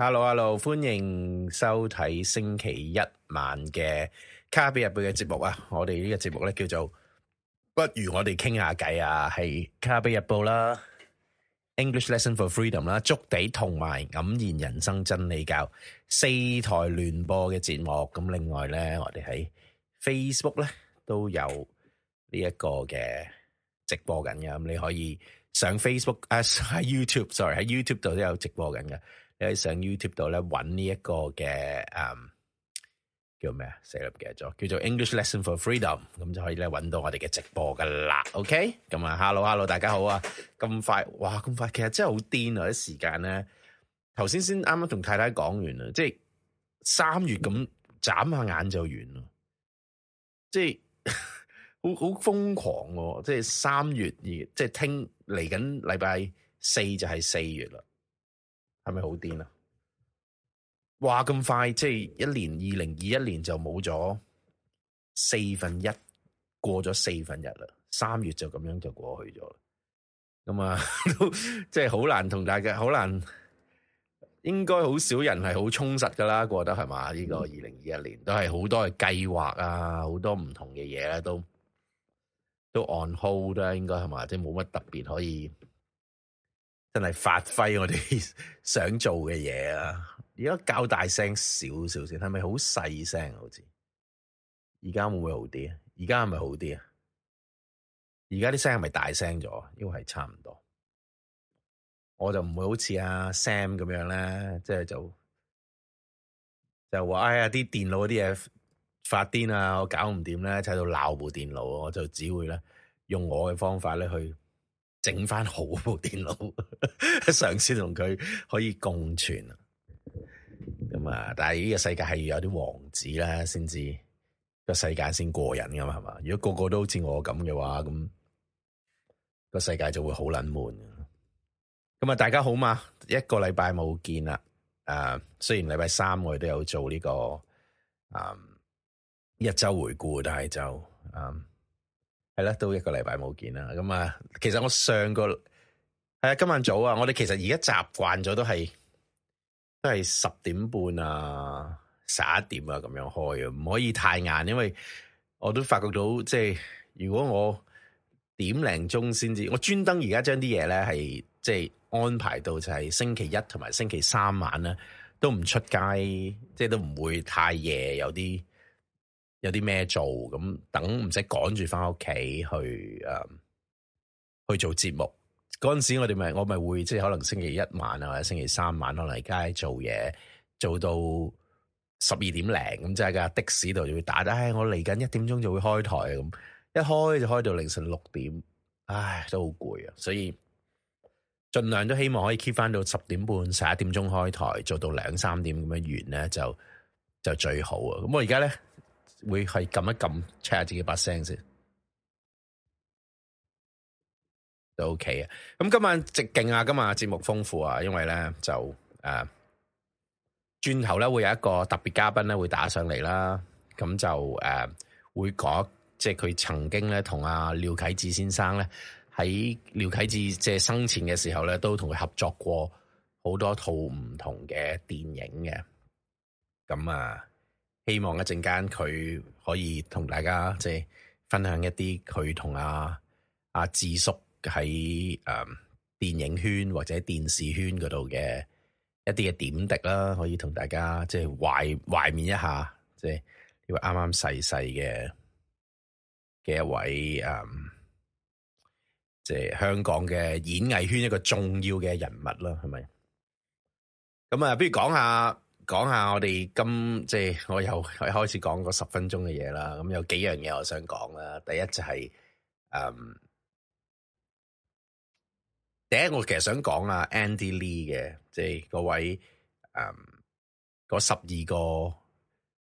Hello，Hello，hello. 歡迎收睇星期一晚嘅《卡比日報》嘅節目啊。我哋呢個節目咧叫做不如我哋傾下偈啊。係《卡比日報》啦，《English Lesson for Freedom》啦，築地同埋黯然人生真理教四台聯播嘅節目。咁另外咧，我哋喺 Facebook 咧都有呢一個嘅直播緊嘅。咁你可以上 Facebook 啊，喺 YouTube，sorry 喺 YouTube 度 you 都有直播緊嘅。喺上 YouTube 度咧揾呢一個嘅誒、嗯、叫咩啊？死啦唔記得咗，叫做 English Lesson for Freedom，咁就可以咧揾到我哋嘅直播噶啦。OK，咁啊 ，Hello，Hello，大家好啊！咁快，哇，咁快，其實真係好癲啊！啲時間咧，頭先先啱啱同太太講完，完 啊，即係三月咁眨下眼就完咯，即係好好瘋狂喎！即係三月二，即係聽嚟緊禮拜四就係四月啦。係咪好癲啊？話咁快，即係一年二零二一年就冇咗四分一，過咗四分一啦，三月就咁樣就過去咗。咁啊，都即係好難同大家，好難，應該好少人係好充實噶啦，過得係嘛？呢個二零二一年都係好多嘅計劃啊，好多唔同嘅嘢咧，都都 on hold 啦，應該係嘛？即係冇乜特別可以。真係發揮我哋想做嘅嘢啊。而家較大聲少少先，係咪好細聲？好似而家會唔會好啲啊？而家係咪好啲啊？而家啲聲係咪大聲咗？因為係差唔多。我就唔會好似阿 Sam 咁樣咧，即係就就話哎呀啲電腦啲嘢發癲啊，我搞唔掂咧，喺度鬧部電腦，我就只會咧用我嘅方法咧去整翻好部電腦，嘗試同佢可以共存咁啊，但係呢個世界係要有啲王子啦，先至個世界先過癮噶嘛，係嘛？如果個個都好似我咁嘅話，咁個世界就會好冷悶。咁啊，大家好嘛？一個禮拜冇見啦，誒、啊，雖然禮拜三我哋都有做呢、這個，嗯、啊，一周回顧，但係就嗯。啊係啦，都一個禮拜冇見啦。咁、嗯、啊，其實我上個係啊、嗯，今晚早啊，我哋其實而家習慣咗都係都係十點半啊、十一點啊咁樣開，唔可以太晏，因為我都發覺到即係如果我點零鐘先至，我專登而家將啲嘢咧係即係安排到就係星期一同埋星期三晚咧都唔出街，即係都唔會太夜，有啲。有啲咩做咁，等唔使趕住翻屋企去、誒、嗯、去做節目嗰陣時我，我哋咪我咪會即係可能星期一晚啊或者星期三晚可能街做嘢做到十二點零咁，即係架的士度就會打，得、哎、但係我嚟緊一點鐘就會開台，咁一開就開到凌晨六點，唉都好攰啊，所以盡量都希望可以 keep 翻到十點半十一點鐘開台，做到兩三點咁樣完咧就就最好啊！咁我而家咧。會係撳一撳 check 下自己把聲先，都 OK 啊！咁今晚直勁啊，今晚節目豐富啊，因為咧就誒，轉頭咧會有一個特別嘉賓咧會打上嚟啦，咁就誒、啊、會講，即係佢曾經咧同阿廖啟智先生咧喺廖啟智即係、就是、生前嘅時候咧都同佢合作過好多套唔同嘅電影嘅，咁啊。希望一陣間佢可以同大家即係分享一啲佢同阿阿智叔喺誒、嗯、電影圈或者電視圈嗰度嘅一啲嘅點滴啦，可以同大家即係懷懷緬一下，即係呢位啱啱逝世嘅嘅一位誒，即、嗯、係、就是、香港嘅演藝圈一個重要嘅人物啦，係咪？咁啊，不如講下。講下我哋今即係我又開始講個十分鐘嘅嘢啦。咁有幾樣嘢我想講啦。第一就係誒，第一我其實想講啊 Andy Lee 嘅，即係嗰位誒嗰十二個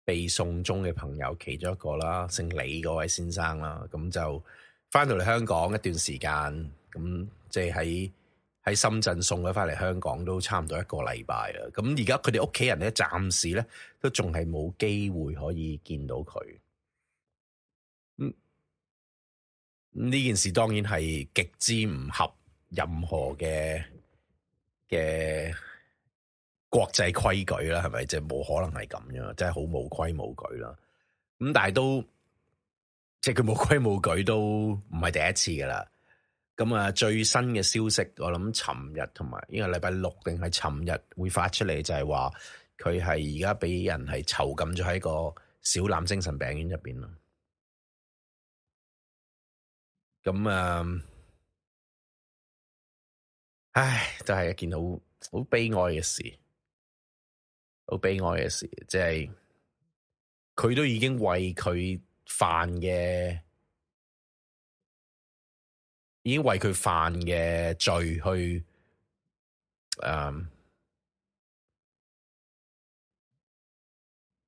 被送中嘅朋友其中一個啦，姓李嗰位先生啦。咁就返到嚟香港一段時間，咁即係喺。喺深圳送佢翻嚟香港都差唔多一個禮拜啦。咁而家佢哋屋企人咧，暫時咧都仲係冇機會可以見到佢。嗯，呢、嗯、件事當然係極之唔合任何嘅嘅國際規矩啦，係咪？即係冇可能係咁樣，即係好冇規冇矩啦。咁、嗯、但係都即係佢冇規冇矩都唔係第一次噶啦。咁啊，最新嘅消息，我諗尋日同埋呢個禮拜六定係尋日會發出嚟，就係話佢係而家畀人係囚禁咗喺個小欖精神病院入邊啦。咁啊、嗯，唉，真係一件好好悲哀嘅事，好悲哀嘅事，即係佢都已經為佢犯嘅。已經為佢犯嘅罪去，誒、嗯，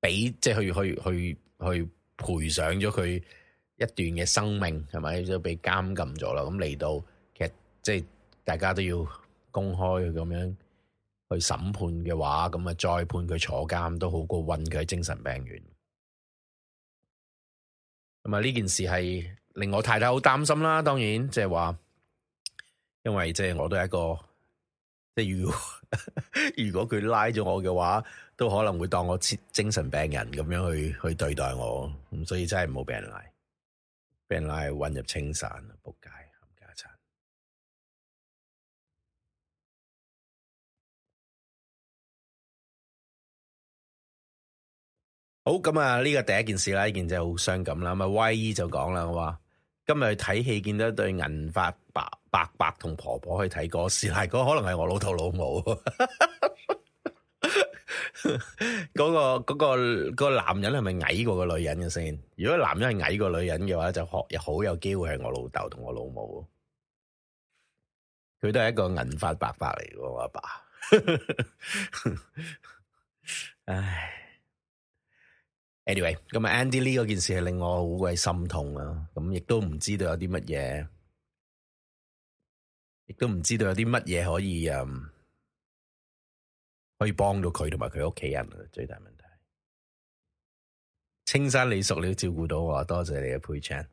俾即係去去去去賠償咗佢一段嘅生命，係咪？就俾監禁咗啦。咁嚟到，其實即係大家都要公開咁樣去審判嘅話，咁啊再判佢坐監都好過韫佢喺精神病院。咁啊呢件事係。令我太太好擔心啦，當然即係話，因為即係我都係一個，即係如果呵呵如果佢拉咗我嘅話，都可能會當我似精神病人咁樣去去對待我，咁所以真係唔好俾人拉，俾人拉混入青山，去扑街，冚家鏟好咁啊，呢個第一件事啦，呢件事真係好傷感啦，咁啊 Y 姨就講啦，我話。今日去睇戲，見到一對銀髮白伯伯同婆婆去睇嗰時，係嗰可能係我老豆老母。嗰、 嗰個、嗰個、嗰個男人係咪矮過個女人嘅先？如果男人係矮過女人嘅話，就學好有機會係我老豆同我老母。佢都係一個銀髮白伯伯嚟嘅，我阿爸，爸。 唉。Anyway，咁啊 Andy 呢件事係令我好鬼心痛啊！咁亦都唔知道有啲乜嘢，亦都唔知道有啲乜嘢可以誒，可以幫到佢同埋佢屋企人最大問題。青山熟你熟料照顧到我，多謝你嘅，佩珍，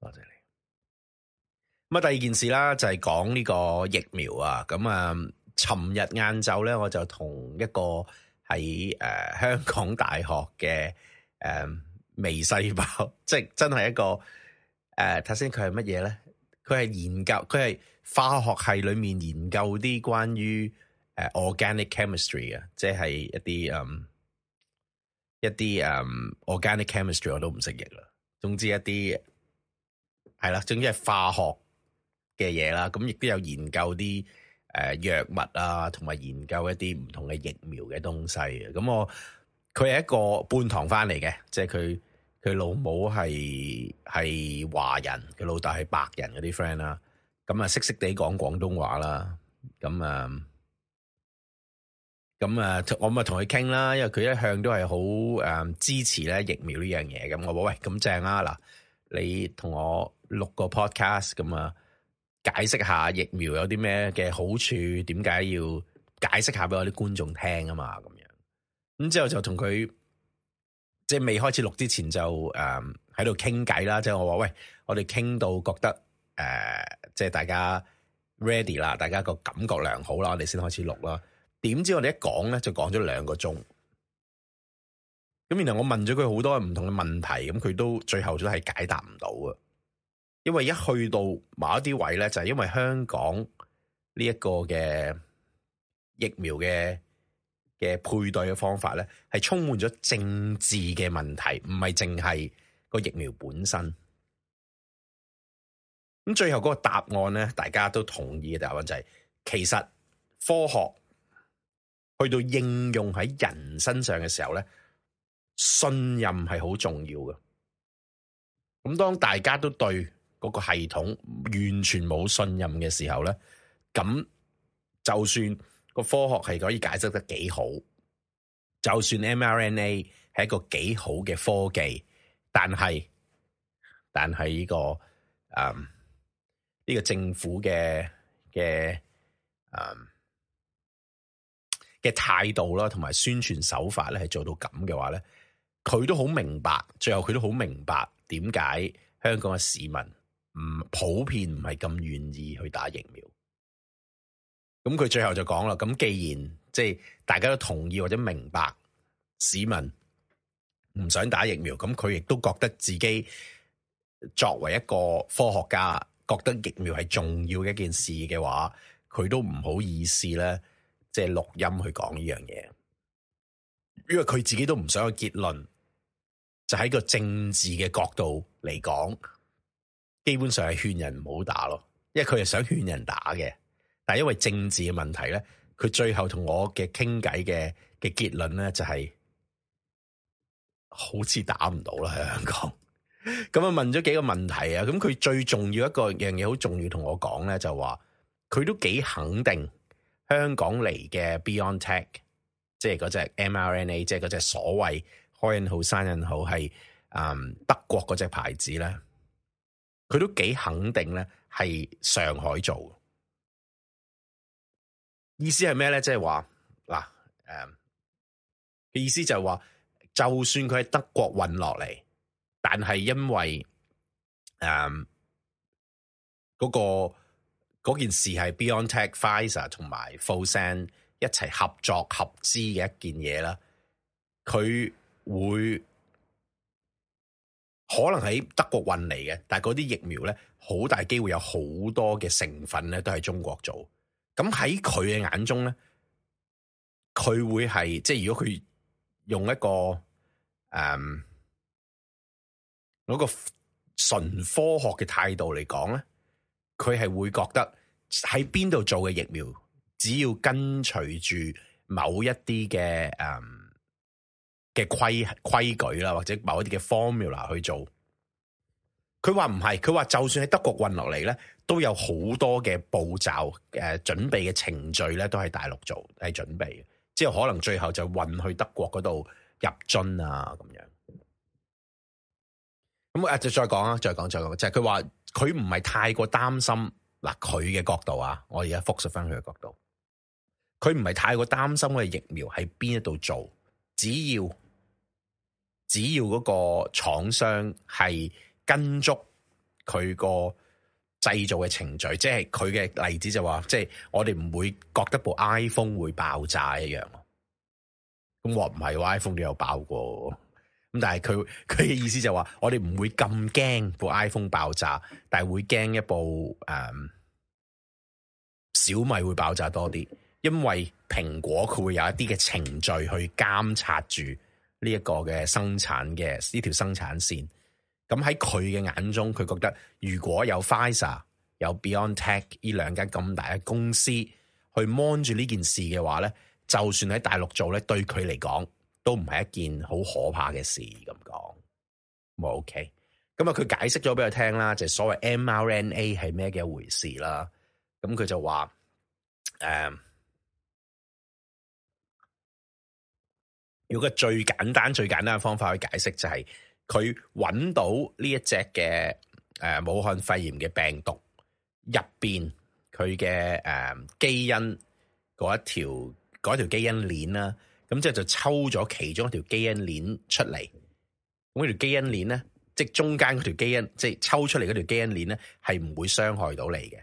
多謝你。咁啊，第二件事啦，就係講呢個疫苗啊。咁啊，尋日晏晝咧，我就同一個。喺誒、呃、香港大學嘅誒、呃、微細胞，即係真係一個誒。頭先佢係乜嘢咧？佢係研究，佢係化學系裏面研究啲關於誒、呃、organic chemistry 嘅，即係一啲誒、嗯、一啲誒、嗯、organic chemistry 我都唔識譯嘅啦。總之一啲係啦，總之係化學嘅嘢啦。咁亦都有研究啲。誒，藥物啊，同埋研究一啲唔同嘅疫苗嘅東西，咁我佢係一個半唐番嚟嘅，即係佢佢老母係係華人，佢老豆係白人嗰啲 friend 啦，咁啊識識地講廣東話啦，咁啊咁啊，我咪同佢傾啦，因為佢一向都係好誒支持咧疫苗呢樣嘢，咁我話喂，咁正啦，嗱你同我錄個 podcast 咁啊。解釋下疫苗有啲咩嘅好處？點解要解釋下俾我啲觀眾聽啊嘛？咁樣咁之後就同佢即係未開始錄之前就誒喺度傾偈啦。即係我話喂，我哋傾到覺得誒、呃，即係大家 ready 啦，大家個感覺良好啦，我哋先開始錄啦。點知我哋一講咧就講咗兩個鐘。咁然後我問咗佢好多唔同嘅問題，咁佢都最後都係解答唔到嘅。因為一去到某一啲位咧，就係因為香港呢一個嘅疫苗嘅嘅配對嘅方法咧，係充滿咗政治嘅問題，唔係淨係個疫苗本身。咁最後嗰個答案咧，大家都同意嘅答案就係，其實科學去到應用喺人身上嘅時候咧，信任係好重要嘅。咁當大家都對。嗰個系統完全冇信任嘅時候咧，咁就算個科學係可以解釋得幾好，就算 mRNA 係一個幾好嘅科技，但係但係呢個嗯呢個政府嘅嘅嗯嘅態度啦，同埋宣傳手法咧，係做到咁嘅話咧，佢都好明白，最後佢都好明白點解香港嘅市民，嗯，普遍唔係咁願意去打疫苗，咁佢最後就講啦。咁既然即係大家都同意或者明白市民唔想打疫苗，咁佢亦都覺得自己作為一個科學家，覺得疫苗係重要嘅一件事嘅話，佢都唔好意思咧，即係錄音去講呢樣嘢，因為佢自己都唔想有結論，就喺個政治嘅角度嚟講。基本上係勸人唔好打咯，因為佢係想勸人打嘅，但係因為政治嘅問題咧，佢最後同我嘅傾偈嘅嘅結論咧就係、是、好似打唔到啦，香港。咁 啊，問咗幾個問題啊，咁佢最重要一個樣嘢好重要同我講咧，就話佢都幾肯定香港嚟嘅 Beyond Tech，即係嗰隻 mRNA，即係嗰隻所謂開印好、生印好係啊德國嗰隻牌子咧。佢都幾肯定咧，係上海做，意思係咩咧？即係話嗱，誒、啊嗯，意思就係話，就算佢喺德國運落嚟，但係因為誒嗰、啊那個那件事係 BioNTech Pfizer 同埋 Fosan 一齊合作合資嘅一件嘢啦，佢會。可能喺德國運嚟嘅，但係嗰啲疫苗咧，好大機會有好多嘅成分咧，都係中國做的。咁喺佢嘅眼中咧，佢會係即係如果佢用一個誒嗰、嗯、個純科學嘅態度嚟講咧，佢係會覺得喺邊度做嘅疫苗，只要跟隨住某一啲嘅誒、嗯嘅規規矩啦，或者某一啲嘅 formula 去做，佢話唔係，佢話就算喺德國運落嚟咧，都有好多嘅步驟，誒、呃，準備嘅程序咧，都係大陸做，係準備，之後可能最後就運去德國嗰度入樽啊咁樣。咁啊，就再講啊，再講，再講，就係佢話佢唔係太過擔心嗱，佢嘅角度啊，我而家復述翻佢嘅角度，佢唔係太過擔心嘅疫苗喺邊一度做，只要。只要嗰個廠商係跟足佢個製造嘅程序，即係佢嘅例子就話，即係我哋唔會覺得部 iPhone 會爆炸一樣。咁我唔係，iPhone 都有爆過。咁但係佢佢嘅意思就話，我哋唔會咁驚部 iPhone 爆炸，但係會驚一部誒、嗯、小米會爆炸多啲，因為蘋果佢會有一啲嘅程序去監察住。呢一個嘅生產嘅呢條生產線，咁喺佢嘅眼中，佢覺得如果有 Pfizer、有 Beyond Tech 呢兩間咁大嘅公司去 mon 住呢件事嘅話咧，就算喺大陸做咧，對佢嚟講都唔係一件好可怕嘅事咁講。冇 OK，咁啊佢解釋咗俾佢聽啦，就係、是、所謂 mRNA 係咩嘅一回事啦。咁佢就話，嗯、呃。用個最簡單、最簡單嘅方法去解釋，就係佢揾到呢一隻嘅誒武漢肺炎嘅病毒入邊，佢嘅誒基因嗰一條嗰一條基因鏈啦，咁即係就抽咗其中一條基因鏈出嚟。咁嗰條基因鏈咧，即中間嗰條基因，即抽出嚟嗰條基因鏈咧，係唔會傷害到你嘅。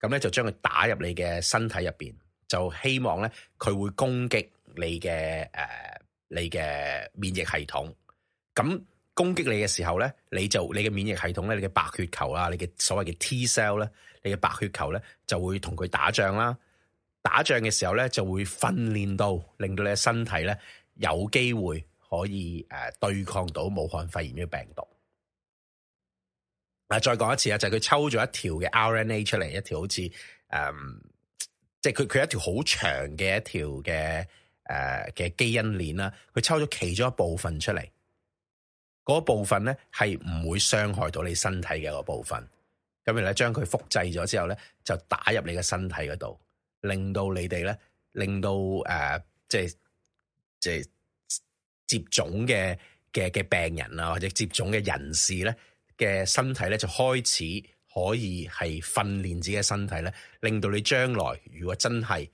咁咧就將佢打入你嘅身體入邊，就希望咧佢會攻擊你嘅誒。呃你嘅免疫系統咁攻擊你嘅時候咧，你就你嘅免疫系統咧，你嘅白血球啊，你嘅所謂嘅 T cell 咧，你嘅白血球咧就會同佢打仗啦。打仗嘅時候咧就會訓練到，令到你嘅身體咧有機會可以誒對抗到武漢肺炎呢個病毒。再講一次啊，就係佢抽咗一條嘅 RNA 出嚟，一條好似誒，即係佢佢一條好長嘅一條嘅。誒嘅基因鏈啦，佢抽咗其中一部分出嚟，嗰部分咧係唔會傷害到你身體嘅一個部分，咁樣咧將佢複製咗之後咧，就打入你嘅身體嗰度，令到你哋咧，令到誒，即係即係接種嘅嘅嘅病人啊，或者接種嘅人士咧嘅身體咧就開始可以係訓練自己嘅身體咧，令到你將來如果真係。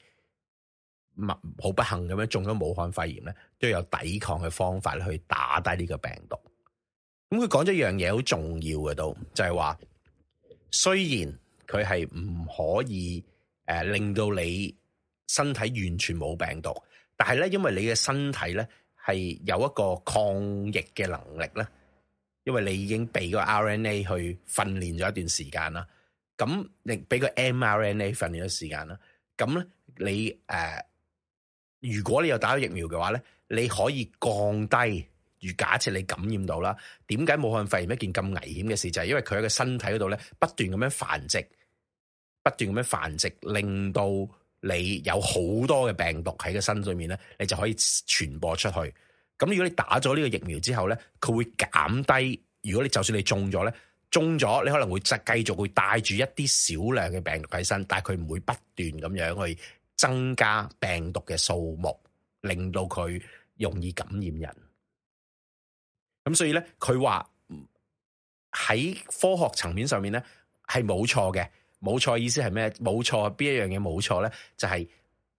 好不幸咁樣中咗武漢肺炎咧，都有抵抗嘅方法去打低呢個病毒。咁佢講咗一樣嘢好重要嘅都，就係、是、話雖然佢係唔可以誒、呃、令到你身體完全冇病毒，但係咧，因為你嘅身體咧係有一個抗疫嘅能力咧，因為你已經俾個 RNA 去訓練咗一段時間啦，咁你俾個 mRNA 訓練咗時間啦，咁咧你誒。呃如果你有打咗疫苗嘅話咧，你可以降低。如假設你感染到啦，點解武漢肺炎一件咁危險嘅事，就係因為佢喺個身體嗰度咧不斷咁樣繁殖，不斷咁樣繁殖，令到你有好多嘅病毒喺個身上面咧，你就可以傳播出去。咁如果你打咗呢個疫苗之後咧，佢會減低。如果你就算你中咗咧，中咗你可能會繼繼續會帶住一啲少量嘅病毒喺身，但係佢唔會不斷咁樣去。增加病毒嘅數目，令到佢容易感染人。咁所以咧，佢話喺科學層面上面咧係冇錯嘅，冇錯意思係咩？冇錯邊一樣嘢冇錯咧，就係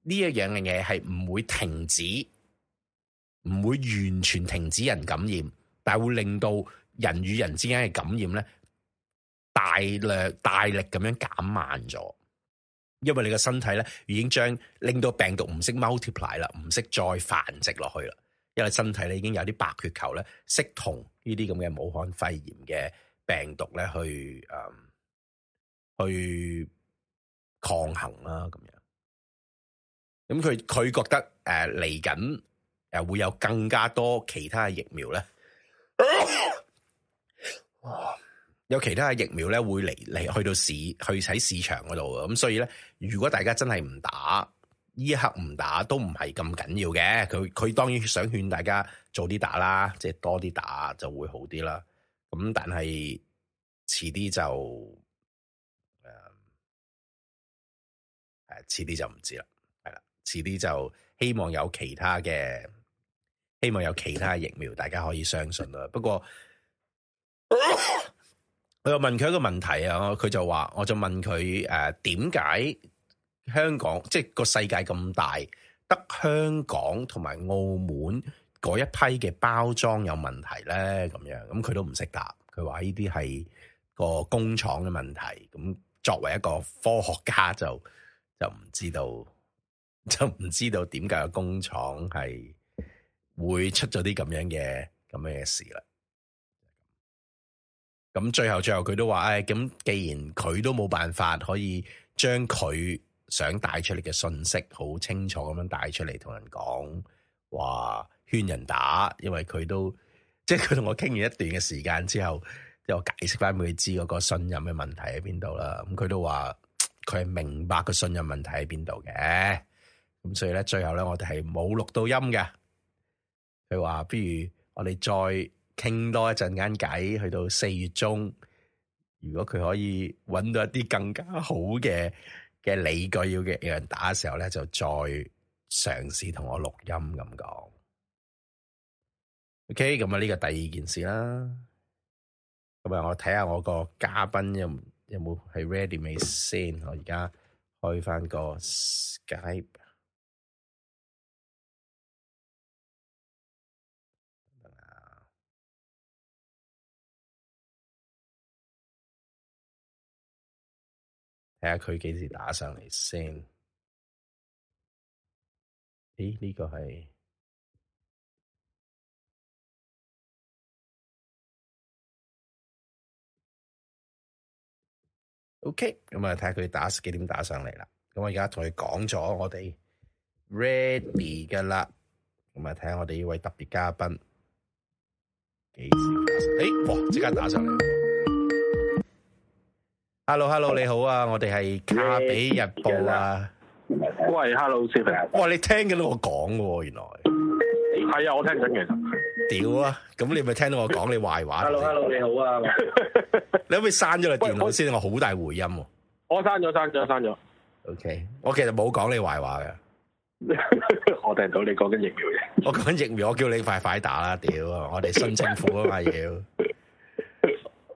呢一樣嘅嘢係唔會停止，唔會完全停止人感染，但會令到人與人之間嘅感染咧大量大力咁樣減慢咗。因為你個身體咧已經將令到病毒唔識 multiply 啦，唔識再繁殖落去啦。因為身體咧已經有啲白血球咧識同呢啲咁嘅武漢肺炎嘅病毒咧去誒、嗯、去抗衡啦，咁樣。咁佢佢覺得誒嚟緊誒會有更加多其他嘅疫苗咧。 有其他嘅疫苗咧，會嚟、嚟去到市去喺市場嗰度啊，咁所以咧，如果大家真係唔打，呢一刻唔打都唔係咁緊要嘅。佢佢當然想勸大家早啲打啦，即係多啲打就會好啲啦。咁但係遲啲就誒，遲啲就唔知啦。係啦，遲啲就希望有其他嘅，希望有其他疫苗，大家可以相信啦。不過。 我又問佢一個問題啊，佢就話：我就問佢誒點解香港即係個世界咁大，得香港同埋澳門嗰一批嘅包裝有問題咧？咁樣咁佢都唔識答。佢話呢啲係個工廠嘅問題。咁作為一個科學家就就唔知道，就唔知道點解個工廠係會出咗啲咁樣嘅咁樣嘅事啦。咁最後最後佢都話：咁、哎、既然佢都冇辦法可以將佢想帶出嚟嘅信息好清楚咁樣帶出嚟同人講，話勸人打，因為佢都即係佢同我傾完一段嘅時間之後，即係我解釋返畀佢知嗰個信任嘅問題喺邊度啦。咁佢都話佢係明白個信任問題喺邊度嘅。咁所以咧，最後咧，我哋係冇錄到音嘅。佢話：不如我哋再傾多一陣間偈，去到四月中，如果佢可以揾到一啲更加好嘅嘅理據要嘅人打嘅時候咧，就再嘗試同我錄音咁講。OK，咁啊呢個第二件事啦。咁啊，我睇下我個嘉賓有有冇係 ready 未先？我而家開翻個 Skype。睇下佢幾時打上嚟先？誒、哎，呢個係 OK，咁啊睇下佢打幾點打上嚟啦。咁我而家同佢講咗，看看我哋 ready 噶啦。咁啊睇下我哋呢位特別嘉賓幾時打上嚟，誒、哎，哇，即刻打上嚟！Hello，Hello，hello, hello. 你好啊！我哋係卡比日報啊！喂 Hello 小朋友。喂、哦，你聽緊到我講喎，原來係啊，我聽緊其實。屌啊！咁你咪聽到我講你壞話？Hello，Hello，hello, 你好啊！ 你可唔可以刪咗個電腦先？我好大回音、啊。我刪咗，刪咗，刪咗。OK，我其實冇講你壞話嘅。 我聽到你講緊疫苗嘢。我講緊疫苗，我叫你快快打啦！屌、啊，我哋新政府啊嘛 要。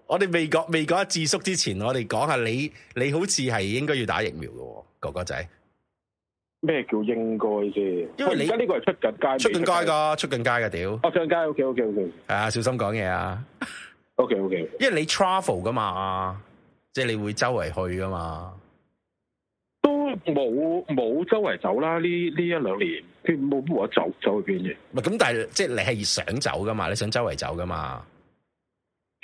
我哋未講未講智叔之前，我哋講下你，你好似係應該要打疫苗嘅，哥哥仔。咩叫應該啫？因為你而家呢個係出緊街，出緊街噶出緊街噶屌！我、啊、上街，O K O K O K。OK, OK, OK 啊，小心講嘢啊。O K O K。因為你 travel 噶嘛，即、就、係、是、你會周圍去噶嘛。都冇冇周圍走啦，呢呢一兩年，佢冇冇得走，走去邊嘅？唔係咁，但係即係你係想走噶嘛？你想周圍走噶嘛？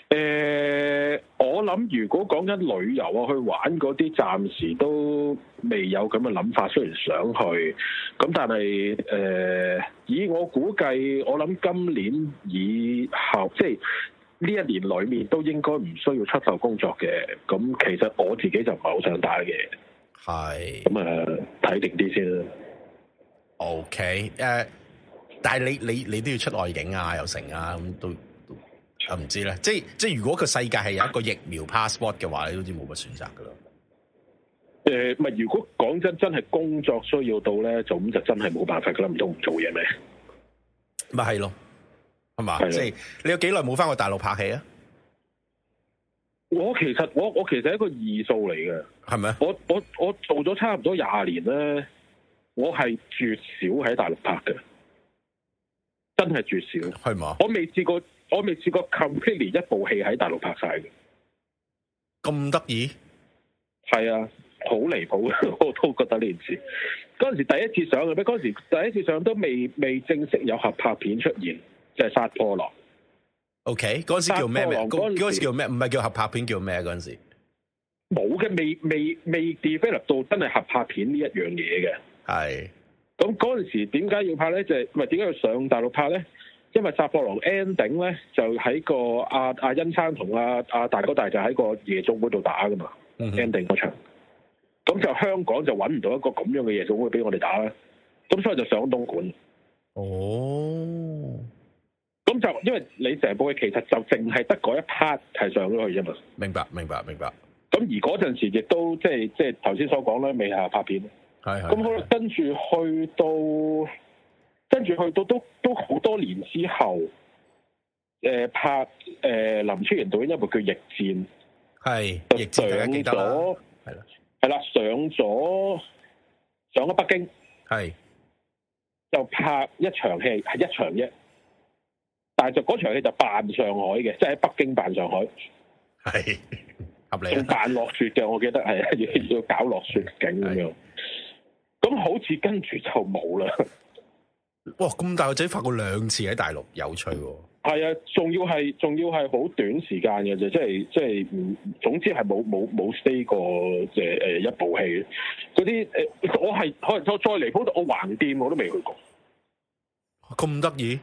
誒、呃，我諗如果講緊旅遊啊，去玩嗰啲，暫時都未有咁嘅諗法，雖然想去，咁但係誒、呃，以我估計，我諗今年以後，即係呢一年裏面都應該唔需要出售工作嘅。咁其實我自己就唔係好想打嘅，係咁啊，睇定啲先啦。OK，誒、uh，但係你你你都要出外景啊，又成啊，咁都。我唔知咧，即係即係，如果這個世界係有一個疫苗 passport 嘅話，你都知冇乜選擇噶啦。誒、呃，咪如果講真的，真係工作需要到咧，就咁就真係冇辦法，佢諗唔通唔做嘢咩？咪啊係咯，係嘛？即係呢你有幾耐冇翻過大陸拍戲啊？我其實我我其實係一個異數嚟嘅，係咪嗎？我我我做咗差唔多廿年咧，我係絕少喺大陸拍嘅，真係絕少，係嘛嗎？我未試過。我未試過 completely 一部戲喺大陸拍晒嘅，咁得意？係啊，好離譜嘅，我都覺得呢件事。嗰陣時第一次上嘅咩？嗰陣時第一次上都未未正式有合拍片出現，就係殺破狼。OK，嗰陣時叫咩時叫咩？唔係叫合拍片，叫咩？嗰陣時冇嘅，未未未 develop 到真係合拍片呢一樣嘢嘅。係是。咁嗰陣時點解要拍咧？就係咪點解要上大陸拍咧？因為殺破狼 ending 咧就喺個阿阿恩生同阿阿大哥大就喺個夜總會度打噶嘛 ending 嗰、mm hmm. 場，咁就香港就揾唔到一個咁樣嘅夜總會俾我哋打啦，咁所以就上東莞。哦、oh.，咁就因為你成部戲其實就淨係得嗰一 part 係上咗去啫嘛。明白，明白，明白。咁而嗰陣時亦都即係即係頭先所講咧，未下拍片。係係是。咁跟住去到。跟住去到都都好多年之後，誒、呃、拍，誒、呃、林超賢導演一部叫，《逆戰》，係是逆戰，記得啦，係啦，係啦，上咗上咗北京，係的就拍一場戲，係一場啫，但係就嗰場戲就扮上海嘅，即係喺北京扮上海，係合理，仲扮落雪嘅，我記得係的要搞落雪景咁的樣，咁的好似跟住就冇啦。.哇！咁大個仔發過兩次喺大陸，有趣喎、哦。係啊，仲要係仲要係好短時間嘅啫，即係即係唔，總之係冇冇冇 stay 過誒、呃、一部戲。嗰啲誒，我係可能再再離譜，我橫店我都未去過。咁得意？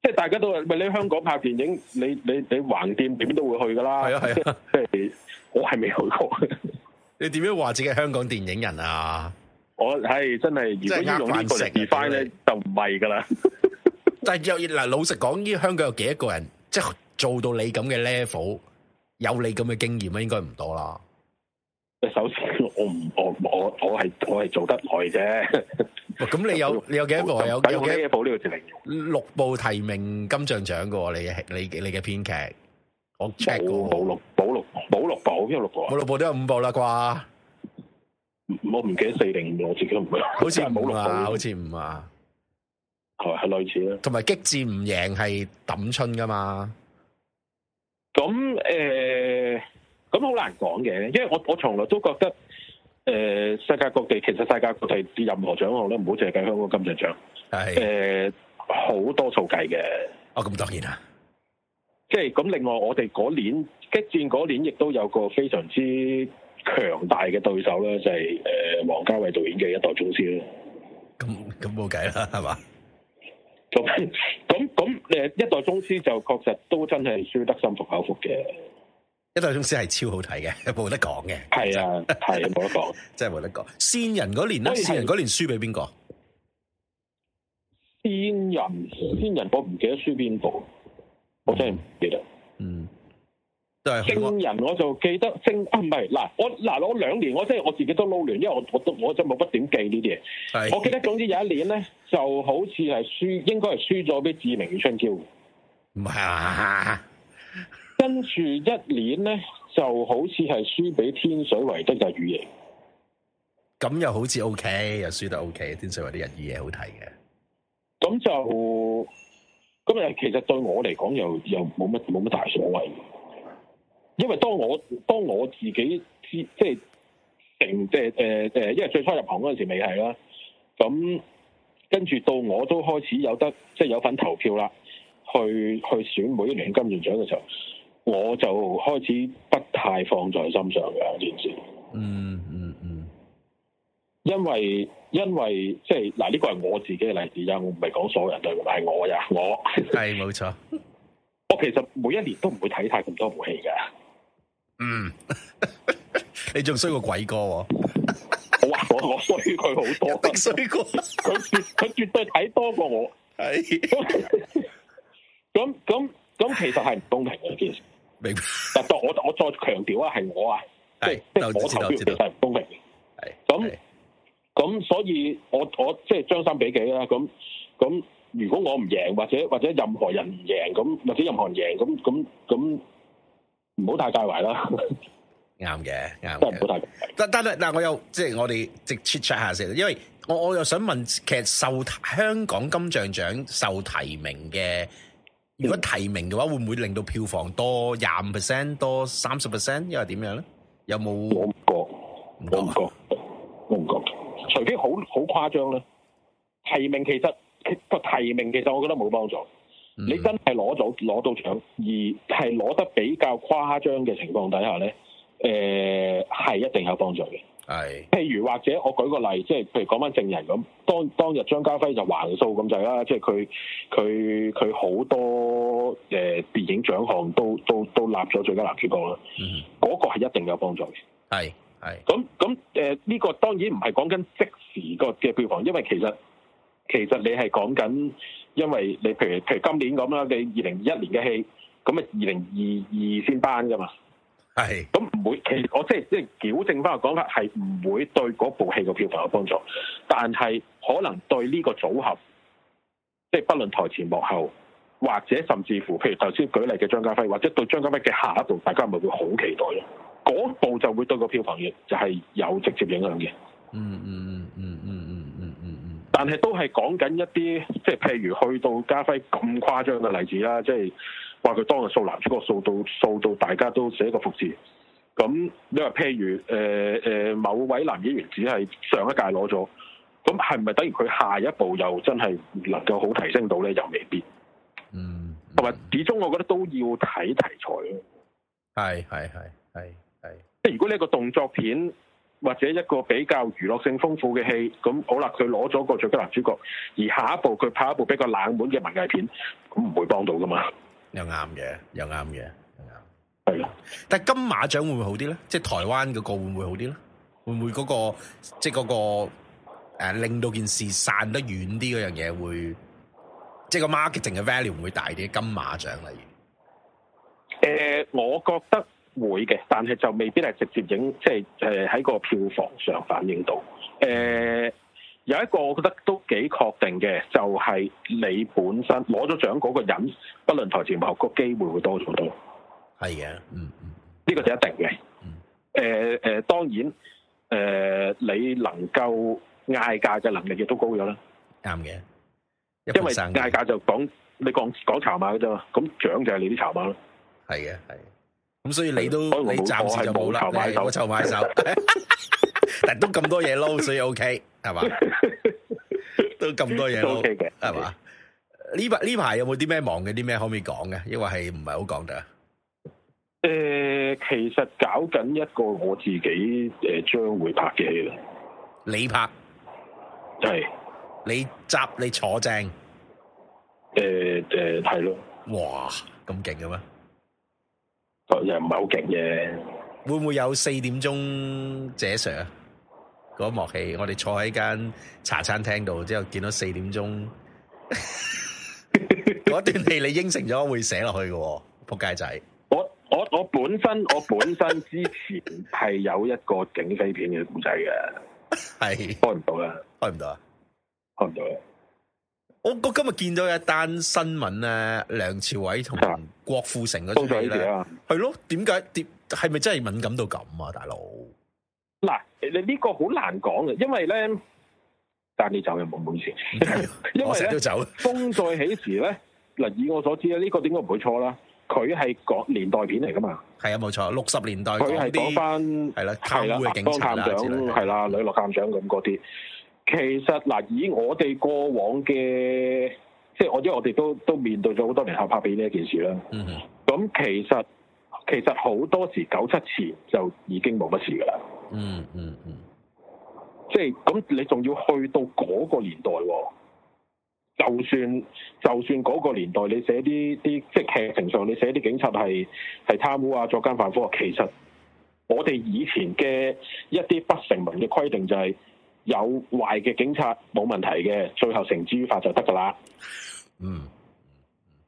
即係大家都話，你喺香港拍電影，你你你橫店點都會去噶啦。係啊係啊，係啊即係我係未去過。 你點樣話自己係香港電影人啊？我係真係如果依種翻嚟翻咧就唔係噶啦，但係又嗱，老實講，呢香港有幾多個人即係做到你咁嘅 level，有你咁嘅經驗咧，應該唔多啦。即係首先，我唔我我我係我係做得耐啫。咁你有你有幾多部啊？有有幾多部呢個提名？六部提名金像獎嘅喎，你係你你嘅編劇，我 check 過，補六補六補六邊有六部啊，補六部都有五部啦啩。我唔記得四零五，我自己都唔會。好似冇六啊，好似唔啊，係係類似啦。同埋激戰唔贏係抌春噶嘛？咁誒，咁、呃、好難講嘅，因為我我從來都覺得誒、呃，世界各地其實世界各地啲任何獎項咧，唔好淨係計香港金像獎，係誒好多數計嘅。哦，咁當然啦。即係咁，另外我哋嗰年激戰嗰年，亦都有個非常之。強大嘅對手咧就係誒王家衛導演嘅一代宗師啦，咁咁冇計啦係嘛？咁咁咁誒一代宗師就確實都真係輸得心服口服嘅，一代宗師係超好睇嘅，冇得講嘅，係啊係冇得講，啊、 真係冇得講。仙人嗰年咧，仙的人嗰年輸俾邊個？仙人仙人，人我唔記得輸邊部，我真係唔記得，嗯。嗯星、啊、人我就記得星啊，唔係嗱，我嗱攞兩年，我即係我自己都撈亂，因為我我都我真冇乜點記呢啲嘢。是我記得總之有一年咧，就好似係輸，應該係輸咗俾志明與春嬌。唔係啊，跟住一年咧，就好似係輸俾天水圍的夜與霧。咁又好似 O K，又輸得 O K。天水圍啲夜與霧好睇嘅，咁就咁啊！其實對我嚟講，又又冇乜冇乜大所謂。因為當我當我自己知即係成，即係誒誒，因為最初入行嗰陣時未係啦，咁跟住到我都開始有得即係有份投票啦，去去選每一年金像獎嘅時候，我就開始不太放在心上嘅件事。嗯嗯嗯，因為因為即係嗱呢個係我自己嘅例子啊，我唔係講所有人對唔係我呀，我係冇錯。我其實每一年都唔會睇太咁多部戲嘅。嗯，你仲衰過鬼哥？好我我衰佢好多，衰過佢佢佢絕對睇多過我。係是，咁咁咁，其實係唔公平嘅件事。明白。但當我我再強調啊，係我啊，即係是我投票，其實係唔公平嘅。係。咁咁，所以我我即係將心比己啦？咁咁，如果我唔贏，或者或者任何人唔贏，咁或者任何人贏，咁咁咁。唔好太介懷啦，啱嘅， 啱嘅，唔好 太但。但但係，但我又即係、就是、我哋直切 check 下先，因為我我又想問，其實受香港金像獎受提名嘅，如果提名嘅話，會唔會令到票房多廿五 percent 多三十 percent，又係點樣咧？有冇、啊？我唔覺，我唔覺，我唔覺，除非好好誇張啦。提名其實個提名，其實我覺得冇幫助。你真係攞到攞到獎，而係攞得比較誇張嘅情況底下咧，係、呃、一定有幫助嘅。係的，譬如或者我舉個例，即係譬如講翻證人咁，當當日張家輝就橫掃咁滯啦，即係佢佢佢好多誒、呃、電影獎項都都都，都立咗最佳男主角啦。嗰的個係一定有幫助嘅。係咁咁呢個當然唔係講緊即時個嘅票房，因為其實其實你係講緊。因為你譬如譬如今年咁啦，你二零二一年嘅戲，咁啊二零二二先班噶嘛。係的。咁唔會其，其實我即係即係矯正翻個講法，係唔會對嗰部戲個票房有幫助。但係可能對呢個組合，即係不論台前幕後，或者甚至乎，譬如頭先舉例嘅張家輝，或者對張家輝嘅下一部，大家咪會好期待咯。嗰部就會對個票房嘅就係有直接影響嘅。嗯。嗯嗯嗯嗯。嗯但係都係講緊一啲，即係譬如去到家輝咁誇張嘅例子啦，即係話佢當日掃男主角掃到掃到大家都寫個服字。咁你話譬如誒誒、呃呃、某位男演員只係上一屆攞咗，咁係咪等於佢下一步又真係能夠好提升到咧？又未必。嗯，同、嗯、埋始終，我覺得都要睇題材咯。係係係係係。即係如果你一個動作片。或者一個比較娛樂性豐富嘅戲，咁好啦，佢攞咗個最佳男主角，而下一步佢拍一部比較冷門嘅文藝片，咁唔會幫到噶嘛？又啱嘅，又啱嘅，係啦。的但金馬獎會唔會好啲咧？即係台灣嗰個會唔會好啲咧？會唔會嗰、嗰個即係、嗰、嗰個、呃、令到件事散得遠啲嗰樣嘢會，即係個 marketing 嘅 value 會大啲？金馬獎嚟。如、呃，我覺得。會嘅，但係就未必係直接影，即係誒喺個票房上反映到。誒、呃，有一個我覺得都幾確定嘅，就係、是、你本身攞咗獎嗰個人，不論台前幕後，個機會會多咗好多，多。係嘅，嗯，呢個就一定嘅。誒誒、嗯呃呃，當然，誒、呃、你能夠嗌價嘅能力亦都高咗啦。啱嘅，因為嗌價就講你講講籌碼嘅啫嘛。咁獎就係你啲籌碼咯。係嘅，係。咁所以你都你暫時就冇啦，我湊買手，但係都咁多嘢撈，所以 OK 係嘛，都咁多嘢 OK 嘅係嘛？呢排呢排有冇啲咩忙嘅？啲咩可唔可以講嘅？因為係唔係好講得？誒，其實搞緊一個我自己誒，將會拍嘅戲啦。你拍係你執你坐正誒誒，睇咯？哇，咁勁嘅咩？又唔係好勁嘅，不會唔會有四點鐘許 Sir 嗰幕戲？我哋坐喺間茶餐廳度，之後見到四點鐘嗰 段戲，你應承咗會寫落去嘅，撲街仔！我我我本身我本身之前係有一個警匪片嘅故仔嘅，係是開唔到啦，開唔到啊，開唔到啦。我今日見到有一單新聞咧，梁朝偉同郭富城嗰出戲咧，係咯、啊？點解跌？係咪、啊、真係敏感到咁啊？大佬，嗱你呢個好難講嘅，因為咧，但你走又冇本事，因為我都走風在。風再起時咧，嗱以我所知咧，呢、這個點解唔會錯啦？佢係講年代片嚟噶嘛？係啊，冇錯，六十年代佢係講翻係啦，偷換、啊、警察啊，係啦，雷洛探長咁嗰啲。其實嗱，以我哋過往嘅，即係因為我哋都都面對咗好多年合拍片呢一件事啦。嗯、mm，咁、hmm。其實其實好多時九七前就已經冇乜事㗎喇。嗯嗯嗯，hmm。即係咁，你仲要去到嗰個年代喎？就算就算嗰個年代，年代你寫啲啲即係劇情上，你寫啲警察係係貪污啊、作奸犯科啊，其實我哋以前嘅一啲不成文嘅規定就係、是。有壞嘅警察冇問題嘅，最後繩之於法就得㗎喇。嗯，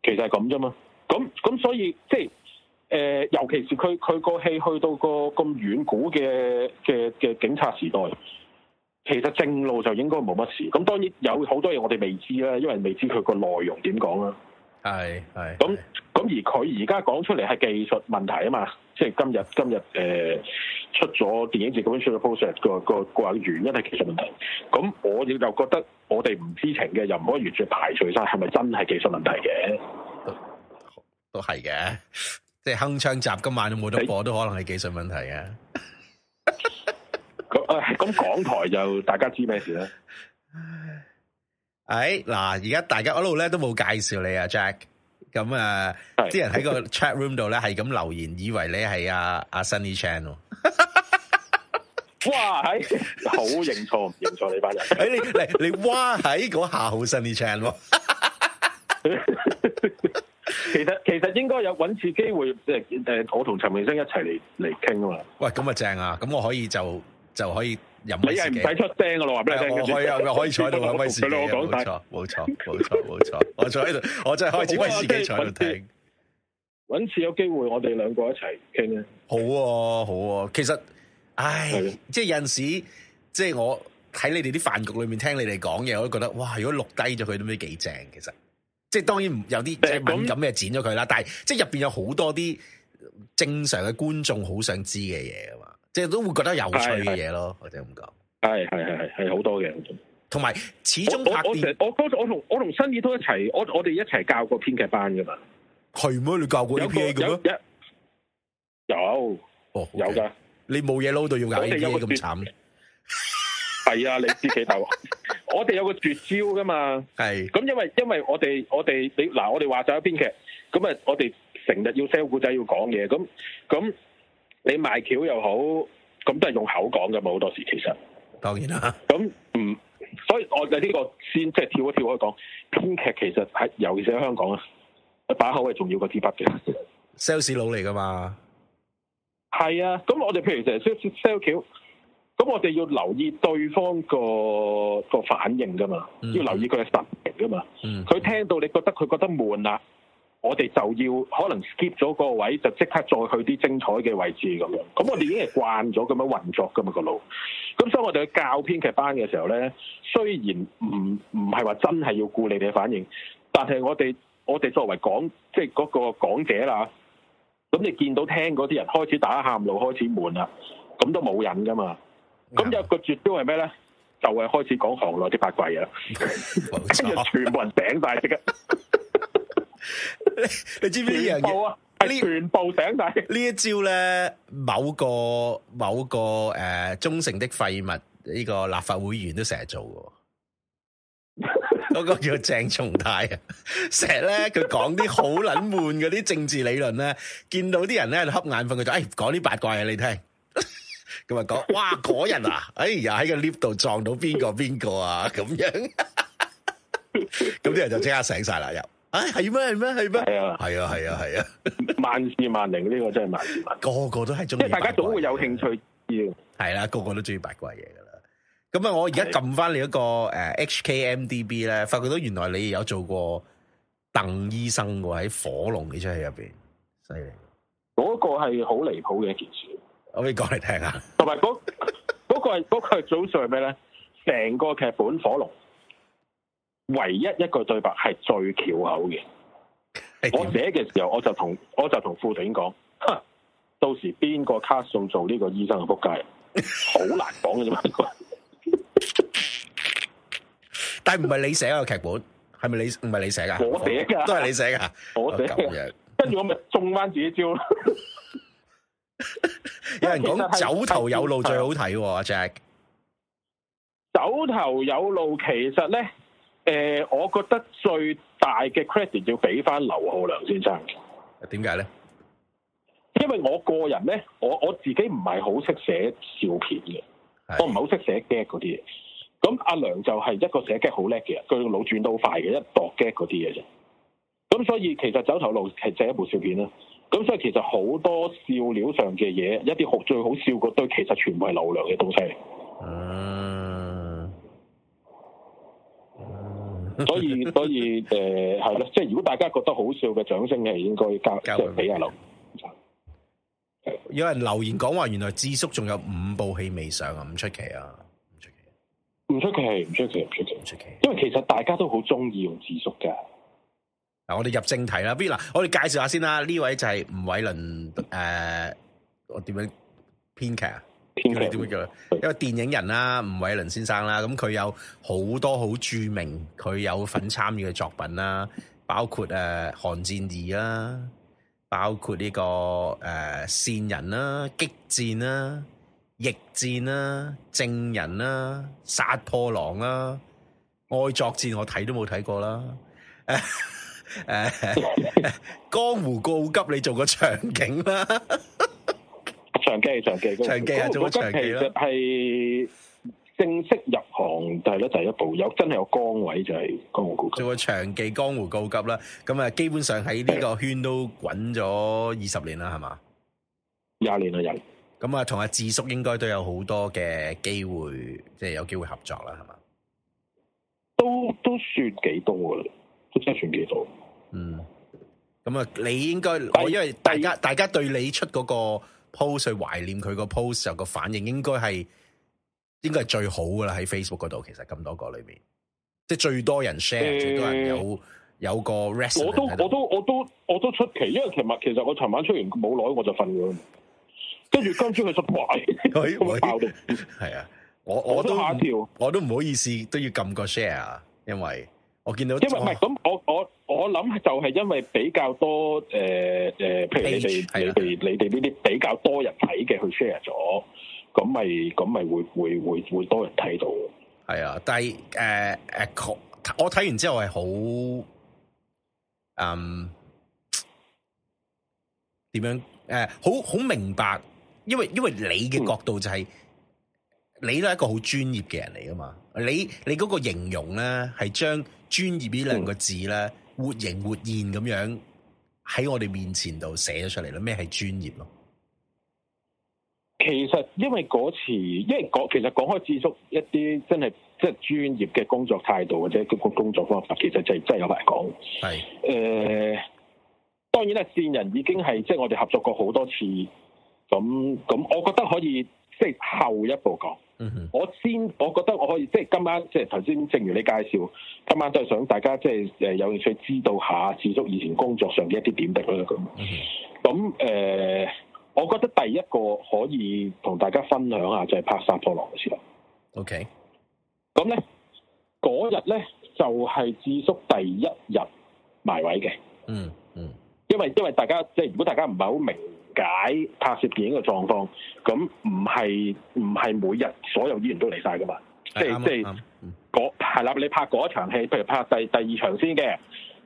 其實係咁啫嘛。咁咁所以即係誒，尤其是佢佢個戲去到個咁遠古嘅嘅嘅警察時代，其實正路就應該冇乜事。咁當然有好多嘢我哋未知啦，因為未知佢個內容點講啦。係係咁。咁而佢而家講出嚟係技術問題啊嘛，即係今日今日誒、呃、出咗電影節嗰篇 short post 個個個,個原因係技術問題。咁我哋就覺得我哋唔知情嘅，又唔可以完全排除晒係咪真係技術問題嘅，都係嘅。即係鏗鏘集今晚都冇得播，都可能係技術問題嘅。誒， 咁、呃、港台就大家知咩事咧？誒、哎，嗱，而家大家嗰度咧都冇介紹你啊，Jack。咁啊，啲是的 人喺個 chat room 度咧，係咁留言，以為你係阿、啊、阿、啊、Sunny Chan 咯、 哎 哎。哇！喺好認錯，認錯你班人。哎，你你哇喺嗰下好 Sunny Chan 其。其實其實應該有揾次機會，即係誒，我同陳詠燊一齊嚟嚟傾啊嘛。喂，咁啊正啊，咁我可以就。就可以飲威士忌嘅，唔使出聲嘅，我話俾你聽嘅，我可以，我可以坐喺度飲威士忌嘅，冇錯， 冇錯，冇錯， 冇錯， 我坐喺度，我真係開始飲威士忌嘅坐喺度聽，揾次，次有機會我哋兩個一齊傾啊！好、啊，好，其實，唉，的即係有陣時，即係我喺你哋啲飯局裏面聽你哋講嘢，我都覺得，哇！如果錄低咗佢，都唔知幾正。其實，即係當然有啲即係敏感嘅剪咗佢啦，樣但係即係入邊有好多啲正常嘅觀眾好想知嘅嘢啊嘛。即係都會覺得有趣嘅嘢咯，或者咁講，係係係係好多嘅，同埋始終拍片，我我我同我同新意都一齊，我我哋一齊教過編劇班噶嘛，係咩？你教過 A P A 嘅咩？有哦，有噶，你冇嘢撈到要挨咁慘咧？係啊，你編劇大王，我哋有個絕招噶嘛，係。咁因為因為我哋我哋你嗱，我哋話晒編劇，咁啊，我哋成日要 sell 古仔，要講嘢，咁咁。你賣橋又好，咁都係用口講噶嘛？好多時其實，當然啦、啊。咁嗯，所以我哋呢個先即係、就是、跳一跳可以講編劇，其實係尤其是喺香港啊，把口係重要過支筆嘅。sales 佬嚟噶嘛？係啊，咁我哋譬如成 sell 橋，咁我哋要留意對方個個反應噶嘛，嗯、哼要留意佢嘅實力噶嘛。佢、嗯、哼聽到你覺得佢覺得悶啦、啊。我哋就要可能 skip 咗個位，就即刻再去啲精彩嘅位置咁樣。咁我哋已經係慣咗咁樣運作噶嘛、個路。咁所以我哋去教編劇班嘅時候咧，雖然唔唔係話真係要顧你哋嘅反應，但係我哋我哋作為講即係嗰個講者啦，咁你見到聽嗰啲人開始打喊路，開始悶啦，咁都冇癮噶嘛。咁有個絕招係咩咧？就係、是、開始講行內啲八卦嘢啦，跟住沒錯 全部人頂晒即刻你知唔知呢樣嘢？呢全部醒晒呢一招咧，某個某個誒忠誠的廢物呢個立法會議員都成日做嘅。嗰個叫鄭松泰啊，成日咧佢講啲好捻悶嗰啲政治理論咧，見到啲人咧瞌眼瞓，佢就誒講啲八卦啊，你聽。咁啊講，哇嗰人啊，哎呀喺個 lift 度撞到邊個邊個啊，咁樣。咁啲人就即刻醒晒啦，又。哎，係咩？係咩？係咩？係啊！係啊！係啊！係啊！萬事萬靈呢個真係萬事萬靈，個個都係，中意大家總會有興趣要係啦，個個都中意八卦嘢噶啦。咁啊，我而家撳翻你一個誒，HKMDB 咧，發覺到原來你有做過鄧醫生喎，喺《火龍》呢出戲入邊，犀利！嗰個係好離譜嘅一件事，我可以講嚟聽下。同埋嗰嗰個係嗰個係早上咩咧？成個劇本《火龍》。唯一一個對白係最翹口嘅，我寫嘅時候我就同我就同副導演講，到時邊個 cast 做呢個醫生嘅仆街，好 難講嘅啫嘛。 但係唔係你寫，這個劇本，係咪你唔係你寫噶？我寫噶，都係你寫噶，我寫咁跟住我咪中翻自己招咯。 有人講走投有路最好睇。啊，阿 Jack。走投有路其實咧。誒、呃，我覺得最大嘅 credit 要俾翻劉浩良先生嘅，點解咧？因為我個人咧，我我自己唔係好識寫笑片嘅，的我唔係好識寫 gag 嗰啲嘢。咁阿良就係一個寫 gag 好叻嘅，人，佢腦轉都好快嘅，一度 gag 嗰啲嘢啫。咁所以其實走頭路係即一部笑片啦。咁所以其實好多笑料上嘅嘢，一啲好最好笑嗰堆，其實全部係劉良嘅東西。嗯。 所以所以誒係啦，即係如果大家覺得好笑嘅掌聲係應該交即俾阿六。人有人留言講話，原來智叔仲有五部戲未上不啊，唔出奇啊，唔出奇，唔出奇係唔出奇唔出奇唔出奇，因為其實大家都好中意用智叔嘅。嗱，我哋入正題啦，不如嗱，我哋介紹下先啦，呢位就係吳煒倫誒，我點樣編劇啊？叫你點樣叫？因為電影人啦，吳煒倫先生啦，咁佢有好多好著名，佢有份參與嘅作品啦，包括誒《寒、呃、戰二》啦，包括呢、呢個誒、呃《線人》啦，《激戰》啦，《逆戰》啦，《證人》啦，《殺破狼》啦，《愛作戰我睇》啊，我睇都冇睇過啦，誒誒，江湖告急，你做個場景啦～、啊長期、長期，我覺得其實係正式入行，但係咧第一步有真係有崗位就係江湖告急。做個長期江湖告急啦，咁啊，基本上喺呢個圈都滾咗二十年啦，係嘛？廿年啦，廿年咁啊，同阿智叔應該都有好多嘅機會，即係有機會合作啦，係嘛？都都算幾多噶啦，都真係算幾多。嗯，咁啊，你應該但因為大家但大家對你出嗰個。post 去懷念佢個 post 時候，個反應應該係應該係最好噶啦，喺 Facebook 嗰度，其實咁多個裏面，即係最多人 share、欸、最多人有有個 rest。我都我都我都我都出奇，因為尋日其實我尋晚出完冇耐我就瞓咗，著跟住今朝佢出埋，佢 爆嘅。係 啊，我我，我都下一條我都唔好意思都要撳個 share，因為我見到，因為唔係咁我我。我諗就係因為比較多誒誒、呃，譬如你哋係你哋你哋呢啲比較多人睇嘅，去 share 咗，咁咪咁咪會會會會多人睇到。係啊，但係誒誒，我睇完之後係好，嗯，點樣誒好好明白，因為因為你嘅角度就係、是嗯，你都係一個好專業嘅人嚟噶嘛，你你嗰個形容咧係將專業呢兩個字咧。嗯活形活現咁樣喺我哋面前度寫咗出嚟咯，咩係專業咯？其實因為嗰次，因為講其實講開智叔一啲真係即係專業嘅工作態度或者工工作方法，其實真係真係有得講。係誒是、呃，當然啦，線人已經係即係我哋合作過好多次，咁咁，我覺得可以即係、就是、後一步講。我先，我覺得我可以即係今晚即係頭先，正如你介紹，今晚都係想大家即係誒有興趣知道下智叔以前工作上嘅一啲點滴啦。咁咁誒，我覺得第一個可以同大家分享下就 Okay.，就係拍《殺破狼》嘅時候。OK，咁咧嗰日咧就係智叔第一日埋位嘅、嗯。嗯嗯，因為因為大家即係如果大家唔係好明。解拍攝電影嘅狀況，咁唔係唔係每日所有演員都嚟晒噶嘛？即係即係嗰係啦，你拍嗰一場戲，譬如拍第二第二場先嘅，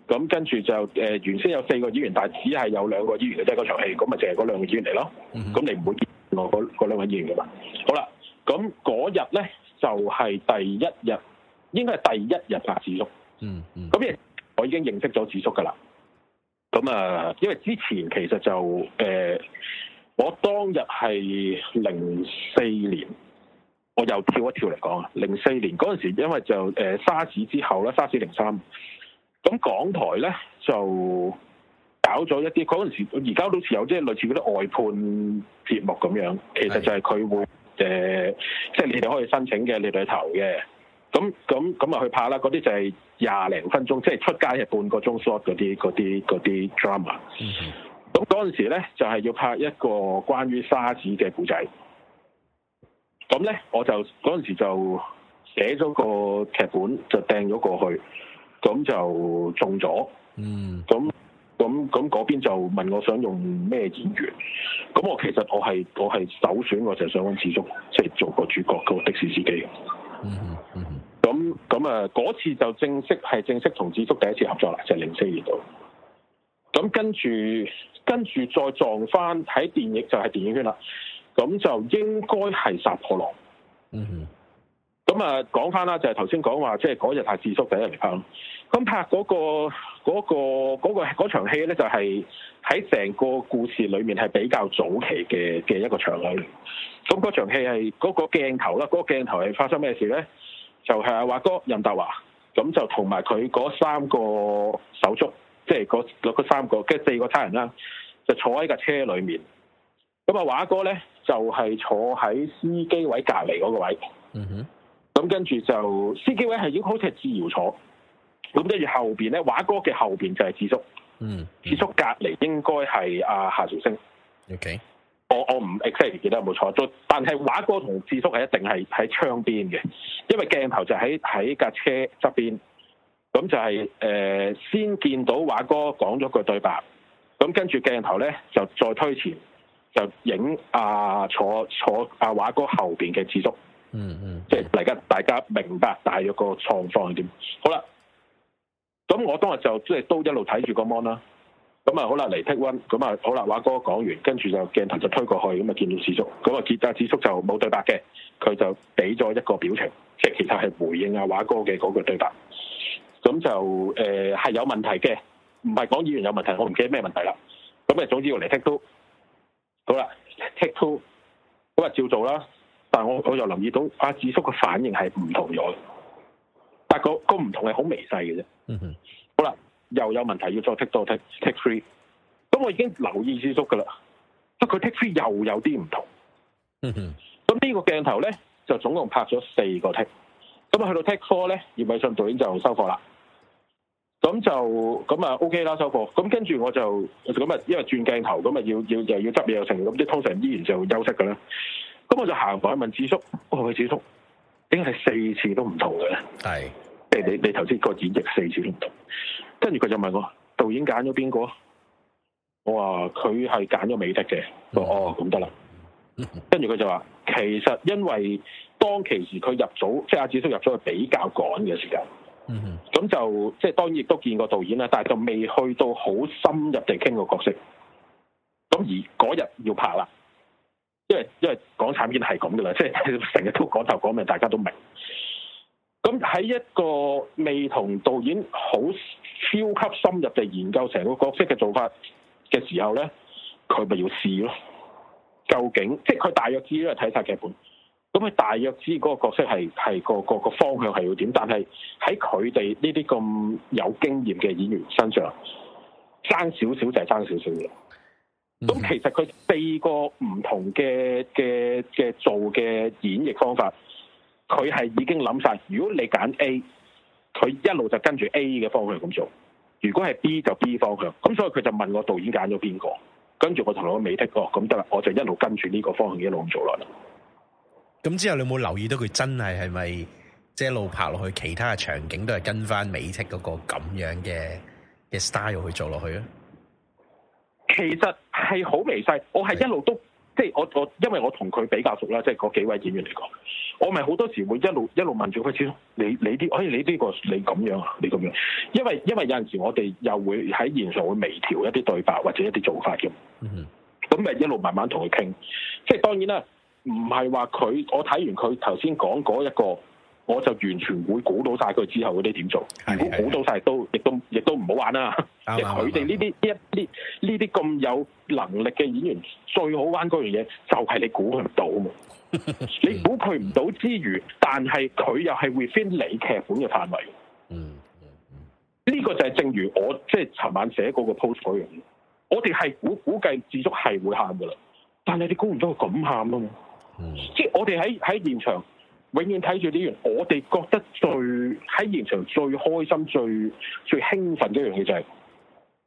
咁跟住就、呃、原先有四個演員，但只係有兩個演員即係嗰場戲，咁咪淨係嗰兩個演員嚟咯。咁、嗯、哼你唔會見另外嗰兩位演員嘅嘛？好啦，咁嗰日咧就係、是、第一日，應該係第一日拍智叔。嗯嗯哼，咁我已經認識咗智叔噶啦。咁啊，因為之前其實就誒、呃、我當日係零四年，我又跳一跳嚟講啊，零四年嗰陣時，因為就誒、呃、沙士之後啦，沙士零三，咁港台咧就搞咗一啲嗰陣時，而家都似有即係類似嗰啲外判節目咁樣，其實就係佢會誒即係你哋可以申請嘅，你哋去投嘅。咁咁咁啊，去拍啦！嗰啲就係廿零分鐘，即係出街係半個鐘 short 嗰啲嗰啲嗰啲 drama。咁嗰陣時咧，就係要拍一個關於沙子嘅故仔。咁咧，我就嗰陣時就寫咗個劇本，就掟咗過去，咁就中咗。嗯、mm。咁咁咁嗰邊就問我想用咩演員。咁我其實我係我係首選，我就想揾志忠，即係做個主角，個的士司機。嗯嗯嗯。Hmm. 咁咁啊，嗰次就正式係正式同智叔第一次合作啦，就零、是、四年度。咁跟住跟住再撞翻喺電影就係、是、電影圈啦。咁就應該係殺破狼。嗯哼。咁啊，講翻啦，就係頭先講話，即係嗰日拍智叔第一日嚟拍。咁拍嗰、那個嗰、那個嗰、那個嗰、那個、場戲咧，就係喺成個故事裏面係比較早期嘅嘅一個場口。咁嗰場戲係嗰、那個鏡頭啦，嗰、那個、鏡頭係發生咩事咧？就係阿華哥任達華，咁就同埋佢嗰三個手足，即係嗰嗰三個即係四個差人啦，就坐喺架車裏面。咁啊、就是嗯哼，華哥咧就係坐喺司機位隔離嗰個位。嗯哼。咁跟住就司機位係好似係自由坐，咁跟住後邊咧，華哥嘅後邊就係智叔。嗯，嗯。智叔隔離應該係阿夏韶聲。O K。我我唔 exactly 記得有冇錯，但係畫哥同智叔係一定係喺窗邊嘅，因為鏡頭就喺喺架車側邊，咁就係、是、誒、呃、先見到畫哥講咗句對白，咁跟住鏡頭咧就再推前，就影阿、啊、坐坐阿畫哥後邊嘅智叔，嗯嗯、mm，即、hmm. 係大家大家明白大約個狀況係點？好啦，咁我當日就即係都一路睇住個 mon 啦。咁啊，好啦，嚟 take one，咁啊，好啦，華哥講完，跟住就鏡頭就推過去，咁啊，見到智叔，嗰個杰仔智叔就冇對白嘅，佢就俾咗一個表情，即係其實係回應啊華哥嘅嗰個對白。咁就誒係、呃、有問題嘅，唔係講議員有問題，我唔記得咩問題啦。咁啊，總之要嚟 take two 好啦，take two 咁啊照做啦。但係我我又留意到阿智、啊、叔嘅反應係唔同咗，但係嗰個唔同係好微細嘅啫。嗯哼。又有問題要再 take 多 take take three，咁我已經留意智叔噶啦，咁佢 take three 又有啲唔同，嗯哼，咁呢個鏡頭咧就總共拍咗四個 take 咁啊去到 take four 咧，葉偉信導演就收貨啦就就、OK、啦，咁就咁啊 OK 啦收貨，咁跟住我就就咁啊，因為轉鏡頭咁啊要要又要執嘢又成，咁即通常依然就休息噶啦，咁我就行過去問智叔，我問智叔點解四次都唔同嘅咧？係是，你你頭先個演繹四次都唔同。跟住佢就問我，導演揀咗邊個？我話佢係揀咗美的嘅。佢、mm hmm. 哦咁得啦。跟住佢就話，其實因為當其時佢入組，即係阿智叔入組係比較趕嘅時間。嗯咁、mm hmm. 就即係當然亦都見過導演啦，但係就未去到好深入地傾個角色。咁而嗰日要拍啦，因為因為港產片係咁噶啦，即係成日都講頭講明，大家都明。咁喺一個未同導演好超級深入地研究成個角色嘅做法嘅時候呢，佢咪要試咯？究竟即係佢大約知因為睇晒劇本，咁佢大約知嗰個角色係係個個、個方向係要點，但係喺佢哋呢啲咁有經驗嘅演員身上，爭少少就係爭少少嘅。咁、嗯、其實佢四個唔同嘅嘅嘅做嘅演繹方法。佢係已經諗晒，如果你揀 A，佢一路就跟住 A 嘅方向咁做；如果係 B 就 B 方向。咁所以佢就問我導演揀咗邊個，跟住我同佢美剔哦，咁得啦，我就一路跟住呢個方向一路咁做落嚟。咁之後你有冇留意到佢真係係咪即係一路拍落去，其他嘅場景都係跟翻美剔嗰個咁樣嘅嘅 style 去做落去咧？其實係好微細，我係一路都。即係我我因為我同佢比較熟啦，即係嗰幾位演員嚟講，我咪好多時會一路一路問住佢先，你你啲可以你呢個你咁樣啊，你咁樣，因為因為有陣時我哋又會喺現場會微調一啲對白或者一啲做法嘅，咁咪一路慢慢同佢傾。即係當然啦，唔係話佢我睇完佢頭先講嗰一個。我就完全會估到晒佢之後嗰啲點做。的如果估到晒都，亦的都亦都唔好玩啦。即係佢哋呢啲一呢呢啲咁有能力嘅演員，最好玩嗰樣嘢就係、是、你估佢唔到啊嘛。 你估佢唔到之餘，但係佢又係會返你劇本嘅範圍。嗯，呢個就係正如我即係尋晚寫嗰個 post 嗰樣。我哋係估估計，至足係會喊噶啦。但係你估唔到佢咁喊啊嘛。 即係我哋喺喺現場。永遠睇住啲演員，我哋覺得最喺現場最開心、最最興奮嘅一樣嘢就係、是，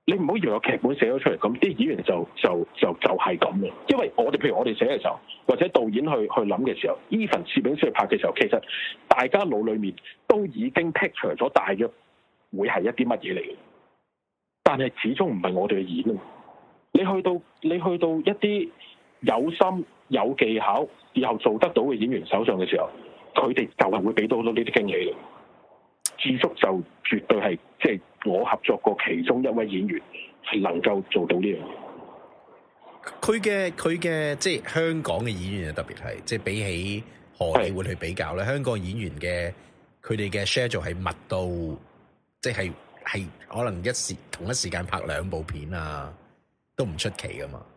你唔好以為有劇本寫咗出嚟咁，啲演員就就就就係咁嘅。因為我哋，譬如我哋寫嘅時候，或者導演去去諗嘅時候，依份攝影出去拍嘅時候，其實大家腦裡面都已經 picture 咗，大約會係一啲乜嘢嚟嘅。但係始終唔係我哋嘅演咯。你去到你去到一啲有心有技巧又做得到嘅演員手上嘅時候。佢哋就係會俾到好多呢啲驚喜咯，智叔就絕對係即係我合作過其中一位演員係能夠做到呢樣嘢。佢嘅佢嘅即係香港嘅演員啊，特別係即係比起荷里活去比較咧，是香港演員嘅佢哋嘅 share 係密到，即係係可能一時同一時間拍兩部片啊，都唔出奇㗎嘛～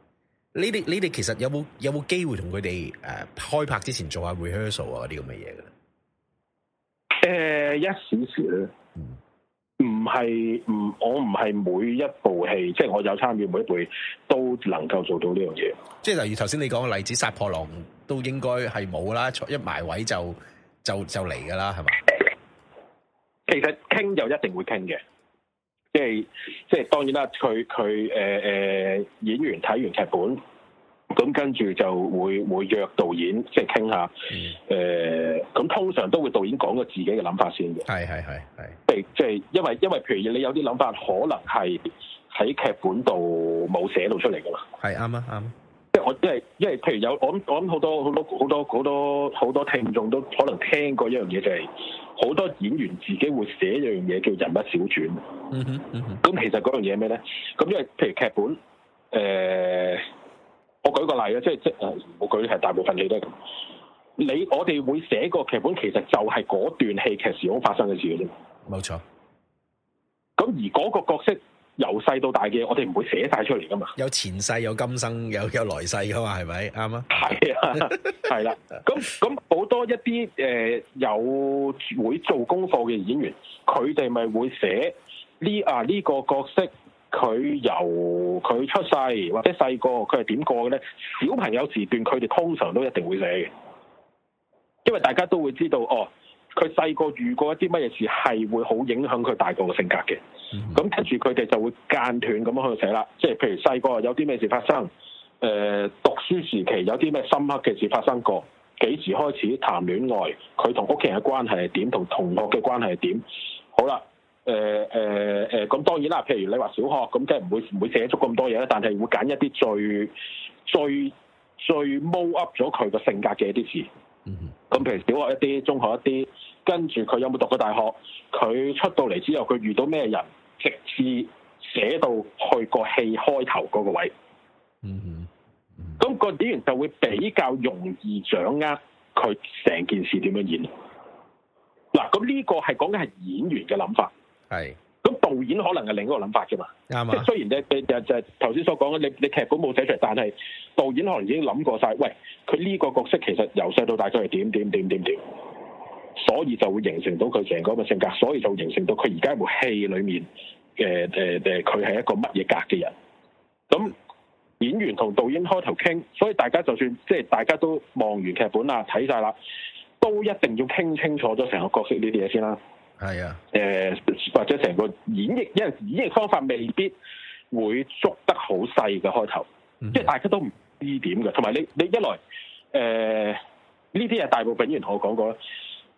你哋你哋其實有冇有冇機會同佢哋誒開拍之前做下 rehearsal 啊啲咁嘅嘢嘅？誒、呃，一少少啦，唔係唔我唔係每一部戲，即係我有參與每一部戲都能夠做到呢樣嘢。即係例如頭先你講嘅例子《殺破狼》，都應該係冇啦，一埋位就就就嚟噶啦，係嘛？其實傾就一定會傾嘅。即係即係當然啦，佢佢誒誒演員睇完劇本，咁跟住就會會約導演即係傾下，誒咁、嗯呃、通常都會導演講個自己嘅諗法先嘅，係係係係，即係即係因為因為譬如你有啲諗法可能係喺劇本度冇寫到出嚟噶嘛，係啱啊啱。對啊。我即係，因為譬如有我，我諗好多好多好多好多好多聽眾都可能聽過一樣嘢，就係、是、好多演員自己會寫一樣嘢叫人物小傳。咁、嗯嗯、其實嗰樣嘢咩咧？咁因為譬如劇本，誒、呃，我舉個例啊，即係即係，我舉係大部分你都係咁。你我哋會寫個劇本，其實就係嗰段戲劇時候發生嘅事嘅啫。冇錯錯。咁而嗰個角色。由細到大嘅，我哋唔會寫晒出嚟噶嘛。有前世、有今生、有有來世噶嘛，係咪啱啊？係啊，係啦。 咁咁好多一啲誒、呃、有會做功課嘅演員，佢哋咪會寫呢啊呢、呢個角色佢由佢出世或者細個佢係點過嘅咧？小朋友時段，佢哋通常都一定會寫嘅，因為大家都會知道哦。佢細個遇過一啲乜嘢事，係會好影響佢大個嘅性格嘅。咁跟住佢哋就會間斷咁樣去寫啦。即係譬如細個有啲咩事發生，誒、呃、讀書時期有啲咩深刻嘅事發生過，幾時開始談戀愛，佢同屋企人嘅關係係點，同同學嘅關係係點。好啦，誒誒誒，咁、呃呃、當然啦。譬如你話小學，咁即係唔會唔會寫足咁多嘢啦，但係會揀一啲最最最 mo up 咗佢個性格嘅一啲事。咁、嗯、譬如小學一啲，中學一啲，跟住佢有冇讀過大學？佢出到嚟之後，佢遇到咩人？直至寫到去個戲開頭嗰個位，嗯嗯，咁個演員就會比較容易掌握佢成件事點樣演。嗱，咁呢個係講緊係演員嘅諗法，係。導演可能係另一個諗法啫嘛，啱即雖然你就就頭先所講咧，你、就係、嘅你劇本冇寫出嚟，但係導演可能已經諗過晒。喂，佢呢個角色其實由細到大佢係點點點點點，所以就會形成到佢成個個性格，所以就會形成到佢而家部戲裏面嘅誒誒佢係一個乜嘢格嘅人。咁演員同導演開頭傾，所以大家就算即係大家都望完劇本啦，睇晒啦，都一定要傾清楚咗成個角色呢啲嘢先啦。係啊、呃，誒或者成個演繹，有陣時演繹方法未必會捉得好細嘅，開頭，即係、mm hmm. 大家都唔知點嘅。同埋你你一來誒，呢啲係大部分演員同我講過啦，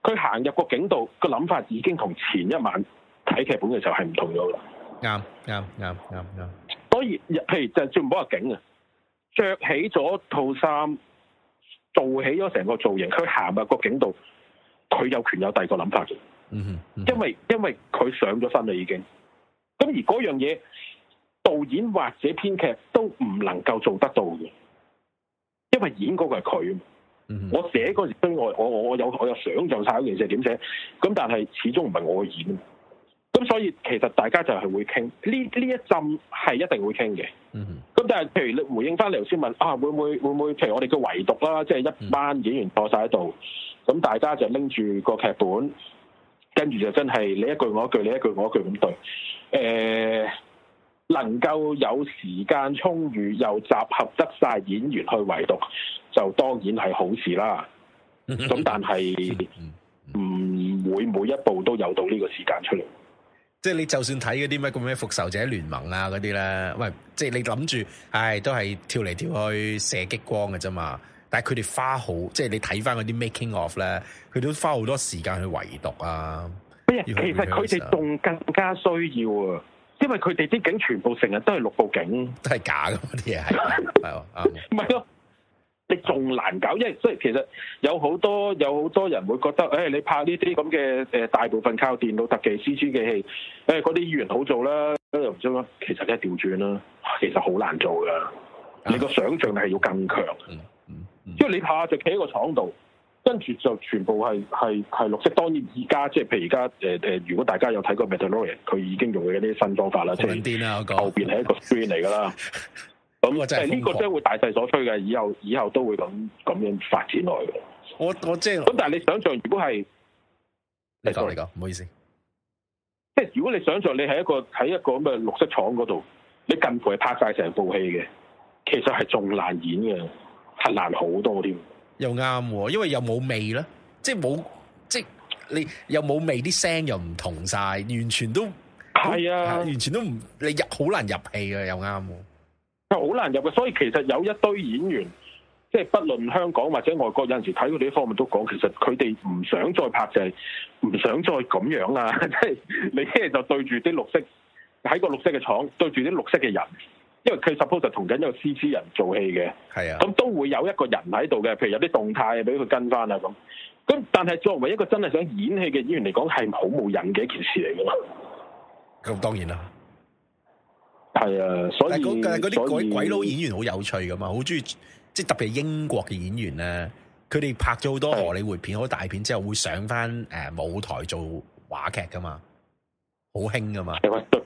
佢行入個境度，個諗法已經同前一晚睇劇本嘅時候係唔同咗啦。啱啱啱啱啱，所以譬如就是，最唔好話景啊，着起咗套衫，做起咗成個造型，佢行入個境度，佢有權有第二個諗法嘅。嗯，因為因為佢上咗身啦已經了了，咁而嗰樣嘢導演或者編劇都唔能夠做得到嘅，因為演嗰個係佢、嗯哼，我寫嗰時雖然我我我有我有想像晒嗰件事點寫，咁但係始終唔係我演，咁所以其實大家就係會傾呢呢一陣係一定會傾嘅，咁、嗯、哼但係譬如你回應翻嚟先問啊，會唔會會唔會譬如我哋嘅圍讀啦，即係一班演員播晒喺度，咁、嗯、哼大家就拎住個劇本。跟住就真係你一句我一句，你一句我一句咁對。誒、呃，能夠有時間充裕又集合得晒演員去圍讀，就當然係好事啦。咁 但係唔會每一部都有到呢個時間出嚟。即係你就算睇嗰啲咩咁嘅復仇者聯盟啊嗰啲咧，喂，即係你諗住，唉、哎，都係跳嚟跳去射激光嘅啫嘛。但係佢哋花好，即係你睇翻嗰啲 making of 咧，佢都花好多時間去圍讀啊！其實佢哋仲更加需要啊，因為佢哋啲景全部成日都係綠布景，都係假噶啲嘢係，係啊，唔係咯？你仲難搞，因為所以其實有好多有好多人會覺得，誒、哎，你拍呢啲咁嘅，誒，大部分靠電腦特技、CG 嘅戲，誒、哎，嗰啲演員好做啦，咁樣啫嘛。其實咧調轉啦，其實好難做噶，你個想象力係要更強。嗯嗯嗯、因為你拍就企喺個廠度，跟住就全部係係係綠色。當然而家即係譬如而家誒誒，如果大家有睇過 Mandalorian，佢已經用嘅啲新方法啦。後邊係一個 screen 嚟噶啦。咁呢 樣個真會大勢所趨嘅，以後以後都會咁咁樣,樣發展落去。我我即係咁，但係你想象如果係你講說你講，唔好意思。即係如果你想象你係一個喺一個咁嘅綠色廠嗰度，你近乎係拍晒成部戲嘅，其實係仲難演嘅。困難好多添，又啱喎，因為又冇味啦，即係冇，即係你又冇味，啲聲又唔同晒，完全都係啊，完全都唔你入好難入戲啊，又啱喎，就好難入嘅，所以其實有一堆演員，即係不論香港或者外國，有陣時睇呢啲方面都講，其實佢哋唔想再拍就係、是、唔想再咁樣啊，即 係你即係就對住啲綠色，喺個綠色嘅廠對住啲綠色嘅人。因為佢 suppose 就同緊一個 CG 人做戲嘅。係啊，咁都會有一個人喺度嘅，譬如有啲動態俾佢跟翻啊咁。咁但係作為一個真係想演戲嘅演員嚟講，係好冇癮嘅一件事嚟噶嘛。咁當然啦，係啊，所以那所以，鬼，所以鬼佬演員好有趣噶嘛，好中意，即係特別英國嘅演員咧，佢哋拍咗好多荷里活片、好多的大片之後，會上翻誒舞台做話劇噶嘛，好興噶嘛。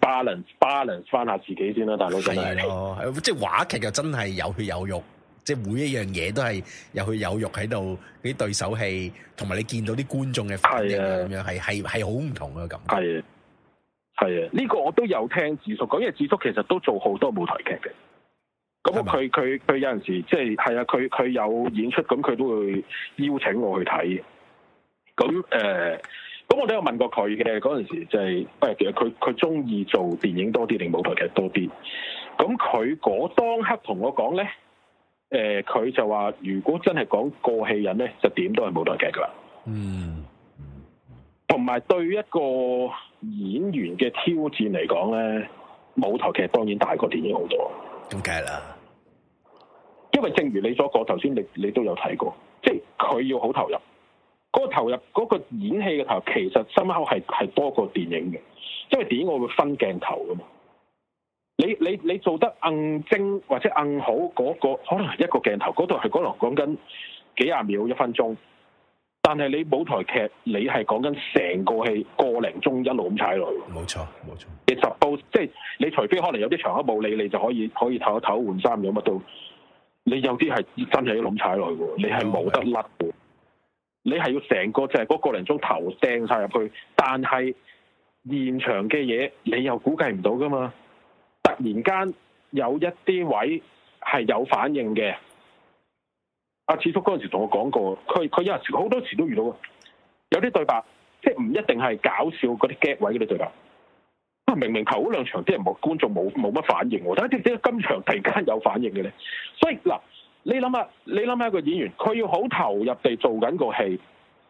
balance balance 翻下自己先啦，大佬。係咯，即係話劇就真係有血有肉，即係每一樣嘢都係有血有肉喺度。啲對手戲同埋你見到啲觀眾嘅反應啊，咁樣係係係好唔同嘅感覺。係係啊。呢個我都有聽智叔咁，因為智叔其實都做好多舞台劇嘅。咁佢佢佢有陣時即係係啊，佢佢有演出，咁佢都會邀請我去睇咁誒。咁我都有問過佢嘅嗰陣時，就係、是、喂，其實佢佢中意做電影多啲定舞台劇多啲？咁佢嗰當刻同我講咧，誒、呃，佢就話如果真係講過戲人咧，就點都係舞台劇噶啦。嗯，同埋對一個演員嘅挑戰嚟講咧，舞台劇當然大過電影好多。咁解係啦，因為正如你所講，頭先你你都有睇過，即係佢要好投入。嗰個投入，嗰個演戲嘅投入其實深口係係多過電影嘅，因為電影我會分鏡頭噶嘛。你你你做得硬精或者硬好嗰個，可能一個鏡頭嗰度係可能講緊幾廿秒一分鐘，但係你舞台劇你係講緊成個戲個零鐘一路咁踩落去。冇錯，冇錯。二十部，即係你除非可能有啲長嗰部，你你就可以可以唞一唞換衫咁乜都。你有啲係真係一路踩落去嘅，你係冇得甩嘅。冇錯。你係要成個就係嗰個零鐘頭掟晒入去，但係現場嘅嘢你又估計唔到噶嘛？突然間有一啲位係有反應嘅。阿、啊、智叔嗰陣時同我講過，佢佢有時好多時都遇到，有啲對白即係唔一定係搞笑嗰啲 gag 位嗰啲對白。啊，明明頭嗰兩場啲人冇觀眾冇冇乜反應，點解點解今場突然間有反應嘅咧？所以嗱。你諗下，你諗下個演員，佢要好投入地做緊個戲，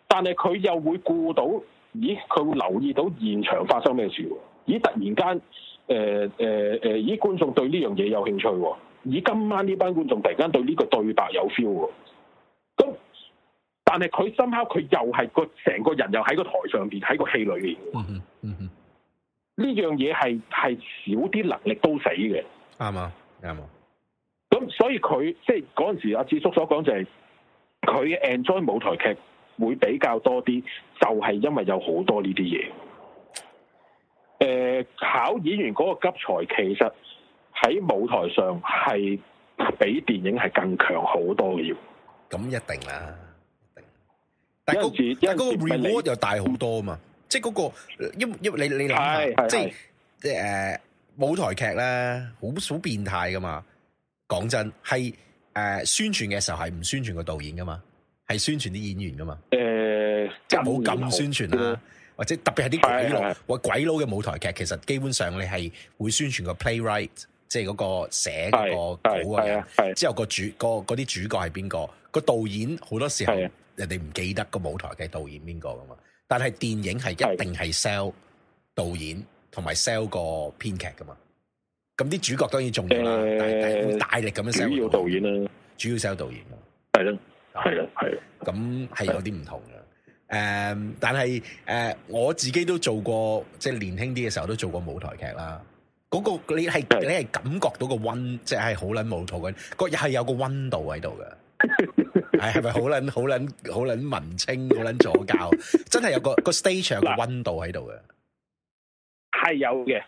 但係佢又會顧到，咦？佢會留意到現場發生咩事？咦？突然間，誒誒誒，咦、呃？呃呃、觀眾對呢樣嘢有興趣？咦？今晚呢班觀眾突然間對呢個對白有 feel？咁，但係佢深刻，佢又係個成個人又喺個台上邊，喺個戲裏邊、嗯。嗯嗯，呢樣嘢係係少啲能力都死嘅。啱啊、嗯，啱、嗯所以佢即係嗰陣時候，阿智叔所講就係佢 enjoy 舞台劇會比較多啲，就係、是、因為有好多呢啲嘢。誒、呃，考演員嗰個急才，其實喺舞台上係比電影係更強好多嘅要。咁一,一定啦。但係嗰、那個此但係嗰個 reward 你又大好多啊嘛！嗯、即係、那、嗰個因因你你諗即係即係誒舞台劇咧，好好變態噶嘛！講真，係誒、呃、宣傳嘅時候係唔宣傳個導演噶嘛，係宣傳啲演員噶嘛。誒、呃，即係冇咁宣傳啦、啊，呃、或者，或者特別係啲鬼佬的鬼佬嘅舞台劇，其實基本上你係會宣傳個 playwright，即係嗰個寫個稿嘅人。之後個主個嗰啲主角係邊個，個導演好多時候的人哋唔記得個舞台嘅導演邊的個噶嘛。但係電影係一定係 sell 導演同埋 sell 個編劇噶嘛。咁啲主角當然重要啦，但係會大力咁樣 sell 主要導演啦，主要 sell 導演咯，係咯，係咯，係。咁係有啲唔同嘅。誒，但係誒，我自己都做過，即係年輕啲嘅時候都做過舞台劇啦。嗰個你係你係感覺到個溫，即係好撚舞台嘅，個又係有個溫度喺度嘅。係咪好撚好撚好撚文青好撚左教？真係有個個 stage 有個溫度喺度嘅，係有嘅。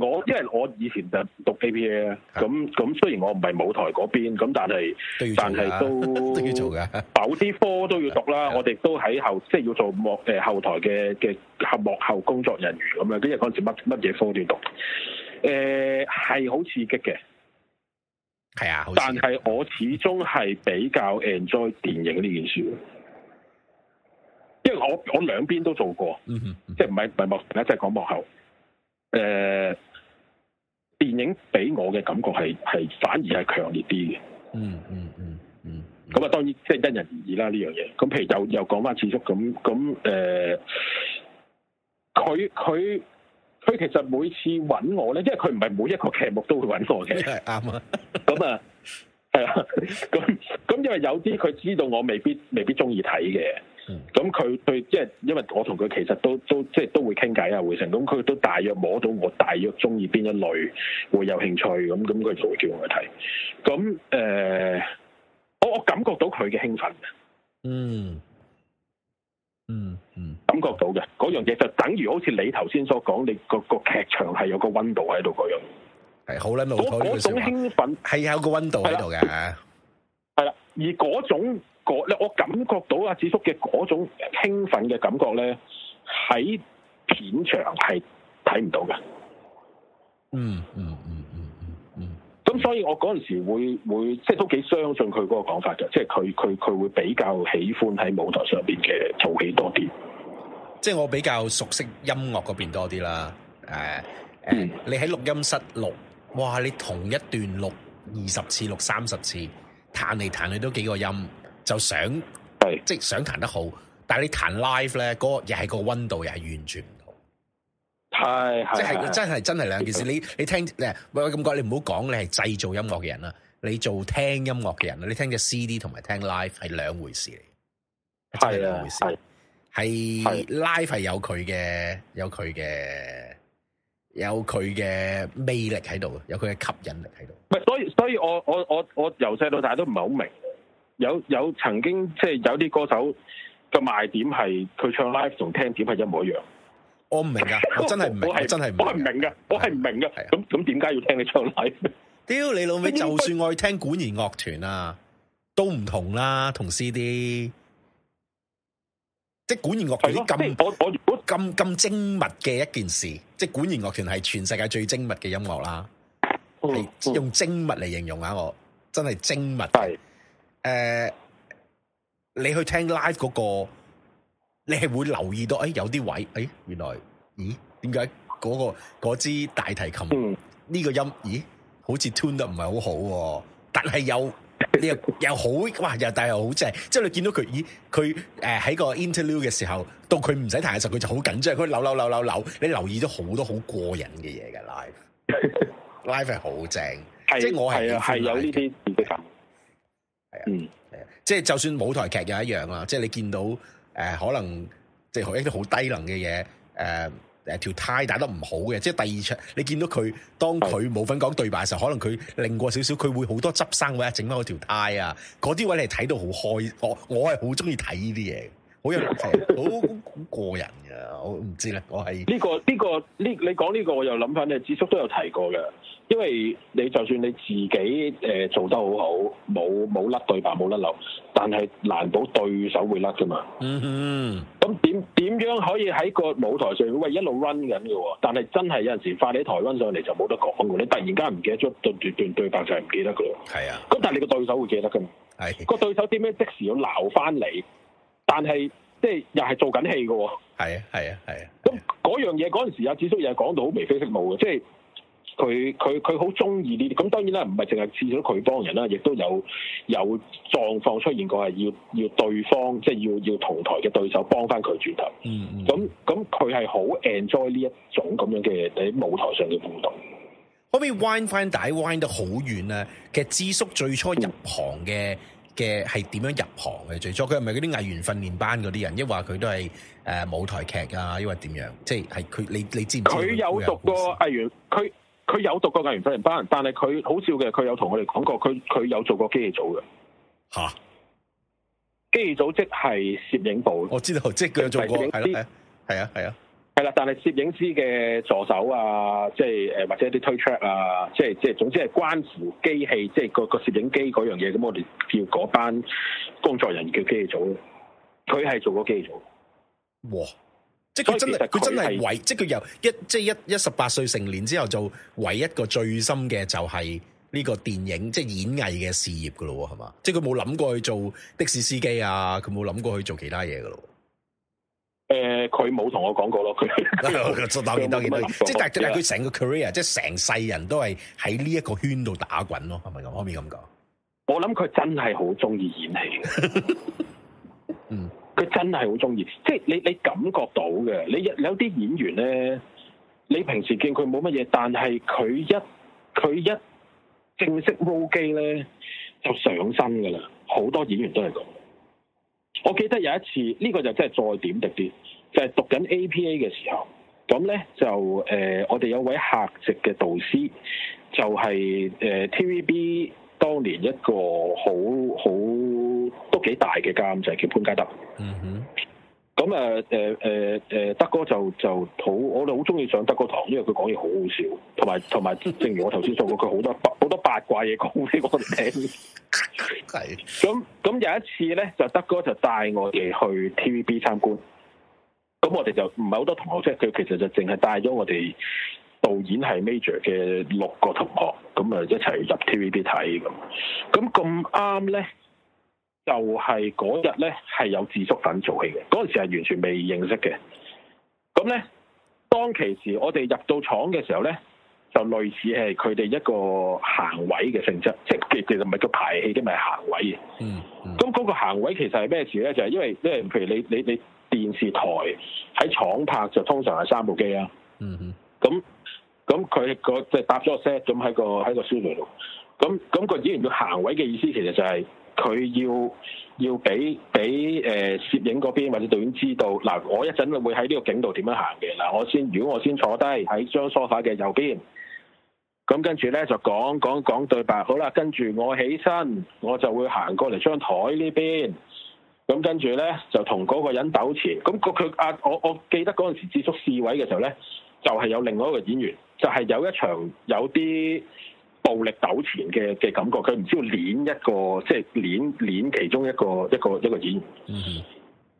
我，因為我以前就讀 A P A 咁，咁雖然我唔係舞台嗰邊，咁但係，但係都要做嘅、啊，做啊、某啲科都要讀啦。我哋都喺後，即係要做幕誒後台嘅嘅幕後工作人員咁樣。嗰陣時乜乜嘢科都要讀，誒係好刺激嘅，係啊。但係我始終係比較 enjoy 電影呢件事，因為我我兩邊都做過，嗯嗯即係唔係唔幕，唔係即係講幕後，誒、呃。電影俾我嘅感覺係係反而係強烈啲嘅、嗯。嗯嗯嗯嗯。咁、嗯、啊，當然即係因人而異啦呢樣嘢。咁、這個、譬如又又講翻智叔咁咁誒，佢佢佢其實每次搵我咧，因為佢唔係每一個劇目都會搵我嘅。係啱、嗯嗯、啊！咁 啊，係咁咁因為有啲佢知道我未必未必中意睇嘅。咁佢對即係，因為我同佢其實都都即係都會傾偈啊，會成咁佢都大約摸到我大約中意邊一類會有興趣咁，咁佢就會叫我去睇。咁誒、呃，我我感覺到佢嘅興奮、嗯。嗯嗯嗯，感覺到嘅嗰樣嘢就等於好似你頭先所講，你個個劇場係有個溫度喺度嗰樣，係好啦。嗰嗰種興奮係有個溫度喺度嘅，係啦，而嗰種。我感覺到阿、啊、子叔智叔嘅嗰種興奮嘅感覺咧，喺片場係睇唔到嘅、嗯。嗯嗯嗯嗯嗯。咁、嗯、所以我，我嗰陣時會即係都幾相信佢嗰個講法嘅，即係佢佢佢會比較喜歡喺舞台上邊嘅做戲多啲。即係我比較熟悉音樂嗰邊多啲啦。誒、uh, 誒、嗯，你喺錄音室錄，哇！你同一段錄二十次、錄三十次，彈嚟彈去都幾個音。就想係即係想彈得好，但係你彈 live 咧，那個那個又係個溫度又係完全唔同，係即係真係真係兩件事。你你聽，喂，喂，咁講，你唔好講你係製造音樂嘅人啦，你做聽音樂嘅人你聽嘅 CD 同埋聽 live 係兩回事嚟，係兩回事，係 live 係有佢嘅有佢嘅有佢嘅魅力喺度，有佢嘅吸引力喺度。唔係，所以所以我我我我由細到大都唔係好明白。有有曾經即係有啲歌手嘅賣點係佢唱 live 同聽點係一模一樣。我唔明啊！我真係唔明，我係是真係唔明嘅，我係唔明嘅。咁咁點解要聽你唱 live？屌你老味，就算我去聽管弦樂團啊，都唔同啦，同 C D。即係管弦樂團咁，咁咁麼精密嘅一件事，即係管弦樂團係全世界最精密嘅音樂啦、啊。嗯、用精密嚟形容下，啊、我真係精密。誒、呃，你去聽 live 嗰、那個，你係會留意到，誒、哎，有啲位，誒、哎，原來，咦、嗯，點解嗰個嗰支大提琴呢、嗯、個音，咦，好似 tune 得唔係好好，啊，但係又呢又， 又好，哇，又但係又好正，即係你見到佢，咦，佢誒喺個 interlude 嘅時候，到佢唔使彈嘅時候，佢就好緊張，佢扭扭扭扭扭，你留意咗好多好過癮嘅嘢嘅 live，live 係好正，是即係我係係有呢啲係啊，誒、嗯，即係就算舞台劇又一樣啦，即係你見到誒、呃，可能即係一啲好低能嘅嘢，誒誒條呔打得唔好嘅，即係第二場你見到佢當佢冇份講對白嘅時候，可能佢令過少少，佢會好多執生位整翻嗰條呔啊，嗰啲位你睇到好開，我我係好中意睇呢啲嘢，好有情，好好 過癮噶，我唔知啦，我係呢、這個呢、這個呢，你講呢個我又諗翻，你智叔都有提過嘅。因為你就算你自己誒做得好好，冇冇甩對白冇甩漏，但係難保對手會甩噶嘛。嗯哼。咁點點樣可以喺個舞台上喂一路 run 緊嘅喎？但係真係有陣時發你台瘟上嚟就冇得講嘅，你突然間唔記得咗段段段對白就係唔記得嘅。係啊。咁但係你個對手會記得㗎嘛。係。個對手點解即時要鬧翻你？但係即係又係做緊戲嘅喎。係啊！係啊！係啊！咁嗰樣嘢嗰陣時，阿智叔又係講到好眉飛色舞嘅，即係。佢佢佢好中意呢啲，咁當然啦，唔係淨係至少佢幫人啦，亦都有有狀況出現過，係要要對方即係要要同台嘅對手幫翻佢轉頭。嗯嗯，咁咁佢係好 enjoy 呢一種咁樣嘅喺舞台上嘅互動。可唔可以彎返帶彎得好遠啊？其實智叔最初入行嘅嘅係點樣入行嘅？最初佢係咪嗰啲藝員訓練班嗰啲人？亦或佢都係誒舞台劇啊？亦或點樣？即係係佢你你知唔知？佢有讀過藝、過藝員，佢。佢有讀過藝員訓練班，但係佢好笑嘅，佢有同我哋講過，佢佢有做過機器組嘅嚇。啊、機器組即係攝影部，我知道即佢有做過係係係啊係啊係啦，但係攝影師嘅、啊啊啊啊啊、助手啊，即係誒或者啲推桌啊，即係即係總之係關乎機器，即係個個攝影機嗰樣嘢，咁我哋叫嗰班工作人員叫機器組，佢係做過機器組，哇！即佢真係佢真係唯，即佢由一即一一,一十八歲成年之後就唯一個最深嘅就係呢個電影即、就是、演藝嘅事業噶咯，係嘛？即佢冇諗過去做的士司機啊，佢冇諗過去做其他嘢噶咯。誒、呃，佢冇同我講過咯，佢當然當然，即但係佢成個 career， 即成世人都係喺呢一個圈度打滾咯，係咪咁？可唔可以咁講？我諗佢真係好中意演戲， 嗯。佢真係好中意，即係你你感覺到嘅。你有啲演員呢，你平時見佢冇乜嘢，但係佢一佢一正式錄機呢，就上身噶啦。好多演員都係咁。我記得有一次，呢個就真係再點滴啲，就係讀緊 APA 嘅時候，咁呢，就、呃、我哋有位客席嘅導師，就係、呃、TVB 當年一個好好。好都幾大嘅監製，叫潘嘉德，嗯哼，咁啊誒誒誒，德哥就就好，我哋好中意上德哥堂，因為佢講嘢好好笑，同埋同埋正如我頭先做過佢好多八好多八卦嘢講俾我哋聽，係咁，咁有一次咧，就德哥就帶我哋去 TVB 參觀，咁我哋就唔係好多同學即係，佢其實就淨係帶咗我哋導演係 major 嘅六個同學，咁啊一齊入 TVB 睇。咁，咁咁啱咧。就係嗰日咧，係有自縮粉做戲嘅。嗰陣時係完全未認識嘅。咁咧，當其時我哋入到廠嘅時候咧，就類似係佢哋一個行位嘅性質，即其實唔係叫排戲，啲咪行位嘅、嗯。嗯。咁嗰個行位其實係咩事咧？就係、是、因為即係譬如你你你電視台喺廠拍就通常係三部機啊、嗯。嗯嗯。咁咁佢個即係、就是、搭咗個 set 咁喺個喺個 studio 度。咁咁個演員叫行位嘅意思，其實就係、是。佢要要俾俾誒攝影嗰邊或者導演知道嗱，我一陣會喺呢個景度點樣行嘅嗱，我先，如果我先坐低喺張梳化嘅右邊，咁跟住咧就講講講對白。好啦，跟住我起身，我就會行過嚟張台呢邊。咁跟住咧就同嗰個人糾纏。咁佢佢啊，我我記得嗰陣時接觸試位嘅時候咧，就係有另外一個演員，就係有一場有啲暴力糾纏嘅嘅感覺，佢唔知道捻一個，即係捻捻其中一個一個一個演員，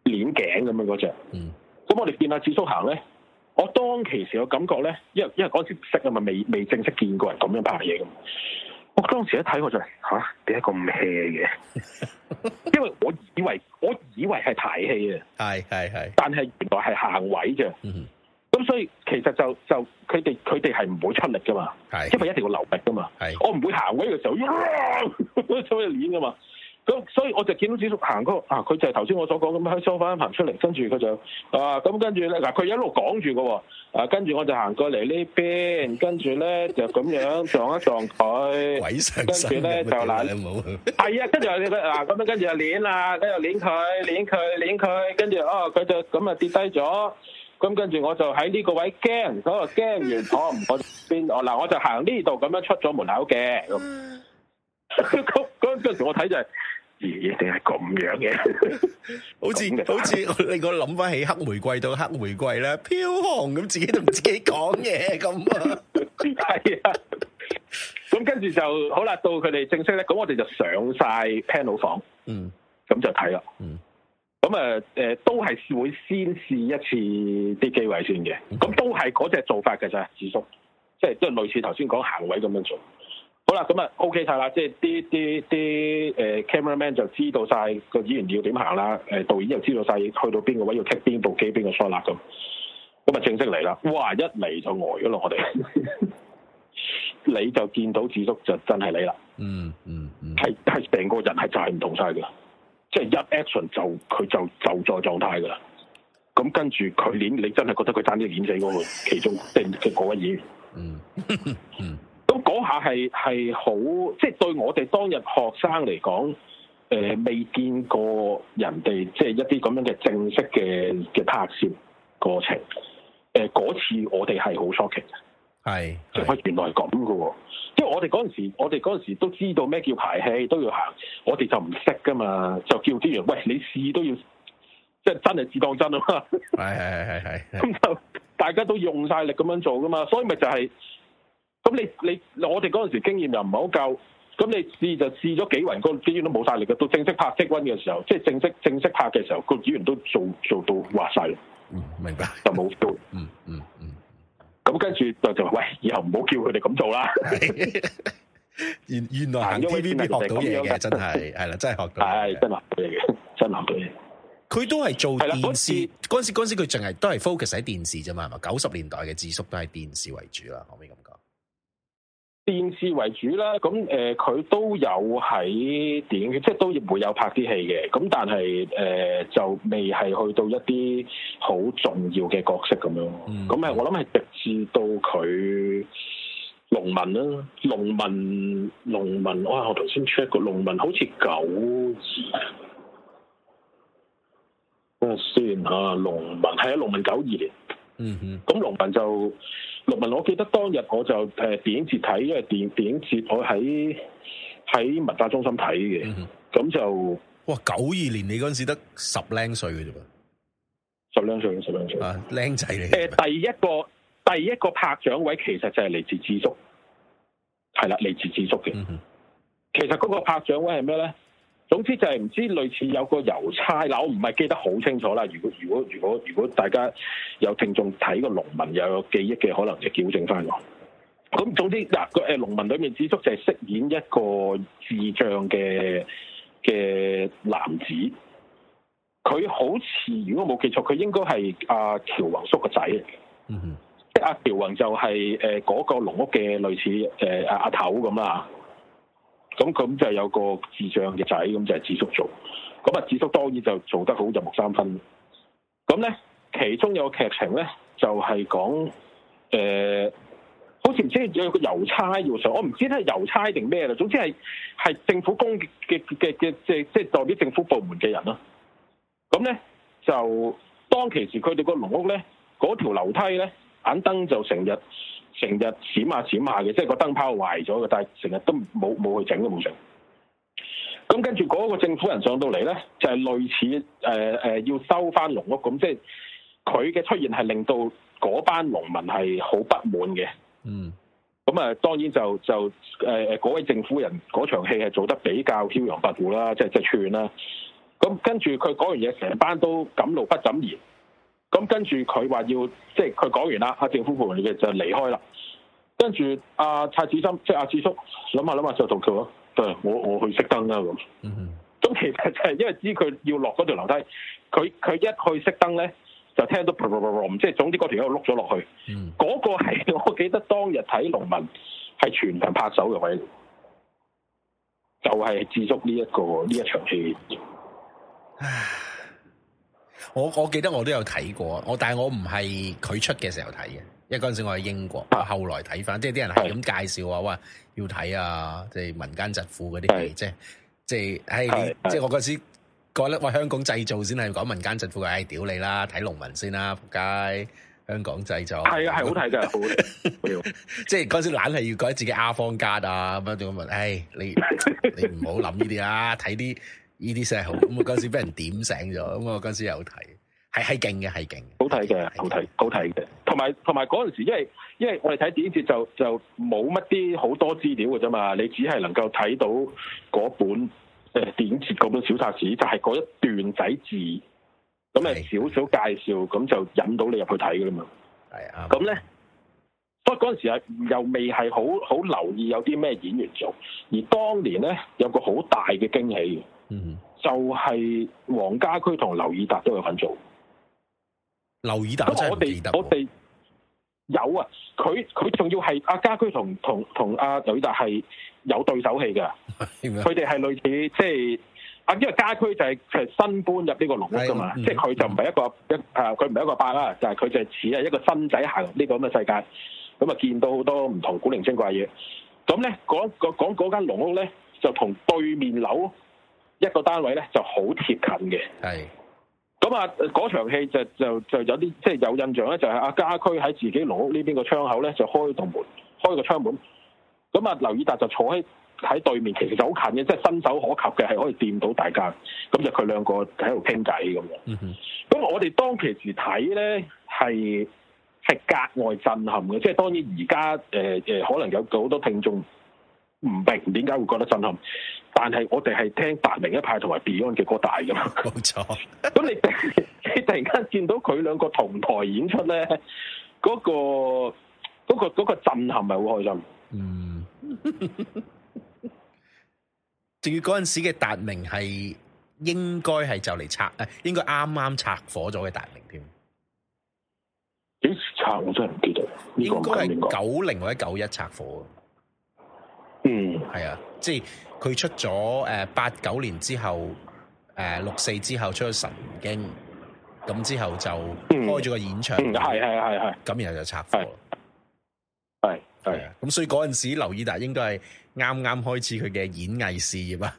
捻頸咁樣嗰隻。咁、mm hmm. 我哋見下智叔行咧，我當其時嘅感覺咧，因為因為嗰時識啊嘛，未未正式見過人咁樣拍嘢嘅。我當時一睇我就吓，點解咁 hea 嘅？ 因為我以為我以為係拍戲啊，係係係，但係原來係行位啫。Mm hmm. 咁所以其實就就佢哋佢哋係唔會出力噶嘛，係的因為一定要留力噶嘛。的我唔會行嗰個時候所以去攣噶嘛。咁所以我就見到智叔行嗰啊，佢就係頭先我所講咁樣梳化行出嚟，跟住佢就啊咁跟住咧嗱，佢一路講住嘅喎啊，跟住、啊、我就行過嚟呢邊，跟住咧就咁樣撞一撞佢， 鬼神生 跟住咧就嗱懶，係 啊，跟住啊嗱咁樣跟住攣啊，跟住攣佢攣佢攣佢，跟住哦佢就咁啊跌低咗。咁跟住我就喺呢個位驚，咁就驚完，我唔知邊我嗱，我就行呢度咁樣出咗門口嘅。咁嗰嗰陣時，我睇就係，咦？定係咁樣嘅？好似好似你講，諗翻起黑玫瑰到黑玫瑰咧，飄紅咁，自己同自己講嘢咁啊。係啊。咁跟住就好啦。到佢哋正式咧，咁我哋就上曬 panel 房。嗯。咁就睇啦。嗯。咁啊，誒、呃，都係會先試一次啲機位先嘅，咁 Okay. 都係嗰隻做法嘅，就係智叔，即係即係類似頭先講行位咁樣做。好啦，咁啊，OK 晒啦，即係啲啲啲誒、呃、，camera man 就知道晒個演員要點行啦，誒、呃，導演又知道晒去到邊個位要 take 邊部機邊個 shot 啦咁，咁啊正式嚟啦，哇！一嚟就呆咗咯，我哋，你就見到智叔就真係你啦，嗯嗯，係係成個人係就係唔同晒嘅啦。即係一 action 就佢就就在狀態噶啦，咁跟住佢碾，你真係覺得佢爭啲碾死嗰個其中，即嘅嗰一演。嗯，咁嗰下係係好，即係對我哋當日學生嚟講，誒、呃、未見過人哋即係一啲咁樣嘅正式嘅嘅拍攝過程。誒、呃，嗰次我哋係好 shocking。係，就原來係咁噶，即係我哋嗰陣時，我哋陣時都知道咩叫排戲都要行，我哋就唔識噶嘛，就叫啲演員喂你試都要，即、就、係、是、真係只當真啊嘛。係係係係，咁就 大家都用晒力咁樣做噶嘛，所以咪就係、是，咁你你我哋嗰陣時經驗又唔係好夠，咁你試就試咗幾輪，個演員都冇晒力，到正式拍升溫嘅時候，即係正式正式拍嘅時候，個演員都做做到滑晒，明白，就冇嗯 嗯。嗯咁跟住就就喂，以後唔好叫佢哋咁做啦。原原來行 TVB 學到嘢嘅，真係係啦，真係學到，係真啊，真學到嘢。佢都係做電視，陣時陣時佢淨係都係 focus 喺電視啫嘛，係嘛？九十年代嘅智叔都係電視為主啦，可唔可以咁講？電視為主啦，咁誒佢都有喺電影圈，即係都會有拍啲戲嘅。咁但係誒、呃、就未係去到一啲好重要嘅角色咁樣。咁誒我諗係直至到佢農民啦，農民農民我喺我頭先 check 過農民好似九二。等我先嚇，農民係啊，農民九二、啊、年。嗯哼，咁農民就農民，我記得當日我就誒電影節睇，因為電電影節我喺喺文化中心睇嘅，咁就哇，九二年你嗰陣時得十零歲嘅啫噃，十零歲，十零歲啊，𡃁 仔嚟嘅。誒、呃、第一個第一個拍掌位其實就係嚟自智叔，係啦，嚟自智叔嘅，嗯、哼其實嗰個拍掌位係咩咧？總之就係唔知，類似有個郵差，嗱我唔係記得好清楚啦。如果如果如果如果大家有聽眾睇過農民有，有記憶嘅，可能就矯正翻我。咁總之嗱農民裏面，智叔就係飾演一個智障嘅嘅男子。佢好似如果冇記錯，佢應該係阿喬宏叔個仔嚟嘅。嗯哼即阿、啊、喬宏就係、是、嗰、呃那個農屋嘅類似誒阿阿頭咁啦。咁咁就係有個智障嘅仔，咁就係、是、智叔做。咁啊，智叔當然就做得好入木三分。咁咧，其中有個劇情咧，就係、是、講誒、呃，好似唔知有個郵差要上，我唔知咧郵差定咩啦。總之係係政府工嘅嘅嘅，即係即係代表政府部門嘅人啦。咁咧就當其時佢哋個農屋咧，嗰條樓梯咧，眼燈就成日。成日閃下閃下嘅，即係個燈泡壞咗嘅，但係成日都冇冇去整都冇整。咁跟住嗰個政府人上到嚟咧，就係、是、類似誒誒、呃、要收翻農屋，咁即係佢嘅出現係令到嗰班農民係好不滿嘅。嗯。咁啊、嗯，當然就就誒誒嗰位政府人嗰場戲係做得比較驕陽跋扈啦，即係即係串啦。咁、就是、跟住佢講完嘢，成班都敢怒不敢言。咁跟住佢話要，即係佢講完啦，阿政府部門嘅就離開啦。跟住阿、啊、蔡子深，即係阿智叔諗下諗下就同調咯。對我我去熄燈啦咁。咁、mm hmm. 其實就係因為知佢要落嗰條樓梯，佢佢一去熄燈咧，就聽到啵啵啵啵，即係總之嗰條友碌咗落去。嗰、mm hmm. 個係我記得當日睇農民係全場拍手嘅位，就係、是、智叔呢一個呢一場戲。 我我記得我都有睇過，我但係我唔係佢出嘅時候睇嘅，因為嗰陣時我喺英國，後來睇翻，即係啲人係咁介紹話，哇，要睇啊！即係民間疾苦嗰啲戲，即係即係，即係我嗰陣時覺得，香港製造先係講民間疾苦，唉，屌你啦，睇農民先啦，仆街！香港製造，係啊，係好睇係好，即係嗰陣時懶係要改自己阿方家啊，乜仲咁問？唉，你你唔好諗呢啲啦，睇啲。呢啲先係好，咁我嗰時俾人點醒咗，咁我嗰時有睇，係係勁嘅，係勁，好睇嘅，好睇，好睇嘅。同埋同埋嗰陣時，因為因為我哋睇電影節就就冇乜啲好多資料嘅啫嘛，你只係能夠睇到嗰本誒電影節嗰本小冊子，就係嗰一段仔字，咁係少少介紹，咁就引到你入去睇噶啦嘛。係啊，咁咧，不過嗰陣時又又未係好好留意有啲咩演員做，而當年咧有個好大嘅驚喜嘅。嗯，就係黃家駒同劉以達都有份做，啊，劉以達我哋我哋有啊，佢佢仲要係阿家駒同同同阿呂達係有對手戲嘅，佢哋係類似即係啊，因為家駒就係就係新搬入呢個農屋噶嘛，即係佢就唔係一個一啊，佢唔係一個霸啦，但係佢就似係一個新仔行呢個咁嘅世界，咁啊見到好多唔同古靈精怪嘢。咁咧講講嗰間農屋咧，就同對面樓。一個單位咧就好貼近嘅，係咁啊！嗰場戲就就就有啲即係有印象咧，就係、是、阿家駒喺自己農屋呢邊個窗口咧就開度門，開個窗門。咁啊，劉以達就坐喺喺對面，其實好近嘅，即係伸手可及嘅，係可以掂到大家。咁就佢兩個喺度傾偈咁樣。咁我哋當其時睇咧，係係格外震撼嘅。即係當然而家誒誒，可能有好多聽眾唔明點解會覺得震撼。.但係我哋係聽達明一派同埋 Beyond 嘅歌大㗎嘛，冇錯沒錯。咁 你你，你突然間見到佢兩個同台演出咧，嗰、嗰個、嗰個、嗰個震撼係好開心。嗯，至於嗰陣時嘅達明係應該係就嚟拆，誒，應該啱啱拆火咗嘅達明添。幾時拆我真係唔記得，應該係九零或者九一拆火的。嗯，係啊，即係佢出咗誒、呃、八九年之後，誒、呃、六四之後出咗《神經》，咁之後就開咗個演唱會係係係係，咁、嗯嗯、然後就拆貨，係係啊，咁所以嗰陣時劉以達應該係啱啱開始佢嘅演藝事業啊，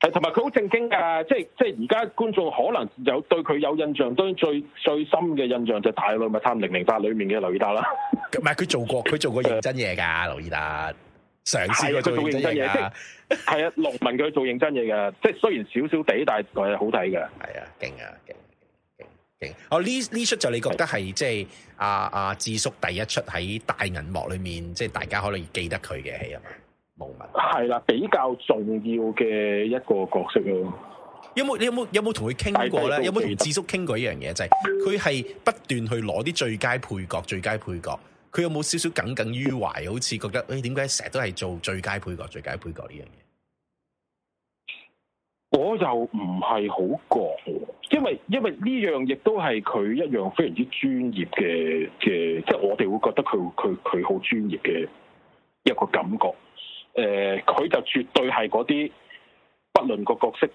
係同埋佢好正經噶，即係即係而家觀眾可能有對佢有印象，當然最最深嘅印象就《大內密探零零發》裏面嘅劉以達啦，唔係佢做過佢做過認真嘢噶劉以達。嘗試佢做認真嘢，即係係啊，農民佢做認真嘢嘅、 啊，即係雖然少少地，但係佢係好睇嘅。係啊，勁啊，勁勁勁！哦，呢呢出就你覺得係的即係阿阿智叔第一出喺大銀幕裏面，即係大家可能記得佢嘅戲啊嘛？冇啊，係啦，比較重要嘅一個角色咯。有冇你有冇的有冇同佢傾過咧？有冇同智叔傾過的是他是一樣嘢？就係佢係不斷去攞啲最佳配角，最佳配角。佢有冇少少耿耿於懷，好似覺得誒點解成日都係做最佳配角、最佳配角呢樣嘢？我又唔係好覺，因為因為呢樣亦都係佢一樣非常之專業嘅嘅，即係、就是、我哋會覺得佢佢佢好專業嘅一個感覺誒，佢、呃、就絕對係嗰啲，不論個角色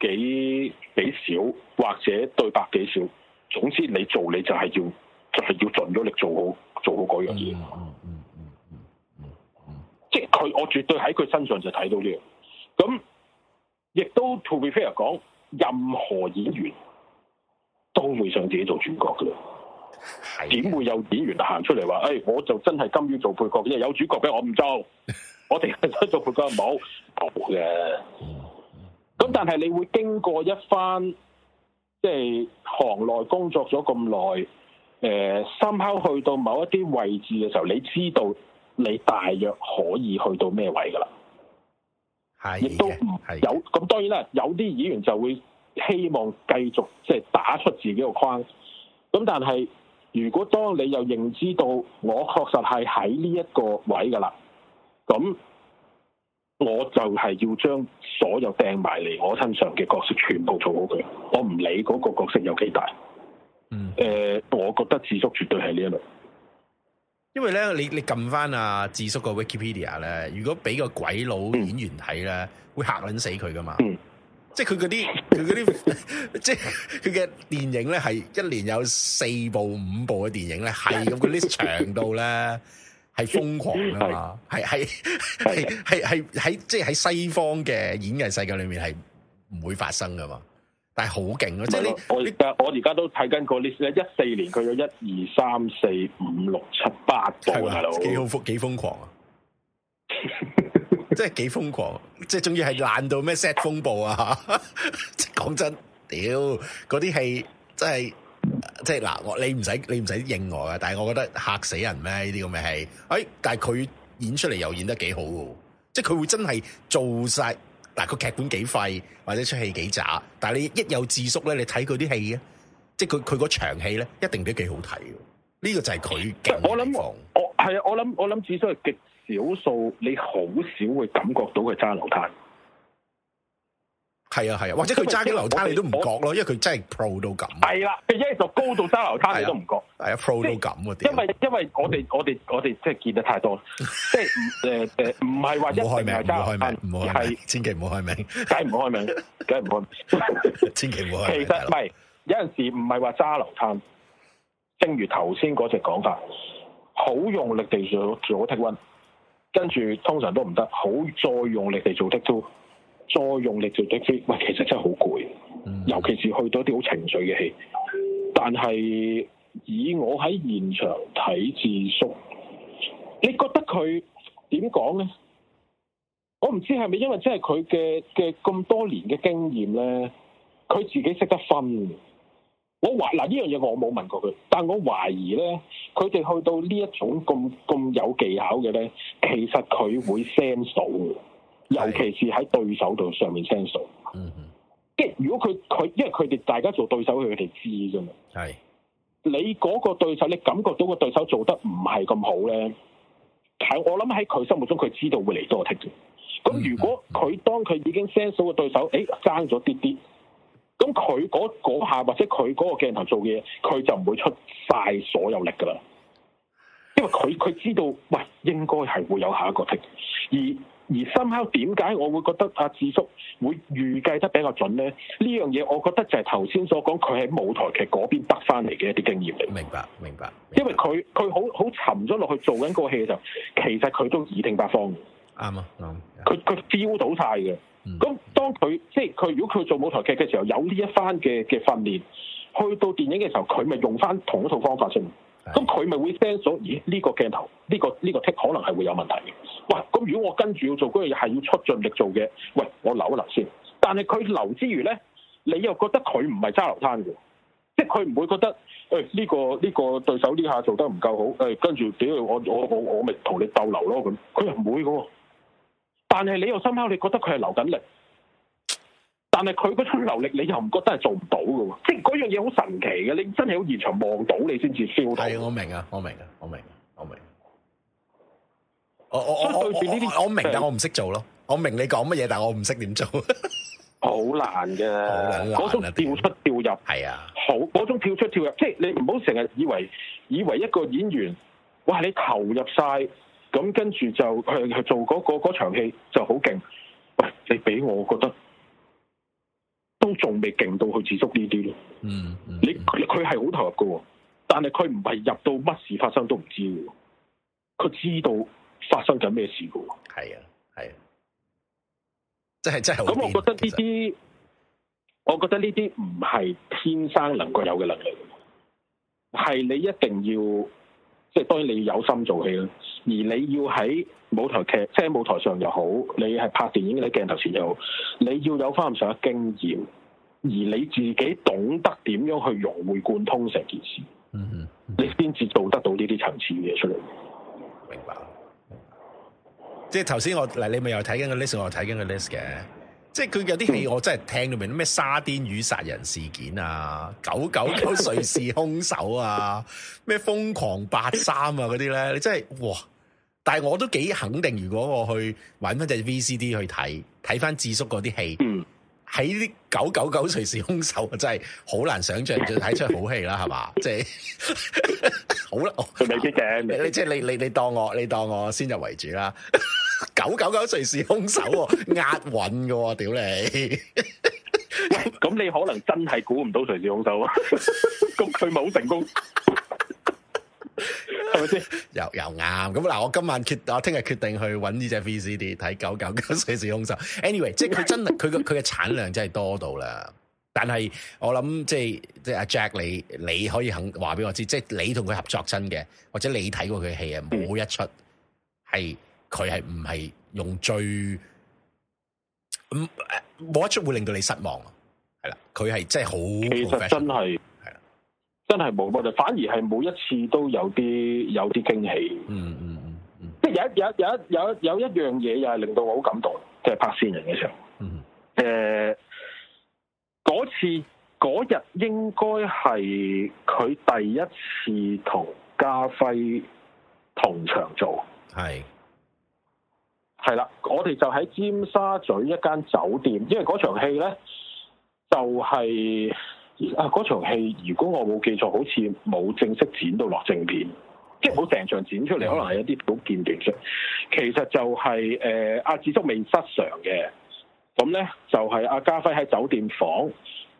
幾幾少，或者對白幾少，總之你做你就係要就係、是、要盡咗力做好。做好嗰樣嘢，即係佢，我絕對喺佢身上就睇到呢樣。咁亦都 to be fair 講，任何演員都會想自己做主角嘅，點會有演員行出嚟話，誒、hey，我就真係甘於做，做，做配角，因為有主角俾我唔做，我哋想做配角冇冇嘅。咁但係你會經過一番，即係行內工作咗咁耐。誒，深拋去到某一啲位置嘅時候，你知道你大約可以去到咩位㗎喇？係的，亦都唔係有。咁的當然喇，有啲議員就會希望繼續即係打出自己個框。咁但係，如果當你又認知到我確實係喺呢一個位㗎喇，咁我就係要將所有掟埋嚟我身上嘅角色全部做好佢。我唔理嗰個角色有幾大。嗯，誒，我覺得智叔絕對係呢一類，因為咧，你你撳翻啊智叔個 Wikipedia 咧，如果俾個鬼佬演員睇咧，嗯、會吓捻死佢噶嘛？嗯，即係佢嗰啲，佢嗰啲， 即係佢嘅電影咧，係一年有四部五部嘅電影咧，係咁嘅 list 長度咧，係瘋 狂噶嘛？係係係係係喺即係喺西方嘅演藝世界裏面係唔會發生噶嘛？但係好勁啊，即係呢我，我而家都睇緊個 list 一四年佢有一二三四五六七八個係幾好瘋，幾瘋狂啊！即係幾瘋狂，即係仲要係爛到咩 set 風暴啊！講 真，屌嗰啲戲真係，即係嗱，你你我你唔使你唔使應我啊！但係我覺得吓死人咩？呢啲咁嘅戲，哎，但係佢演出嚟又演得幾好，即係佢會真係做晒。但個劇本幾廢或者出戲幾渣，但係你一有智叔咧，你睇佢啲戲即係佢佢嗰場戲咧，一定都幾好睇。呢、這個就係佢，我諗我係啊，我諗我諗智叔係極少數，你好少會感覺到佢渣流灘。係啊，係啊，或者佢揸幾流攤你都唔覺咯，因為佢真係 pro 到咁。係啦，佢一就高度揸流攤你都唔覺。係啊，pro 到咁嘅點？因為因為我哋我哋我哋即係見得太多，即係誒誒，唔係話一定係揸流攤，係千祈唔好開名，梗係唔好開名，梗係唔開名，千祈唔好開名。其實唔係，有陣時唔係話揸流攤，正如頭先嗰隻講法，好用力地做做 tick one，跟住通常都唔得好再用力地做 tick two。再用力做對飛，喂，其實真係好攰，尤其是去到一啲好情緒嘅戲。但係以我喺現場睇智叔，你覺得佢點講咧？我唔知係咪因為真係佢嘅嘅咁多年嘅經驗咧，佢自己識得分。我懷嗱呢樣嘢我冇問過佢，但我懷疑咧，佢哋去到呢一種咁咁有技巧嘅咧，其實佢會聲數嘅。尤其是喺對手度上面 s e n 即係如果佢佢，因為佢哋大家做對手，佢哋知噶嘛。係你嗰個對手，你感覺到個對手做得唔係咁好咧，係我諗喺佢心目中，佢知道會嚟多踢嘅。咁如果佢當佢已經 sense 到個對手，誒、哎，爭咗啲啲，咁佢嗰下或者佢嗰個鏡頭做嘅嘢，佢就唔會出晒所有力噶啦。因為佢佢知道，喂，應該係會有下一個踢而。而深究點解我會覺得阿、啊、智叔會預計得比較準咧？呢樣嘢我覺得就係頭先所講，佢喺舞台劇嗰邊得翻嚟嘅一啲經驗嚟。明白，明白。因為佢佢好好沉咗落去做緊個戲嘅時候，其實佢都耳聽八方啱啊，佢佢 feel 到晒嘅。咁、嗯、當佢即係佢如果佢做舞台劇嘅時候有呢一翻嘅嘅訓練，去到電影嘅時候佢咪用翻同一套方法先。咁佢咪會 send 咗？咦，呢、這個鏡頭，呢、這個呢、這個 tick 可能係會有問題嘅。喂，咁如果我跟住要做嗰樣嘢，係要出盡力做嘅。喂，我留一留先。但係佢留之餘咧，你又覺得佢唔係揸流灘嘅，即係佢唔會覺得，誒、欸、呢、這個呢、這個對手呢下做得唔夠好，欸、跟住屌我我我我咪同你鬥流咯咁。佢唔會喎。但係你又深刻你覺得佢係留緊力。但係佢嗰種流力，你又唔覺得係做唔到嘅喎。即係嗰樣嘢好神奇嘅，你真係好現場望到你先至 feel 到。係，我明啊，我明啊，我明啊，我明。我我我我對住呢啲，我明但我唔識做咯。我明你講乜嘢，但係我唔識點做。好 難嘅，嗰種跳出跳入係啊，好嗰種跳出跳入，樣好即係你唔好成日以為以為一個演員，哇！你投入晒，咁，跟住就去係做嗰、嗰個嗰場戲就好勁。喂，你俾我覺得。都仲未勁到去接觸呢啲咯，嗯嗯、你佢係好投入嘅，但係佢唔係入到乜事發生都唔知嘅，佢知道，知道發生緊咩事嘅喎。係啊，係啊，即係真係。咁我覺得呢啲，其實我覺得呢啲唔係天生能夠有嘅能力，係你一定要。即係當然你要有心做戲咯，而你要喺舞台劇，即係舞台上又好，你係拍電影喺鏡頭前又好，你要有返咁上下經驗，而你自己懂得點樣去融會貫通成件事，嗯嗯，你先至做得到呢啲層次嘅嘢出嚟。明白。即係頭先我嗱，你咪又睇緊個 list，我睇緊個 list 嘅。即係佢有啲戲我真係聽到明，咩沙甸魚殺人事件啊，九九九誰是凶手啊，咩瘋狂八三啊嗰啲咧，你真係哇！但係我都幾肯定，如果我去搵翻隻 VCD 去睇，睇翻智叔嗰啲戲，喺啲、嗯、九九九誰是凶手真係好難想象，就睇出好戲啦，係嘛？即係 好啦，係咪啲嘅？你即係你你你當我，你當我先入為主啦。九九九瑞士兇手，押韻嘅，屌你！咁你可能真係估唔到瑞士兇手啊！咁佢唔係好成功，係咪先？又又啱咁嗱，我今晚決，我聽日決定去揾呢隻 VCD 睇九九九瑞士兇手。Anyway，即係佢真係，佢嘅佢嘅產量真係多到啦。但係我諗，即係即係阿 Jack，你你可以肯話俾我知，即係你同佢合作真嘅，或者你睇過佢嘅戲啊，每一出係。佢係唔係用最唔冇一出會令到你失望啊？係啦，佢係真係好，其實真係係啦，真係冇，我哋反而係每一次都有啲有啲驚喜。嗯嗯嗯即係有有有有有，有一樣嘢又係令到我好感動，就係拍線人嘅時候。嗯，誒、呃，嗰次嗰日應該係佢第一次同家輝同場做，係。係啦，我哋就喺尖沙咀一間酒店，因為嗰場戲咧就係、是、啊嗰場戲，如果我冇記錯，好似冇正式剪到落正片，即係冇成場剪出嚟，可能係一啲古建形式。其實就係誒阿智叔未失常嘅，咁咧就係、是、阿、啊、家輝喺酒店房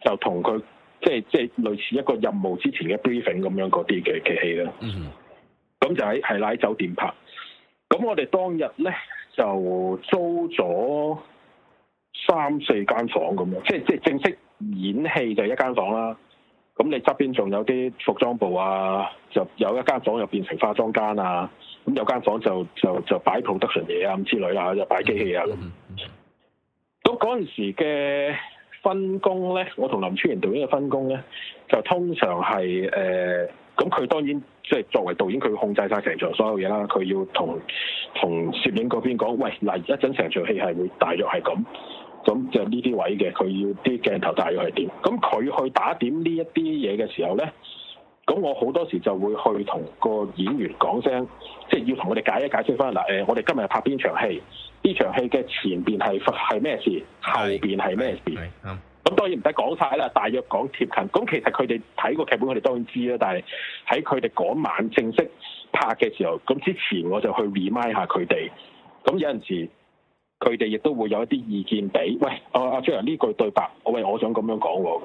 就同佢即係即係類似一個任務之前嘅 briefing 咁樣嗰啲嘅嘅戲啦。嗯哼，咁就喺係喺酒店拍。咁我哋當日咧，就租咗三四間房咁樣，即係即係正式演戲就一間房啦。咁你側邊仲有啲服裝部啊，就有一間房又變成化妝間啊。咁有間房就就就擺 production 嘢啊咁之類啊，又擺機器啊咁。咁嗰陣時嘅分工咧，我同林村導演嘅分工咧，就通常係誒。呃咁佢當然即係、就是、作為導演，佢控制晒成場所有嘢啦。佢要同同攝影嗰邊講：喂嗱一陣成場戲係會大約係咁，咁就呢啲位嘅，佢要啲鏡頭大約係點，咁佢去打點呢一啲嘢嘅時候咧，咁我好多時就會去同個演員講聲，即、就、係、是、要同我哋解一解釋翻。嗱、呃、誒，我哋今日拍邊場戲，呢場戲嘅前邊係係咩事？後邊係咩事？咁當然唔使講晒啦，大約講貼近。咁其實佢哋睇過劇本，我哋當然知啦。但係喺佢哋嗰晚正式拍嘅時候，咁之前我就去 remind 下佢哋。咁有陣時佢哋亦都會有一啲意見俾。喂，阿阿卓陽呢句對白，我喂我想咁樣講喎。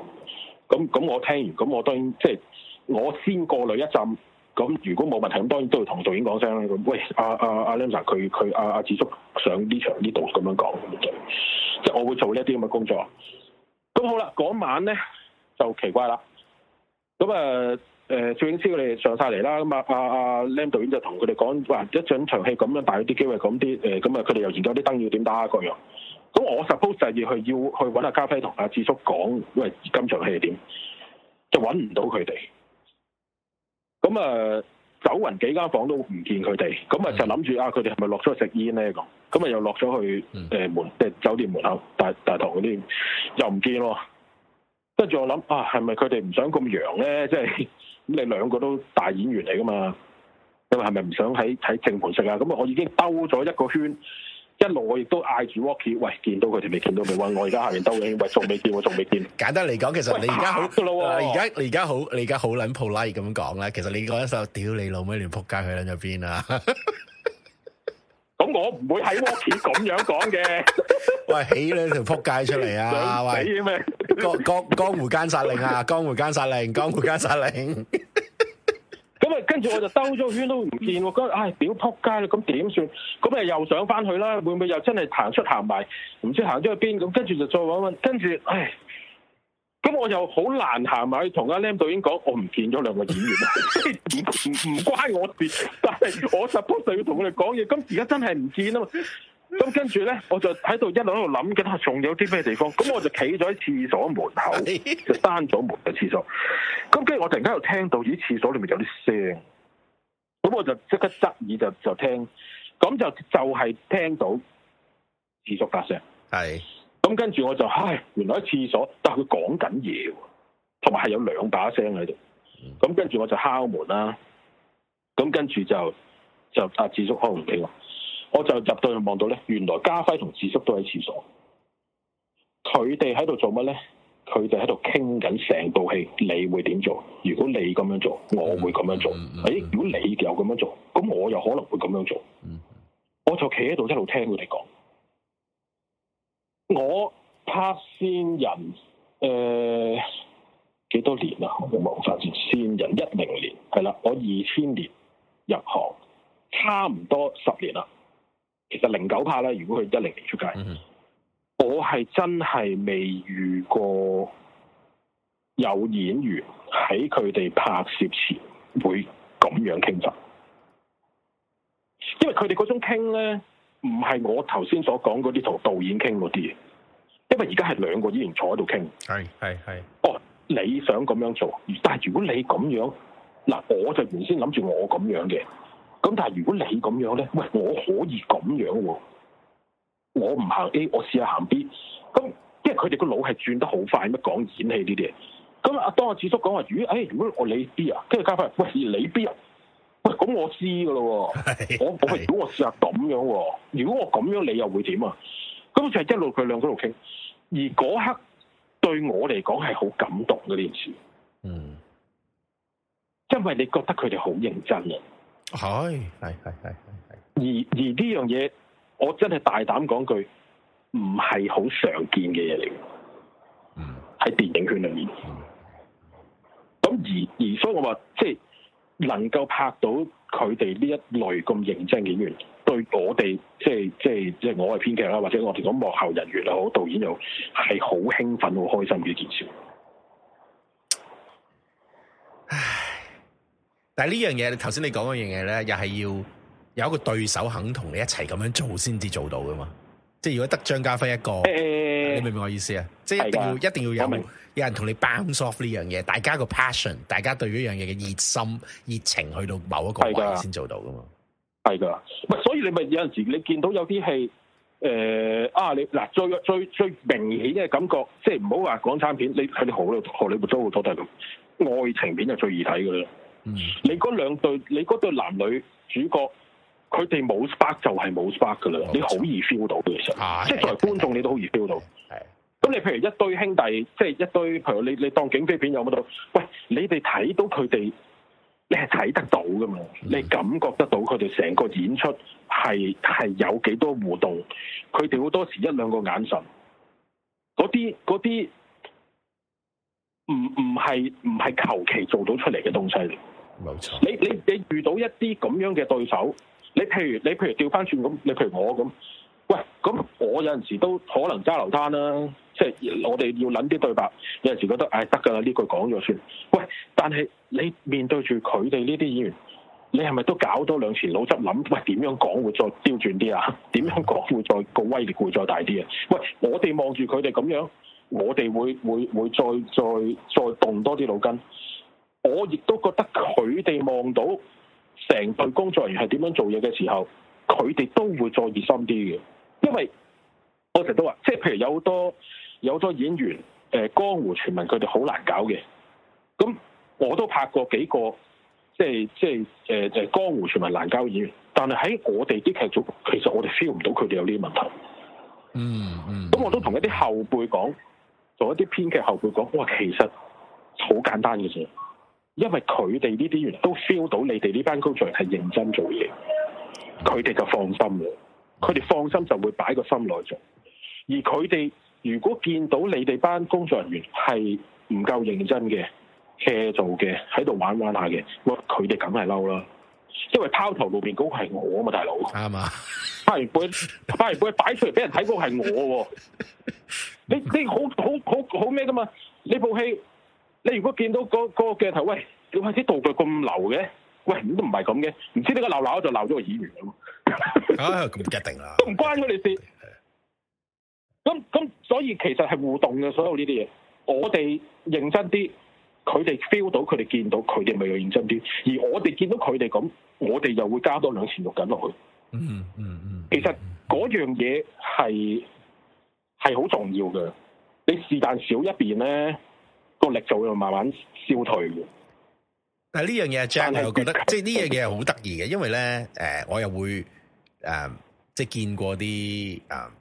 咁咁我聽完，咁我當然即係我先過濾一陣。咁如果冇問題，咁當然都要同導演講聲啦。咁喂，阿阿阿 Lim sir，佢佢阿阿智叔上呢場呢度咁樣講，即係我會做呢一啲咁嘅工作。咁好啦，嗰晚咧就奇怪啦。咁、呃、啊，誒攝影師佢哋上晒嚟啦。咁啊，阿阿林導演就同佢哋講話：，一陣場，場戲咁樣大，啲機會咁啲。誒、呃，咁啊，佢哋又研究啲燈要點打啊，各樣。咁我 suppose 要係要去揾阿、啊、嘉輝同阿、啊、智叔講：，喂，今場戲點？就揾唔到佢哋。咁啊，走勻幾間房都唔見佢哋。咁啊，就諗住啊，佢哋係咪落咗去食煙咧咁。咁啊，又落咗去誒、呃、門，酒店門口大大堂嗰啲，又唔見咯。跟住我諗啊，係咪佢哋唔想咁揚咧？即係咁，你兩個都大演員嚟噶嘛？你啊，係咪唔想喺喺正門食啊？咁、嗯、啊，我已經兜咗一個圈，一路我亦都嗌住 walkie，喂，見到佢哋未？見到未？喂，我而家下面兜緊，喂，仲未見？我仲未見。簡單嚟講，其實你而家好噶咯。而家你而家好，你而家好撚 polite 咁講咧。其實你一首屌你老母，連撲街佢撚咗邊啊！ 我唔會喺屋企咁樣講嘅。喂，起你條扑街出嚟啊！喂，咩？江江湖奸殺令啊！江湖奸殺令，江湖奸殺令。咁啊，跟住我就兜咗圈都唔見，我覺得唉，屌扑街啦！咁點算？咁咪又上翻去啦？會唔會又真係行出行埋？唔知行咗去邊？咁跟住就再搵搵，跟住唉。咁我又好難行埋去同阿 l a m 導演講，我唔見咗兩位演員，唔唔唔關我事，但係我十 u p p 要同佢哋講嘢。咁而家真係唔見啊嘛，咁跟住咧，我就喺度一路喺度諗，咁啊仲有啲咩地方？咁我就企咗喺廁所門口， 就閂咗門嘅廁所。咁跟住我突然間又聽到喺廁所裏面有啲聲，咁我就即刻質疑就，就就聽，咁就就係、是、聽到廁所發聲，係。咁跟住我就，唉，原來喺廁所，但係佢講緊嘢同埋係有兩把聲喺度。咁跟住我就敲門啦。咁跟住就就阿智叔敲能俾我敲門俾我，我就入到去望到咧，原來家輝同智叔都喺廁所。佢哋喺度做乜咧？佢哋喺度傾緊成部戲，你會點做？如果你咁樣做，我會咁樣做。嗯哎、如果你有咁樣做，咁我又可能會咁樣做。嗯、我就企喺度一路聽佢哋講。我拍線人誒幾、呃、多年啊？我冇發現線人一零年係啦，我二千年入行，差唔多十年啦。其實零九拍咧，如果佢一零年出街，嗯、哼我係真係未遇過有演員喺佢哋拍攝前會咁樣傾偈，因為佢哋嗰種傾咧。唔係我頭先所講嗰啲同導演傾嗰啲嘢，因為而家係兩個演員坐喺度傾。係係係。哦，你想咁樣做，但係如果你咁樣，嗱我就原先諗住我咁樣嘅。咁但係如果你咁樣咧，喂，我可以咁樣喎。我唔行 A，我試下行 B。咁，因為佢哋個腦係轉得好快，乜講演戲呢啲嘢。咁阿當智叔講話，魚，誒，如果我你 B 啊，跟住加返，喂，你 B 啊。咁我知噶咯，是我如我試試是如果我試下咁樣，如果我咁樣，你又會點啊？咁就係一路佢兩個度傾，而嗰刻對我嚟講係好感動嘅呢件事，嗯，因為你覺得佢哋好認真啊，係係係係係，而而呢樣嘢，我真係大膽講句，唔係好常見嘅嘢嚟嘅，嗯，喺電影圈裏面，咁、嗯、而而所以我話即係。就是能夠拍到佢哋呢一類咁認真嘅演員，對我哋即係即係即係我係編劇啦，或者我哋講幕後人員好，導演又係好興奮、好開心嘅一件事。唉，但係呢樣嘢，你頭先你講嗰樣嘢咧，又係要有一個對手肯同你一齊咁樣做先至做到噶嘛。即係如果得張家輝一個。欸欸你明唔明我意思啊？的即係一定要一定要有有人同你 bounce off 呢樣嘢，大家個 passion，大家對於呢樣嘢嘅熱心熱情，去到某一個位先的做到噶嘛。係噶，所以你咪有陣時你見到有啲戲誒啊！你嗱最最最明顯嘅感覺，即係唔好話港產片，你，你都好你好多，好多都係咁，愛情片就最易睇噶啦。嗯、你嗰兩對，你嗰對男女主角。佢哋冇 spark 就係冇 spark 噶啦，錯你好易 feel 到其實，啊、即係作為觀眾的你都好易 feel 到。係咁的，你譬如一堆兄弟，即係一堆，譬如你你當警匪片有乜到？喂，你哋睇到佢哋，你係睇得到噶嘛？你感覺得到佢哋成個演出係係有幾多互動？佢哋好多時一兩個眼神，嗰啲嗰啲唔唔係唔係求其做到出嚟嘅東西嚟。冇錯錯，你你你遇到一啲咁樣嘅對手。你譬如你譬如調翻轉咁，你譬如我咁，喂，咁我有陣時都可能揸流灘啦，即係我哋要諗啲對白。有陣時覺得，唉，得㗎啦，呢句講咗算。喂，但係你面對住佢哋呢啲演員，你係咪都搞多兩次腦汁諗？喂，點樣講會再刁轉啲啊？點樣講會再個威力會再大啲啊？喂，我哋望住佢哋咁樣，我哋會，會，會再再再動多啲腦筋。我亦都覺得佢哋望到。成隊工作人員係點樣做嘢嘅時候，佢哋都會再熱心啲嘅，因為我成日都話，即係譬如有好多有好多演員，誒，江湖傳聞佢哋好難搞嘅。咁我都拍過幾個，即係即係誒，就江湖傳聞難搞嘅演員，但係喺我哋啲劇組，其實我哋 feel 唔到佢哋有呢啲問題。嗯，咁、嗯、我都同一啲後輩講，同一啲編劇後輩講，哇，其實好簡單嘅事。因為佢哋呢啲員都 feel 到你哋呢班工作人員係認真做嘢，佢哋就放心咯。佢哋放心就會擺個心來做。而佢哋如果見到你哋班工作人員係唔夠認真嘅 hea 做嘅，喺度玩玩下嘅，我佢哋梗係嬲啦。因為拋頭露面嗰個係我啊，吧我啊嘛，大佬。係嘛？翻完本翻完本擺出嚟俾人睇嗰個係我。你你好好好好咩㗎嘛？呢部戲。你如果見到嗰嗰個鏡頭，喂，點解啲道具咁流嘅？喂，都唔係咁嘅，唔知點解鬧鬧就鬧咗個演員咯。啊，咁一定啦，嗯嗯嗯、都唔關佢哋事。咁咁，所以其實係互動嘅，所有呢啲嘢，我哋認真啲，佢哋 feel 到，佢哋見到，佢哋咪要認真啲。而我哋見到佢哋咁，我哋又會加多兩錢肉緊落去。嗯嗯嗯，嗯嗯嗯其實嗰樣嘢係係好重要嘅。你是但少一邊咧。個力度就會慢慢消退嘅。但係呢樣嘢，阿 Jack 又覺得，即係呢樣嘢係好得意嘅，因為咧，誒、呃，我又會誒、呃，即係見過啲誒、呃，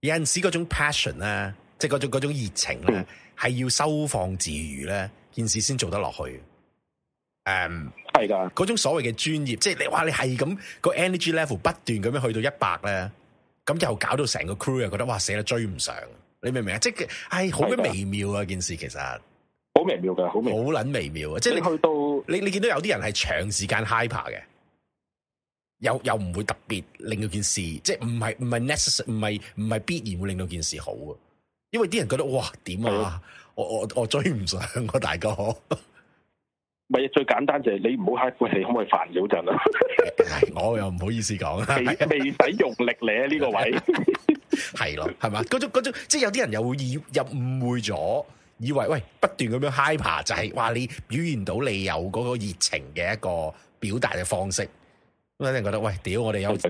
有陣時嗰種 passion 咧，即係嗰種嗰種熱情咧，係、嗯、要收放自如咧，件事先做得落去。誒、呃，係噶的，嗰種所謂嘅專業，即係你哇，你係咁個 energy level 不斷咁樣去到一百咧，咁就搞到成個 crew 又覺得哇，死啦，追唔上。你明唔明啊？即係好鬼微妙啊！件事其實好微妙噶，好好撚微妙啊！即係你去到你你見到有啲人係長時間 hyper 嘅，又又唔會特別令到件事，即係唔係唔係 necessary，唔係唔係必然會令到件事好啊！因為啲人覺得哇點啊！我我我追唔上啊！大哥，咪最簡單就係你唔好 hyper，你可唔可以煩少陣啊？我又唔好意思講，未未使用力嚟啊，呢個位。係咯，係嘛？嗰種嗰種，即係有啲人又會以又誤會咗，以為喂不斷咁樣 hyper，就係話你表現到你有嗰個熱情嘅一個表達嘅方式。咁有啲人覺得喂，屌我哋有支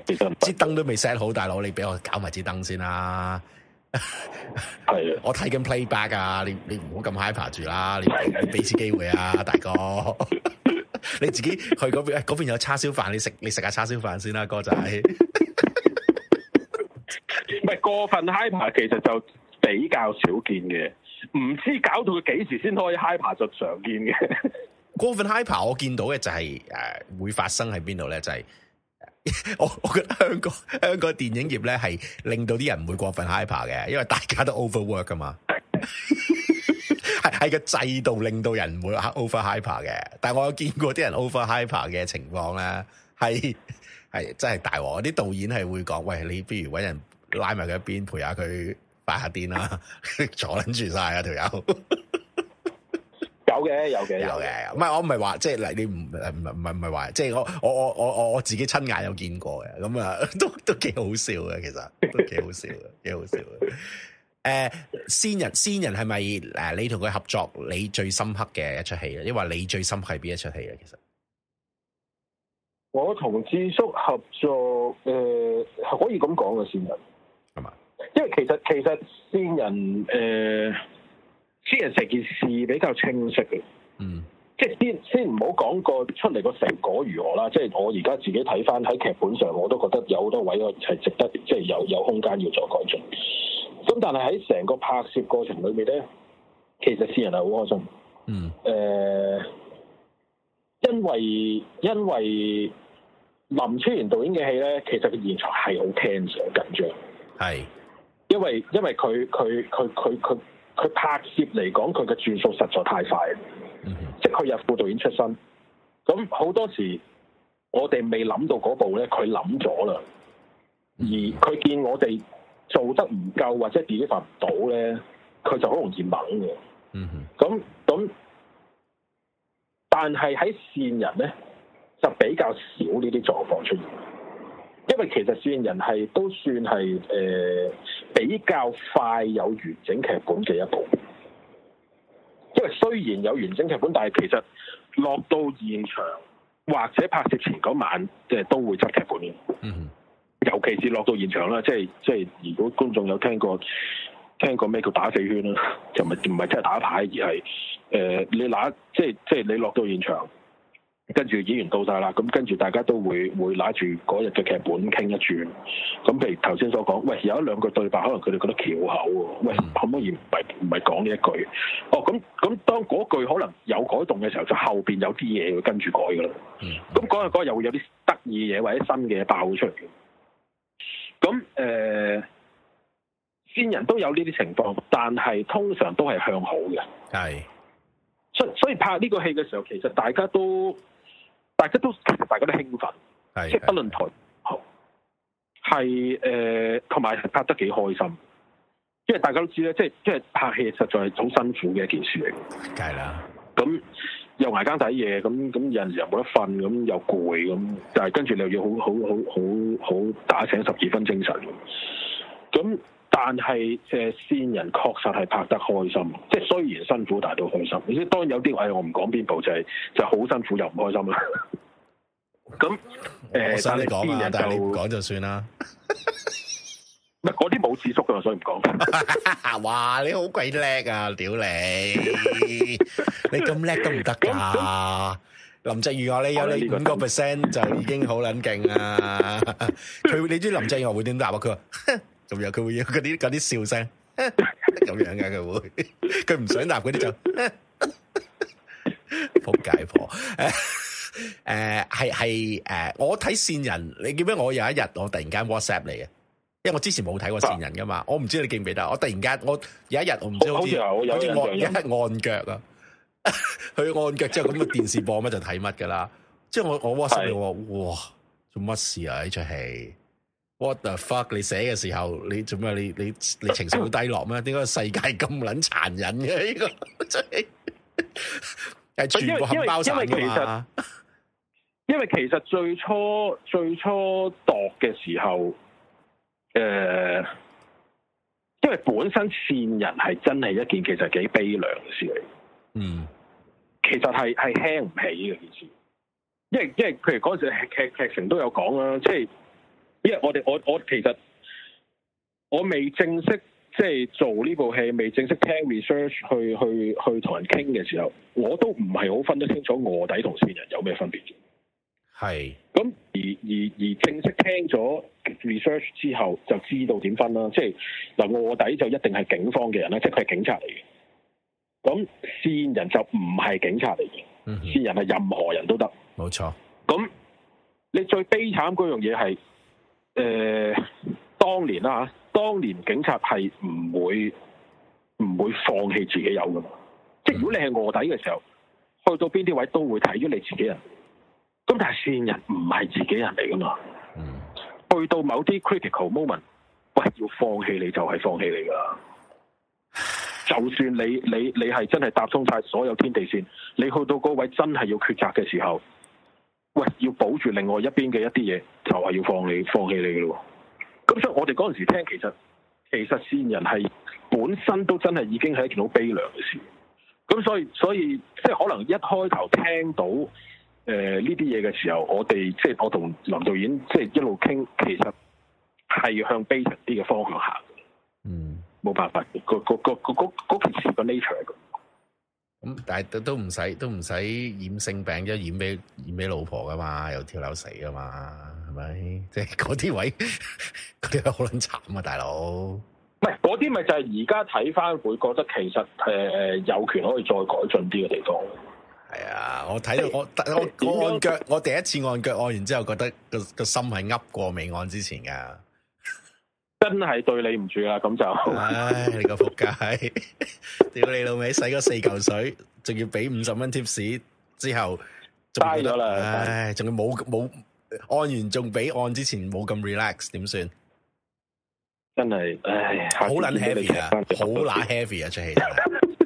燈 都未 set 好，大佬你俾我搞埋支燈先啦。係 我睇緊 playback 啊，你你唔好咁 hyper 住啦，你俾次機會啊，大哥， 你自己去嗰邊，嗰邊有叉燒飯，你食你食下叉燒飯先啦，哥仔。過分 hyper 其實就比較少見嘅，唔知搞到佢幾時先可以 hyper 就常見嘅。過分 hyper 我見到嘅就係、是、誒、呃、會發生喺邊度咧？就係、是、我我覺得香港香港電影業咧係令到啲人唔會過分 hyper 嘅，因為大家都 overwork 噶嘛。係係 個制度令到人唔會 overhyper 嘅。但係我有見過啲人 overhyper 嘅情況咧，係係真係大鑊。啲導演係會講：喂，你不如搵人。拉埋佢一邊陪一下佢，發下癲啦，坐捻住晒啊條友。有嘅， 有嘅，有嘅。唔係我唔係話即係嗱，你唔唔唔唔係唔係話，即係我我我我我自己親眼有見過嘅，咁啊都都幾好笑嘅，其實都幾好笑嘅，幾 好笑嘅。誒、uh，先人先人係咪誒？你同佢合作，你最深刻嘅一出戲咧？因為你最深刻係邊一出戲咧？其實我同智叔合作，誒、呃、可以咁講嘅先人。因為其實其實仙人誒，仙人成件事比較清晰嘅，嗯，即係先先唔好講過出嚟個成果如何啦。即係我而家自己睇翻喺劇本上，我都覺得有好多位我係值得，即係有有空間要再改進。咁但係喺成個拍攝過程裏面咧，其實私人係好開心，嗯，誒、呃，因為因為林超賢導演嘅戲咧，其實佢現場係好 tense 緊張，係。因為因為佢佢佢佢佢佢拍攝嚟講，佢嘅轉數實在太快，mm hmm. 即係佢入副導演出身，咁好多時我哋未諗到嗰部咧，佢諗咗啦，而佢見我哋做得唔夠或者自己發唔到咧，佢就好容易掹嘅。嗯，咁咁，但係喺線人咧就比較少呢啲狀況出現。因為其實《線人》係都算係誒、呃、比較快有完整劇本嘅一部，因為雖然有完整劇本，但係其實落到現場或者拍攝前嗰晚，即係都會執劇本嘅。嗯，尤其是落到現場啦，即係即係如果觀眾有聽過聽過咩叫打四圈啦，就唔係唔係真係打牌，而係誒、呃、你嗱即係即係你落到現場。跟住演員到晒啦，咁跟住大家都會會拿住嗰日嘅劇本傾一轉，咁譬如頭先所講，喂，有一兩句對白，可能佢哋覺得翹口，喂、嗯、可唔可以唔係唔係講呢一句？哦，咁咁當嗰句可能有改動嘅時候，就後邊有啲嘢會跟住改噶啦。咁嗰日嗰日又會有啲得意嘢或者新嘅嘢爆出嚟。咁誒、呃，先人都有呢啲情況，但係通常都係向好嘅。係是，所以所以拍呢個戲嘅時候，其實大家都。大家都其實大家都興奮，是即係不論台，係誒是，同埋、呃、拍得幾開心，因為大家都知咧，即係即係拍戲實在係好辛苦嘅一件事嚟。梗係啦，咁又捱更抵夜，咁咁有陣時又冇得瞓，咁又攰咁，但係跟住你又要好好好好好打醒十二分精神，咁。但係誒，線人確實係拍得開心，即係雖然辛苦，但都開心。而且當然有啲，我我唔講邊部就係、係、就好、係、辛苦又唔開心啦。咁誒，但係你唔就講就算啦。唔係嗰啲冇智叔嘅，所以唔講話。哇，你好鬼叻啊！屌你，你咁叻都唔得㗎。嗯、林鄭月娥你有你五個 percent 就已經好撚勁啊！佢、嗯、你知林鄭月娥會點答啊？佢話。咁樣佢會有嗰啲啲笑聲，咁、啊、樣噶、啊、佢會，佢唔想答嗰啲就仆街婆誒誒係係誒，我睇線人，你記唔記得我有一日我突然間 WhatsApp 你？啊，因為我之前冇睇過線人噶嘛，啊、我唔知你記唔記得，我突然間我有一日我唔知好似好似按一按腳啊，佢按腳、啊啊、之後咁個電視播乜就睇乜噶啦， 即係我我 WhatsApp 你話是哇做乜事啊呢出戲？What the fuck！你寫嘅時候，你做咩？你你你情緒好低落咩？點解世界咁捻殘忍嘅？呢個真係係全部，全部冚包散啊，因為因為，因為其實 因為其實最初最初度嘅時候，誒、呃，因為本身線人係真係一件其實幾悲涼嘅事嚟，嗯，其實係係輕唔起嘅件事，因為因為譬如嗰陣時劇劇情都有講啦，即係。因為我哋我我其實我未正式即係做呢部戲，未正式聽 research 去去去同人傾嘅時候，我都唔係好分得清楚卧底同線人有咩分別。係咁是而而而正式聽咗 research 之後，就知道點分啦。即係嗱，卧底就一定係警方嘅人咧，即係佢係警察嚟嘅。咁線人就唔係警察嚟嘅，嗯、哼、線人係任何人都得。冇錯錯。咁你最悲慘嗰樣嘢係。誒、呃，當年啦、啊、吓，當年警察係唔會唔會放棄自己有噶嘛？即係如果你係卧底嘅時候，去到邊啲位都會睇咗你自己人。咁但係線人唔係自己人嚟噶嘛？嗯，去到某啲 critical moment，喂，要放棄你就係放棄你噶啦。就算你你你係真係搭通晒所有天地線，你去到嗰位真係要抉擇嘅時候。喂，要保住另外一邊嘅一啲嘢，就係要放你放棄你嘅咯。咁所以，我哋嗰陣時聽，其實其實線人係本身都真係已經係一件好悲涼嘅事。咁所以所以，即係可能一開頭聽到誒呢啲嘢嘅時候，我哋即係我同林導演即係一路傾，其實係向悲慘啲嘅方向行。嗯，冇辦法嘅，嗰嗰件事嘅 nature 嚟嘅。咁但係都唔使都唔使都唔使染性病，即染俾染俾老婆噶嘛，又跳樓死噶嘛，係咪？即係嗰啲位，嗰啲 位好撚慘啊！大佬，唔係嗰啲咪就係而家睇翻會覺得其實誒誒、呃、有權可以再改進啲嘅地方。係啊，我睇到是我我是我按腳，樣我第一次按腳按完之後，覺得個、嗰個心係噏過未按之前噶。真係對你唔住啦，咁就唉，你個仆街，屌你老味，使咗四嚿水，仲要俾五十蚊貼士，之後差咗啦，唉，仲要冇冇按完，仲俾按之前冇咁 relax，點算？真係唉，好捻 heavy 啊，好乸 heavy 啊，出戲，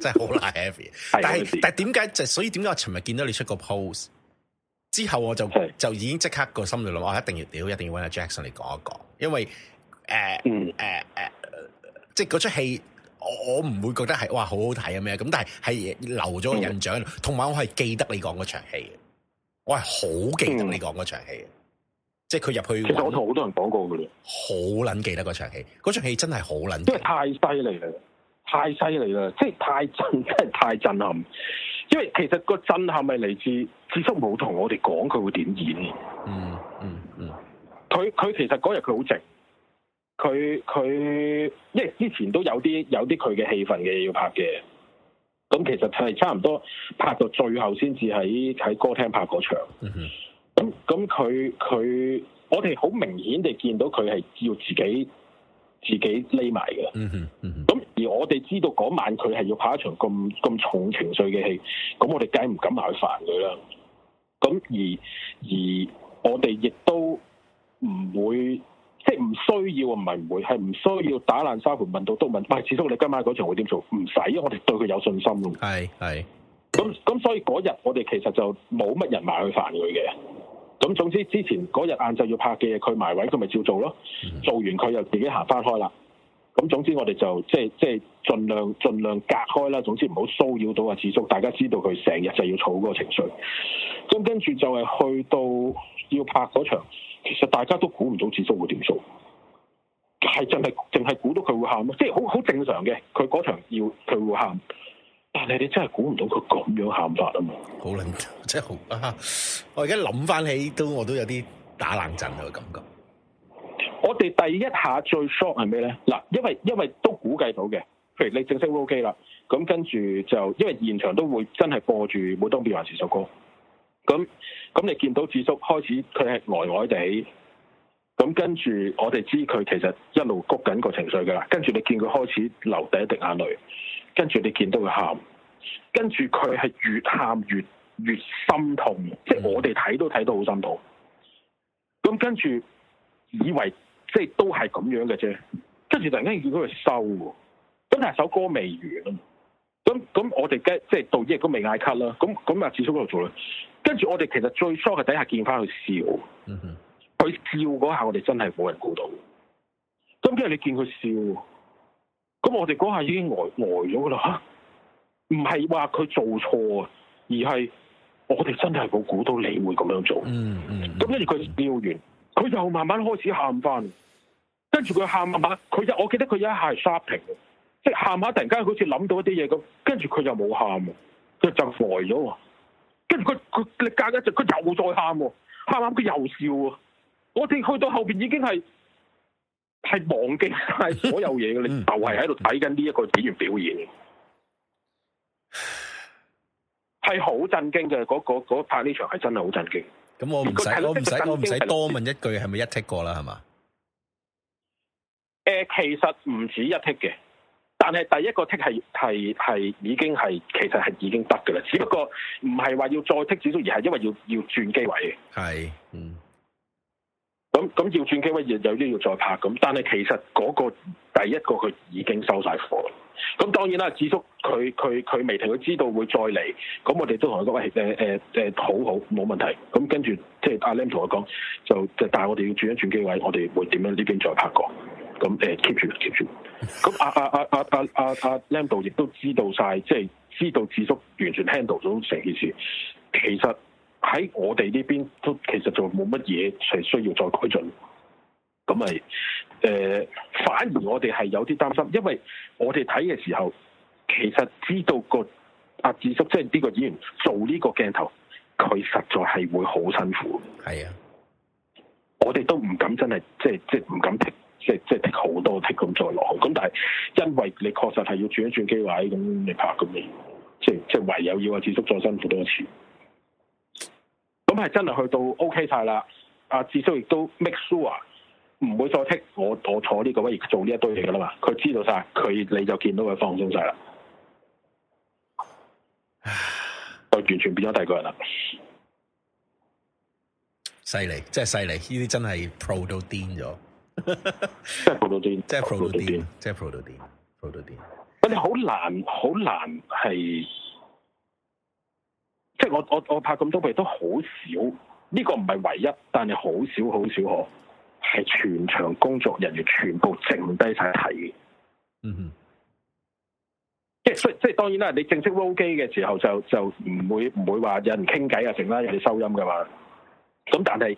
真係好乸 heavy。但係但係點解就？所以點解我尋日見到你出個 pose 之後，我就就已經即刻個心裏諗，我一定要屌，一定要揾阿 Jackson 嚟講一講，因為。誒誒誒，uh, uh, uh, uh, uh, 即係嗰出戲，我我唔會覺得係哇好好睇啊咩咁，但係係留咗個印象，uh, 同埋我係記得你講嗰場戲，我係好記得你講嗰場戲，即係佢入去。其實我同好多人講過嘅，好捻記得嗰場戲，嗰場戲真係好捻，因為太犀利啦，太犀利啦，即係太震，真係太震撼。因為其實個震撼係嚟自，智叔冇同我哋講佢會點演。嗯嗯嗯，佢、嗯、佢、嗯、其實嗰日佢好靜。佢佢，因為之前都有啲有啲佢嘅戲份嘅要拍嘅，咁其實就係差唔多拍到最後先至喺喺歌廳拍嗰場。咁咁佢佢，我哋好明顯地見到佢係要自己自己匿埋嘅。咁、mm hmm. 而我哋知道嗰晚佢係要拍一場咁咁重情緒嘅戲，咁我哋梗係唔敢埋去煩佢啦。咁而而我哋亦都唔會。即係唔需要。唔係唔會，係唔需要打爛沙盤問到都問，喂、哎，智叔你今晚嗰場會點做？唔使，我哋對佢有信心嘅，係咁咁，咁咁所以嗰日我哋其實就冇乜人埋去煩佢嘅。咁總之之前嗰日晏晝要拍嘅嘢，佢埋位，佢咪照做咯。嗯、做完佢又自己行翻開啦。咁總之我哋就即係即係盡量盡量隔開啦。總之唔好騷擾到阿智叔。大家知道佢成日就要儲嗰個情緒。咁跟住就係去到要拍嗰場。其實大家都估唔到節數會點數，係真係淨係估到佢會喊咯，即係好好正常嘅。佢嗰場要佢會喊，但係你真係估唔到佢咁樣喊法啊嘛！好冷，即係好啊！我而家諗翻起都我都有啲打冷震嘅感覺。我哋第一下最 shock 係咩咧？嗱，因為因為都估計到嘅，譬如你正式都 OK 啦，咁跟住就因為現場都會真係播住《每當變幻時》首歌。咁咁你見到智叔開始佢係呆呆地，咁跟住我哋知佢其實一路谷緊個情緒噶啦，跟住你見佢開始流第一滴眼淚，跟住你見到佢喊，跟住佢係越喊越越心痛，即係我哋睇都睇到好心痛。咁跟住以為即係都係咁樣嘅啫，跟住突然間見到佢收，真係首歌未完。咁咁我哋即係導演亦都未嗌 cut 啦，咁咁阿智叔度做啦。跟住我哋其實最初第底下見翻佢笑，佢、mm hmm. 笑嗰下我哋真係冇人估到。咁跟住你見佢笑，咁我哋嗰下已經呆呆咗噶啦，唔係話佢做錯啊，而係我哋真係冇估到你會咁樣做。咁跟住佢笑完，佢就慢慢開始喊翻，跟住佢喊慢我記得佢有一下係 shopping。即係喊下，突然間好似諗到一啲嘢咁，跟住佢又冇喊，佢就呆咗啊。跟住佢佢你隔一陣，佢又再喊，喊喊佢又笑啊。我哋去到後邊已經係係忘記晒所有嘢嘅。 你就係喺度睇緊呢一個演員表現，係好 震驚嘅。嗰、嗰、嗰、嗰嗰、拍呢場係真係好震驚。咁我唔使，我唔使，我唔使多問一句，係咪一 take 過啦？係嘛？誒，其實唔止一 take 嘅。但係第一個剔係係係已經係其實係已經得㗎喇，只不過唔係話要再剔少少，而係因為要要轉機位。係，嗯。咁咁要轉機位，亦有啲要再拍咁。但係其實嗰個第一個佢已經收晒貨啦。咁當然啦，智叔佢佢佢未同佢知道會再嚟。咁我哋都同佢講：誒誒誒，好好冇問題。咁跟住即係阿 Lam 同佢講，就即係但係我哋要轉一轉機位，我哋會點樣呢邊再拍過？咁誒 keep 住 keep 住。咁阿阿阿阿阿阿 Lam 度亦都知道晒，即係知道智叔完全 handle 到成件事。其實。喺我哋呢邊都其實就冇乜嘢係需要再改進，咁咪誒，反而我哋係有啲擔心，因為我哋睇嘅時候，其實知道個阿智叔即係呢個演員做呢個鏡頭，佢實在係會好辛苦。係啊的，我哋都唔敢真係即係即係唔敢剔，即係即係剔好多剔咁再落去。咁但係因為你確實係要轉一轉機位，咁你拍咁你即係即係唯有要阿智叔再辛苦多一次。咁係真係去到 OK 晒啦！阿智叔亦都 make sure 唔會再剔我我坐呢個位做呢一堆嘢㗎啦嘛！佢知道晒，佢你就見到佢放鬆晒啦，就唉完全變咗第二個人啦！犀利，真係犀利！呢啲真係 pro 到癲咗，即 係 pro 到癲，即係 pro 到癲，即係、oh, pro 到癲，pro 到癲！你好難，好難係。我我我拍咁多部都好少，呢個唔係唯一，但係好少好少嗬，係全場工作人員全部靜低晒睇嘅。嗯哼，yeah, 所以即係即係，當然啦，你正式 roll 機嘅時候就就唔會唔會話有人傾偈啊剩啦，人哋收音噶嘛。咁但係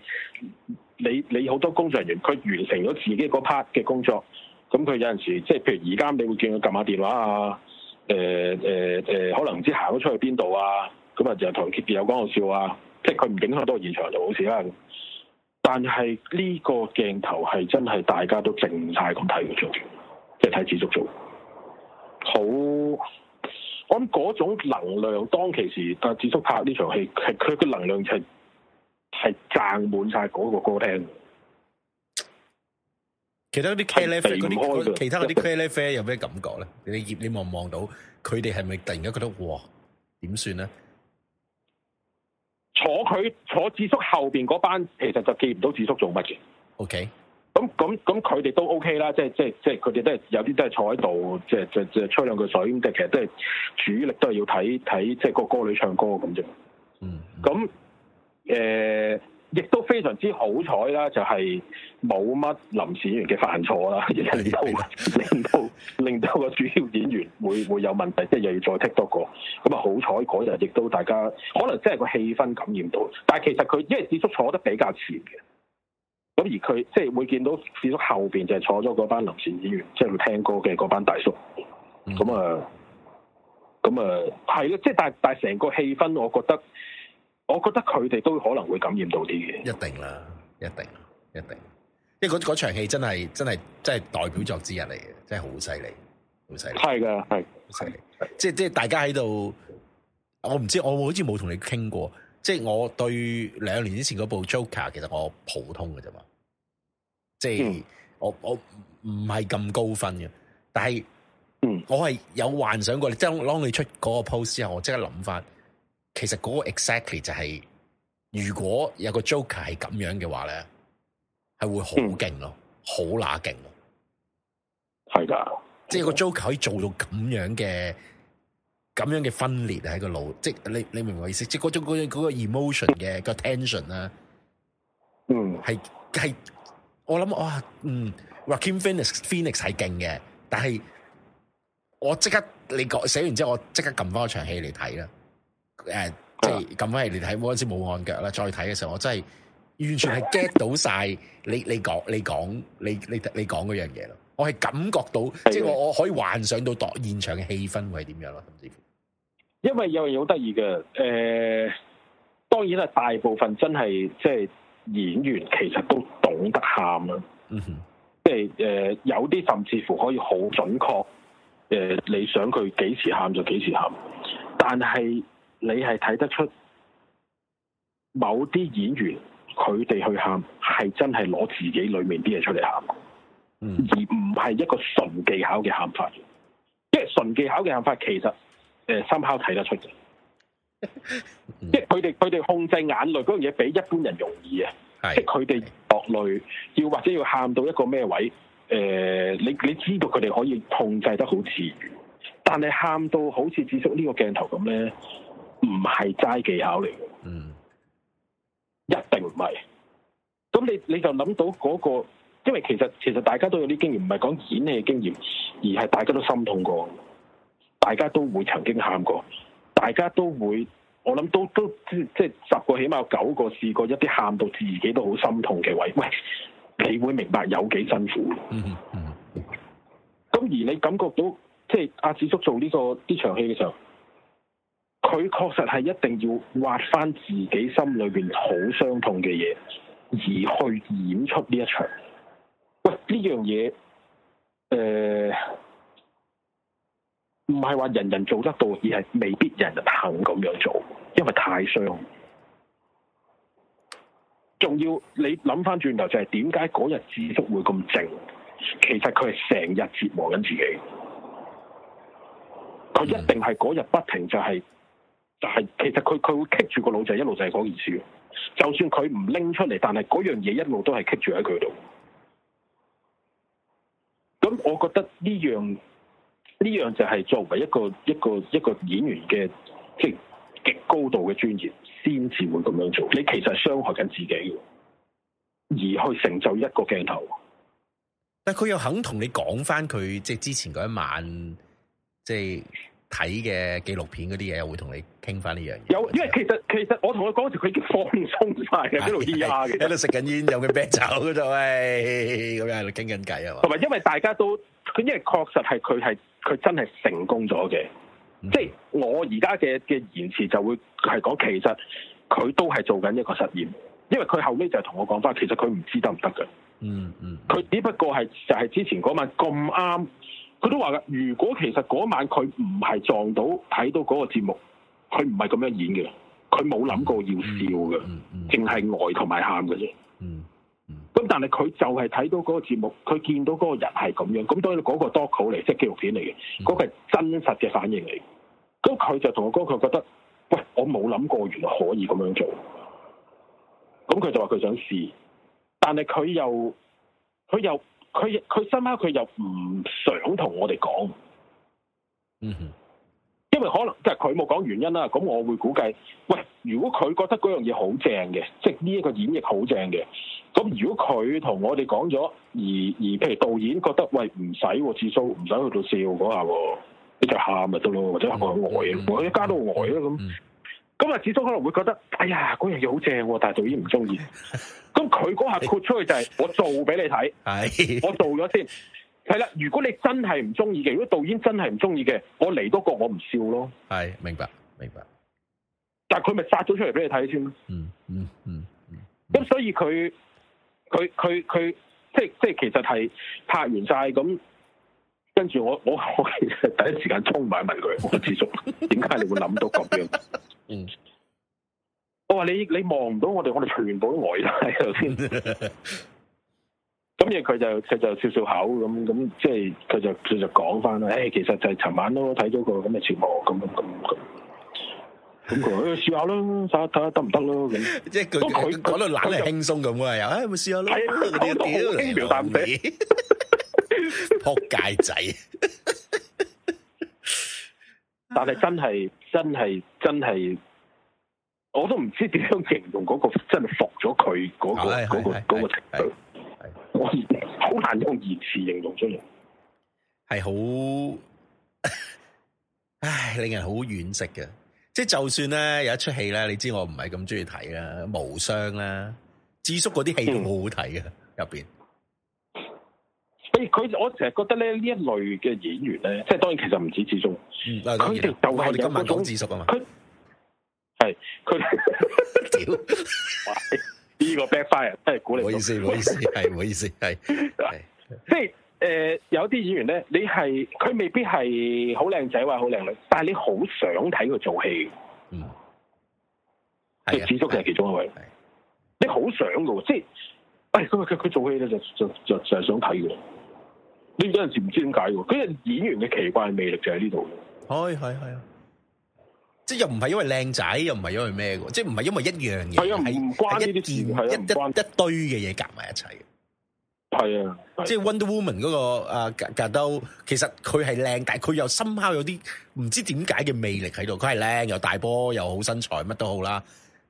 你你好多工作人員，佢完成咗自己嗰 part 嘅工作，咁佢有陣時候即係譬如而家你會見佢撳下電話啊，誒誒誒，可能唔知行咗出去邊度啊。咁啊，就同 Kitty 有講個笑啊，即係佢唔影響到現場就好似啦。但係呢個鏡頭係真係大家都靜晒咁睇佢做即係睇智叔做好。我諗嗰種能量，當其時但係智叔拍呢場戲，係佢嘅能量係係賺滿晒嗰個歌廳、那個。其他嗰啲茄喱啡其他啲茄喱啡有咩感覺咧？你葉你望唔望到，佢哋係咪突然間覺得哇，點算咧？坐佢坐智叔後邊嗰班，其實就記唔到智叔做乜嘅。OK，咁咁咁佢哋都 OK 啦，即係即係即係佢哋都係有啲都係坐喺度，即係即係吹兩句水咁，即係其實都係主力都係要睇睇即係個歌女唱歌咁啫。嗯、mm，咁、hmm. 誒。呃亦都非常之好彩啦，就係冇乜臨時演員嘅犯錯啦，令到 令到令到個主要演員會會有問題，即係又要再剔多個。咁啊，好彩嗰日亦都大家可能真係個氣氛感染到。但係其實佢因為智叔坐得比較前嘅，咁而佢即係會見到智叔後邊就係坐咗嗰班臨時演員，即係會聽歌嘅嗰班大叔。嗯，咁啊，咁啊，係咯，即係但但成個氣氛，我覺得。我覺得佢哋都可能會感染到啲嘢，一定啦，一定，一定。因為嗰嗰場戲真係真係真係代表作之一嚟嘅，真係好犀利，好犀利。係噶，係好犀利，即係即係大家喺度。我唔知，我好似冇同你傾過。即係我對兩年之前嗰部 Joker，其實我普通嘅啫嘛。即係我、嗯、我唔係咁高分嘅，但係，嗯，我係有幻想過，嗯、即係攞你出嗰個 pose 之後，我即刻諗返。其實嗰個 exactly 就係、是，如果有個 joker 係咁樣嘅話咧，係會好勁咯，好乸勁咯，係噶，是的即係有個 joker 的可以做到咁樣嘅，咁樣嘅分裂喺個腦，即係你你明白我意思？即嗰種嗰種個 emotion 嘅、嗰個 tension 啦、啊嗯哦，嗯，係係，我諗哇，嗯，Joaquin Phoenix Phoenix 係勁嘅，但係我即刻你講寫完之後，我即刻撳翻嗰場戲嚟睇啦。誒，即係咁係，嚟睇嗰陣時冇按腳啦。再睇嘅時候我，我真係完全係 get 到晒你你講你講你你你講嗰樣嘢咯。我係感覺到，即係的我我可以幻想到現場嘅氣氛會係點樣咯。甚至乎，因為有嘢好得意嘅，誒、呃，當然大部分真係即係演員，其實都懂得喊啦。嗯哼，即係誒，有啲甚至乎可以好準確。誒、呃，你想佢幾時喊就幾時喊，但係。你係睇得出某啲演員佢哋去喊係真係攞自己裏面啲嘢，出嚟喊，嗯、而唔係一個純技巧嘅喊法。因為純技巧嘅喊法其實誒、呃，深口睇得出嘅。即係佢哋佢哋控制眼淚嗰樣嘢比一般人容易啊！是的 即係佢哋落淚要或者要喊到一個咩位？誒、呃，你你知道佢哋可以控制得好自如，但係喊到好似智叔呢個鏡頭咁咧。唔係齋技巧嚟嘅，嗯，一定唔係。咁你你就諗到嗰個，因為其實其實大家都有啲經驗，唔係講演戲嘅經驗，而係大家都心痛過，大家都會曾經喊過，大家都會，我諗都都即係十個起碼有九個試過一啲喊到自己都好心痛嘅位，喂，你會明白有幾辛苦。嗯。嗯咁而你感覺到即係阿智叔做呢個呢場戲嘅時候。佢確實係一定要挖翻自己心裏邊好傷痛嘅嘢，而去演出呢一場。喂這件事呃、不過，呢樣嘢，誒，唔係話人人做得到，而係未必人人肯咁樣做，因為太傷。仲要你諗翻轉頭，就係點解嗰日智叔會咁靜？其實佢係成日折磨緊自己，佢一定係嗰日不停就係、是。但係其實佢佢會棘住個腦，就一路就係講件事，就算佢唔拎出嚟，但係嗰樣嘢一路都係棘住喺佢度。咁我覺得呢樣呢樣就係作為一個一個一個演員嘅即係極高度嘅專業，先至會咁樣做。你其實係傷害緊自己，而去成就一個鏡頭。但佢又肯同你講翻佢即係之前嗰一晚，即係。睇嘅紀錄片嗰啲嘢，又會同你傾翻呢樣嘢。有，因為其實其實我同佢講時，佢已經放鬆晒嘅，喺度依家嘅，喺度食緊煙， 有嘅啤酒嗰度，咁樣喺度傾緊偈啊嘛。同埋，因為大家都，佢因為確實係佢係佢真係成功咗嘅，即係、嗯、我而家嘅嘅言辭就會係講，其實佢都係做緊一個實驗，因為佢後尾就同我講翻，其實佢唔知得唔得嘅。嗯嗯，佢只不過係就係、是、之前嗰晚咁啱。佢都話㗎，如果其實嗰晚佢唔係撞到睇到嗰個節目，佢唔係咁樣演嘅，佢冇諗過要笑嘅，淨係、mm hmm. 呆同埋喊嘅啫。咁、mm hmm. 但係佢就係睇到嗰個節目，佢見到嗰個人係咁樣，咁所以嗰個 doku 嚟，即係紀錄片嚟嘅，嗰、hmm. 個係真實嘅反應嚟。咁佢就同我講，佢覺得，喂，我冇諗過原來可以咁樣做。咁佢就話佢想試，但係佢又，佢又。佢佢深刻，佢又唔想同我哋講，嗯，因為可能即係佢冇講原因啦。咁我會估計，喂，如果佢覺得嗰樣嘢好正嘅，即係呢一個演繹好正嘅，咁如果佢同我哋講咗，而而譬如導演覺得，喂，唔使喎，智叔唔使去到笑嗰下、啊，你就喊咪得咯，或者外外，我加到個外啊咁。咁啊，始終可能會覺得，哎呀，嗰樣嘢好正，但係導演唔中意。咁佢嗰下豁出去就係、是、 我做俾你睇，係 我做咗先。係啦，如果你真係唔中意嘅，如果導演真係唔中意嘅，我嚟多個我唔笑咯。係。明白，明白。但係佢咪殺咗出嚟俾你睇先、嗯。嗯嗯嗯。咁、嗯、所以佢，佢佢佢，即係即係，其實係拍完晒咁。跟住我，我我其實第一時間衝埋問佢，我知足。點解你會諗到咁樣？ 嗯，我話你，你望唔到我哋，我哋全部都呆晒喺度先。咁 嘢，佢就佢就笑笑口咁咁，即係佢就佢就講翻啦。誒、欸，其實就係尋晚都睇咗個咁嘅直播，咁樣咁咁。咁佢、欸、試下咯，睇下睇下得唔得咯。即係佢講得懶係輕鬆咁啊！誒就，咪、哎、試下咯。我屌、哎呀，輕描淡寫。 扑街仔，但係真係真係真係，我都唔知點樣形容嗰、嗰個真係服咗佢嗰個嗰、哎嗰個嗰、哎、個程度，我好難用言辭形容出嚟，係好是很 唉，令人好惋惜嘅。即係就算咧有一出戲咧，你知我唔係咁中意睇啦，無雙啦，智叔嗰啲戲都好好睇嘅入邊。嗯哎，佢、欸、我成日覺得咧呢這一類嘅演員咧，即係當然其實唔止，止智叔，佢哋、嗯、就係有種佢係佢屌，呢個 backfire 真係鼓你，唔好意思，唔好意思，係唔 好意思，係即係誒有啲演員咧，你係佢未必係好靚仔或好靚女，但係你好想睇佢做戲嘅，嗯，係啊，智叔就係其中一位，的的你好想嘅喎，即係哎佢佢佢做戲咧就就就成日想睇嘅。呢有陣時唔知點解嘅，佢係演員嘅奇怪嘅魅力就喺呢度。係係係啊，即係又唔係因為靚仔，又唔係因為咩，即係唔係因為一樣嘢，係唔、哎、是關呢啲事，哎、一無關 一,一,一堆嘅嘢夾埋一齊。係、哎哎那個、啊，即係 Wonder Woman 嗰個啊格格鬥，其實佢係靚，但係佢又 somehow 有啲唔知點解嘅魅力喺度。佢係靚，又大波，又好身材，乜都好啦。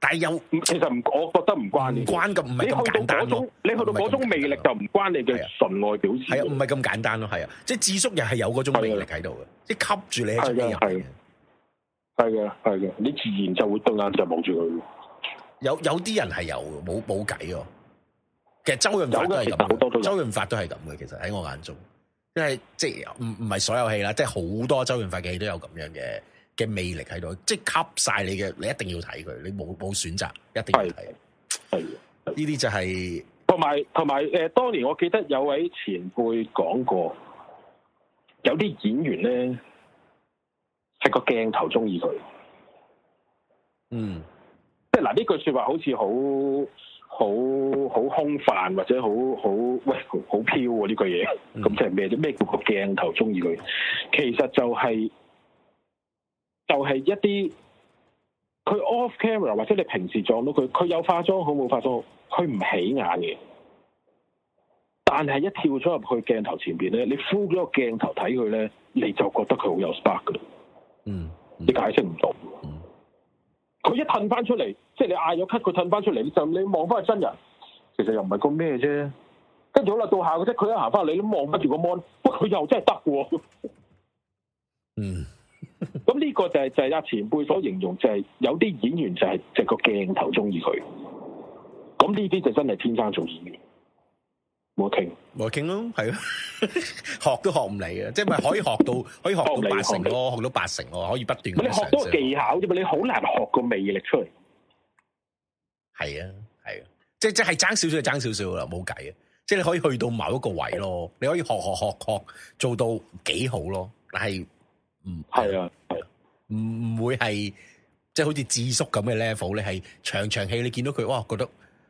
但係其實唔，我覺得唔關你的，唔關咁，唔簡單你去到嗰種，那你去到、啊啊啊就是、種魅力就唔關你嘅純愛表示係唔係咁簡單咯？係啊，即係智叔又係有嗰種魅力喺度嘅，即係吸住你嘅出嚟，係嘅，係嘅，你自然就會對眼就望住佢。有有啲人係有，冇冇計。其實周潤發都係咁，的周潤發都係咁嘅。其實喺我眼中，因為即係唔唔係所有戲啦，即係好多周潤發嘅戲都有咁樣嘅。嘅魅力喺度，即係吸晒你嘅，你一定要睇佢，你冇冇選擇，一定要睇。係，呢啲就係同埋同埋誒，當年我記得有位前輩講過，有啲演員咧係個鏡頭中意佢。嗯，即係嗱呢句說話好似好好好空泛，或者好好喂好飄呢句嘢，咁即係咩咩叫個鏡頭中意佢？其實就係、是。就係一啲佢 off camera 或者你平時撞到佢，佢有化妝好冇化妝，佢唔起眼嘅。但係一跳咗入去鏡頭前邊咧，你呼咗 l l o 個鏡頭睇佢咧，你就覺得佢好有 spark 嘅、嗯。嗯，你解釋唔到。佢、嗯、一褪翻出嚟，即係你嗌咗咳，佢褪翻出嚟，你就你望翻係真人。其實又唔係個咩啫。跟住好啦，到下嘅啫，佢一行翻嚟，你望翻住個 mon，喂，佢又真係得嘅。嗯。咁呢 個就係、是、就係、是、阿前輩所形容，就係有啲演員就係即個鏡頭中意佢。咁呢啲就真係天生做演員。冇傾，冇傾咯，係咯、啊， 學都學唔嚟嘅，即係咪可以學到可以學到八成咯，學到八成，可以不斷。你學多個技巧啫嘛，你好難學個魅力出嚟。係啊，係啊，即係即係爭少少就爭少少啦，冇計嘅。即係你可以去到某一個位咯，你可以學學學學做到幾好咯，但係。唔係不啊，係唔唔會係即係好似智叔咁嘅 level 你係場場戲你見到佢，哇覺得，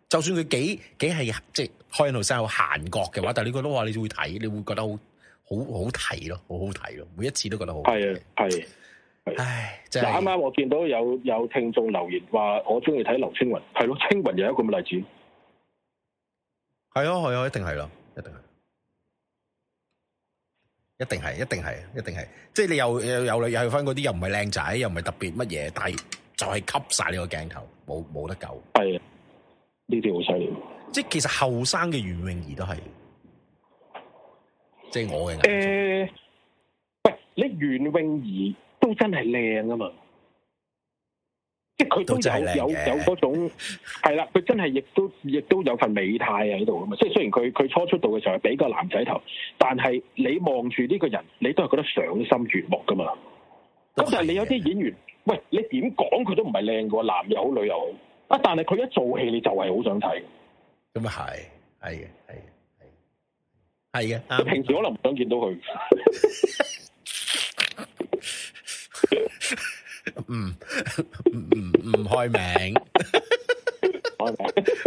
就算佢幾幾係即係開一山好閒角嘅話，但係你覺得哇，你會睇，你會覺得好好好睇咯，好好睇咯，每一次都覺得好係啊，係、啊，啊、唉，啱啱我見到有有聽眾留言話，我中意睇劉青雲，係咯，青雲又有一個咁嘅例子，係啊，係啊，一定係啦，一定係。一定係，一定係，一定係。即係你又又又又係翻嗰啲，又唔係靚仔，又唔係特別乜嘢，但係就係吸晒呢個鏡頭，冇冇得救。係呢啲好犀利。即係其實後生嘅袁詠儀都係，即係我嘅。誒，喂，你袁詠儀都真係靚啊嘛！即係佢都有有有嗰種係啦，佢真係亦都亦都有份美態喺度噶嘛。即係雖然佢佢初出道嘅時候係俾個男仔頭，但係你望住呢個人，你都係覺得賞心悦目噶嘛。咁但係你有啲演員，是的喂，你點講佢都唔係靚個男又好女又好啊！但係佢一做戲，你就係好想睇。咁啊係係嘅係係嘅，是是是你平時可能唔想見到佢。 唔唔唔開名，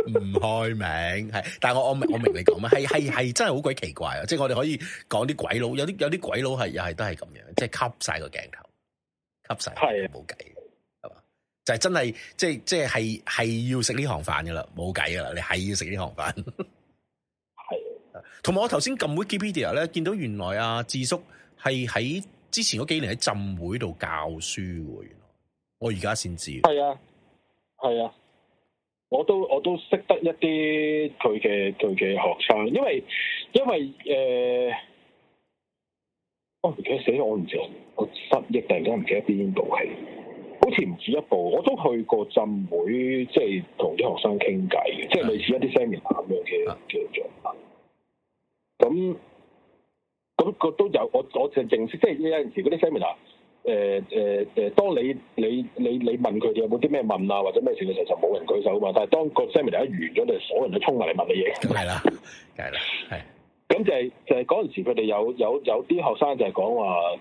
唔 開名係，但係我我我明你講咩，係係係真係好鬼奇怪啊！即係我哋可以講啲鬼佬，有啲有啲鬼佬係又係都係咁樣，即係吸晒個鏡頭，吸晒係冇計係嘛，就係、是、真係即係即係係係要食呢行飯噶啦，冇計噶啦，你係要食 是的 呢行飯係，同埋我頭先撳 Wikipedia 咧，見到原來啊，智叔係喺。之前嗰幾年喺浸會度教書喎，原來我而家先知。係啊，係啊，我都我都識得一啲佢嘅佢嘅學生，因為因為誒、呃，我唔記得寫咗，我唔知我失憶，突然間唔記得邊部戲，好似唔止一部，我都去過浸會，即係同啲學生傾偈的即係類似一啲 seminar 咁樣嘅嘅狀態。咁的咁個都有我，我就認識，即係有陣時嗰啲 seminar，誒誒誒，當你你你你問佢哋有冇啲咩問啊，或者咩事，其實就冇人舉手啊嘛。但係當個 seminar 一完咗、 就所有人都衝埋嚟問你嘢。係啦，係啦，係。咁就係就係嗰陣時，佢哋有有有啲學生就係講話誒，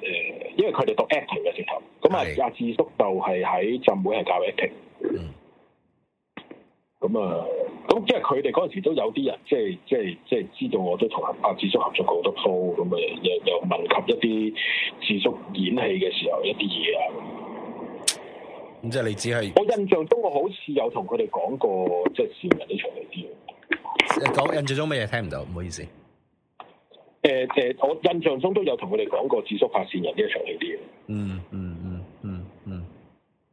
因為佢哋讀 acting 嘅時候，咁啊阿智叔就係喺浸會係教 acting、嗯。咁啊，咁即係佢哋嗰陣時都有啲人，即係即係即係知道我都同阿智叔合作過好多套，咁啊又又問及一啲智叔演戲嘅時候一啲嘢啊，咁即係你只係我印象中，我好似有同佢哋講過即係線人呢場戲啲嘢，印象中咩嘢聽唔到，唔好意思。誒誒、呃呃，我印象中都有同佢哋講過智叔拍線人啲場戲啲嘢。嗯嗯。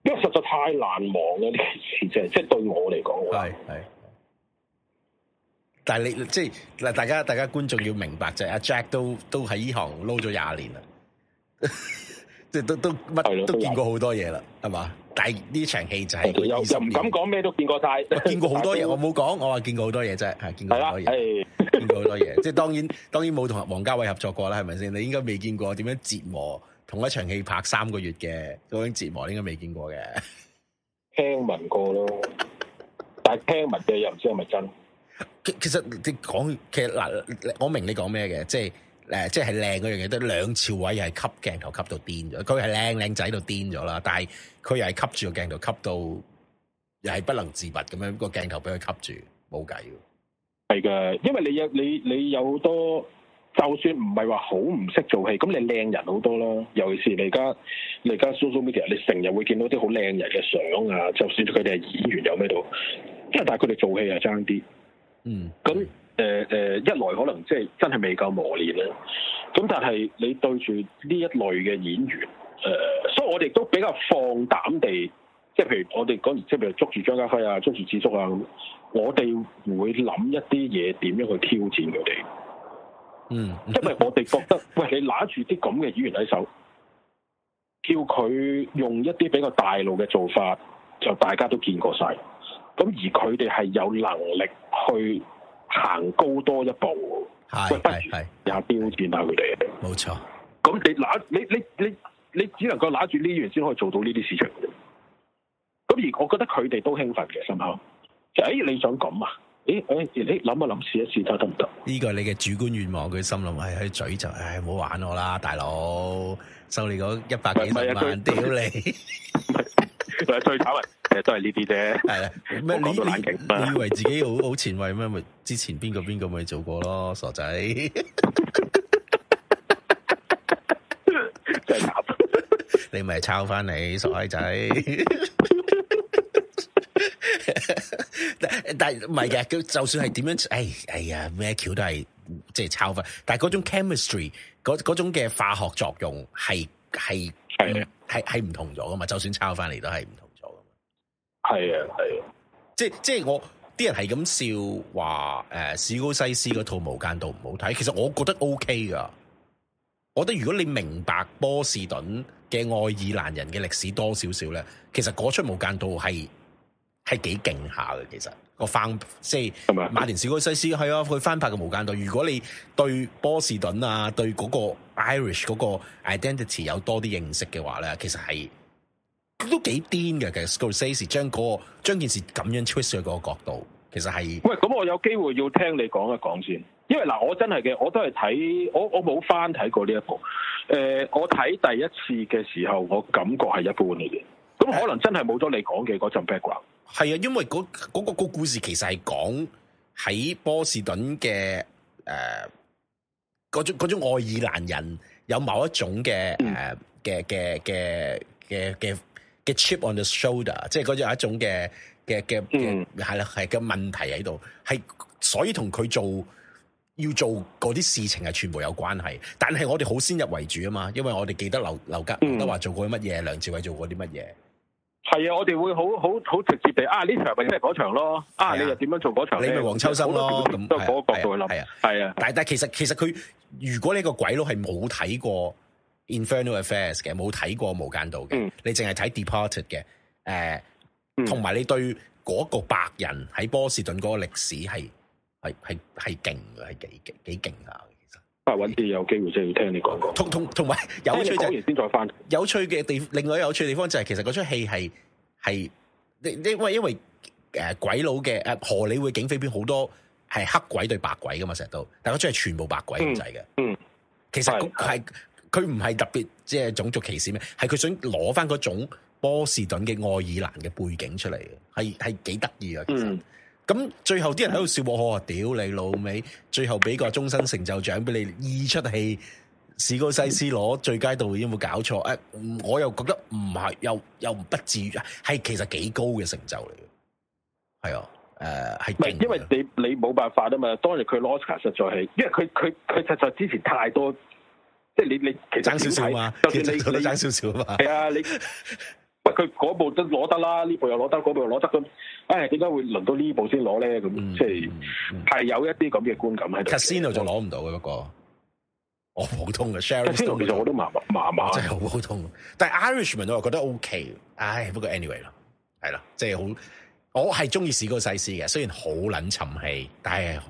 因為實在太難忘啦，呢件事即係、就是，即係對我嚟講，係係。但係你即係嗱，大家大家觀眾要明白就係、是、阿 Jack 都都喺呢行撈咗廿年啦，即 係都都乜都，的都見過好多嘢啦，係嘛的？但係呢場戲就係、okay，又又唔敢講咩都見過晒， 見過好多嘢，我冇講，我話見過好多嘢啫，係 見過好多嘢，見過好多嘢。即係當然當然冇同王家衛合作過啦，係咪先？你應該未見過點樣折磨。同一場戲拍三個月嘅嗰種折磨，應該未見過嘅，聽聞過咯，但係聽聞嘅又唔知係咪真其。其實其實你講其實嗱，我明你講咩嘅，即係誒即係靚嗰樣嘢，都梁朝偉又係吸鏡頭吸到癲咗，佢係靚靚仔到癲咗啦，但係佢又係吸住個鏡頭吸到又係不能自拔咁樣，個鏡頭俾佢吸住冇計嘅。係嘅，因為你有你你有好多。就算唔係話好唔識做戲，咁你靚人好多啦。尤其是你而家你而家 social media，你成日會見到啲好靚人嘅相啊。就算佢哋係演員又咩到，因為但係佢哋做戲係爭啲。嗯，咁誒誒，一來可能即係真係未夠磨練啦。咁但係你對住呢一類嘅演員，誒、呃，所以我哋都比較放膽地，即係譬如我哋嗰時即係譬如捉住張家輝啊，捉住智叔啊，我哋會諗一啲嘢點樣去挑戰佢哋。嗯， 因為我哋覺得，喂，你拿住啲咁嘅演員喺手，叫佢用一啲比較大路嘅做法，就大家都見過晒。咁而佢哋係有能力去行高多一步， 不如也挑戰一下佢哋。冇錯，咁 你拿你你你你只能夠拿住呢樣先可以做到呢啲事情。咁而我覺得佢哋都興奮嘅，心口。哎、欸，你想咁啊？咦，誒，你諗一諗試一試睇得唔得？呢個你嘅主觀願望，佢心諗係，喺嘴就，唉，唔好玩我啦，大佬，收你嗰一百幾十萬屌你！唔係最慘， 其實都係呢啲啫。係啊，咩？講到冷靜，以為自己好好前衞咩？咪 之前邊個邊個咪做過咯，傻仔！ 真係你咪抄翻你傻閪仔。 但係唔係嘅，佢就算係點樣，哎哎呀，咩橋都係即係抄翻。但係嗰種 chemistry，嗰嗰種嘅化學作用係係係係唔同咗噶嘛，就算抄翻嚟都係唔同咗。係啊，係啊，即即係我啲人係咁笑話，誒、呃、史高西斯嗰套《無間道》唔好睇，其實我覺得 OK 噶。我覺得如果你明白波士頓嘅愛爾蘭人嘅歷史多少少咧，其實嗰出《無間道》係。係幾勁下嘅，其實個翻即係馬田史哥西斯係啊，佢翻拍嘅無間道。如果你對波士頓啊，對嗰個 Irish 嗰個 identity 有多啲認識嘅話咧，其實係佢都幾癲嘅。其實 Scorsese 將嗰個將件事咁樣 twist 嘅個角度，其實係，喂，咁我有機會要聽你講一講先，因為嗱，我真係嘅，我都係睇我我冇翻睇過呢一部。誒、呃，我睇第一次嘅時候，我感覺係一般嚟嘅，咁可能真係冇咗你講嘅嗰陣 background。係啊，因為嗰嗰個個故事其實係講喺波士頓嘅誒，嗰、呃、種嗰種愛爾蘭人有某一種嘅誒嘅嘅嘅嘅嘅嘅 chip on the shoulder，即係嗰種一種嘅嘅嘅嘅係啦，係嘅、嗯 uh, 問題喺度，係所以同佢做要做嗰啲事情係全部有關係，但係我哋好先入為主啊嘛，因為我哋記得劉劉德劉德華做過啲乜嘢，嗯、梁朝偉做過啲乜嘢。係啊，我哋會好好好直接地啊呢場咪即係嗰場咯，啊，啊，啊你又點樣做嗰場？你咪黃秋生咯，咁都嗰個角度去諗，係那那啊，係啊。啊啊啊但但其實其實佢如果你個鬼佬係冇睇過 Infernal Affairs 嘅，冇睇過無間道嘅，嗯、你淨係睇 Departed 嘅，誒、呃，同埋、嗯、你對嗰個白人喺波士頓嗰個歷史係係係係勁嘅，係幾幾幾勁。啊！揾次有機會真要聽你講講，通同同埋有趣就完先再翻。有趣嘅地方，另外有趣嘅地方就係其實嗰出戲係係因因為因為誒、呃、鬼佬嘅誒、啊、荷里活警匪片好多係黑鬼對白鬼㗎嘛，成日都，但係我出係全部白鬼嚟嘅、嗯。嗯，其實係佢唔係特別即係、就是、種族歧視咩？係佢想攞翻嗰種波士頓嘅愛爾蘭嘅背景出嚟嘅，係係幾得意啊！其實嗯。咁最後啲人喺度笑我，我話屌你老味。最後俾個終身成就獎俾你，二出戲史高西斯攞最佳導演有冇搞錯？誒、哎，我又覺得唔係，又又不至於，係其實幾高嘅成就嚟嘅，係啊，誒、呃，係，因為你你冇辦法啊嘛，當日佢奧斯卡實在係，因為佢佢佢實在之前太多，即係你你其實爭少少嘛，就算你你爭少少嘛，係你啊，你。 佢嗰部都攞得啦，呢部又攞得，嗰部又攞得咁，唉、哎，點解會輪到部呢部先攞咧？咁即係係有一啲咁嘅觀感喺度。Casino 就攞唔到嘅不過，我普通嘅。Casino 其實我都麻麻麻，真係好普通。但係 Irishman 我覺得 OK，唉，不過 anyway 咯，係、就、啦、是，即係好。我係中意史高西斯嘅，雖然好撚沉氣，但係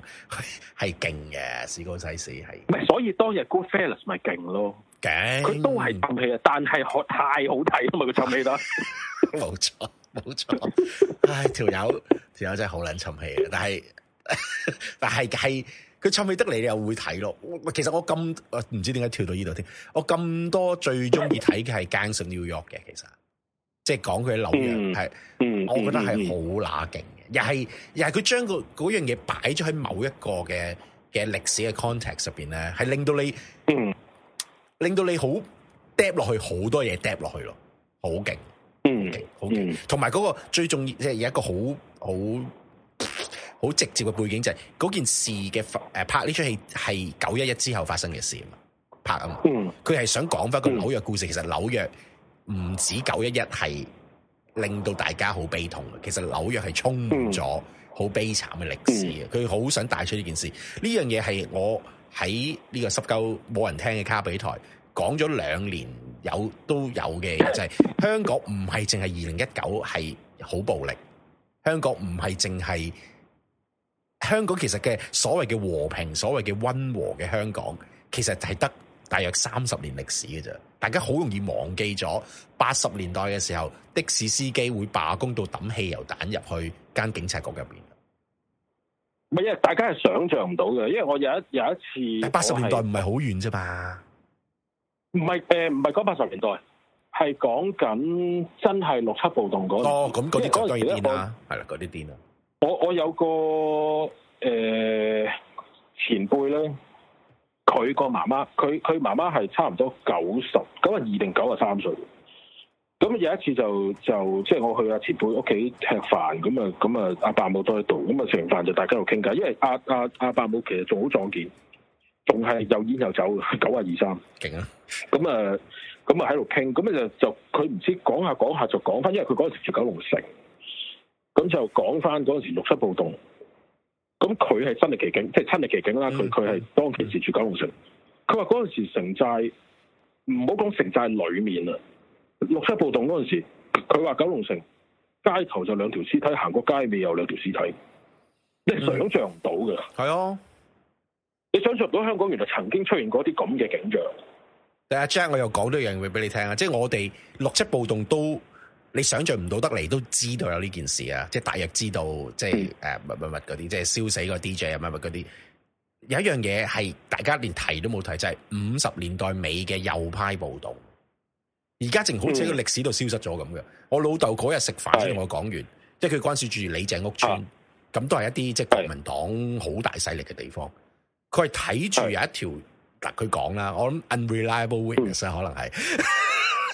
係勁嘅史高西斯係。唔係，所以當日 Goodfellas 咪勁咯，勁佢都係沉氣啊，但係好太好睇啦嘛，佢沉氣得，冇錯冇錯。唉，條友條友真係好撚沉氣啊！但係但係係佢沉氣得嚟你又會睇咯。其實我咁我唔知點解跳到呢度添。我咁多最中意睇嘅係《Gangs of New York》嘅，其實。即係講佢喺紐約係，嗯嗯、我覺得係好乸勁嘅，又係又係佢將嗰樣嘢擺咗喺某一個嘅嘅歷史嘅 context 入邊咧，係令到你，嗯、令到你好 dep 落去好多嘢 dep 落去咯，好勁，好勁好勁好勁嗯，好勁，同埋嗰個最重要即係、就是、有一個好好好直接嘅背景就係、是、嗰件事嘅，誒拍呢出戲係九一一之後發生嘅事啊嘛，拍啊嘛，嗯，佢係想講翻一個紐約故事，嗯、其實紐約。唔止九一一係令到大家好悲痛。其實紐約係充滿咗好悲慘嘅歷史。佢好想帶出呢件事，呢樣嘢係我喺呢個濕九冇人聽嘅卡比台講咗兩年有都有嘅，就係、是、香港唔係淨係二零一九係好暴力，香港唔係淨係香港，其實嘅所謂嘅和平，所謂嘅溫和嘅香港，其實就係得。大約三十年歷史嘅啫，大家好容易忘記咗八十年代嘅時候的士司機會罷工到抌汽油彈入去間警察局入面。唔係，啊，大家係想象唔到嘅，因為我有一有一次八十年代唔係好遠啫嘛。唔係誒，唔係八十年代，係講緊真係六七暴動嗰度。哦，咁嗰啲當然癲啦，係啦，嗰啲癲啊。我我有個誒、呃、前輩咧。佢個媽媽，佢佢媽媽係差唔多九十九啊二定九啊三歲。咁有一次就就即係、就是、我去阿前輩屋企食飯，咁啊咁啊阿伯母都喺度，咁啊食完飯就大家喺度傾偈，因為阿阿阿伯母其實仲好壯健，仲係又煙又酒，九啊二三，勁啊！咁啊咁啊喺度傾，咁啊就就佢唔知講下講下就講返，因為佢嗰陣時住九龍城，咁就講返嗰陣時六七暴動。咁佢係身歷其境，即係身歷其境啦。佢佢係當其時住九龍城，佢話嗰陣時城寨唔好講城寨裏面啊，六七暴動嗰陣時，佢話九龍城街頭就兩條屍體，行過街尾有兩條屍體，你想象唔到嘅。係啊、嗯，你想象唔到香港原來曾經出現過啲咁嘅景象。但係阿 Jack 我又講咗樣嘢俾你聽啊，即係我哋六七暴動都。你想象唔到得嚟，都知道有呢件事啊！即係大約知道，即係誒，乜乜乜嗰啲，即係燒死個 DJ 啊，乜乜嗰啲。有一樣嘢係大家連提都冇提，就係五十年代尾嘅右派暴動。而家正好似喺個歷史度消失咗咁嘅。我老豆嗰日食飯先同我講完，是的 即係佢嗰陣時住李鄭屋村，咁都係一啲即係國民黨好大勢力嘅地方。佢係睇住有一條，嗱佢講啦，我諗 unreliable witness 啊，可能係。嗯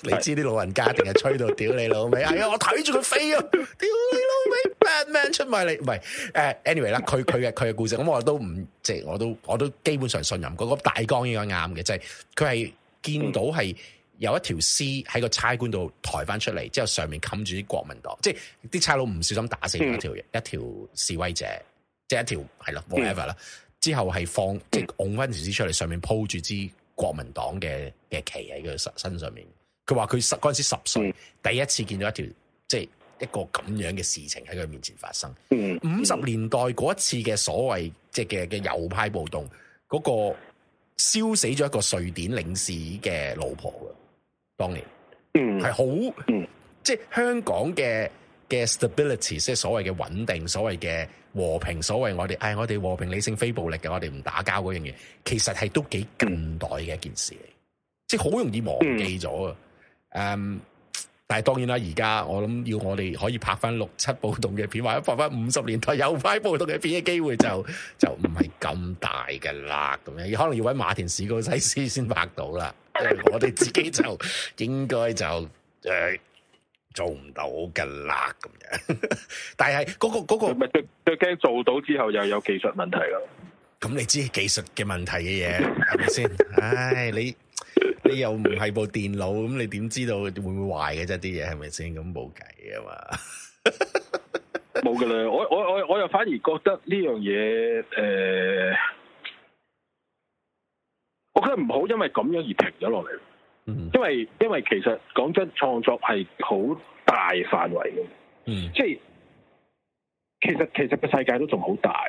你知啲老人家定係吹到屌你老味？哎呀、 啊，我睇住佢飛啊！屌你老味 Batman 出埋嚟，唔係 anyway 啦，佢佢嘅佢嘅故事，咁我都唔即係，我都我都基本上信任嗰、那個大綱應該啱嘅，即係佢係見到係有一條屍喺個差館度抬翻出嚟，之後上面冚住啲國民黨，即係啲差佬唔小心打死咗一條、嗯、一條示威者，即、就、係、是、一條係咯，whatever 啦。之後係放即係拱翻條屍出嚟，上面鋪住支國民黨嘅嘅旗喺佢身上面。佢話佢十嗰陣時十歲，第一次見到一條即係一個咁樣嘅事情喺佢面前發生。五十年代嗰一次嘅所謂即係嘅嘅右派暴動，嗰個燒死咗一個瑞典領事嘅老婆噶，當年，係好即係香港嘅嘅 stability，即係所謂嘅穩定，所謂嘅和平，所謂我哋、哎、我哋和平理性非暴力嘅，我哋唔打交嗰樣嘢，其實係都幾近代嘅一件事嚟，即係好容易忘記咗啊、嗯！誒，um, 但係當然啦，而家我諗要我哋可以拍翻六七暴動嘅片，或者拍翻五十年代右派暴動嘅片嘅機會就就唔係咁大嘅啦，咁樣可能要搵馬田史高西斯先拍到啦， 我哋自己就應該就誒、呃、做唔到嘅啦，咁樣。 但係嗰個嗰個，咪驚做到之後又有技術問題咯。咁你知技術嘅問題嘅嘢係咪先？唉、 哎，你。你又唔係部電腦，咁你點知道會唔會壞嘅啫？啲嘢係咪先，咁冇計啊？嘛冇噶啦！我我我我又反而覺得呢樣嘢，誒、呃，我覺得唔好，因為咁樣而停咗落嚟。嗯、因為因為其實講真的，創作係好大範圍嘅。嗯，即係、就是、其實其實個世界都仲好大，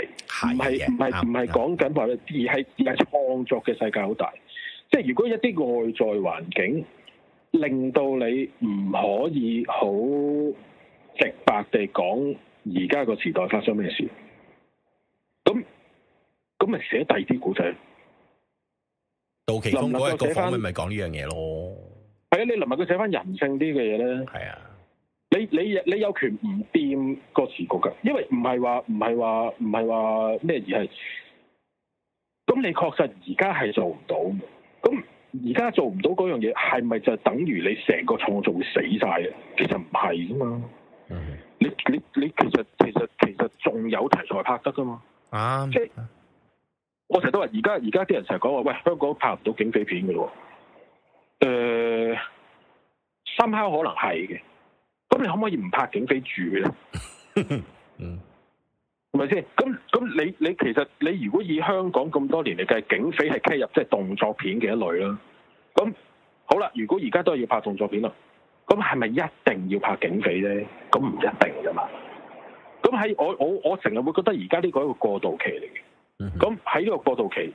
唔係唔係唔係講緊話，而係而係創作嘅世界好大。即係如果一啲外在環境令到你唔可以好直白地講，而家個時代發生咩事，咁咁咪寫第二啲古仔。到其中嗰一個方咪講呢樣嘢咯。係啊回，你臨埋佢寫返人性啲嘅嘢咧。係啊的，你你你有權唔掂個時局㗎，因為唔係話唔係話唔係話咩，而係咁你確實而家係做唔到嘅。咁而家做唔到嗰樣嘢，係咪就等於你成個創造會死晒咧？其實唔係噶嘛，mm hmm. 你你你其實其實其實仲有題材拍得噶嘛。Mm hmm. 即係我成日都話，而家而家啲人成日講話，喂，香港拍唔到警匪片嘅喎。誒、呃，深刻可能係嘅。咁你可唔可以唔拍警匪住咧？ 嗯。咪先，咁咁你你其實你如果以香港咁多年嚟計，警匪係傾入即係動作片嘅一類啦。咁好啦，如果而家都係要拍動作片啦，咁係咪一定要拍警匪咧？咁唔一定噶嘛。咁喺我我我成日會覺得而家呢個係一個過渡期嚟嘅。咁喺呢個過渡期，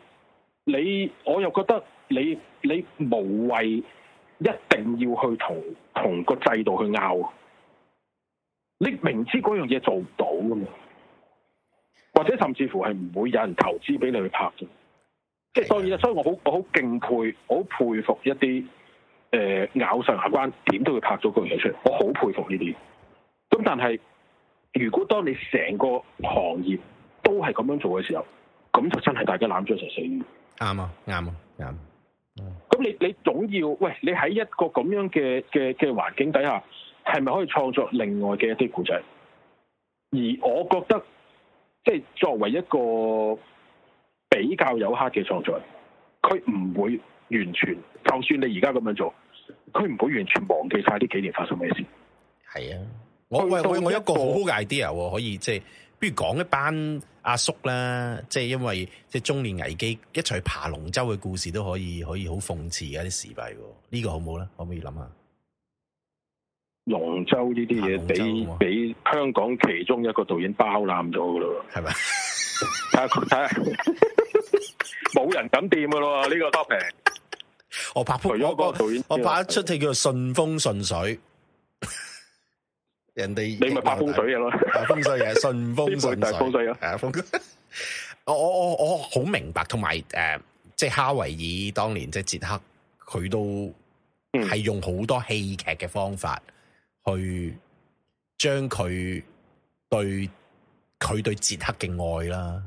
你我又覺得你你無謂一定要去同同個制度去拗，你明知嗰樣嘢做唔到噶嘛。或者甚至乎係唔會有人投資俾你去拍嘅，即係當然啦。所以我好我好敬佩，我好佩服一啲誒、呃、咬上牙關點都會拍咗嗰樣嘢出嚟。我好佩服呢啲。咁但係，如果當你成個行業都係咁樣做嘅時候，咁就真係大家攬住一齊死。啱啊，啱啊，啱、啊。咁你你總要喂你喺一個咁樣嘅嘅嘅環境底下，係咪可以創作另外嘅一啲故仔？而我覺得。即係作為一個比較有黑嘅創作，佢唔會完全，就算你而家咁樣做，佢唔會完全忘記晒呢幾年發生咩事。係啊，我喂我，我，我一個好好嘅 idea 可以即係，不如講一班阿叔啦，即係因為即係中年危機一齊爬龍舟嘅故事都可以可以好諷刺嘅啲時弊，呢個好唔好咧？可唔可以諗下？龍舟呢啲嘢俾俾香港其中一個導演包攬咗噶咯，係咪？睇下睇下，冇人敢掂噶咯，呢個 topic 我拍除咗個導演，我拍一出戲叫做順風順水。 人哋家你咪拍風水嘅咯，風水嘅順風順水， 大風水咯。 我我我我好明白，同埋誒，即係哈維爾當年即係捷克，佢都係用好多戲劇嘅方法。嗯去將佢對佢對捷克嘅愛啦，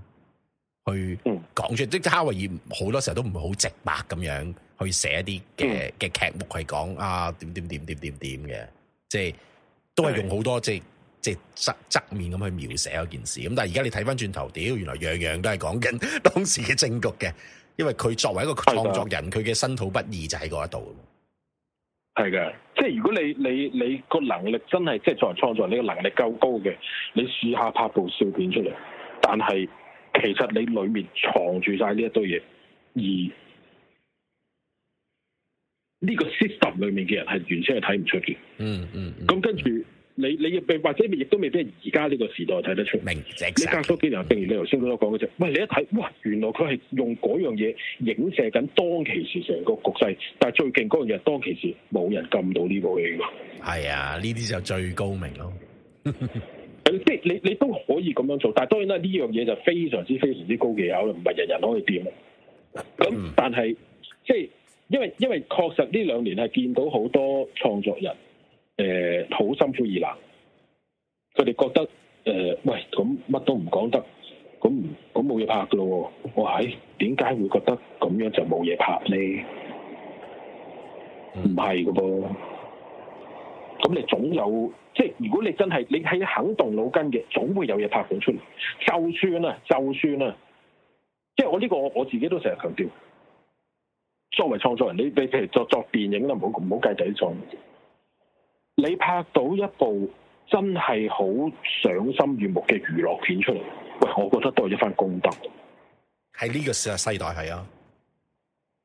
去講出，嗯、即係哈維爾好多時候都唔好直白咁、嗯啊、樣去寫一啲嘅嘅劇目，係講啊點點點點點點嘅，即係都係用好多是的即係即係側側面咁去描寫嗰件事。咁但係而家你睇翻轉頭，屌原來樣樣都係講緊當時嘅政局嘅，因為佢作為一個創作人，佢嘅身土不二就喺嗰一度。係嘅，即係如果你你你個能力真係即係作為創作人，你個能力夠高嘅，你試下拍部笑片出嚟。但係其實你裏面藏住晒呢一堆嘢，而呢個 system 裏面嘅人係完全係睇唔出嘅。嗯。嗯嗯，咁跟住著。嗯你你亦未或者亦都未必係而家呢個時代睇得出，明白你隔多幾年，正如你頭先講嗰隻。嗯、喂，你一睇哇，原來佢係用嗰樣嘢影射緊當其時成個局勢，但係最勁嗰樣嘢係當其時冇人撳到呢部戲㗎。係啊、哎，呢啲就最高明咯。即 係你你，你都可以咁樣做，但係當然啦，呢樣嘢就非常之非常之高技巧，唔係人人可以掂。咁、嗯、但係即係因為因為確實呢兩年係見到好多創作人。誒，好心灰意冷，佢哋覺得誒、呃，喂，咁乜都唔講得，咁咁冇嘢拍噶咯？我話誒，點、哎、解會覺得咁樣就冇嘢拍呢？唔係噶噃，咁你總有，即係如果你真係你係肯動腦筋嘅，總會有嘢拍到出嚟。就算啊，就算啊，即係我呢個我，我自己都成日強調，作為創作人，你你譬如作作電影啦，唔好唔好計第啲作。你拍到一部真係好賞心悅目嘅娛樂片出嚟，喂，我覺得都係一番功德。喺呢個時候世代係啊，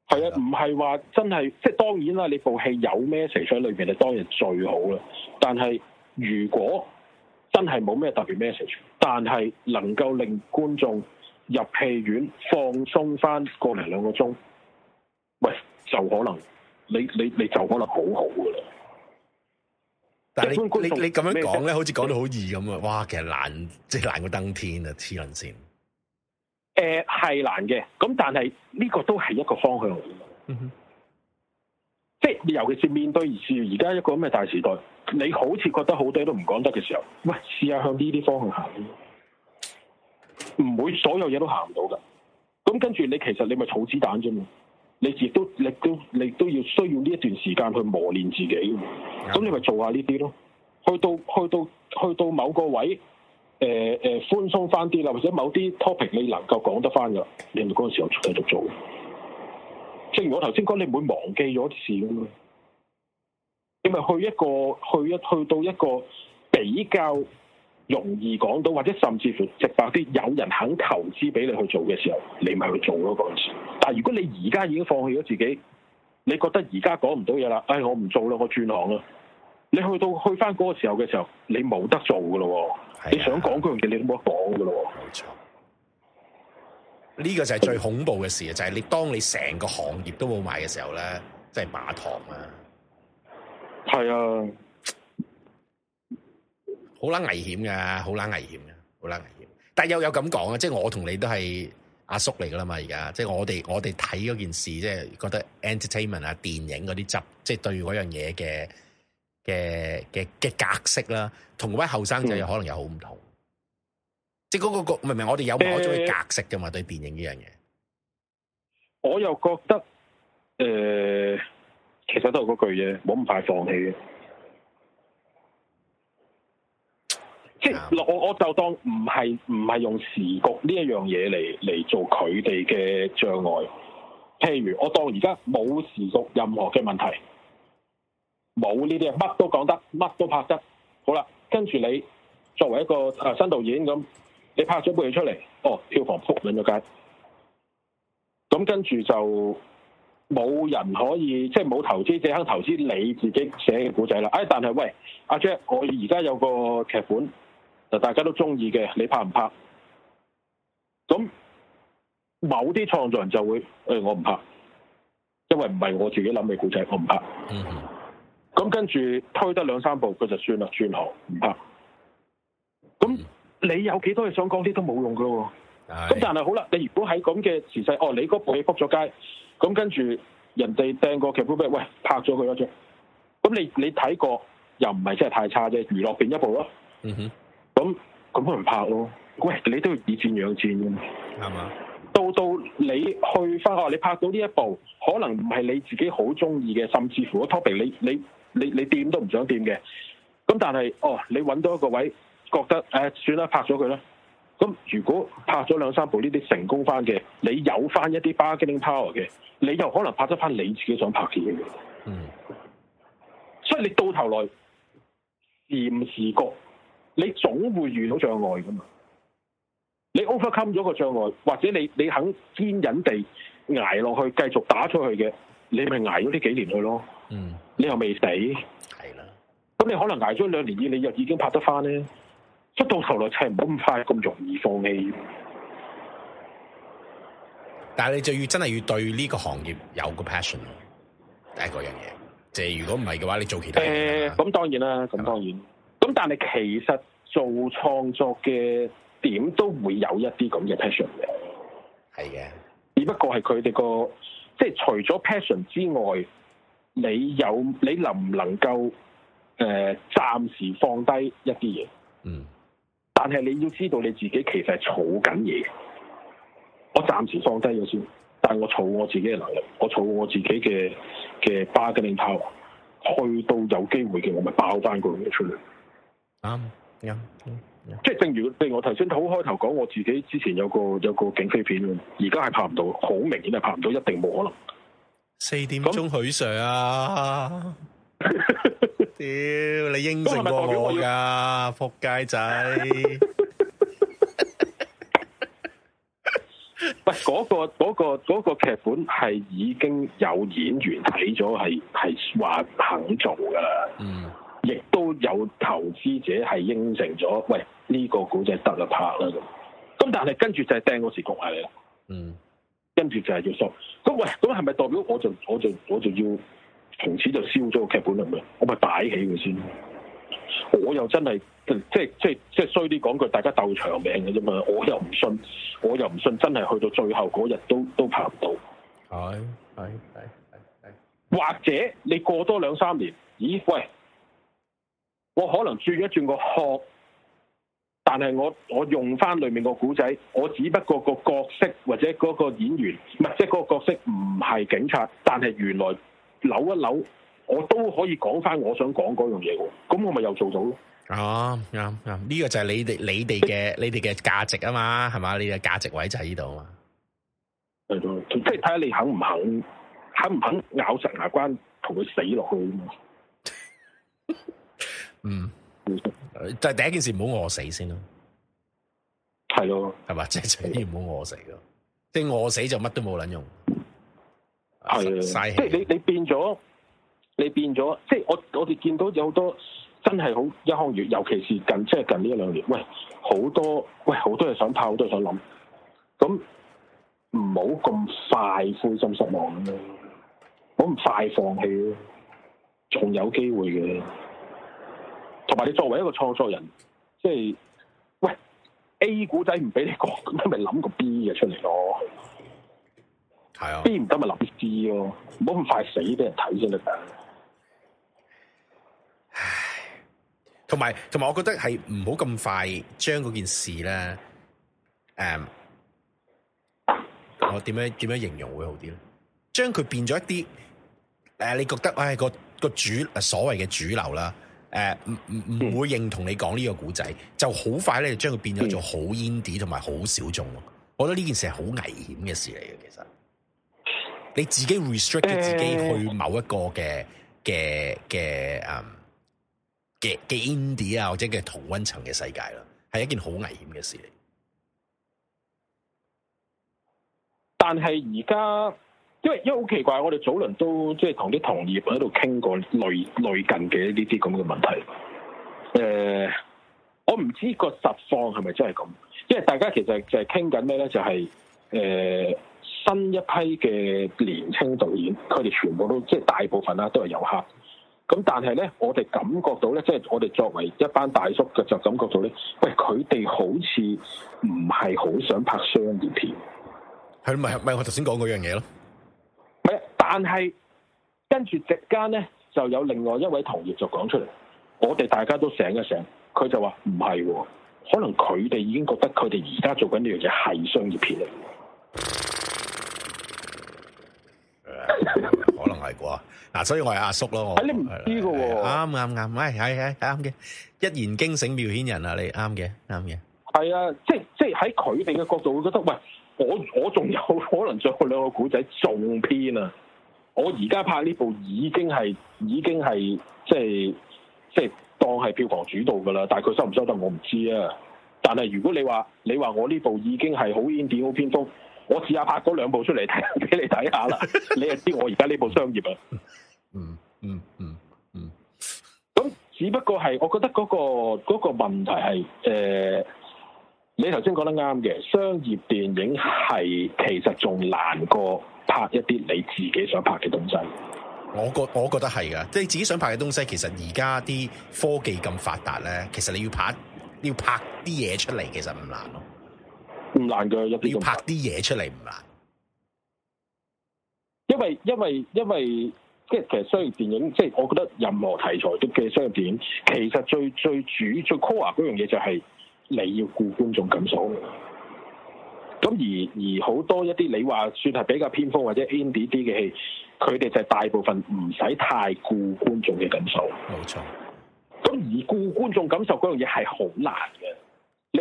係啊，唔係話真係，即係當然啦。你部戲有咩 message 喺裏邊，你當然最好啦。但係如果真係冇咩特別 message，但係能夠令觀眾入戲院放鬆翻個零兩個鐘，喂，就可能你你你就可能好好噶啦。你你咁樣講咧，好似講得好易咁啊！哇，其實難，即係難過登天啊！黐撚線。誒、呃，係難嘅，咁但係呢個都係一個方向。嗯哼。即係你尤其是面對住而家一個咁嘅大時代，你好似覺得好多都唔講得嘅時候，喂，試下向呢啲方向行。唔會所有嘢都行唔到噶。咁跟住你，其實你咪儲子彈啫。你亦都，你都，你都要需要呢一段時間去磨練自己。咁你咪做下呢啲咯。去到，去到，去到某個位，誒、呃、誒、呃，寬鬆翻啲啦，或者某啲 topic 你能夠講得翻嘅，你咪嗰陣時候繼續做。正如我頭先講，你唔會忘記咗啲事嘅嘛。你咪去一個，去一，去到一個比較容易講到，或者甚至乎直白啲，有人肯投資俾你去做嘅時候，你咪去做咯嗰陣時。但係如果你而家已經放棄咗自己，你覺得而家講唔到嘢啦，唉，我唔做啦，我轉行啦。你去到去翻嗰個時候嘅時候，你冇得做噶咯、啊。你想講嗰樣嘢，你都冇得講噶咯。冇錯，呢個就係最恐怖嘅事就係你當你成個行業都冇買嘅時候呢，即係馬塘啊！係啊。好撚危險嘅，好撚危險嘅，好撚危險。但又有咁講啊，即係我同你都係阿叔嚟噶啦嘛，而家即係我哋我哋睇嗰件事，即係覺得 entertainment 啊、電影嗰啲執，即係對嗰樣嘢嘅嘅嘅嘅格式啦，同嗰班後生仔有可能又好唔同。嗯、即係、那、嗰個明明明我哋有某種嘅格式噶嘛，呃、對電影呢樣嘢。我又覺得，誒、呃，其實都係嗰句嘢，冇咁快放棄嘅。即係，我我就當唔係唔係用時局呢一樣嘢嚟嚟做佢哋嘅障礙。譬如我當而家冇時局任何嘅問題，冇呢啲，乜都講得，乜都拍得。好啦，跟住你作為一個、啊、新導演咁，你拍咗部嘢出嚟，哦，票房撲撚咗街。咁跟住就冇人可以，即係冇投資者肯投資你自己寫嘅故仔啦。哎，但係喂，阿、啊、Jack，我而家有個劇本。嗱，大家都中意嘅，你拍唔拍？咁某啲創造人就會，誒、欸，我唔拍，因為唔係我自己諗嘅故仔，我唔拍。咁、嗯、哼跟住推得兩三步，佢就算啦，轉行唔拍。咁、嗯、你有幾多嘢想講，啲都冇用噶喎。咁是但係好啦，你如果喺咁嘅時勢，哦，你嗰部戲撲咗街，咁跟住人哋掟個劇本俾你，喂，拍咗佢一張，咁你你睇過又唔係真係太差啫，娛樂片一部咯。嗯哼。咁咁可能拍咯，喂，你都要以戰養戰嘅嘛，係嘛吧？到到你去翻學，你拍到呢一部，可能唔係你自己好中意嘅，甚至乎個 topic 你你你你掂都唔想掂嘅。咁但係哦，你揾到一個位，覺得誒、呃、算啦，拍咗佢啦。咁如果拍咗兩三部呢啲成功翻嘅，你有翻一啲 bargaining power 嘅，你又可能拍得翻你自己想拍嘅嘢。嗯。所以你到頭來自唔自覺。自你總會遇到障礙㗎嘛？你 overcome 咗個障礙，或者你你肯堅忍地捱落去，繼續打出去嘅，你咪捱咗呢幾年去咯。嗯，你又未死，係啦的。咁你可能捱咗兩年以，以你又已經拍得翻咧。出到頭來砌，真係唔好咁快咁容易放棄。但係你就要真係要對呢個行業有個 passion，第一嗰樣嘢。即係如果唔係嘅話，你做其他嘢。誒、欸，咁當然啦，咁當然。咁但係其實做創作嘅點都會有一啲咁嘅 passion 嘅，係嘅的。只不過係佢哋個即係除咗 passion 之外，你有你能唔能夠誒暫時放低一啲嘢？嗯。但係你要知道你自己其實係儲緊嘢。我暫時放低咗先，但係我儲我自己嘅能力，我儲我自己嘅嘅 bargaining power，去到有機會嘅我咪爆翻嗰樣嘢出嚟。啱，嗯嗯嗯、即係正，正如我頭先好開頭講，我自己之前有個有個警匪片，而家係拍唔到，好明顯係拍唔到，一定冇可能。四點鐘許、嗯、Sir 啊，屌 你應承過我噶仆街仔，唔係嗰個嗰、嗰個、嗰個劇本係已經有演員睇咗，係係話肯做噶啦。嗯亦都有投資者係應承咗，喂呢、呢個故仔得啦拍啦咁，咁但係跟住就係掟嗰時焗埋你啦。嗯，跟住就係要收。咁喂，咁係咪代表我就我就我就要從此就燒咗個劇本啦？唔係，我咪擺起佢先。我又真係、嗯、即即即,即衰啲講句，大家鬥長命嘅啫嘛。我又唔信，我又唔信，真係去到最後嗰日都都拍唔到。係係係係。哎哎哎哎、或者你過多兩三年，咦？喂！我可能轉一轉個殼，但係我我用翻裏面個古仔，我只不過個角色或者嗰個演員，唔係即係嗰個角色唔係警察，但係原來扭一扭，我都可以講翻我想講嗰樣嘢嘅，咁我咪又做到咯。哦、啊，啱啱呢個就係你哋你哋嘅你哋嘅價值啊嘛，係嘛，你嘅價值位就喺呢度啊嘛。係咯，即係睇下你肯唔肯，肯唔肯咬實牙關同佢死落去啊嘛。 嗯，但係第一件事唔好餓死先咯，係咯的，係嘛吧，即係唔好餓死咯，即係餓死就乜都冇撚用，係的，即係費你你變咗，你變咗，即係、就是、我我哋見到有好多真係好一腔熱，尤其是近即係、就是、近呢一兩年，喂，好多喂好多嘢想拍，好多嘢想諗，咁唔好咁快灰心失望咁咯，唔好咁快放棄咯，仲有機會嘅。同埋你作為一個創作人，即係喂 A 故仔唔俾你講，咁咪諗個 B 嘅，出嚟咯。係啊，B 唔得咪諗個 C 咯，唔好咁快死俾人睇先得噶。唉，同埋同埋，我覺得係唔好咁快將嗰件事咧，誒， 我點樣點樣形容會好啲咧？將佢變咗一啲誒，你覺得唉，個個主所謂嘅主流啦。誒，唔唔唔會認同你講呢個故仔，嗯、就好快咧就將佢變咗做好 indie 同埋好小眾咯。我覺得呢件事係好危險嘅事嚟嘅，其實你自己 restrict 自己去某一個嘅嘅嘅誒嘅嘅 indie 啊，呃嗯、indie, 或者嘅同温層嘅世界啦，係一件好危險嘅事嚟。但係而家。因為因為好奇怪，我哋早輪都即係同啲同業喺度傾過類類近嘅呢啲咁嘅問題。誒、呃，我唔知個實況係咪真係咁，因為大家其實就係傾緊咩咧？就係、是、誒、呃、新一批嘅年青導演，佢哋全部都即係、就是、大部分啦，都係遊客。咁但係咧，我哋感覺到咧，即、就、係、是、我哋作為一班大叔嘅就感覺到咧，喂，佢哋好似唔係好想拍商業片。係咪係咪我頭先講嗰樣嘢咯？但係跟住，席間咧就有另外一位同業就講出嚟，我哋大家都醒一醒，佢就話唔係，可能佢哋已經覺得佢哋而家做緊呢樣嘢係商業片嚟。」 可能係啩？嗱，所以我係阿叔咯。你唔知嘅喎，啱啱啱，係係係啱嘅，一言驚醒妙先人啊！你啱嘅，啱嘅，係啊，即即喺佢哋嘅角度會覺得，喂，我我仲有可能再有兩個古仔仲偏啊！我而家拍呢部已經係，已經係，即係，即係當係票房主導噶啦。但係佢收唔收得我唔知啊。但係如果你話，你話我呢部已經係好煙點好偏鋒，我試下拍嗰兩部出嚟俾你睇下啦。 你又知我而家呢部商業啊、 嗯？嗯嗯嗯嗯。咁、嗯、只不過係，我覺得嗰、那個嗰、那個問題係，誒、呃，你頭先講得啱嘅，商業電影係其實仲難過。拍一啲你自己想拍嘅東西，我覺我覺得係噶，即係自己想拍嘅東西。其實而家啲科技咁發達咧，其實你要拍要拍啲嘢出嚟，其實唔難咯，唔難噶，有啲要拍啲嘢出嚟唔難，因為因為因為即係其實商業電影，即係我覺得任何題材都嘅商業電影，其實最最主最 core 嗰樣嘢就係你要顧觀眾感受。咁而而好多一啲你話算係比較偏鋒或者 indie 啲嘅戲，佢哋就大部分唔使太顧觀眾嘅感受。冇錯。咁而顧觀眾感受嗰樣嘢係好難嘅，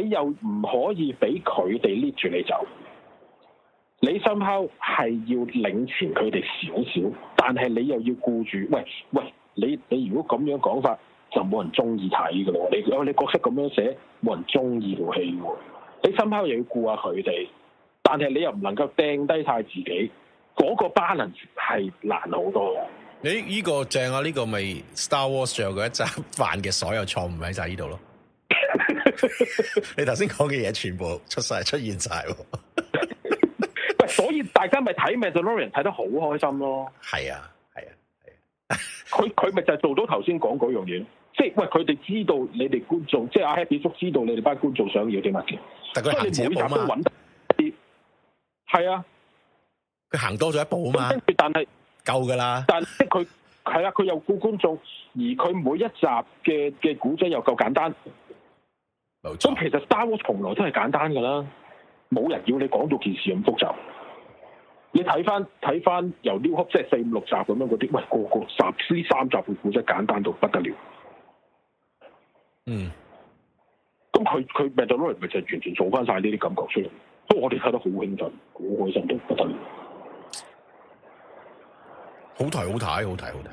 你又唔可以俾佢哋 lead 住你走。你深拋係要領前佢哋少少，但係你又要顧住，喂喂，你你如果咁樣講法，就冇人中意睇噶咯。你哦，你角色咁樣寫，冇人中意套戲喎。你深刻又要顧下佢哋，但係你又唔能夠掟低晒自己，嗰、那個 balance 係難好多。你呢個正啊，呢、這個咪 Star Wars 最後一集犯嘅所有錯誤喺晒呢度咯。 你頭先講嘅嘢全部出晒，出現晒。喂 所以大家咪睇《Mandalorian》睇得好開心咯。係啊，係啊，係啊。佢佢咪就係做到頭先講嗰樣嘢咯。即係喂，佢哋知道你哋觀眾，即係阿 Happy 叔知道你哋班觀眾想要啲乜嘢，但佢你每集都揾得啲。係啊，佢行多咗一步啊嘛。但係是夠噶啦但即係佢係啊，佢又顧觀眾，而佢每一集嘅嘅古仔又夠簡單。咁錯其實 Star Wars 從來都係簡單噶啦，冇人要你講到件事咁複雜。你睇翻睇翻由 New Hope 即係四五六集咁樣嗰啲，喂個個十、三集嘅古仔簡單到不得了。嗯，咁佢佢 m a d e 咪就完全做翻晒呢啲感覺出嚟，不過我哋睇得好興奮，好開心，好得意，好睇好睇好睇好睇。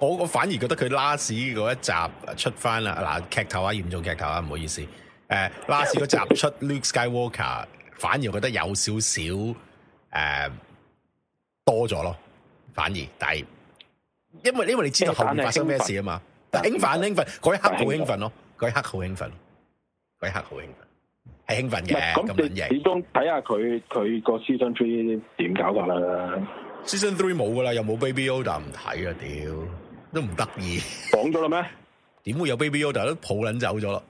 我我反而覺得佢 last 嗰一集出翻啦，嗱，劇透啊，嚴重劇透啊，唔好意思。誒，last 嗰集出 Luke Skywalker，反而覺得有少少誒、呃、多咗咯，反而，但係因為因為你知道後面發生咩事啊嘛。興奮興奮，嗰文一刻好興奮咯，嗰一刻好興奮，嗰一刻好興奮，係興奮嘅。咁你始終睇下佢佢個 season three 點搞法啦。season three 冇噶啦，又冇 Baby Yoda 唔睇啊！屌，都唔得意。講咗啦咩？點 會有 Baby Yoda 都抱捻走咗啦？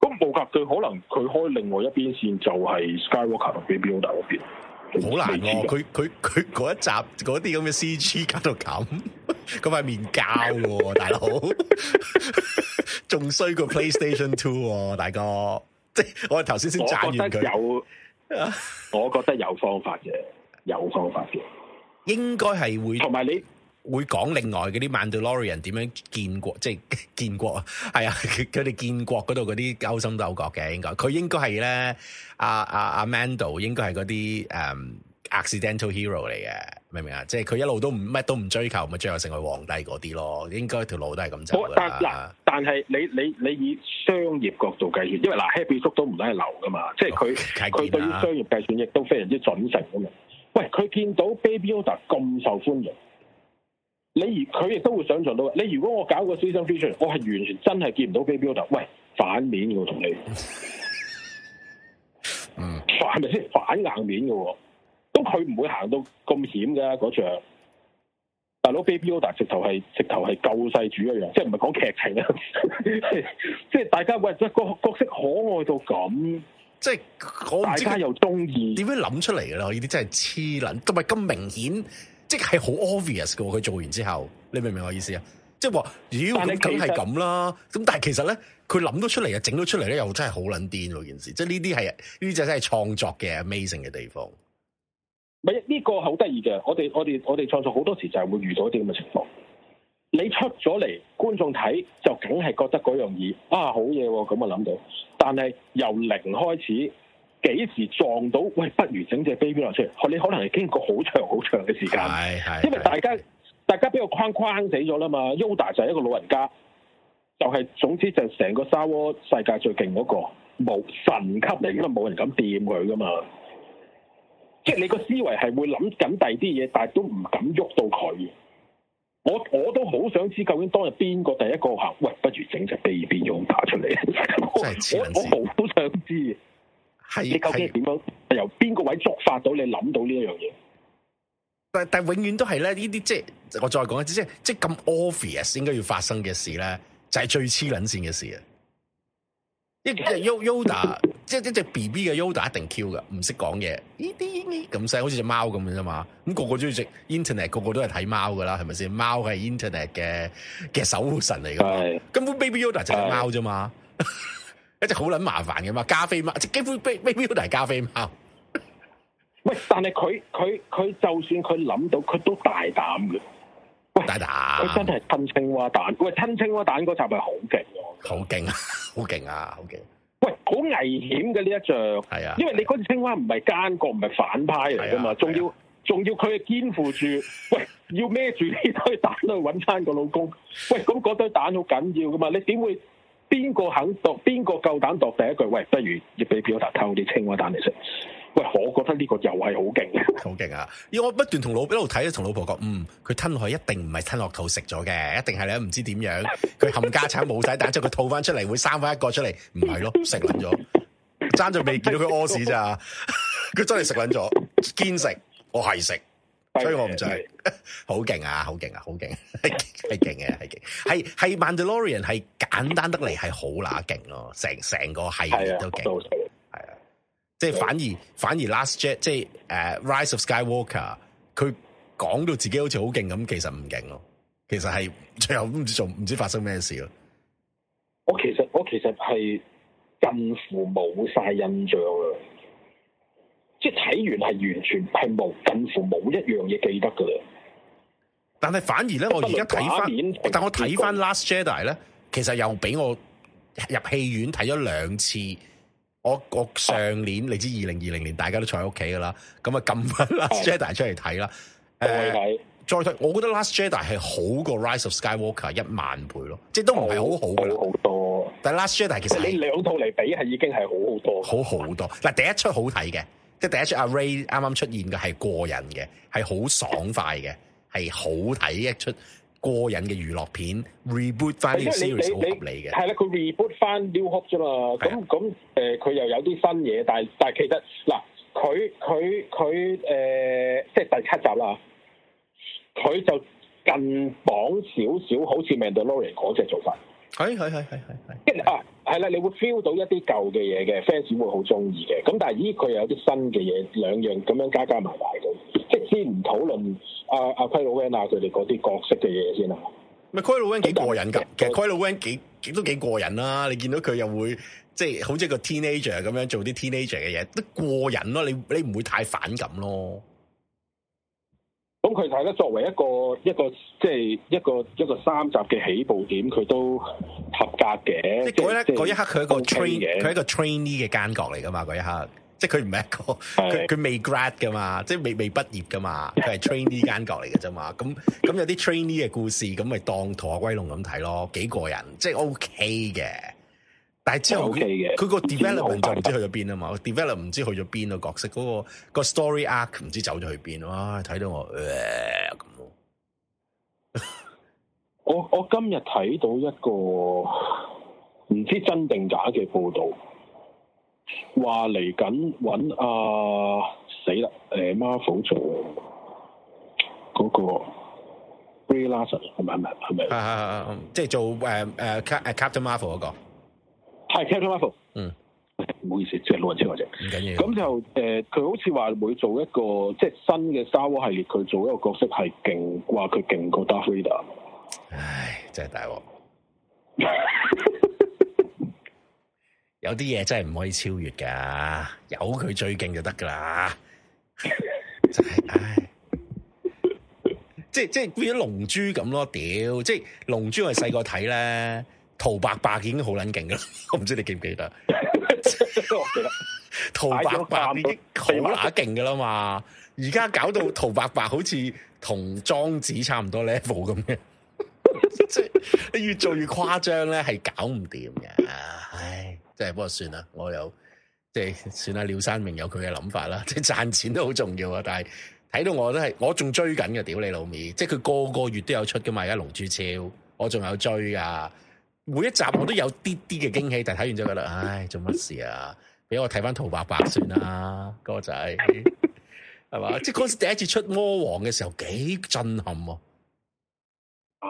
咁冇夾佢，佢可能佢開另外一邊線就係、是、Skywalker 同 Baby Yoda 嗰邊。好難喎，啊！佢佢佢嗰一集嗰啲咁嘅 C G 搞到咁，咁塊面膠喎大佬，仲衰過 PlayStation Two 大哥，即 係、啊、 我頭先先讚完佢。我覺得有，我覺得有方法嘅，有方法嘅，應該係會同埋你。會講另外嗰啲《Mandalorian》點樣建國，即係建國，係啊，佢哋建國嗰度嗰啲勾心鬥角嘅，應該佢應該係咧，阿阿阿 Mando 應該係嗰啲誒、嗯、accidental hero 嚟嘅，明唔明啊？即係佢一路都乜都唔追求，咪最後成為皇帝嗰啲咯，應該條路都係咁走噶啦。但係你你你以商業角度計算，因為嗱，Happy 叔都唔使係流噶嘛，即係佢佢對於商業計算亦都非常之準繩噶嘛。喂，佢見到 Baby Yoda 咁受歡迎。你而佢亦都會想像到，你如果我搞個 season feature 我係完全真係見唔到 Baby Yoda 喂，反面嘅喎，同你， 嗯，係咪先反硬面嘅喎？咁佢唔會行到咁險嘅嗰場。大佬 Baby Yoda 直頭係直頭係救世主一樣，即係唔係講劇情啊？ 即大家喂，即係個角色可愛到咁，即係大家又中意。點樣諗出嚟嘅啦？呢啲真係黐撚，同埋咁明顯。即係好 obvious 嘅喎，佢做完之後，你明唔明我意思啊？即係話，如果咁梗係咁啦。咁但係其實咧，佢諗到出嚟啊，整到出嚟咧，又真係好撚癲喎！件事即係呢啲係呢隻真係創作嘅 amazing 嘅地方。唔呢、呢個好得意嘅，我哋我哋我哋創作好多時就係會遇到啲咁嘅情況。你出咗嚟，觀眾睇就梗係覺得嗰、啊哦、樣嘢啊好嘢喎！咁我諗到，但係由零開始。幾時撞到？喂，不如整隻 baby 落是出嚟？你可能係經過好長好長嘅時間，因為大家大家俾個框框死咗啦嘛。Yoda 就係一個老人家，就係、是、總之就係成個沙窩世界最勁嗰個，冇神級嚟，咁啊冇人敢掂佢噶嘛。 即係你個思維係會諗緊第二啲嘢，但係都唔敢喐到佢。我我都好想知究竟當日邊個第一個行？喂，不如整隻 baby、Yoda、出嚟？真係黐線 我好想知。係你究竟點樣？係由邊個位觸發到你諗到呢一樣嘢？但但永遠都係咧呢啲即係我再講一次，即係即係咁 obvious 應該要發生嘅事咧，就係、是、最黐撚線嘅事啊！一隻 Yoda 即係 一隻 B B 嘅 Yoda 一定 Q 噶，唔識講嘢，呢啲咁細，好似隻貓咁嘅啫嘛。咁、那個個中意食 Internet，個個都係睇貓噶啦，係咪先？貓係 Internet 嘅嘅守護神嚟噶嘛？根本 Baby Yoda 就係貓啫嘛。 一隻好捻麻煩嘅嘛，加菲貓，幾乎咩咩喵都係加菲貓。喂，但係佢佢佢，就算佢諗到，佢都大膽嘅。大膽，佢真係吞青蛙蛋。喂，吞青蛙蛋嗰集係咪好勁？好勁啊，好勁啊，好勁！喂，好危險嘅呢一仗。係啊，因為你嗰隻青蛙唔係奸角，唔係反派嚟噶嘛，仲要、啊、仲要、啊、佢肩負住，喂，要孭住呢堆蛋去搵翻個老公。喂，咁嗰堆蛋好緊要噶嘛？你點會？邊個肯度？邊個夠膽度？第一句喂，不如要俾表哥偷啲青蛙蛋嚟食。喂，我覺得呢個又係好勁嘅，好勁啊！要我不斷同老，一路睇，同老婆講，嗯，佢吞落去一定唔係吞落肚食咗嘅，一定係你唔知點樣。佢冚家產冇仔蛋，即係佢吐翻出嚟會生翻一個出嚟，唔係咯？食撚咗，爭就未見到佢屙屎咋？佢 真係食撚咗，堅食，我係食。所以我唔追，好勁的 啊，好勁啊，好勁啊，係係勁嘅，係勁，係係《曼達洛人》係簡單得嚟，係好乸勁咯，成成個系列都勁，係啊的，即係反而反而《反而 Last Jedi》即係誒《uh, Rise of Skywalker》，佢講到自己好似好勁咁，其實唔勁咯，其實係最後都唔知做唔知發生咩事咯。我其實我其實係近乎冇晒印象啦。即係睇完係完全係冇近乎冇一樣嘢記得噶啦，但係反而咧，我而家睇翻，但我睇翻 Last Jedi 咧，其實又俾我入戲院睇咗兩次我。我我上年，啊、你知二零二零年大家都坐喺屋企噶啦，咁啊，撳翻 Last Jedi 出嚟睇啦。啊、再睇，我覺得 Last Jedi 係好過 Rise of Skywalker 一萬倍咯，即係都唔係好好噶啦，好多，好多但。但係 Last Jedi 其實係你兩套嚟比係已經係好好多好好多，好好多。嗱，第一出好睇嘅。即第一出阿 Ray 啱啱出現嘅係過癮嘅，係好爽快嘅，係好睇一出過癮嘅娛樂片 reboot 翻呢個 series 好合理嘅，係啦佢 reboot 翻 New Hope 啫嘛，咁咁誒佢又有啲新嘢，但係但係其實嗱，佢佢佢誒即第七集啦，佢就近榜少少，好似 Mandalorian 嗰隻做法。係係係係係，跟住啊係啦，你會 feel 到一啲舊嘅嘢嘅 fans 會好中意嘅，咁但係咦，佢又有啲新嘅嘢，兩樣咁樣加加埋埋咁，即係先唔討論阿阿奎魯安啊佢哋嗰啲角色嘅嘢先啦。咪奎魯安幾過癮噶，其實奎魯安幾幾都幾過癮啦。你見到佢又會即係好似個 teenager 咁樣做啲 teenager 嘅嘢，都過癮咯。你你唔會太反感咯。佢睇咧，作為一個一個即係一個一個，一個三集嘅起步點，佢都合格嘅。因為咧嗰一刻佢係一個 train 佢係一個 trainee 嘅間角嚟噶嘛。嗰一刻即係佢唔係一個，佢佢是未 grad 噶嘛，即係未未畢業噶嘛。佢係 trainee 間角嚟嘅啫嘛。咁咁 有啲 trainee 嘅故事，咁咪當《逃學威龍》咁睇咯，幾個人，即係 OK 嘅。但係之後佢佢個 development 就唔知去咗邊啊嘛，development 唔知去咗邊個角色，嗰、那個、那個 story arc 唔知走咗去邊，哇！睇到我咁、呃， 我我今日睇到一個唔知真定假嘅報道，話嚟緊搵阿死啦，誒、啊啊、Marvel 做嗰、那個 Brie Larson 係咪係咪係咪？係即係做誒誒、啊啊、Captain Marvel 嗰、那個。係、yes, 嗯，唔好意思，即係老人超嗰隻，唔緊要，咁就誒，佢、嗯呃、好似話會做一個即係新嘅 Star Wars 系列，佢做一個角色係勁，話佢勁過 Dark Vader。唉，真係大鑊！ 有啲嘢真係唔可以超越噶，有佢最勁就得噶啦。 就係、是，唉， 即係即係變咗龍珠咁咯。屌，即係龍珠係細個睇咧。桃白白已經好撚勁噶啦，我唔知你記唔記得？桃白白已經好乸勁噶啦嘛，而家搞到桃白白好似同莊子差唔多 level 咁嘅，即係你越做越誇張咧，係搞唔掂嘅。唉，即係不過算啦，我有，即係算啦。廖山明有佢嘅諗法啦，即係賺錢都好重要啊。但係睇到我都係，我仲追緊嘅，屌你老味！即係佢個個月都有出噶嘛，而家龍珠超，我仲有追啊。每一集我都有啲啲嘅驚喜，但睇完就覺得，唉，做乜事啊？俾我睇翻《圖白白》算啦，哥仔係嘛？ 即係嗰時第一次出魔王嘅時候幾震撼喎、啊。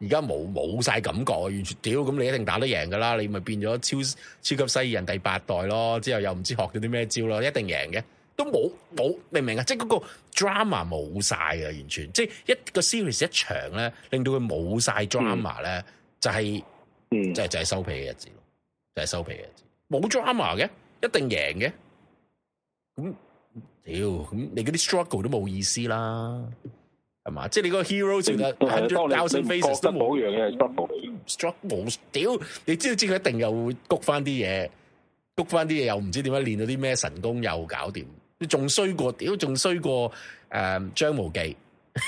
而家冇冇晒感覺啊！完全屌，咁你一定打得贏噶啦！你咪變咗超超級西人第八代咯，之後又唔知學咗啲咩招咯，一定贏嘅，都冇冇明唔明啊？即係嗰、那個 drama 冇晒啊，完全即係一個 series 一場咧，令到佢冇晒 drama 咧，嗯、就係、是。就係就係收皮嘅日子咯，就係、是、收皮嘅日子，冇 drama 嘅，一定贏嘅。咁、嗯，屌，咁你嗰啲 struggle 都冇意思啦，係嘛？即係你個 hero 其、嗯、100, 當你係多交心 face，得冇一樣嘢得冇。struggle 屌，屌，你知唔知佢一定又會谷翻啲嘢，谷翻啲嘢又唔知點解練到啲咩神功又搞掂，你仲衰過屌，仲衰過誒張、呃、無忌。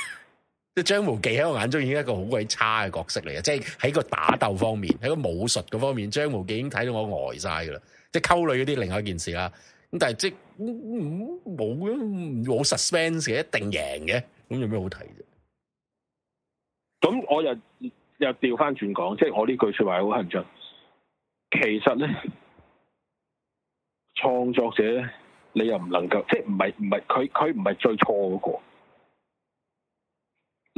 即係張無忌喺我眼中已經係一個好鬼差嘅角色嚟嘅，即係喺個打鬥方面，喺個武術嗰方面，張無忌已經睇到我呆晒噶啦，即係溝女嗰啲另外一件事啦。咁但係即係冇嘅，冇 suspense 嘅，一定贏嘅，咁有咩好睇啫？咁我又又調翻轉講，即係我呢句說話好狠盡。其實咧，創作者呢，你又唔能夠，即係唔係唔係佢佢唔係最錯嗰個。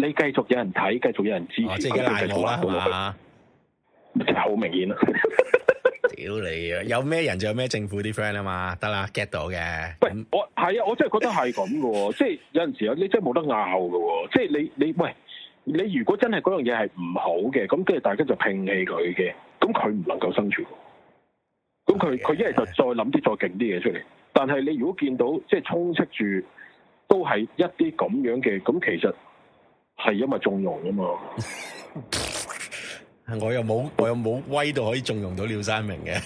你繼續有人睇，繼續有人支持，哦、即係賴我啦，係嘛吧？真係好明顯啦！ 屌你啊！有咩人就有咩政府啲 friend 啊嘛？了得啦，get 到嘅。喂，那我係啊，我真係覺得係咁嘅，即係有陣時啊，你真係冇得拗嘅，即係你你喂，你如果真係嗰樣嘢係唔好嘅，咁跟住大家就摒棄佢嘅，咁佢唔能夠生存。咁佢佢一係就再諗啲再勁啲嘢出嚟，但係你如果見到即係充斥住都係一啲咁樣嘅，咁其實。係因為縱容啊嘛，我又冇我又冇威到可以縱容到廖山明嘅。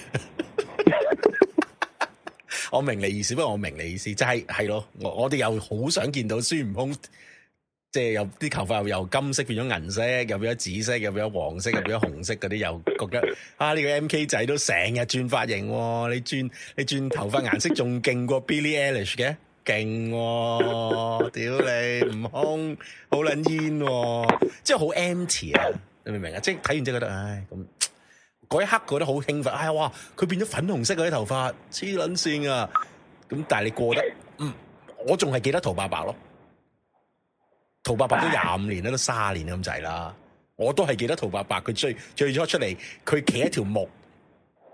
我明你意思，不過我明你意思就係係咯，我我哋又好想見到孫悟空，即係有啲頭髮又由金色變咗銀色，又變咗紫色，又變咗黃色，又變咗紅色嗰啲，又覺得啊呢個 MK 仔都成日轉髮型，你轉你轉頭髮顏色仲勁過 Billie Eilish 嘅。勁喎、啊，屌你，悟空好撚煙喎，真係好 empty 啊！你明唔明啊？即係睇完即係覺得，唉，咁嗰一刻覺得好興奮，唉哇！佢變咗粉紅色嗰啲頭髮，黐撚線啊！咁但係你過得，嗯，我仲係記得陶伯伯咯，陶伯伯都廿五年啦，都卅年咁滯啦，我都係記得陶伯伯，佢最最初出嚟，佢企一條木。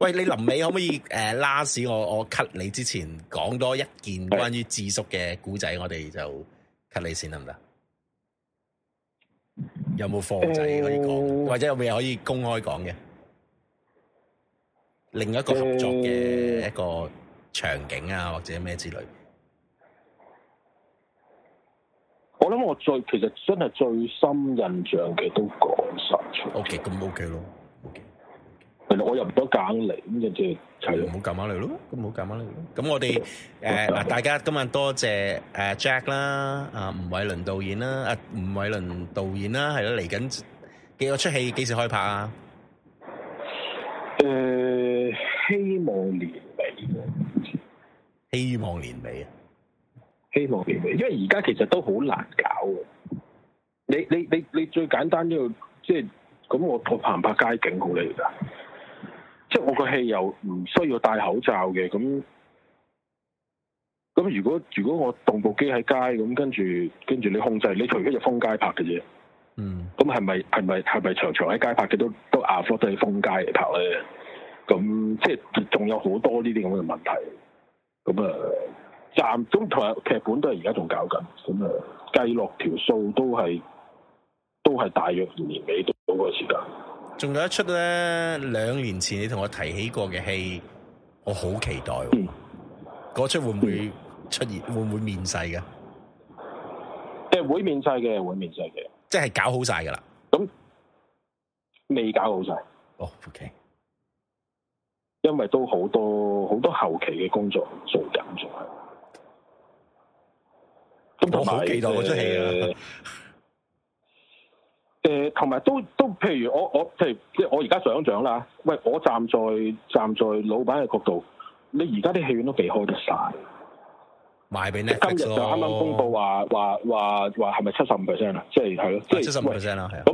喂，你臨尾可唔可以誒，拉、呃、屎我我 cut 你之前講多一件關於智叔嘅古仔，的我哋就 cut 你先得唔得？有冇貨仔可以講，欸、或者有咩可以公開講嘅？另一個合作嘅一個場景啊，欸、或者咩之類？我諗我最其實真係最深印象嘅都講晒出嚟。O K，咁 O K 咯。我又唔多隔籬，咁就即、是、係，齊唔好夾埋嚟咯，咁唔好夾埋嚟咁我哋誒，大家今日多謝誒 Jack 啦、呃，阿吳煒倫導演啦，阿吳煒倫導演啦，係咯、呃，嚟緊幾嗰出戲幾時開拍啊？誒、呃，希望年尾，希望年尾啊，希望年尾，因為而家其實都好難搞嘅。你你你你最簡單呢個，即係咁我我拍唔拍街景好你。而即係我個戲又唔需要戴口罩嘅，咁咁如果如果我動部機喺街咁，跟住跟住你控制，你除咗就封街拍嘅啫。嗯。咁係咪係咪係咪長長喺街拍嘅都都亞科都係封街嚟拍咧？咁即係仲有好多呢啲咁嘅問題。咁啊，暫咁，同埋劇本都係而家仲搞緊。咁啊，計落條數都係都係大約年尾到嗰個時間。仲有一出咧，兩年前你同我提起過嘅戲，我好期待、啊。嗯，嗰出會唔會出現？嗯、會唔會面世嘅？即係會面世嘅，會面世嘅。即係搞好晒㗎喇。咁未、嗯、搞好晒，哦、oh, OK。因為都好多好多後期嘅工作做緊，仲係。我好期待嗰出戲啊！呃 誒，同埋、呃、都都譬，譬如我我即係即我而家想一場啦喂，我站在站在老闆嘅角度，你而家啲戲院都幾開得晒。賣俾 Netflix 今日就啱啱公布話係咪七十五 percent 啊？即係係咯，即係七十五 percent 啦。咁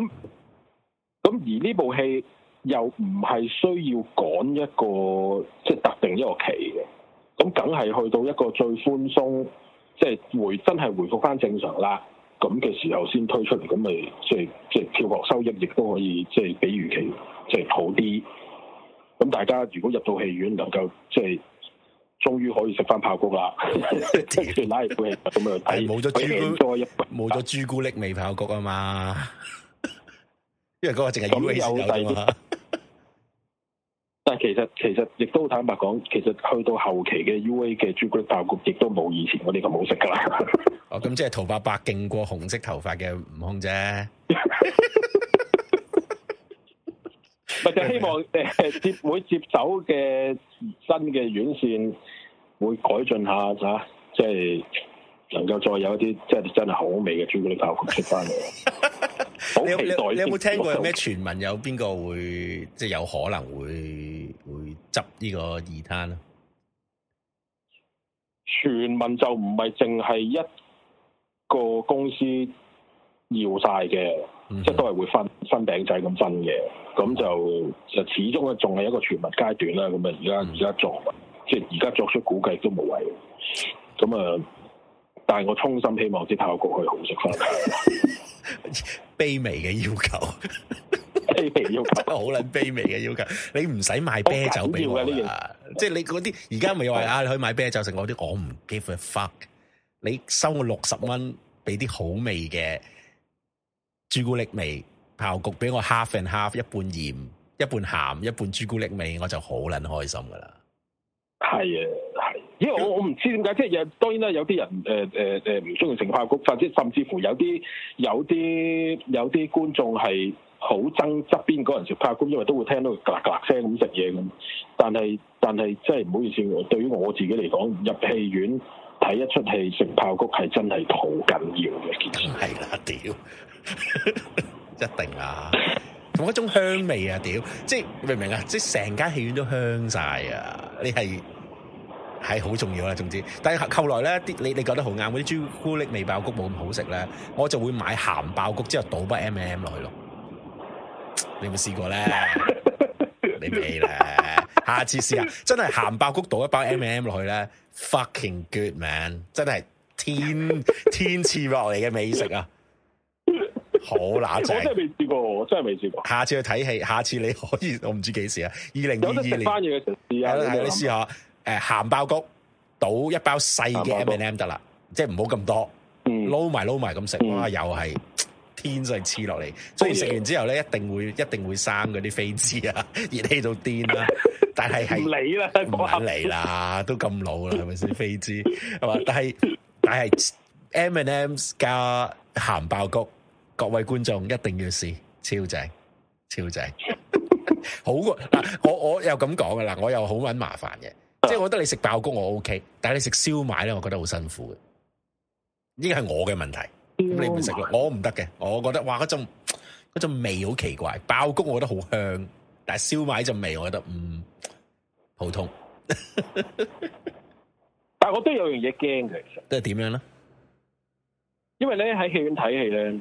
咁、啊、喂的而呢部戲又唔係需要趕一個即係、就是、特定一個期嘅，咁梗係去到一個最寬鬆，即、就、係、是、回真係回復翻正常啦。咁嘅時候先推出嚟，咁咪即係即係票房收益亦都可以即係、就是、比預期即係、就是、好啲。咁大家如果入到戲院，能夠即係終於可以食翻爆谷啦，即係攋起杯咁樣睇，冇咗朱古，冇咗朱古力味爆谷啊嘛， 因為嗰個淨係 U A C 有嘛。 但係其實其實亦都坦白講，其實去到後期嘅 U A 嘅朱古力爆谷，亦都冇以前我哋咁好食噶啦。哦，咁即係淘伯伯勁過紅色頭髮嘅悟空啫。或者 希望誒接 會接手嘅新嘅院線會改進下，咋即係。能夠再有一啲即係真係好味嘅朱古力豆腐出翻嚟 ，好期待。你有冇聽過咩傳聞？有邊個會即係有可能會會執呢個二攤啊？傳聞就唔係淨係一個公司要晒，嘅，即係都係會分分餅仔咁分嘅。咁就就始終咧，仲係一個傳聞階段啦。咁啊，而家而家作即係而家作出估計都冇謂，咁啊。呃但係我衷心希望啲爆谷可以好食翻，卑微嘅要求，卑微要求都好捻卑微嘅要求。你唔使買啤酒俾我啦，即係你嗰啲而家咪話啊，你可以買啤酒食我啲，我唔 give fuck。你收我六十蚊，俾啲好味嘅朱古力味爆谷，俾我 half and half，一半鹽，一半鹹，一半朱古力味，我就好捻開心噶啦。係啊。咦！因為我我唔知點解，即係有當然啦，有啲人誒誒誒唔中意食爆谷，甚至甚至乎有啲有啲有啲觀眾係好憎側邊個人食爆谷，因為都會聽到嘎嘎聲咁食嘢咁。但係但係，真係唔好意思，對於我自己嚟講，入戲院睇一出戲食爆谷係真係好緊要嘅一件事。係啦，屌， 一定啊！ 一種香味啊，屌！即係明唔明啊？即係成間戲院都香晒啊！你係。係好重要啦，總之，但係後來咧，啲你你覺得好硬嗰啲朱古力味爆谷冇咁好食咧，我就會買鹹爆谷之後倒一包 M M 落去咯。你有冇試過咧？ 你未咧？下次試下，真係鹹爆谷倒一包 M M 落去咧 ，fucking good man！真係天天賜落嚟嘅美食啊！好乸正，真係未試過，我真係未試過。下次去睇戲，下次你可以，我唔知幾時啊。二零二二年，有得食翻嘢就試下啦，你試下。誒，咸爆谷倒一包細嘅 M and M 得啦，即係唔好咁多，撈埋撈埋咁食，哇！又係天上黐落嚟，所以食完之後咧，一定會一定會生嗰啲痱滋啊，熱氣到癲啦！但係係唔理啦，唔肯嚟啦，都咁老啦，係咪先痱滋係嘛？但係但係 M and M 加咸爆谷，各位觀眾一定要試，超正超正，好嗱！我我又咁講嘅嗱，我又好搵麻煩嘅。即係我覺得你食爆谷我 OK，但係你食燒賣咧，我覺得好辛苦嘅。呢個係我嘅問題，你唔食，我唔得嘅。我覺得哇，嗰陣陣味好奇怪，爆谷我覺得好香，但係燒賣陣味我覺得唔普通。 但係我都有樣嘢驚嘅，其實都係點樣咧？因為咧喺戲院睇戲咧，誒、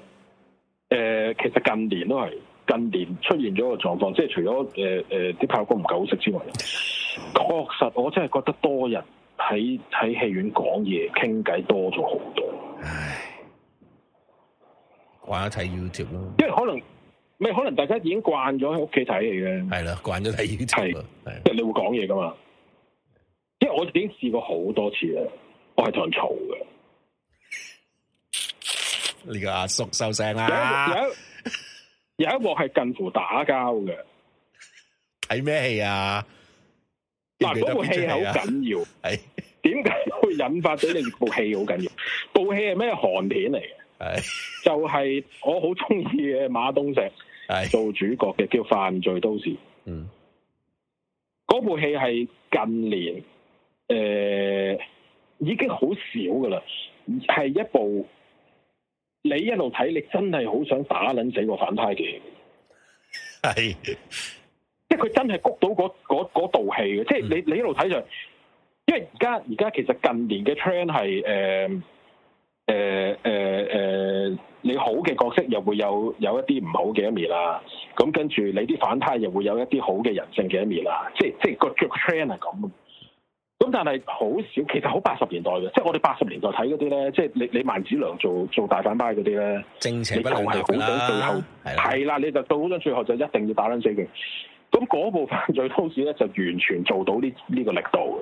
呃，其實近年都係近年出現咗個狀況，即係除咗誒誒啲爆谷唔夠好食之外。 確實，我真係覺得多人喺喺戲院講嘢、傾偈多咗好多。唉，慣咗睇 YouTube 咯。因為可能咩？可能大家已經慣咗喺屋企睇戲嘅。係啦，慣咗睇 YouTube。即係、就是、你會講嘢噶嘛？的因為我已經試過好多次啦，我係同人嘈嘅。呢個阿叔收聲啦！有，有一幕係近乎打交嘅。睇咩戲啊？嗱，嗰部戲好緊要，點解會引發俾你部戲好緊要？ 部戲係咩韓片嚟嘅？係 就係我好中意嘅馬東石做主角嘅，叫《犯罪都市》。嗯，嗰部戲係近年誒、呃、已經好少噶啦，係一部你一路睇，你真係好想打捻死個反派嘅。係。 佢真係谷到嗰嗰嗰道戲嘅，即係你你一路睇就，因為而家而家其實近年嘅 trend 係誒誒、呃、誒誒、呃呃呃，你好嘅角色又會有有一啲唔好嘅一面啦，咁跟住你啲反派又會有一啲好嘅人性嘅一面啦，即係即係個個 trend 係咁，咁但係好少，其實好八十年代嘅，即係我哋八十年代睇嗰啲咧，即係你你萬梓良做做大反派嗰啲咧，正邪不兩立啦，係啦、啊，你就到咗最後就一定要打撚死佢。咁嗰部犯罪都市咧，就完全做到呢呢個力度，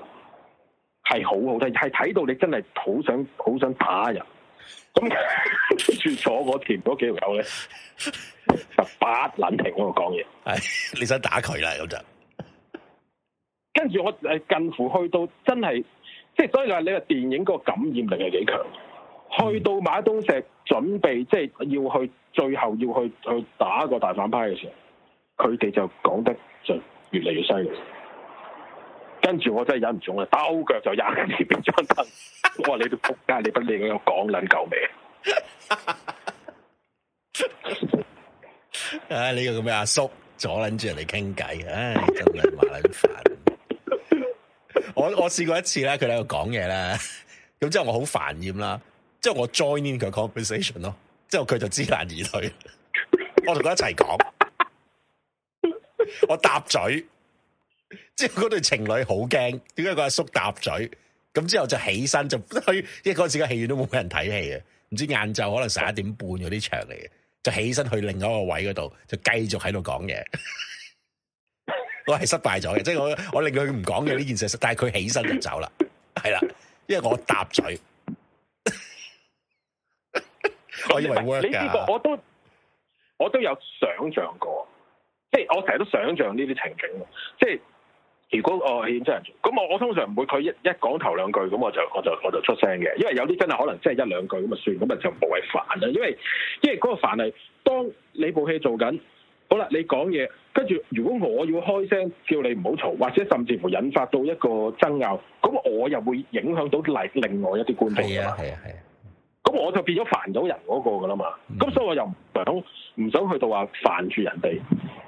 係好好睇，係睇到你真係好想好想打人。咁住坐我前嗰幾條友咧，八撚停喺度講嘢。 你想打佢啦，有陣，跟住我誒近乎去到真係，即係所以話，你話電影個感染力係幾強，去到馬東石準備即係要去最後要去去打個大反派嘅時候。佢哋就講得就越嚟越犀利。跟住我真係忍唔住啦，兜腳就踹佢邊張凳。我話你都仆街，你唔理我講捻夠未？啊、 哎！你個叫咩阿叔？阻捻住人哋傾偈，唉、哎，真係麻捻煩。我我試過一次咧，佢喺度講嘢咧，咁之後我好煩厭啦，之後我 join in 佢 conversation 咯，之後佢就知難而退，我同佢一齊講。我搭嘴，之後嗰對情侶好驚，點解個阿叔搭嘴？咁之後就起身，就去，因為嗰時個戲院都冇人睇戲嘅，唔知晏晝可能十一點半嗰啲場嚟嘅，就起身去另外一個位嗰度，就繼續喺度講嘢。我係失敗咗嘅，即係我我令佢唔講嘅呢件事，但係佢起身就走啦，係啦，因為我搭嘴，你 我以為 work 嘅，你呢個我都我都有想象過即係 我成日都想象呢啲情景，即係如果我演、啊、真人，咁我我通常唔會佢一一講頭兩句，咁我就我就我就出聲嘅，因為有啲真係可能真係一兩句咁啊算，咁啊就無謂煩啦，因為因為嗰個煩係當你部戲做緊，好啦，你講嘢，跟住如果我要開聲叫你唔好嘈，或者甚至乎引發到一個爭拗，咁我又會影響到另另外一啲觀眾噶嘛。係啊，係啊。咁我就變咗煩到人嗰個噶啦嘛，咁所以我又唔想唔想去到話煩住人哋。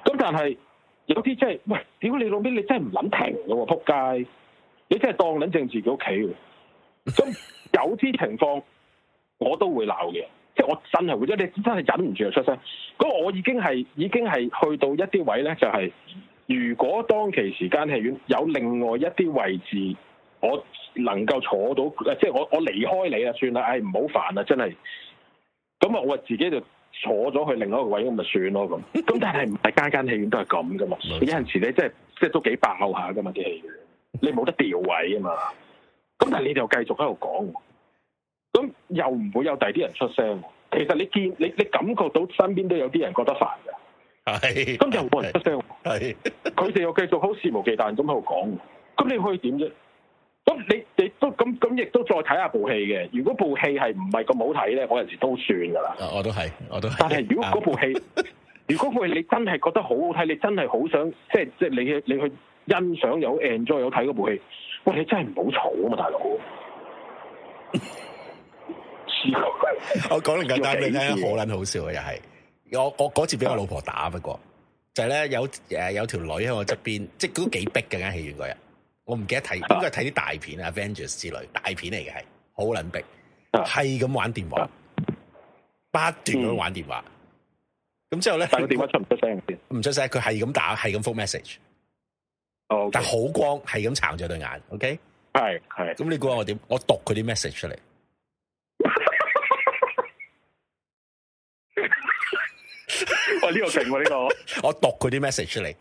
咁但係有啲真係，喂，屌你老尾，你真係唔諗停嘅喎，撲街！你真係當撚正自己屋企嘅。咁有啲情況我都會鬧嘅，即係我真係會，者你真係忍唔住就出聲。咁我已經係已經係去到一啲位咧，就係如果當其時間戲院有另外一啲位置。我能夠坐到，誒，即係我我離開你啊，算啦，唉，唔好煩啊，真係。咁啊，我話自己就坐咗去另外一個位，咁咪算咯，咁。咁但係唔係間間戲院都係咁噶嘛？有陣 時咧，即係即係都幾爆下噶嘛啲戲院，你冇得調位啊嘛。咁但係你哋又繼續喺度講，咁又唔會有第啲人出聲。其實你見你你感覺到身邊都有啲人覺得煩噶，咁又冇人出聲，係。佢哋又繼續好肆無忌憚咁喺度講，咁你可以點啫？咁你你都咁咁，亦都再睇下部戲嘅。如果部戲係唔係咁好睇咧，嗰陣時都算噶啦。我都係，我都係。但係如果嗰部戲， 如果部戲你真係覺得好好睇，你真係好想即係即係你去你去欣賞有 enjoy 有睇嗰部戲，喂，你真係唔好嘈啊嘛，大佬。我講得很簡單，你睇好捻好笑嘅又係我我嗰次俾我老婆打，嗯、不過就係、是、咧有誒有條女喺我側邊， 即係佢都幾逼嘅。戲院嗰日。我唔記得睇，應該係睇啲大片啊，Avengers 之類，大片嚟嘅係，好撚逼，係咁、啊、玩電話，啊、不斷咁玩電話，咁之、嗯、後咧，等電話出唔出聲先？唔出聲，佢係咁打，係咁發 message。哦，okay，但好光，係咁撐咗對眼。OK，係係。咁你估下我點？我讀佢啲 message 出嚟。喂、哦、呢、這個勁喎，呢、這個。我讀佢啲 message 出嚟。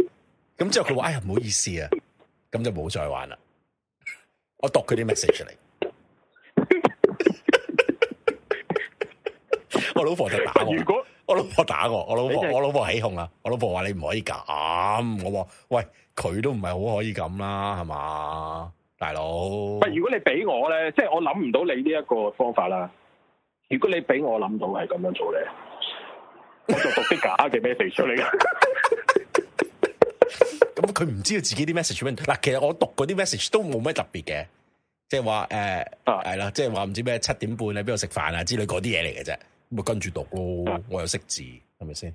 咁之後佢話：哎呀，唔好意思啊。咁就冇再玩啦。我讀佢啲 message 出嚟。我老婆就打我。我老婆打我，我老婆我老婆起哄啦。我老婆話你唔可以咁，嗯。我話喂，佢都唔係好可以咁啦，係嘛，大佬。喂，就是，如果你俾我咧，即係我諗唔到你呢一個方法啦。如果你俾我諗到係咁樣做咧，我就讀啲假嘅 message 出嚟啦。咁佢唔知道自己啲 message 咩？嗱，其實我讀嗰啲 message 都冇咩特別嘅，即係話誒，係啦，即係話唔知咩七點半喺邊度食飯啊之類嗰啲嘢嚟嘅啫，咁咪跟住讀咯。是的 我又識字，係咪先？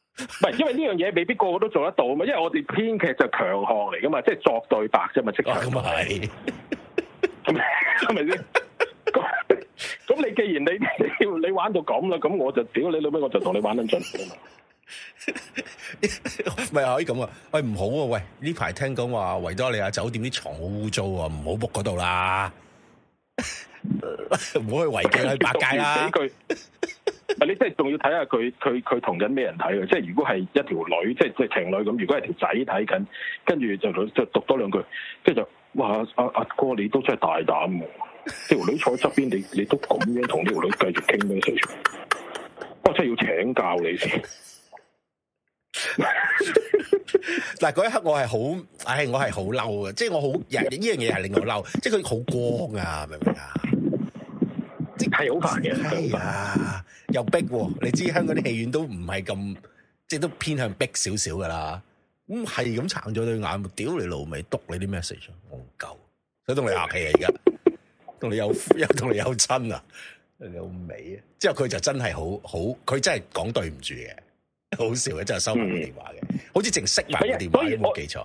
唔係，因為呢樣嘢未必個個都做得到啊嘛，因為我哋編劇就強項嚟噶嘛，即係作對白啫嘛，即係咁，係咪先？咁你既然你你玩到咁啦，咁我就屌你老尾，我就同你玩得盡，嗯嗯嗯咪 可以咁啊？喂，唔好啊！喂，呢排聽講話維多利亞酒店啲床好污糟啊，唔好 book 嗰度啦，唔好、呃、 去維記去八街啦、啊。死佢！ 你真係仲要睇下佢佢佢同緊咩人睇嘅？即係如果係一條女，即係即係情侶咁。如果係條仔睇緊，跟住就就讀多兩句，即係就哇阿阿、啊啊、哥，你都真係大膽啊！條 女坐側邊，你你都咁樣同呢條女繼續傾咩？ 我真係要請教你先。嗱嗰 一刻我係好，唉、哎、我係好嬲嘅，即係我好呢樣嘢係令我嬲，即係佢好光啊，明唔明、 哎、啊？即係好大嘅，係啊，又逼，你知香港啲戲院都唔係咁，即係都偏向逼少少噶啦，咁係咁撐咗對眼，屌你老味，督你啲 message，戇鳩，所以同你客氣啊而家，同你有夫，又同你有親啊， 你好美啊，之後佢就真係好好，佢真係講對唔住嘅。好笑嘅，真係收唔到電話嘅，嗯、好似淨識埋個電話，冇以記錯。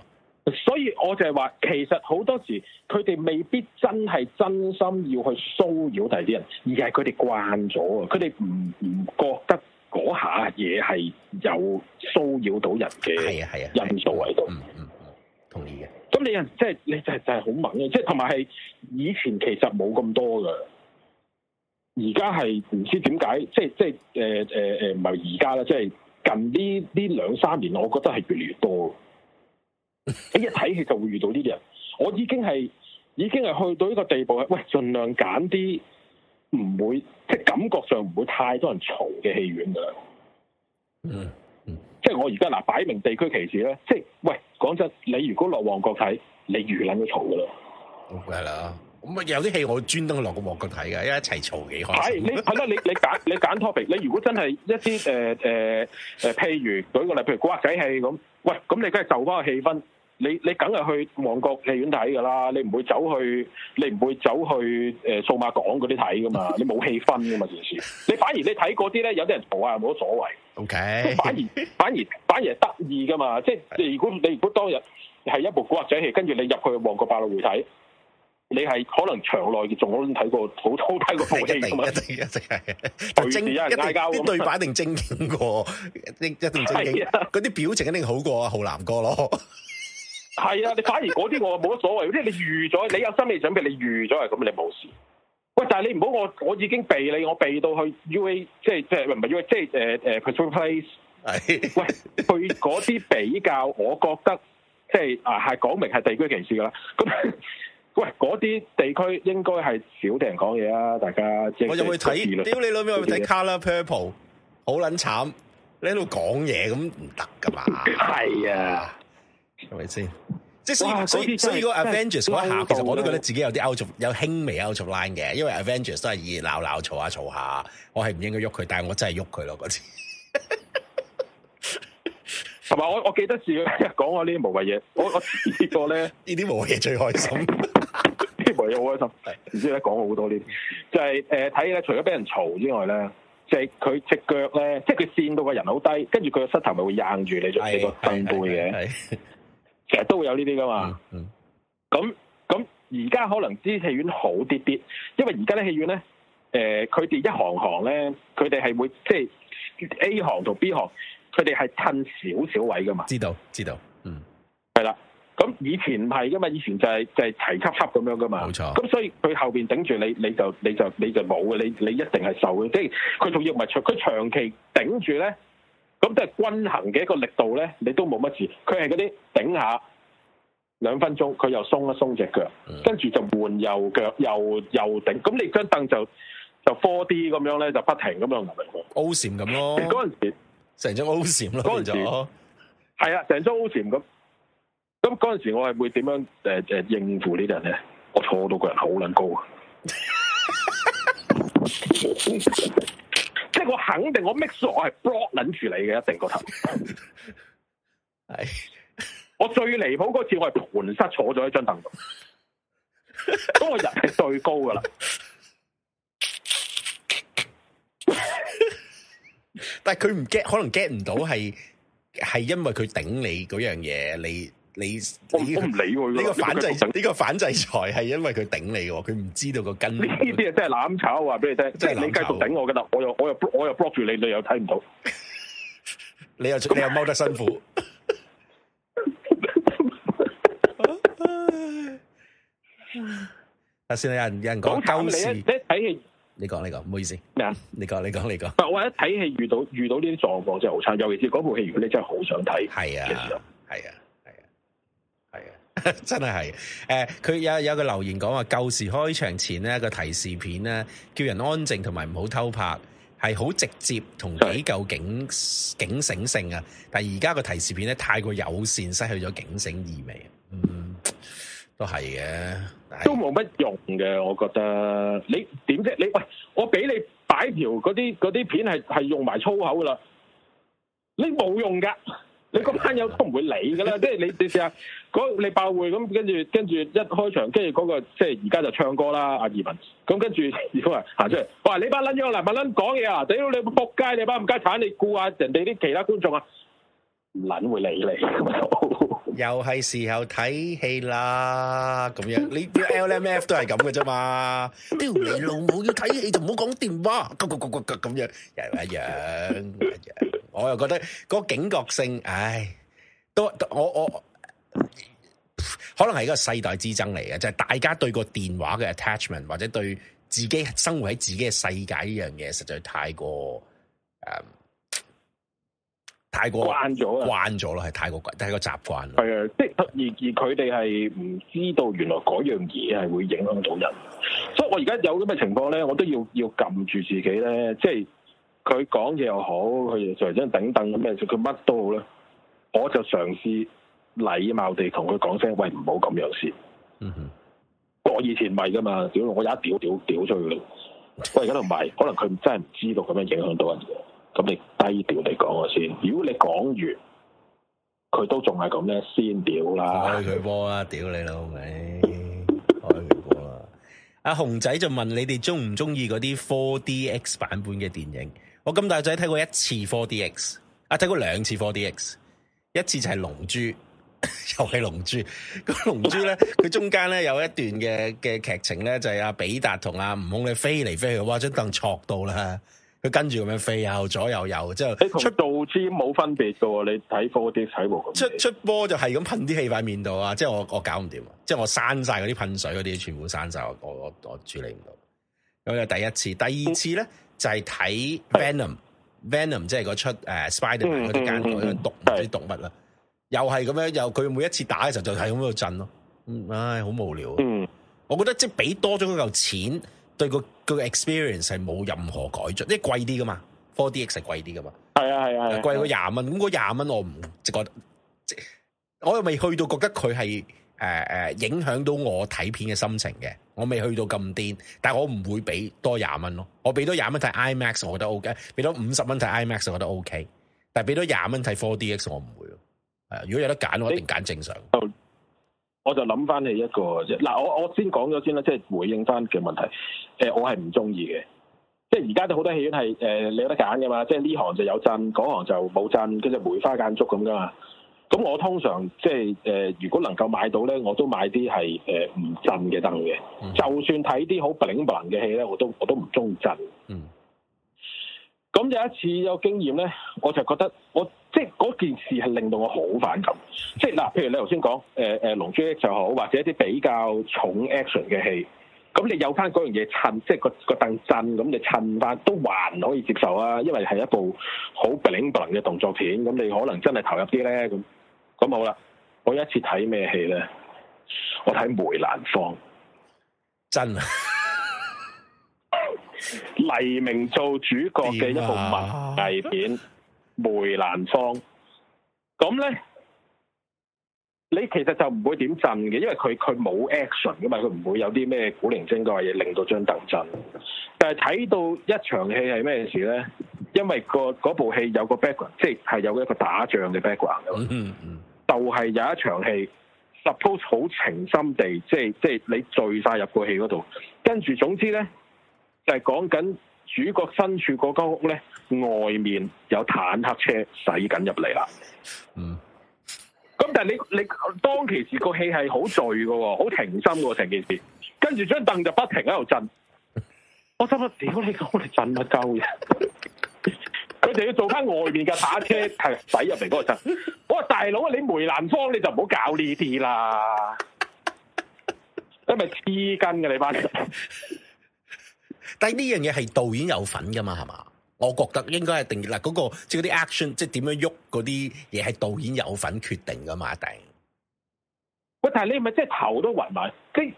所以我就係話，其實好多時佢哋未必真係真心要去騷擾第啲人，而係佢哋慣咗啊！佢哋唔唔覺得嗰下嘢係有騷擾到人嘅，係啊係啊，印度嚟都。同意嘅。咁你人，即、就、係、是、你就是、就係、是、好猛嘅，即係同埋係以前其實冇咁多噶，而家係唔知點解，即係即係誒誒誒，唔係而家啦，即、呃、係。近呢呢兩三年，我覺得係越嚟越多。一睇戲就會遇到呢啲人，我已經係已經係去到呢個地步咧。喂，盡量揀啲唔會即係感覺上唔會太多人嘈嘅戲院噶啦。嗯嗯，即係我而家嗱，擺明地區歧視咧。即係喂，講真，你如果落旺角睇，你如撚都嘈噶啦。好，OK 啦。嗯咁啊、嗯，有啲戲我專登落個旺角睇嘅，一齊嘈幾開。係你係咯，你你揀你揀 topic。 你如果真係一啲誒誒誒，譬如舉個例，譬如古惑仔戲咁，喂，咁你梗係就翻個氣氛，你你梗係去旺角戲院睇噶啦，你唔會走去，你唔會走去誒、呃、數碼港嗰啲睇噶嘛，你冇氣氛噶嘛，件事。 你反而你睇嗰啲咧，有啲人嘈下冇乜所謂。O Okay . K，反而反而反而得意噶嘛，即係 如果你如果當日係一部古惑仔戲，跟住你入去旺角百老匯睇。你係可能場內嘅仲能睇過好好睇過部戲，一定一定一定係，一定一定啲對白定精演過，一定一嗰啲表情一定好過浩南哥咯。係啊，你反而嗰啲我冇乜所謂，因為 你預咗，你有心理準備，你預咗係咁，你冇事。喂，但係你唔好我我已經避你，我避到去 UA，即係即係唔係 UA，即係誒誒，place 喂，去嗰啲比較，我覺得即係、就是、啊，係講明係地區歧視噶啦。咁。喂，嗰啲地區應該係少聽人講嘢啦，大家知知。我又去睇，屌你老味，我就去睇《Color Purple》，好撚慘！你喺度講嘢咁唔得噶嘛？係啊，係咪先？即係哇所以，所以，所以個《Avengers》嗰一下，其實我都覺得自己有啲 out，有輕微 out line 嘅，因為《Avengers》都係熱鬧鬧嘈下嘈下，我係唔應該喐佢，但係我真係喐佢咯嗰次。 同埋我我記得住講過呢啲無謂嘢，我我試過咧，呢啲無謂嘢最開心， 心，啲無謂嘢好開心，唔知咧講好多呢啲，就係誒睇咧，呃、看除咗俾人嘈之外咧，就係佢隻腳咧，即係佢跣到個人好低，跟住佢個膝頭咪會硬住你做呢個凳背嘅，其實都會有呢啲㗎嘛。咁咁而家可能啲戲院好啲啲，因為而家啲戲院咧，誒佢哋一行行咧，佢哋係會即係、就是、A 行同 B 行。佢哋係趁少少位噶嘛？知道，知道，嗯，係啦。咁以前唔係噶嘛，以前就係就係齊齊合咁樣噶嘛。冇錯。咁所以佢後邊頂住你，你就你就你就冇嘅，你你一定係受嘅。即係佢仲要唔係長，佢長期頂住咧，咁即係均衡嘅一個力度咧，你都冇乜事。佢係嗰啲頂下兩分鐘，佢又鬆一鬆隻腳，跟住就換右腳，右右頂。咁你張凳就就 four D 咁樣咧，就不停咁樣，O 閃咁咯。嗰陣時。成張好閃咯，嗰陣時係了啊，成張好閃咁。咁嗰陣時我係會點樣誒誒、呃呃、應付呢個人咧？我坐到個人好撚高， 即係我肯定我 make sure 我係 block 撚住你嘅一定個頭。係， 我最離譜嗰次我係盤膝坐咗一張凳度，嗰個 人係最高噶啦。但係佢唔 get，可能 get 唔到係係因為佢頂你嗰樣嘢，你你我唔理佢。呢個反制呢個反制裁係因為佢頂你嘅，佢唔知道個根。呢啲啊真係攬炒話俾你聽，即係你繼續頂我噶啦，我又我又我又 block 住你，你又睇唔到，你又你又踎得辛苦。啊！先有人有人講鳩事。你講你講唔好意思咩啊？你講你講你講。我一睇戲遇到遇到呢啲狀況真係好差。尤其是嗰部戲，如果你真係好想睇，係啊，係啊，係啊，係啊，啊，真係係誒，佢、呃、有有個留言講話舊時開場前呢、那個提示片咧叫人安靜同埋唔好偷拍，係好直接同幾夠警、嗯、警醒性啊！但係而家個提示片咧太過友善，失去咗警醒意味。嗯是的都係嘅，都冇乜用嘅。我覺得你點啫？你喂，我俾你擺條嗰啲啲片係係用埋粗口啦，你冇用噶。你嗰班友都唔會理噶啦。即係 你你試下你爆會咁，跟住跟住一開場，跟住嗰個即係而家就唱歌啦。阿二汶咁跟住如果行出嚟，喂你班撚樣嚟，班撚講嘢啊屌你仆街，你班冚家鏟，你顧下人哋啲其他觀眾啊！唔捻會理你，又係時候睇戲啦。咁樣你，你 LMF 都係咁嘅啫嘛。屌 你老母，要睇戲就唔好講電話，咕咕咕咕咁樣，又一樣一樣。我又覺得嗰警覺性，唉，都我我可能係一個世代之爭嚟嘅，就係、是、大家對個電話嘅 attachment 或者對自己生活喺自己嘅世界呢樣嘢，實在太過誒。嗯太過慣咗，慣咗咯，係太過慣，係個習慣。係啊，即係而，而佢哋係唔知道原來嗰樣嘢係會影響到人，所以我而家有咁嘅情況咧，我都要要撳住自己咧。即係佢講嘢又好，佢隨身等等。咁樣，佢乜都好啦。我就嘗試禮貌地同佢講聲喂，唔好咁樣先。嗯哼我以前唔係噶嘛，屌我一屌屌屌出去啦。我而家都唔係， 可能佢真係唔知道咁樣影響到人。咁你低調嚟講我先，如果你講完，佢都仲係咁咧，先屌啦，開佢波啦，屌你老味，開佢波啦。阿、 啊、熊仔就問你哋中唔中意嗰啲 4DX 版本嘅電影？我咁大仔睇過一次 4DX，啊睇過兩次 4DX，一次就係龍珠， 又係龍珠。個龍珠咧，佢 中間咧有一段嘅嘅劇情咧，就係阿比達同阿悟空你飛嚟飛去，哇張凳坐到啦。佢跟住咁樣飛又左右右，即係出道之冇分別噶喎。你睇波啲睇冇？2, 出出波就係咁噴啲氣塊面度啊！即係我我搞唔掂，即係我刪晒嗰啲噴水嗰啲，全部刪晒。我我我處理唔到。咁啊，第一次，第二次咧、嗯、就係睇 Venom，Venom 即係嗰出誒、呃、Spiderman 嗰啲間毒唔毒物啦是，又係咁樣又佢每一次打嘅時候就係咁喺度震咯，唉、哎，好無聊、啊。嗯，我覺得即係俾多咗嗰嚿錢。對個、那個 experience 係冇任何改進，即係貴啲噶嘛，4DX 係貴啲噶嘛，係啊係啊貴廿蚊，咁嗰廿蚊我唔即我又未去到覺得佢係誒誒影響到我睇片嘅心情嘅，我未去到咁癲，但我唔會俾多廿蚊咯，我俾多廿蚊睇 IMAX，我覺得 OK，俾多五十蚊睇 IMAX，我覺得 OK，但係俾多廿蚊睇 4DX，我唔會咯，係，如果有得揀，我一定揀正常。我就諗翻起一個啫。嗱，我我先講咗先啦，即係回應翻嘅問題，誒，我係唔中意嘅，即係而家都好多戲院係，誒，你有得揀噶嘛？即係呢行就有震，嗰行就冇震，跟住梅花間竹咁噶嘛。咁我通常即係，誒，如果能夠買到咧，我都買啲係，誒，唔震嘅燈嘅，就算睇啲好 bling bling 嘅戲咧，我都我都唔中意震。嗯咁有一次有經驗咧，我就覺得我即係嗰件事係令到我好反感。即係嗱，譬如你頭先講，誒、呃、誒，龍、呃、珠一就好，或者一啲比較重 action 嘅戲，咁你有翻嗰樣嘢襯，即係個個凳震，咁你襯翻都還可以接受啊。因為係一部好 bling bling 嘅動作片，咁你可能真係投入啲咧。咁咁好啦，我有一次睇咩戲咧？我睇梅蘭芳，真黎明做主角嘅一部文藝片《啊、梅蘭芳》，咁咧，你其實就唔會點震嘅，因為佢佢冇 action 噶嘛，佢唔會有啲咩古靈精怪嘢令到張凳震。但係睇到一場戲係咩事咧？因為、那個嗰部戲有個 background，即係係有一個打仗嘅 background。嗯嗯，就係、是、有一場戲，suppose 好情深地，即係即係你聚晒入個戲嗰度，跟住總之咧。就係講緊主角身處嗰間屋咧，外面有坦克車駛緊入嚟啦。嗯，咁但係你你當其時個氣係好聚嘅，好停心嘅成件事，跟住張凳就不停喺度震。 我心諗，屌你，我嚟震啊，夠嘅。佢哋要做翻外面嘅坦克車係駛入嚟嗰陣。 我話大佬啊，你梅蘭芳你就唔好搞呢啲啦，因為黐筋嘅你返嚟。 但係呢樣嘢係導演有份噶嘛？係嘛？我覺得應該係定嗱嗰、嗰個即係嗰啲 action，即係點樣喐嗰啲嘢係導演有份決定噶嘛？一定，喂，但係你係咪即係頭都暈埋，即係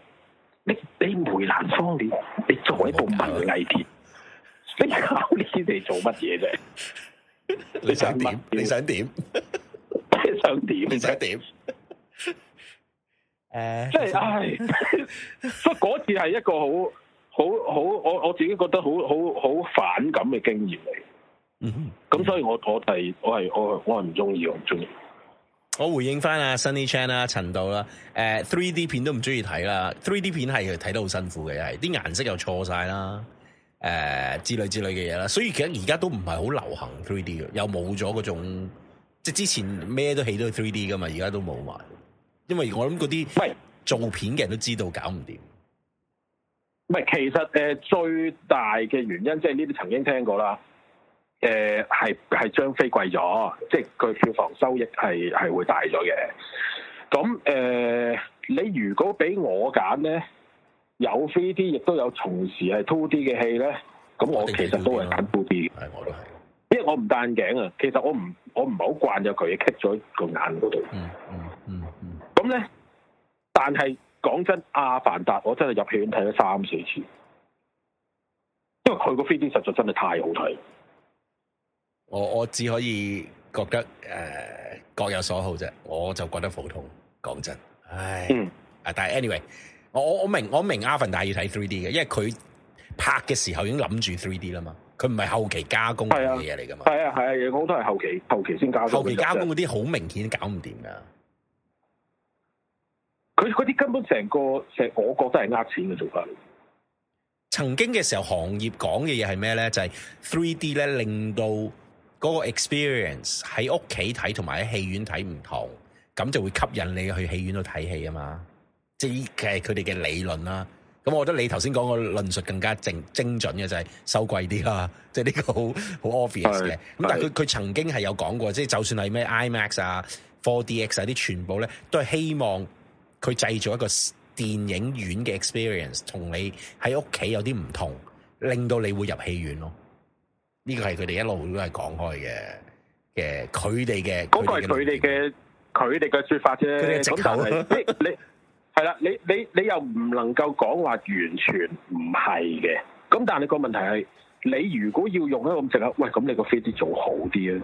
你你梅蘭芳你你做一部文藝片，你靠呢啲嚟做乜嘢啫？你想點？你想點？想點？你想點？誒 樣，即係唉，所以嗰次係一個好。好好，我我自己覺得好好好反感嘅經驗嚟，嗯哼，咁所以我我係我係我係我係唔中意我唔中意，我回應翻啊，Sunny Chan 啦，陳導啦，誒 three D 片都唔中意睇啦，three D 片係睇得好辛苦嘅，係啲顏色又錯晒啦，誒、呃、之類之類嘅嘢啦，所以其實而家都唔係好流行 three D 嘅，又冇咗嗰種即之前咩都起到 three D 噶嘛，而家都冇埋，因為我諗嗰啲做片嘅人都知道搞唔掂。唔係，其實誒、呃，最大嘅原因即係呢啲曾經聽過啦。誒、呃，係係張飛貴咗，即係佢票房收益係係會大咗嘅。咁、嗯、誒、呃，你如果俾我揀咧，有 three D 亦都有同時係 two D 嘅戲咧，咁我其實都係揀 two D，係我都係，因為我唔戴眼鏡啊。其實我唔我唔係好慣就佢劈咗個眼嗰度，嗯。嗯嗯嗯。咁咧，但係。講真，《阿凡達》我真係入戲院睇咗三四次，因為佢個 three D 實在真係太好睇。我我只可以覺得誒、呃，各有所好啫。我就覺得普通。講真，唉，嗯、但係 anyway，我我，我明我明《阿凡達》要睇 three D 嘅，因為佢拍嘅時候已經諗住 three D 啦嘛。佢唔係後期加工嘅嘢嚟噶嘛。係啊係啊，我都係後期後期先加工。後期加工嗰啲嗎好明顯搞唔掂噶。佢啲根本成個，成我覺得係呃錢嘅做法。曾經嘅時候，行業講嘅嘢係咩咧？就係、是、three D 咧，令到嗰個 experience 喺屋企睇同埋喺戲院睇唔同，咁就會吸引你去戲院度睇戲啊嘛。即係佢哋嘅理論啦、啊。咁我覺得你頭先講個論述更加精精準嘅就係、是、收貴啲啦。即係呢個好好 obvious 嘅。咁是但係佢佢曾經係有講過，即、就、係、是、就算係咩 IMAX 啊、4DX 啊啲全部咧，都係希望。佢製造一個電影院嘅 experience，同你喺屋企有啲唔同，令到你會入戲院咯。呢個係佢哋一路都係講開嘅嘅，佢哋嘅嗰個係佢哋嘅佢哋嘅説法啫。佢哋直你你係啦，你你你，你，你又唔能夠講話完全唔係嘅。咁但係你個問題係，你如果要用一個咁直，啦，喂，咁你個 three D 做好啲啊。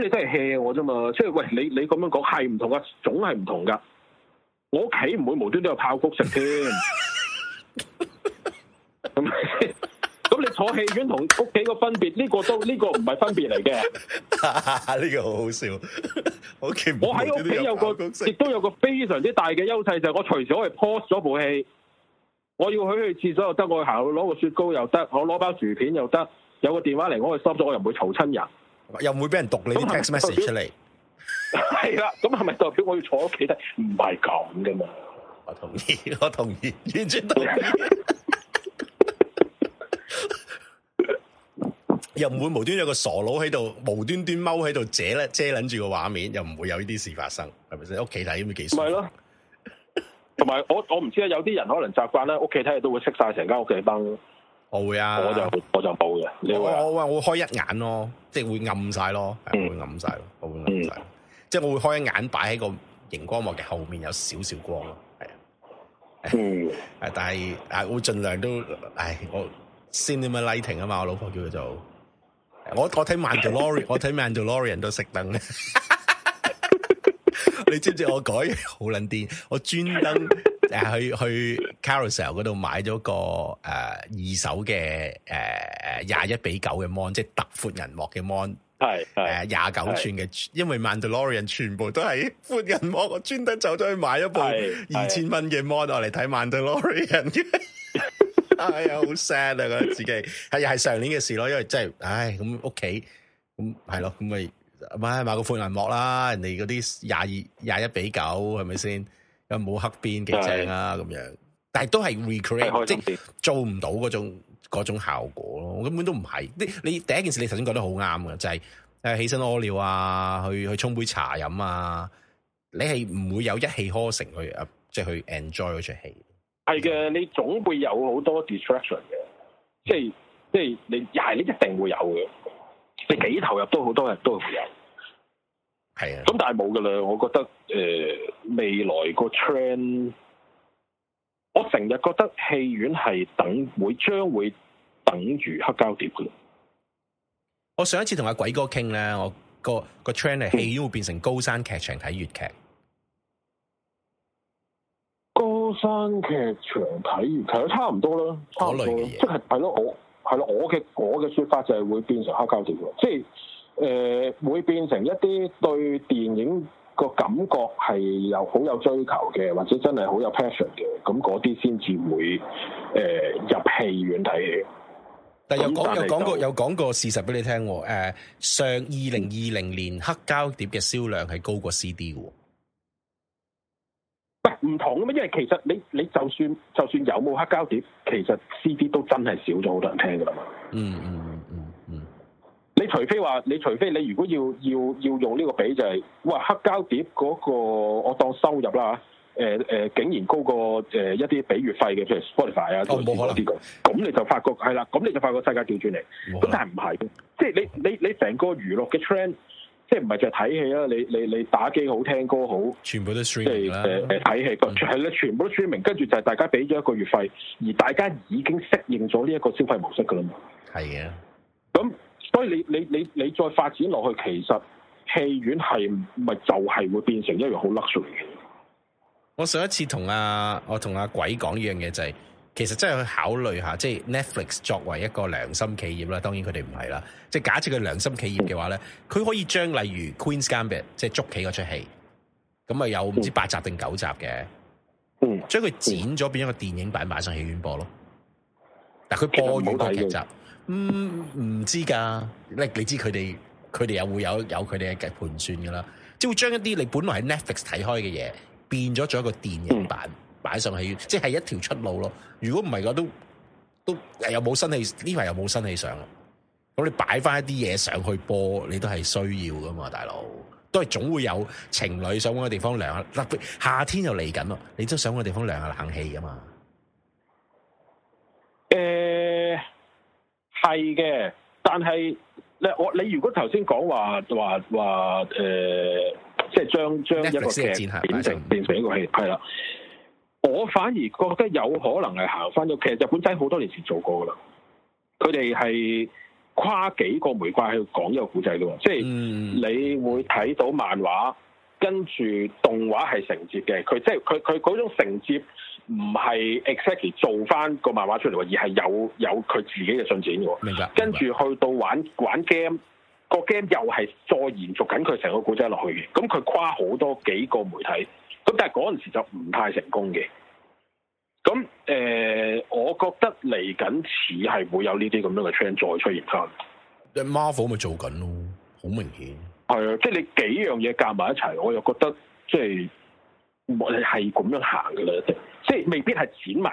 你真係氣我啫嘛，即係，喂，你你咁樣講係唔同噶，總係唔同噶。我屋企唔會無端端有炮谷食添。咁咁 你坐戲院同屋企個分別呢、呢個都呢、呢個唔係分別嚟嘅。呢、啊這個好好笑。我喺屋企有個，亦都有個非常之大嘅優勢就係、是、我隨時可以 pause 咗部戲。我要去去廁所又得，我去行去攞個雪糕又得，我攞包薯片又得。有個電話嚟，我去收咗我又唔會嘈親人。又唔會俾人讀你啲 text message 出嚟來，係啦，咁係咪代表我要坐屋企睇？唔係咁噶嘛。我同意，我同意，完全同意。 又唔會無端有個傻佬喺度，無端端踎喺度遮咧遮捻住個畫面，又唔會有呢啲事發生，係咪先？屋企睇咁幾？係咯，同埋我我唔知啊，有啲人可能習慣咧，屋企睇都會熄晒成間屋企嘅燈。我會啊，我就我就嘅。你會啊？我我我會開一眼咯，即係會暗晒咯，嗯、會暗晒咯，我會暗晒。嗯、即係我會開一眼，擺喺個熒光幕嘅後面有少少光咯，係啊。嗯、 但係我會盡量都唉，我先點樣 lighting 啊嘛，我老婆叫佢做。我我睇 Mandalorian 我睇 Mandalorian 都熄燈咧。 你知唔知我改 好撚啲？我專登。誒，去去 Carousel 嗰度買咗個誒、呃、二手嘅誒誒廿一比九嘅 mon，即係特寬人幕嘅 mon，係係廿九寸嘅，是因為萬 r i 瑞 n 全部都係寬人幕，我專登走咗去買一部二千蚊嘅 mon 落嚟睇萬代洛瑞安嘅，哎呀好 sad 啊，覺得自己係又係上年嘅事咯，因為即、就、係、是，唉咁屋企咁係咯，咁咪買買個寬人幕啦，人哋嗰啲廿二廿一比九係咪先？又冇黑邊，幾正啊咁對樣，但係都係 recreate，開即係做唔到嗰種嗰種效果咯。我根本都唔係。你，你第一件事你頭先講得好啱嘅，就係、是、誒、啊、起身屙尿啊，去去沖杯茶飲啊，你係唔會有一氣呵成去即係、啊就是、去 enjoy 嗰出戲。係嘅，你總會有好多 distraction 嘅，即係即係你係你，你一定會有嘅。你幾投入都好多人都會有。係，咁但係冇噶啦，我覺得誒、呃、未來個 trend 我成日覺得戲院係等會將會等住黑膠碟嘅，就是。我上一次同阿鬼哥傾咧，我個個 trend 係戲院會變成高山劇場睇粵劇。高山劇場睇完其實，差唔多啦，嗰類嘢，即係係咯，我係咯，我嘅我嘅說法就係會變成黑膠碟嘅，即、就、係、是。誒、呃、會變成一啲對電影個感覺係有好有追求嘅，或者真係好有 passion 嘅，咁嗰啲先至會誒、呃、入戲院睇戲。但有講有講過有講過事實俾你聽，誒、呃、上二零二零年黑膠碟嘅銷量係高過 CD 㗎喎。唔唔同啊嘛，因為其實你你就算就算有冇黑膠碟，其實 CD 都真係少咗好多人聽噶啦嘛。嗯嗯。你除非話，你除非你如果要要要用呢個比就係、是，哇！黑膠碟嗰、那個我當收入啦嚇，誒、呃呃、竟然高過誒、呃、一啲比月費嘅，譬如 Spotify 啊，都冇、哦這個、可能啲嘅。咁你就發覺係啦，咁你就發覺世界倒轉嚟。咁但係唔係嘅，即係你你你成個娛樂嘅 trend，即係唔係就係睇戲啦？你你的 nd，是就是看你，你，你打機好，聽歌好，全部都 s t r e a m i n 睇戲，係、呃、啦、嗯，全部都 s t r e a m i 跟住就係大家俾咗一個月費，而大家已經適應咗呢一個消費模式噶啦嘛。係啊的，咁。所以你你你你再發展落去，其實戲院係咪就係、是、會變成一樣好 luxury 嘅？我上一次同阿、啊、我同阿、啊、鬼講呢樣嘢就係、是，其實真係去考慮下，即、就、係、是、Netflix 作為一個良心企業啦，當然佢哋唔係啦。即係假設佢良心企業嘅話咧，佢、嗯、可以將例如 Queen’s Gambit 即係捉棋嗰出戲，咁啊有唔知八集定九集嘅，嗯，將佢剪咗變咗個電影版，擺上戲院播咯。但佢播完佢劇集。唔唔、嗯、知噶，你你知佢哋佢哋又會有有佢哋嘅盤算噶啦，即係會將一啲你本來喺 Netflix 睇開嘅嘢變咗做一個電影版擺上去，即係一條出路咯。如果唔係嘅都都，都又冇新戲呢排又冇新戲上，咁你擺翻一啲嘢上去播，你都係需要噶嘛，大佬都係總會有情侶想搵個地方涼下，嗱夏天又嚟緊啦，你都想搵個地方涼下冷氣噶嘛。誒、uh。係嘅，但係咧，我你如果頭先講話話話誒，即係將將一個劇變成變成一個戲，係啦成。我反而覺得有可能係行翻到，其實日本仔好多年前做過噶啦。佢哋係跨幾個媒介去講一個古仔噶喎，即係你會睇到漫畫，跟住動畫係承接嘅，佢即係佢佢嗰種承接。唔係 exactly 做翻個漫畫出嚟，而係有有佢自己嘅進展嘅喎。明白。跟住去到玩玩 game，個 game 又係再延續緊佢成個古仔落去嘅。咁佢跨好多幾個媒體，咁但係嗰陣時就唔太成功嘅。咁誒、呃，我覺得嚟緊似係會有呢啲咁樣嘅 trend 再出現翻。Marvel 咪做緊咯，好明顯。係啊，即係你幾樣嘢夾埋一齊，我又覺得即係係咁樣行㗎啦。一定。即係未必係剪埋，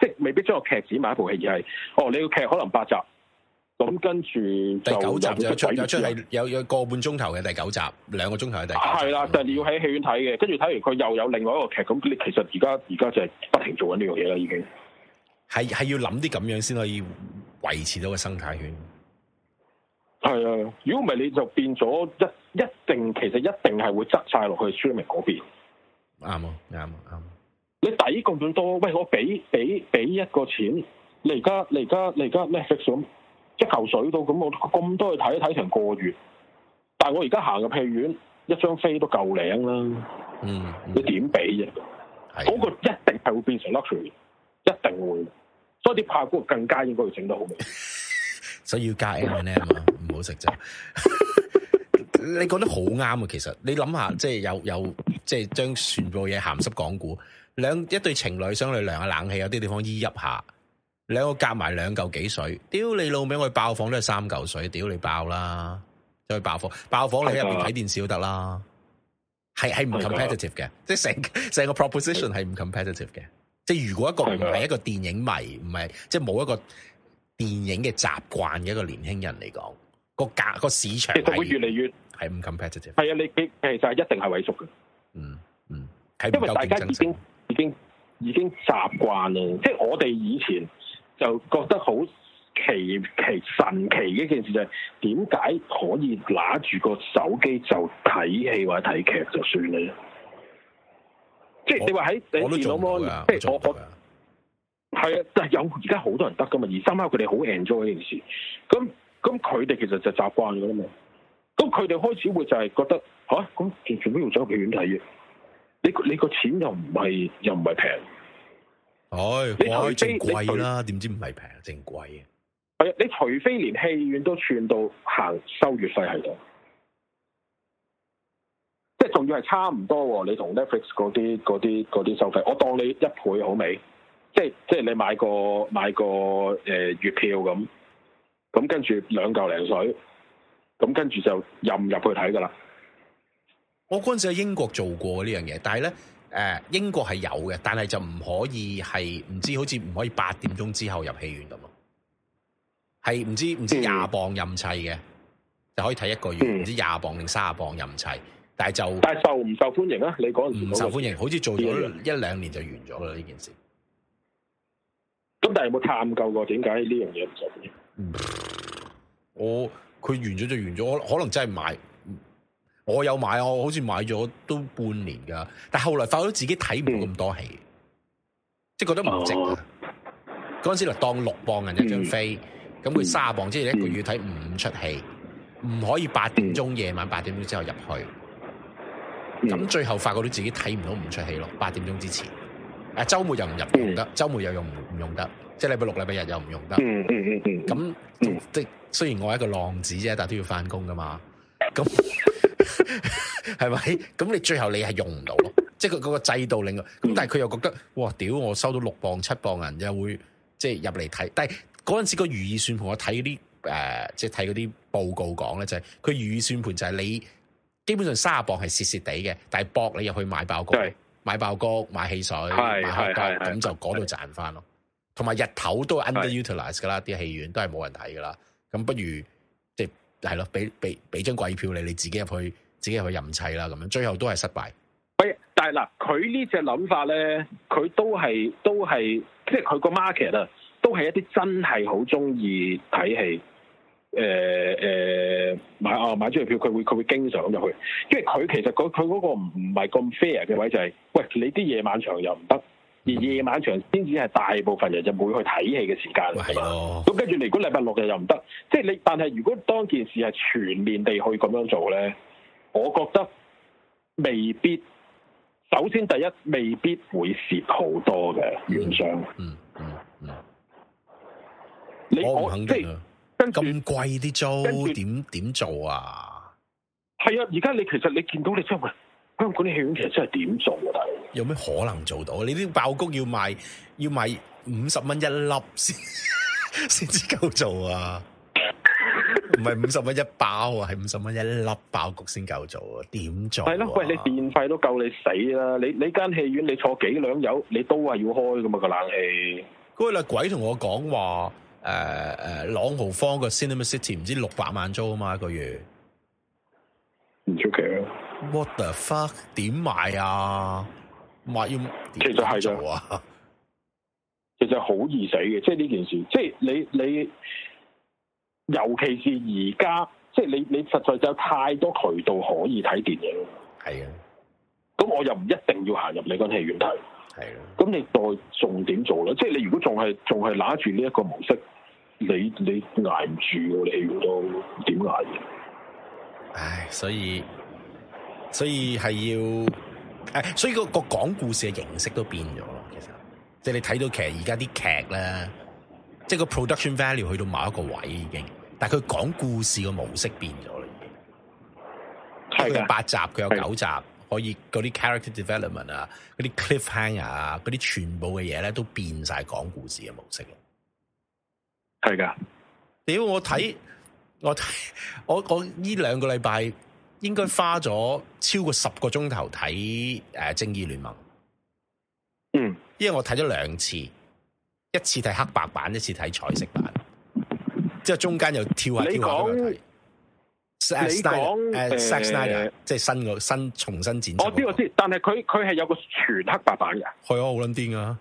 即係未必將個劇剪埋一部戲，而係哦，你個劇可能八集，咁跟住第九集就出咗出嚟，有有個半鐘頭嘅第九集，兩個鐘頭嘅第九集。係啦、啊，就係、是、要喺戲院睇嘅，跟住睇完佢又有另外一個劇，咁你其實而家而家就係不停做緊呢樣嘢啦，已經。係係要諗啲咁樣先可以維持到個生態圈。係啊，如果唔係你就變咗一一定，其實一定係會執晒落去 streaming 嗰邊。啱啊！啱啊！啱、啊。你抵咁多，喂，我俾俾俾一個錢，你而家你而家你而家咩？一嚿水到咁，我咁多去睇一睇成個月，但係我而家行入戲院，一張飛都夠靚啦。嗯，你點俾啊？嗰的個一定係會變成 luxury，一定會。所以啲派股更加應該要整得好味。 所以要加、n、M a n 嘛，唔好食啫。你講得好啱啊，其實你諗下，即係有有即係將全部嘢鹹濕港股。兩一對情侶相去涼下冷氣，有啲地方依入下，兩個夾埋兩嚿幾塊水，屌你老味。我去爆房都係三嚿水，屌你爆啦，就去爆房，爆房你入邊睇電視得啦，係係唔 competitive 嘅，即係成成個 proposition 係唔 competitive 嘅的，即係的如果一個唔係一個電影迷，唔係即係冇一個電影嘅習慣嘅一個年輕人嚟講，那個價、那個市場會越嚟越係唔 competitive，係啊，你其實係一定係萎縮嘅、嗯，嗯嗯，不爭爭因為大家已經已經習慣啦，即係我哋以前就覺得好奇奇神奇嘅一件事，就是，就係點解可以拿住個手機就睇戲或者睇劇就算你咧？我即係你話喺你視網膜，即係我我係啊我，但係有而家好多人得㗎嘛，而加埋佢哋好 enjoy 呢件事，咁咁佢哋其實就習慣咗啦嘛，咁佢哋開始會就係覺得吓，咁完全都用手機院睇嘅？你你個錢又唔係又唔係平，係佢係正貴啦，點懂知唔係平，正貴啊！係啊，你除非連戲院都串到行收月費喺度，即係仲要係差唔多喎，啊。你同 Netflix 嗰啲啲啲收費，我當你一倍好未？即係即係你買個買個誒月票咁，咁跟住兩嚿涼水，咁跟住就入唔入去睇噶啦？我嗰陣時喺英國做過呢樣嘢，但係咧，誒，英國係有嘅，但係就唔可以係唔知，好似唔可以八點鐘之後入戲院咁咯。係唔知唔知廿磅任砌嘅，嗯、就可以睇一個月，唔、嗯、知廿磅定卅磅任砌，但係就但係受唔受歡迎啊？你講唔受歡迎，好似做咗一兩年就完咗啦呢件事。咁但係有冇探究過點解呢樣嘢唔受歡迎？我佢完咗就完咗，可能真係買。我有買，我好似買咗都半年噶，但係後來發覺到自己睇唔到咁多戲，即係覺得唔值。嗰陣時就當六磅銀一張飛，咁佢卅磅即係一個月睇五出戲，唔可以八點鐘，夜晚八點鐘之後入去。咁最後發覺到自己睇唔到五出戲咯，八點鐘之前，周末又唔入用得，周末又用唔用得，即係禮拜六禮拜日又唔用得。咁即雖然我係一個浪子啫，但都要翻工噶嘛。咁。係咪？咁 你最後你係用唔到咯？ 即係佢嗰個制度令到，咁但係佢又覺得，哇！屌，我收到六磅、七磅銀又會，即係入嚟睇。但係嗰陣時個如意算盤，我睇啲誒，即係睇嗰啲報告講咧，就係佢如意算盤就係你基本上三十磅係蝕蝕地嘅，但係博你入去買爆谷，對買爆谷買汽水，對買開咁對就嗰度賺翻咯。同埋對對日頭都 underutilize 噶啦，啲戲對院都係冇人睇噶啦，咁不如即係係咯，俾俾俾張貴票你，你自己入去。自己去任砌啦，咁樣最後都係失敗。喂，但係嗱，佢呢隻諗法咧，佢都係都係，即係佢個 market 啊，都係一啲真係好中意睇戲。誒、呃、誒、呃，買啊、哦、買張票他，佢會佢會經常咁入去，因為佢其實佢嗰個唔唔係咁 fair 嘅位就係、是，喂，你啲夜晚場又唔得，而夜晚場先至係大部分人就會去睇戲嘅時間。係咁跟住嚟個禮拜六日又唔得，即係你，但係如果當件事係全面地去咁樣做咧。我覺得未必，首先第一未必會蝕好多嘅院商。嗯嗯嗯，你我唔肯定咁貴啲租，點點著做啊？係啊，而家你其實你見到你真係，香港啲戲院其實真係點做啊？有咩可能做到啊？你啲爆谷要賣要賣五十蚊一粒先，先 至夠做啊？唔係五十蚊一包啊，係五十蚊一粒爆谷先夠做，做啊！點做？係咯，喂，你電費都夠你死啦！你你間戲院你坐幾兩油，你都係要開噶嘛、個冷氣。嗰位啦，鬼同我講話誒誒，朗豪坊個 Cinema City 唔知六百萬租啊嘛一個月，唔出奇啊！What the fuck？點賣啊？賣要做、啊、其實係啊。其實好易死嘅，即係呢件事，即係你你。你尤其是而家，即係你你實在就有太多渠道可以睇電影。係啊，咁我又唔一定要行入你間戲院睇。係啊，咁你再重點做啦。即係你如果仲係仲係拿住呢一個模式，你你挨唔住，你戲院都點挨？唉，所以所以係要誒，所以個個講故事嘅形式都變咗咯。其實，即係你睇到其實而家啲劇咧，即係個 production value 去到某一個位已經。但佢講故事嘅模式已經變咗啦，佢有八集，佢有九集，可以嗰啲 character development 啊，嗰啲 cliffhanger 啊，嗰啲全部嘅嘢咧都變晒。講故事嘅模式嘅，係噶，屌我睇我睇，我我呢兩個禮拜應該花咗超過十個鐘頭睇誒《正義聯盟》，嗯，因為我睇咗兩次，一次睇黑白版，一次睇彩色版。即係中間又跳下跳下嚟睇，Snyder，你講誒 Snyder 即係新個新重新剪嘅嗰個。我知我知，但係佢佢係有個全黑白版嘅，係啊，好撚癲啊！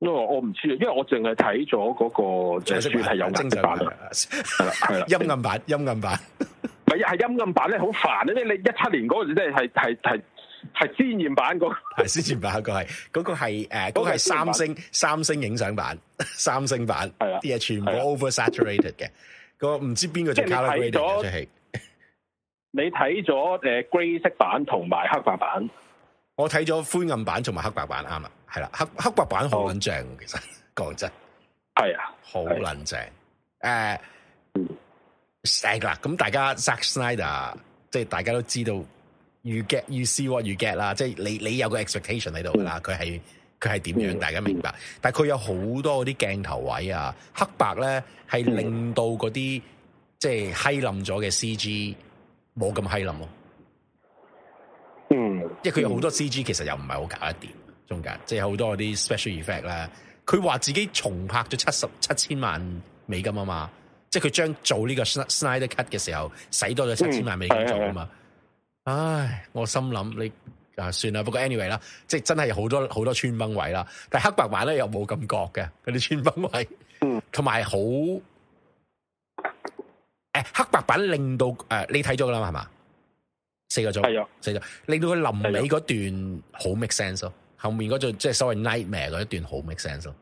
因為我唔知，因為我淨係睇咗嗰個即係算係有精製版嘅，係啦，陰暗版陰暗版，咪係陰暗版咧，好煩啊！即你一七年嗰陣真係係係係。係鮮艷版嗰個係，鮮艷版嗰個係，嗰個係誒，嗰係三星三星影相版，三星版係啦，啲嘢全部 over saturated 嘅，個唔知邊個做 colour graded 出戲。你睇咗誒灰色版同埋黑白版，我睇咗灰暗版同埋黑白版，啱啦，係啦，黑黑白版好撚正，其實講真，係啊，好撚正。誒，成啦，咁大家 Zack Snyder，即係大家都知道。預劇預試喎，預劇啦，即係你你有個 expectation 喺度噶啦，佢係佢係點樣？大家明白？嗯、但係佢有好多嗰啲鏡頭位啊，黑白咧係令到嗰啲即係虛冧咗嘅 CG 冇咁虛冧咯。嗯，因為佢有好多 CG，其實又唔係好搞得掂，中間即係好多嗰啲 special effect 啦。佢話自己重拍咗七十七千萬美金啊嘛，即係佢將做呢個 Snyder Cut 嘅時候，使多咗七千萬美金做啊嘛。嗯唉，我心諗你啊，算啦。不過 anyway 啦，即係真係好多好多穿崩位啦。但係黑白版咧又冇咁覺嘅嗰啲穿崩位。同埋好誒，黑白版令到誒、呃，你睇咗噶啦嘛？係嘛？四個鐘係啊，四個，令到佢臨尾嗰段好 make sense 咯。後面嗰段即係所謂 nightmare 嗰一段好 make sense 咯。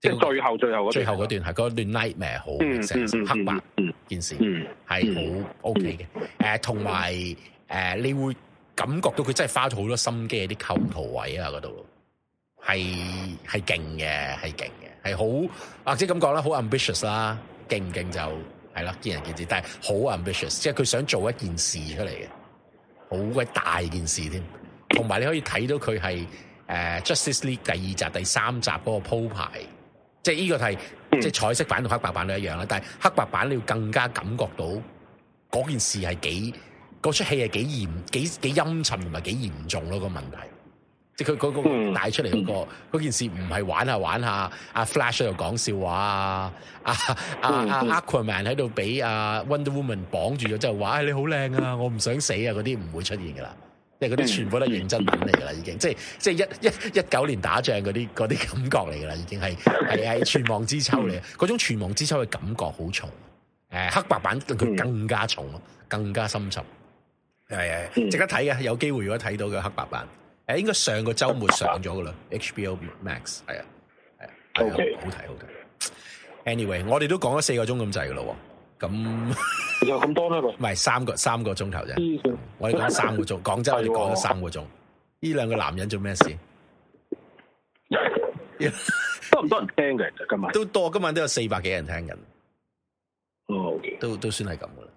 即係最後最後嗰最後嗰段係嗰段 nightmare 好、嗯、黑白件事係好、嗯、ok 嘅。誒、嗯，同埋、呃。誒，uh, 你會感覺到佢真係花咗好多心機喺啲構圖位啊嗰度，係，係勁嘅，係勁嘅，係好，或者咁講啦，好 ambitious 啦，勁唔勁就係啦，見仁見智，但係好 ambitious，即係佢想做一件事出嚟嘅，好鬼大件事添。同埋你可以睇到佢係誒 Justice League 第二集、第三集嗰個鋪排，即係呢個係即係彩色版同黑白版都一樣啦，但係黑白版你要更加感覺到嗰件事係幾。嗰齣戲係幾嚴幾幾陰沉同埋幾嚴重咯、啊那個問題，即係佢嗰個帶出嚟嗰，那個嗰件事唔係玩下玩下，阿、啊、Flash 喺度講笑話啊，啊、嗯、啊 Aquaman 喺度俾啊，啊 Wonder Woman 綁住咗，就、哎、話你好靚啊，我唔想死啊，嗰啲唔會出現噶啦，即係嗰啲全部都係認真品嚟噶啦，已經即係即係一一一九年打仗嗰啲嗰啲感覺嚟噶啦，已經係係係存亡之秋嚟，嗰種存亡之秋嘅感覺好重，誒黑白版佢更加重更加深沉。係，值得睇嘅，有機會如果睇到嘅黑白版，誒，應該上個周末上咗噶啦，HBO Max 係啊，係啊，OK，好睇好睇。Anyway，我哋都講咗四個鐘咁滯噶咯，咁有咁多咧？唔係三個三個鐘頭啫，我哋講咗三個鐘，講真我哋講咗三個鐘。呢兩個男人做咩事？多唔多人聽嘅？今日都多，今晚都有四百幾人聽緊。哦，都都算係咁噶啦，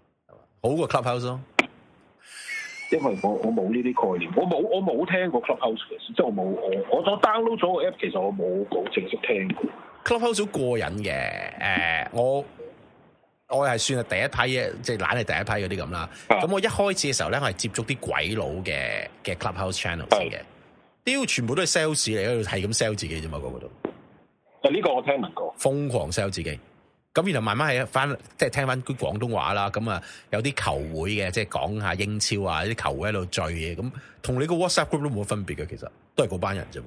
好過 Clubhouse 咯。因為我我冇呢啲概念，我冇我冇聽過 clubhouse，嘅即係我冇我我我 download 咗個 app，其實我冇好正式聽過。Clubhouse 好過癮嘅，誒、呃、我我係算係第一批，即係懶係第一批嗰啲咁啦。咁的我一開始嘅時候咧，我係接觸啲鬼佬嘅嘅 clubhouse channel 嘅，屌的全部都係 sales 嚟，係咁 sell 自己啫嘛，個嗰度。誒呢個我聽聞過，瘋狂 sell 自己。咁然後慢慢係翻，即係聽翻啲廣東話啦。咁啊，有啲球會嘅，即係講下英超啊，啲球會喺度聚嘢。咁同你個 WhatsApp group 都冇乜分別嘅，其實都係嗰班人啫嘛。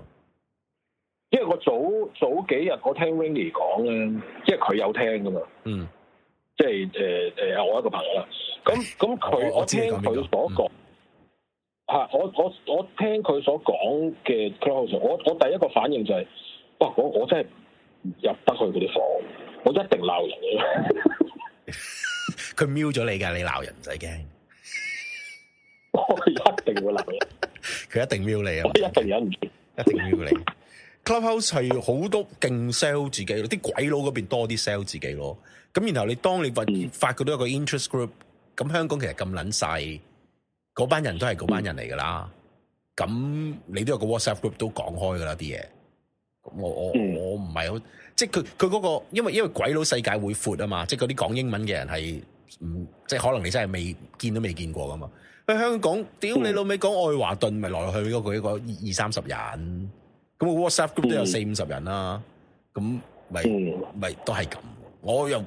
因為我早早幾日我聽 Randy 講咧，即係佢有聽噶嘛。嗯，即係誒誒，我一個朋友啦。咁咁佢我知佢他誰所講，係、嗯、我我我聽佢所講嘅 close。我我第一個反應就係，哇！我我真係入得去嗰啲房。我一定鬧人， 人，佢瞄咗你㗎，你鬧人唔使驚。我一定會鬧人，佢 一定瞄你啊！一定忍唔住， 一定瞄你。Clubhouse 係好多勁 sell 自己，啲鬼佬嗰邊多啲 sell 自己咯。咁然後你當你發、嗯、發覺到有個 interest group，咁香港其實咁撚細，嗰班人都係嗰班人嚟㗎啦。咁你都有個 WhatsApp group 都講開㗎啦啲嘢。咁我我我唔係好。即係佢佢嗰個，因為因為鬼佬世界會闊啊嘛，即係嗰啲講英文嘅人係唔即係可能你真係未見都未見過噶嘛。去香港，屌你老味講愛華頓，咪來去嗰、嗰個二二三十人，咁、嗰個 WhatsApp group 都有四五十人啦、啊，咁咪咪都係咁。我又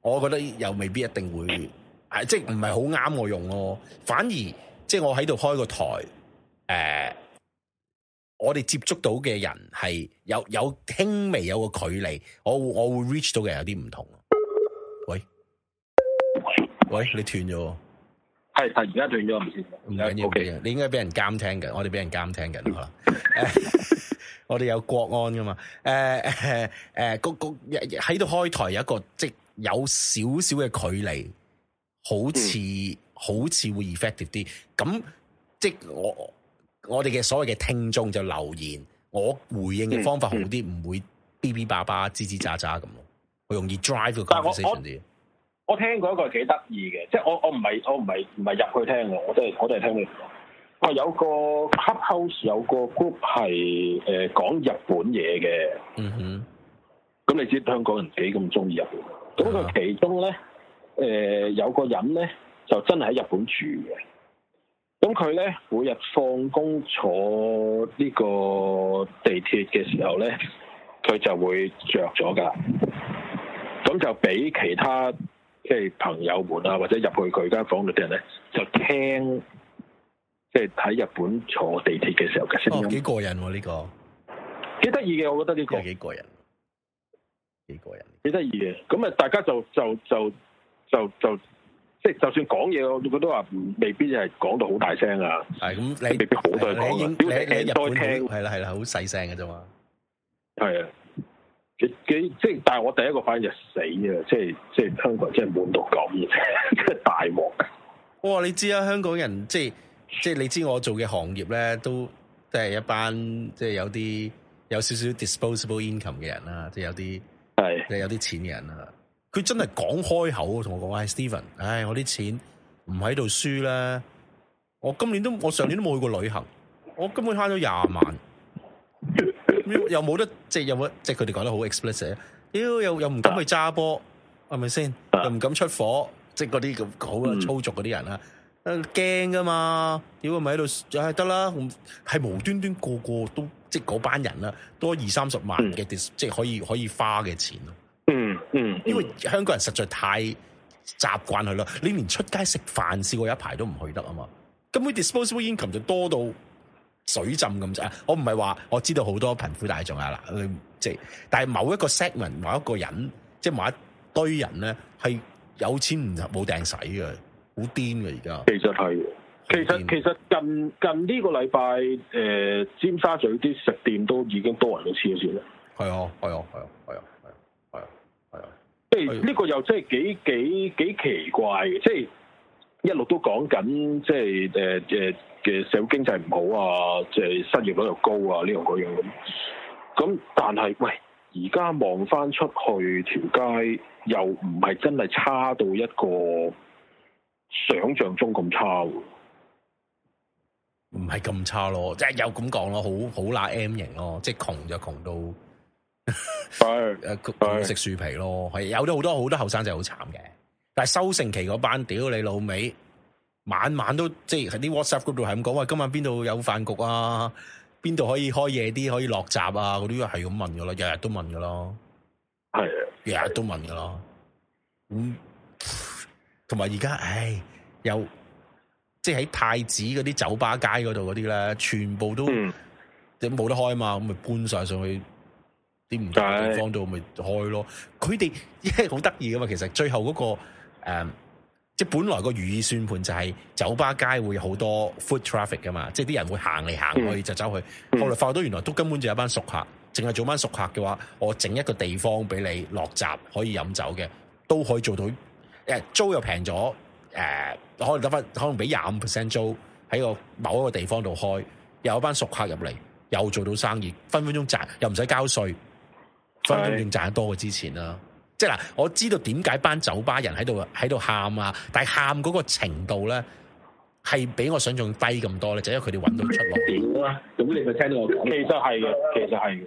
我覺得又未必一定會，即係唔係好啱我用咯。反而即係我喺度開個台，誒、呃。我哋接觸到嘅人係有有輕微有個距離，我會我會 reach 到嘅有啲唔同喂。喂喂，你斷咗係係而家斷咗，唔知唔緊要，是 Okay. 你應該俾人監聽嘅，我哋俾人監聽嘅啦。可能 uh, 我哋有國安㗎嘛？誒誒誒，個個喺度開台有一個即、就是、有少少嘅距離，好似、嗯、好似會 effective 啲。咁即、就是、我。我哋嘅所謂嘅聽眾就留言，我回應嘅方法好啲，唔、嗯嗯、會嗶嗶叭叭、吱吱喳喳咁，好容易 drive 個 conversation。我聽過一個幾得意嘅，即係我我唔係我唔係唔係入去聽我都、就、係、是、我都係聽呢個。我有個 clubhouse 有個 group 係誒講日本嘢嘅，嗯哼。咁你知香港人幾咁中意日本？咁佢、嗯、哼其中咧誒、呃、有個人咧就真係喺日本住嘅。咁佢咧每日放工坐呢個地鐵嘅時候咧，佢就會着咗噶。咁就俾其他即係朋友們啊，或者入去佢間房度啲人咧，就聽即係喺日本坐地鐵嘅時候嘅聲音。哦，幾過癮呢個，幾得意嘅，我覺得呢、這個幾過癮，幾過癮，幾得意嘅。咁啊，大家就就就就就。就就就即係就算講嘢，我都覺得話未必係講到好大聲啊！係咁，你未必好多講。如、啊、你聽再聽，係啦係啦，好細在聲嘅啫嘛。係啊，幾幾即係，但係我第一個反應是死就死、是、啊！即係即係香港人真係滿到咁嘅大鑊莫。我哇、哦，你知道啊，香港人即係即係你知，我做嘅行業咧，都即係一班即係、就是、有啲有少少 disposable income 嘅人啦，即、就、係、是、有啲係即係有啲錢嘅人啦。佢真係講開口，同我講話：唉，Steven，唉，我啲錢唔喺度輸呢。我今年都，我上年都冇去過旅行。我根本慳咗廿萬，又冇得即係有冇即係佢哋講得好 explicit 屌又又唔敢去揸波，係咪先？又唔敢出火，即係嗰啲咁好嘅操作嗰啲人啦，驚㗎、嗯啊、嘛？屌咪喺度就係得啦，係、哎、無端端個個都即係嗰班人啦，多二三十萬嘅、嗯、即係可以可以花嘅錢咯。嗯嗯，嗯，因為香港人實在太習慣佢啦，你連出街食飯試過一排都唔去得啊嘛。咁佢 disposable income 就多到水浸咁滯。我唔係話我知道好多貧苦大眾啊，你即係，但係某一個 segment，某一個人，即係某一堆人咧，係有錢唔冇掟使嘅，好癲嘅而家。其實係，其實其實近近呢個禮拜，誒、呃，尖沙咀啲食店都已經多人到黐線啦。係啊、哦，係啊、哦，係啊、哦，係啊、哦。呢個又真係幾幾幾奇怪嘅，即係一路都講緊，即係誒誒嘅社會經濟唔好啊，即係失業率又高啊，呢樣嗰樣咁。咁但係喂，而家望翻出去條街，又唔係真係差到一個想象中咁差，唔係咁差咯，即係又咁講咯，好好乸 M 型咯，即係窮就窮到。係誒，食樹 皮咯，係的有咗好多好多後生仔好慘嘅。但係收成期嗰班，屌你老味，晚晚都即係喺啲 WhatsApp group 度係咁講，喂，今晚邊度有飯局啊，邊度可以開夜啲，可以落閘啊，嗰啲係咁問噶啦，日日都問噶喇，係日日都問噶喇。咁同埋而家，唉，又即係喺太子嗰啲酒吧街嗰度嗰啲咧，全部都都冇、嗯，得開啊嘛，咁咪搬晒上去。啲唔同嘅地方度咪開咯，佢哋亦好得意噶嘛。其實最後嗰、那個誒、呃，即係本來個如意算盤就係酒吧街會好多 foot traffic 噶嘛，即係啲人會行嚟行去就走去。嗯、後來發覺到原來都根本就有一班熟客，淨係做班熟客嘅話，我整一個地方俾你落閘可以飲酒嘅，都可以做到。誒，租又平咗，誒、呃，可能得翻，可能俾廿五 percent 租喺個某一個地方度開，又有一班熟客入嚟，又做到生意，分分鐘賺，又唔使交稅。分分鐘賺得多過之前啦，即係嗱，我知道點解班酒吧人喺度喺度喊啊，但係喊嗰個程度咧，係比我想像低咁多咧，就係因為佢哋搵到出路。點啊、嗯？咁你咪聽到我講？其實係嘅，其實係，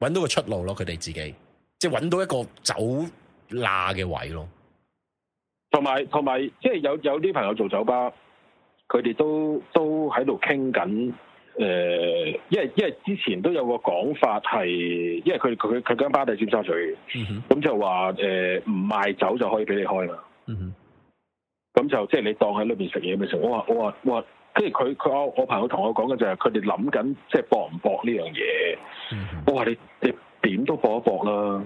搵到個出路咯、啊，佢哋自己，即係搵到一個走罅嘅位咯、啊。同埋同埋，即係有、就是、有啲朋友做酒吧，佢哋都都喺度傾緊。誒，因為因為之前都有個講法係，因為佢佢佢間巴底尖沙咀咁、嗯、哼就話誒唔賣酒就可以俾你開啦。咁、嗯、哼就即係、就是、你當喺裏邊食嘢咪食。我話我話我話，跟佢佢我朋友同我講嘅就係佢哋諗緊即係搏唔搏呢、嗯、哼樣嘢。我話你你點都搏一搏啦。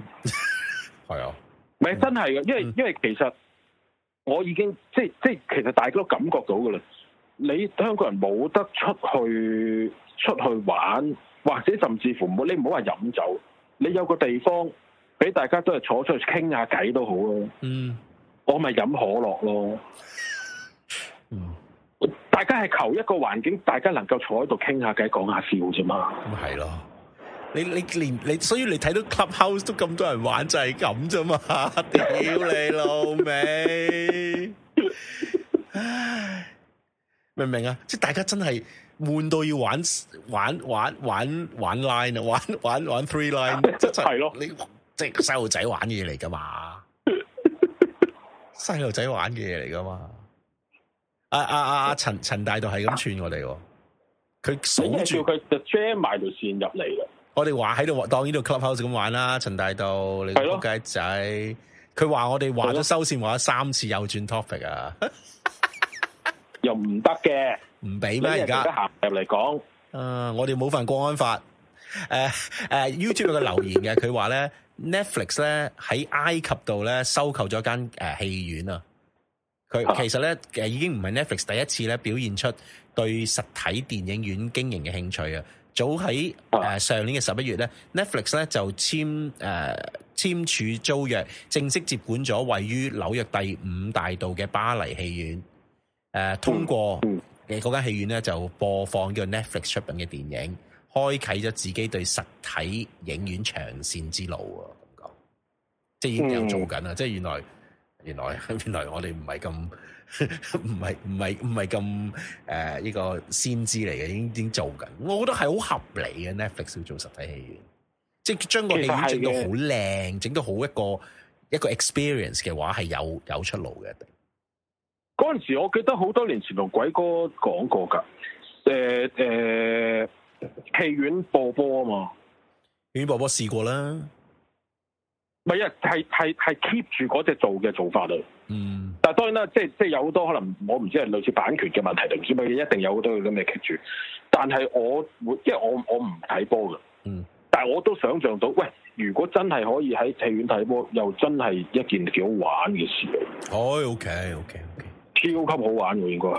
係啊， 咪真係嘅，因為因為其實我已經即即其實大家都感覺到嘅啦。你香港人冇得出去出去玩，或者甚至乎冇你唔好話飲酒，你有個地方俾大家都係坐出去傾下偈都好、嗯、咯。嗯，我咪飲可樂咯。嗯，大家係求一個環境，大家能夠坐喺度傾下偈、講下笑啫嘛。咁係咯，你你連你，所以你睇到 clubhouse 都咁多人玩就係咁啫嘛。屌 你老味！ 明唔明啊？即係大家真係悶到要玩玩玩玩玩 line，玩玩玩 free line，即係咯，你即係細路仔玩嘢嚟噶嘛？細路仔玩嘢嚟噶嘛？啊啊阿陳陳大道係咁串我哋，佢數住佢就 jam 埋條線入嚟啦。我哋話喺度當呢度 clubhouse 咁玩啦。陳大道， 你仆街仔，佢話 我哋話咗收線話咗三次又轉 topic 啊！ 又唔得嘅，唔俾咩而家？入嚟講，啊，我哋冇犯國安法。誒、uh, 誒、uh,，YouTube 嘅留言嘅，佢話咧 Netflix 咧喺埃及度咧收購咗間誒戲院啊。佢其實咧誒已經唔係 Netflix 第一次咧表現出對實體電影院經營嘅興趣啊。早喺誒、呃、上年嘅十一月咧 ，Netflix 咧就簽誒簽署租約，正式接管咗位於紐約第五大道嘅巴黎戲院。誒、啊，通過嘅嗰間戲院咧，就播放呢個 Netflix 出品嘅電影，開啟咗自己對實體影院長線之路啊！咁講即係已經有做緊啦，嗯、即係原來原來原來我哋唔係咁唔係唔係唔係咁誒呢個先知嚟嘅，已經已經做緊。我覺得係好合理嘅，Netflix 要做實體戲院，即係將個戲院整到好靚，整到好一個一個 experience 嘅話，係有有出路嘅。嗰陣時，我記得好多年前同鬼哥講過噶，誒、欸、誒，戲、欸、院，播波啊嘛，戲院播波試過啦，咪係係係 keep 住嗰隻做嘅做法咯，嗯，但係當然啦，即係即係有好多可能我，我唔知係類似版權嘅問題定唔知乜嘢，一定有好多嘢咁樣 keep 住。但係我會，因為我我唔睇波㗎，嗯，但係我都想象到，喂，如果真係可以喺戲院睇波，又真係一件幾好玩嘅事嚟。哦、oh, OK OK, okay。超級好玩㗎，應該係。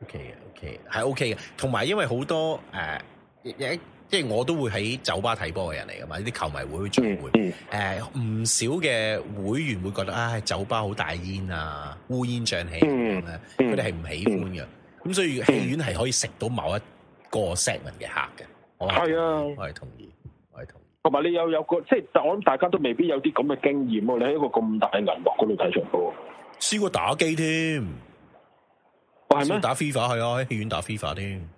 O K 嘅，O K 係 O K 嘅，同、okay、埋、okay、因為好多誒，即、呃、係我都會喺酒吧睇波嘅人嚟噶嘛，呢啲球迷會去聚會，誒唔、嗯嗯呃、少嘅會員會覺得啊，酒吧好大煙啊，烏煙瘴氣，佢哋係唔喜歡嘅。咁、嗯嗯、所以戲院係可以食到某一個 section 嘅客嘅，係啊，我係同意，我係同意。我同埋你有有個，即係我諗大家都未必有啲咁嘅經驗。你喺一個咁大嘅銀幕嗰度睇場波。試過打機添，我係咩？打 FIFA 係啊，喺戲院打 FIFA 添。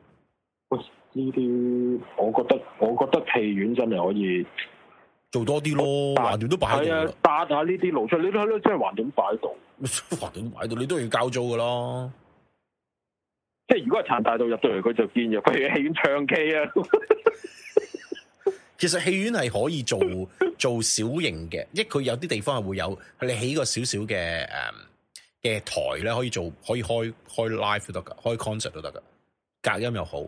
呢啲我覺得，我覺得戲院真係可以做多啲咯。橫掂打都擺喺啊，搭下呢啲路出，你都係咯，即係橫掂擺喺度，橫掂擺喺度，你都要交租噶啦。即係如果係殘大道入到嚟，佢就見咗，譬如戲院唱 K 啊。 其實戲院係可以做 做小型嘅，即係佢有啲地方係會有，你起個少少嘅誒嘅台咧，可以做，可以開開 live 都得噶，開 concert 都得噶，隔音又好。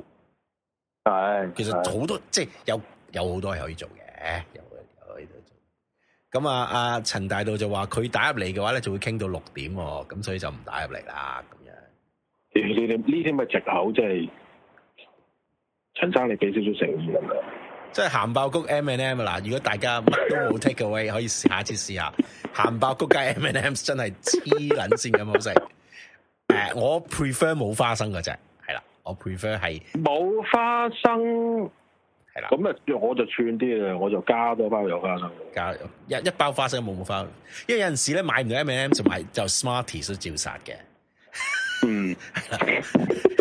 係的，其實好多是的即係有有好多係可以做嘅，有嘅可以做的。咁啊，阿陳大道就話佢打入嚟嘅話咧，就會傾到六點，咁所以就唔打入嚟啦。咁樣，你哋呢啲咪借口？即係陳生你，你俾少少誠意咁樣。即係鹹爆谷 M and M 啦，如果大家乜都冇 take away，可以下一次試下鹹爆谷加 M and M 真係黐撚線咁好食。誒，uh，我 prefer 冇花生嘅啫，係啦的，我 prefer 係冇花生係啦。咁啊，我就串啲啊，我就加多一包有花生，加一一包花生冇冇花，因為有陣時咧買唔到 M and M 同埋就 Smarties 都照殺嘅。嗯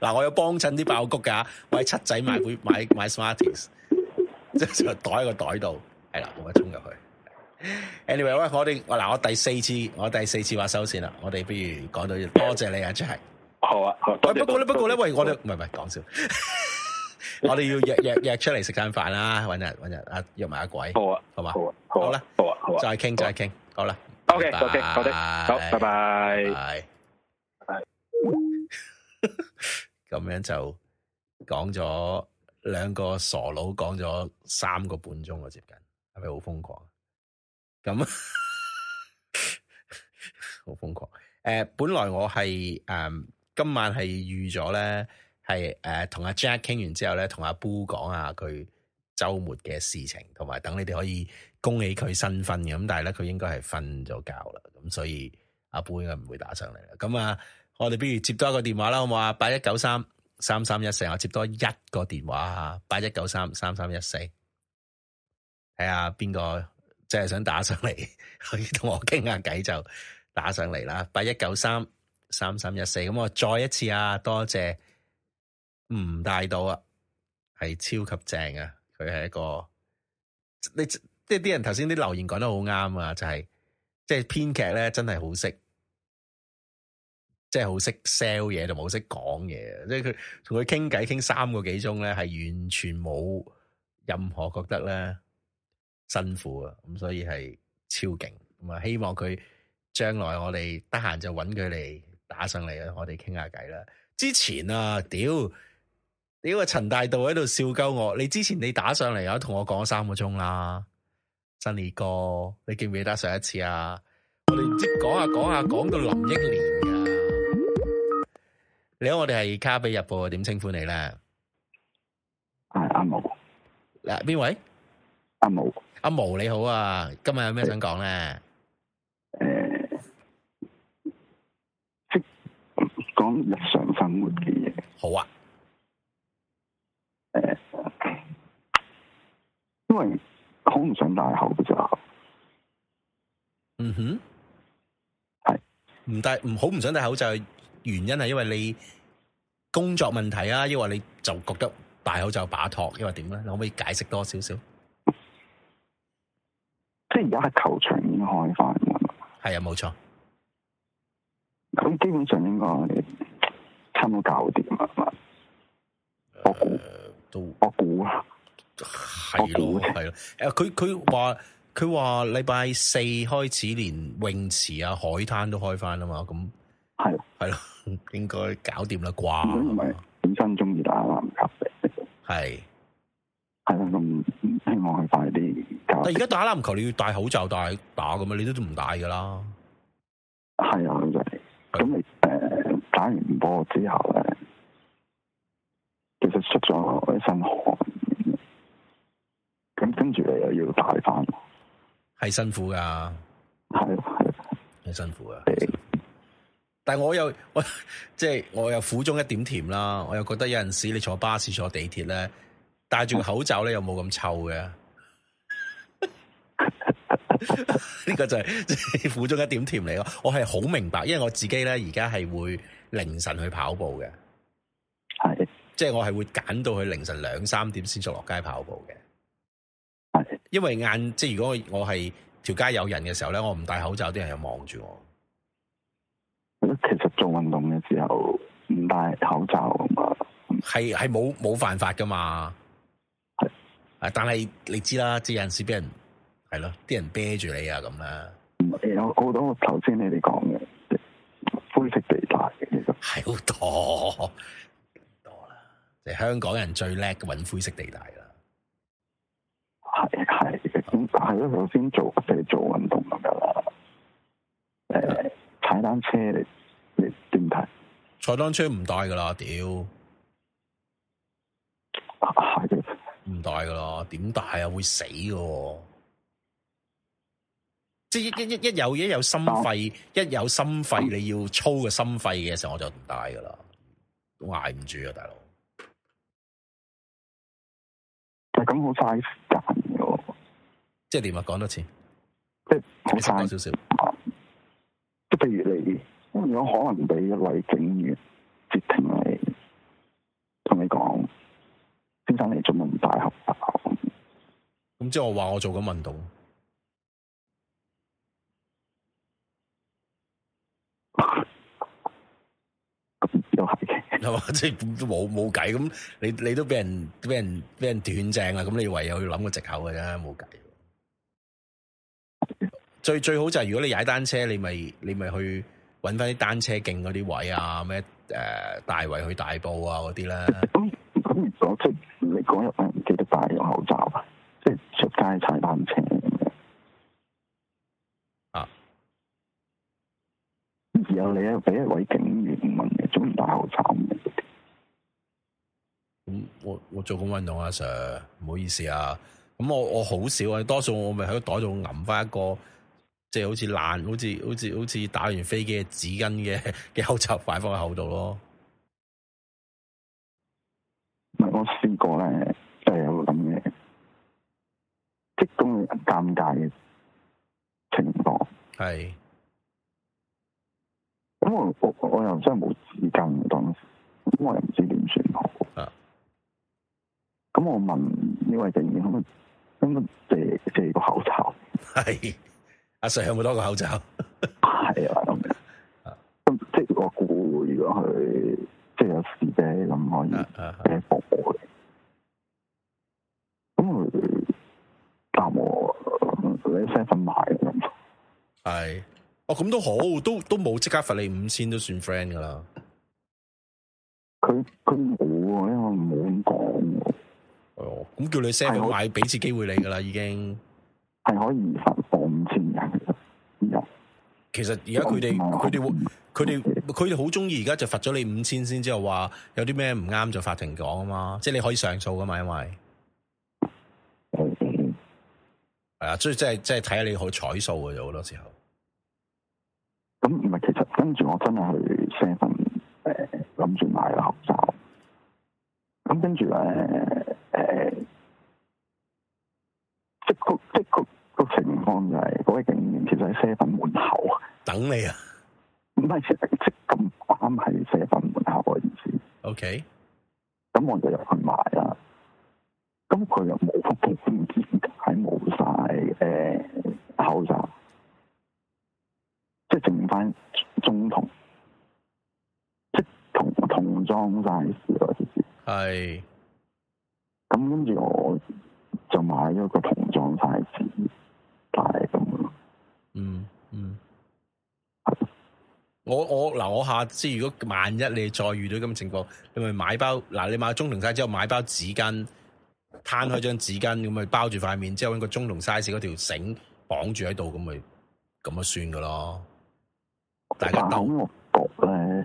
嗱，我要幫襯啲爆谷嘅，我喺七仔買杯買買 smarties，即係袋喺個袋度，係啦，咁樣衝入去。Anyway，喂，我哋嗱，我第四次，我第四次話收線啦，我哋不如講到多謝你啊，即係好啊。不過咧，不過咧，喂，我哋唔係唔係講笑，我哋要約約約出嚟食餐飯啦，搵人搵人啊，約埋阿鬼，好啊，好嘛？好啊，好啦，好啊，再傾再傾，好啦，OK OK OK 好，拜，拜。咁 樣就講咗兩個傻佬，講咗三個半鐘嘅接近係咪好瘋狂？咁好瘋狂誒、呃！本來我係誒、嗯、今晚係預咗咧，係誒同阿 Jack 傾完之後咧，同阿 Bo 講下佢周末嘅事情，同埋等你哋可以恭喜佢新婚嘅咁。但係咧，佢應該係瞓咗覺啦，咁所以阿 Bo 應該唔會打上嚟啦。咁啊～我哋不如接多一個電話啦，好唔好啊？八一九三三三一四，我接多一個電話啊，八一九三三三一四。係啊，邊個真係想打上嚟，可以同我傾下偈就打上嚟啦。八一九三三三一四，咁我再一次啊，多謝吳導，吳大導啊，係超級正啊，佢係一個，你即係啲人頭先啲留言講得好啱啊，就係即係編劇咧真係好識。即係好識 sell 嘢，同好識講嘢。即係佢同佢傾偈傾三個幾鐘咧，係完全冇任何覺得咧辛苦啊。咁所以係超勁。咁啊，希望佢將來我哋得閒就揾佢嚟打上嚟啊，我哋傾下偈啦。之前啊，屌，屌個陳大道喺度笑鳩我。你之前你打上嚟呀，同我講三個鐘啦，真理哥，你記唔記得上一次啊？我哋唔知講下講下講到林憶蓮嘅。你好，我哋係《卡比日報》，點稱呼你咧？係阿毛。嗱，邊位？阿毛，阿毛你好啊，今日有咩想講咧？啊？誒、呃，即講日常生活嘅嘢。好啊，誒、呃，因為好唔想戴口罩。嗯哼，係唔戴唔好唔想戴口罩。原因係因為你工作問題啊，抑或你就覺得戴口罩把托，抑或點咧？你可唔可以解釋多少少？即係而家係球場已經開翻啊嘛。係啊，冇錯。咁基本上應該差唔多搞掂啊嘛。呃、我估都，我估啊。係咯，係咯。誒，佢佢話佢話禮拜四開始連泳池啊、海灘都開翻啦嘛，咁。係，係咯，應該搞掂啦啩？唔係，本身中意打籃球嘅，係啊，係啦，希望快啲。但而家打籃球你要戴口罩戴打咁啊，你都都唔戴噶啦。係啊，咁你誒、呃，打完波之後咧，其實出咗一身汗，咁跟住你又要戴翻，係辛苦噶，係係，係辛苦噶。但係我又，我即係、就是、我又苦中一點甜啦！我又覺得有陣時你坐巴士、坐地鐵咧，戴住個口罩咧又冇咁臭嘅。呢 個就係、是就是、苦中一點甜嚟咯。我係好明白，因為我自己咧而家係會凌晨去跑步嘅，係即係我係會揀到去凌晨兩三點先出落街跑步嘅，的因為晏即係如果我係條街有人嘅時候咧，我唔戴口罩，啲人又望住我。其實做運動嘅時候唔戴口罩咁啊，係係冇冇犯法噶嘛？係啊的，但係你知啦，即有陣時俾人係咯，啲人啤住你啊咁啦。我覺得我頭先你哋講嘅灰色地帶，係好多多啦。你香港人最叻嘅搵灰色地帶啦。係係嘅，咁係咯。頭先的做即係做運動咁樣啦。誒。踩單車你，你點睇？踩單車唔帶噶啦，屌、啊！唔帶噶啦，點帶啊？會死嘅！即係一、一、一有嘢，有心肺，啊、一有心肺，你要操嘅心肺嘅時候，我就唔帶噶啦，都挨唔住啊，大佬！咁好晒時間，即係點啊？講多次，即係少少。即係譬如你，如果可能俾一位警員截停你，同你講，先生，你做乜唔戴口罩？咁即係我話我做緊運動，咁都係嘅係嘛？即係都冇冇計咁，你你都俾人俾人俾人斷正啊！咁你唯有要諗個藉口嘅啫，冇計。最最好就係如果你踩單車，你咪你咪去揾翻啲單車徑嗰啲位啊，咩誒、呃、大圍去大埔啊嗰啲啦。咁如果即係你嗰日咧唔記得戴咗口罩啊，即係出街踩單車啊！然後你又俾一位警員問你：仲唔戴口罩？咁我我做緊運動啊，Sir，唔好意思啊。咁我我好少啊，多數我咪喺度袋度揞翻一個。即係好似爛，好似好似好似打完飛機嘅紙巾嘅嘅口罩擺放喺口度咯。唔係我試過咧，係、就是、有咁嘅即係咁尷尬嘅情況。係咁是我我，我又真係冇紙巾，我當時咁我又唔知點算好。啊！咁我問呢位證員可唔可借借個口罩？係。阿 Sir 有冇多個口罩？係啊，咁即係我估，如果佢即係有事啫，咁可能，俾個我嘅。咁佢答我你 send 份買咁。係哦，咁都好，都都冇即刻罰你五千，都算 friend 噶啦。佢佢冇啊，因為我冇咁講。哦，哎，咁叫你 send 買，俾的次機會你噶啦，已經係可以發其實而家佢哋佢哋會佢哋佢哋好中意而家就罰咗你五千先，之後話有啲咩唔啱，就法庭講啊嘛，即係你可以上訴噶嘛，因為係啊，所以、嗯、即係即係睇下你好彩數啊，有好多時候。咁唔係，其實跟住我真係去寫份誒諗住買個口罩。咁、嗯、跟住咧誒，即即情況就是那個情況就係嗰位警員其實喺社粉門口等你啊，唔係即咁啱喺社粉門口嗰陣時。OK，咁我就入去買啦。咁佢又冇幅鐵片解冇晒誒口罩，即係剩翻中同即同童裝 size 嗰啲。係，咁 Hey. 跟住我就買咗個童裝 size。嗯嗯，我我嗱我下次如果萬一你再遇到咁嘅情況，你咪買包嗱、啊，你買中童 size 之後買包紙巾，攤開張紙巾咁咪包住塊面，之後揾個中童 size 嗰條繩綁住喺度，咁咪咁樣算噶咯。大家係講我覺咧，誒、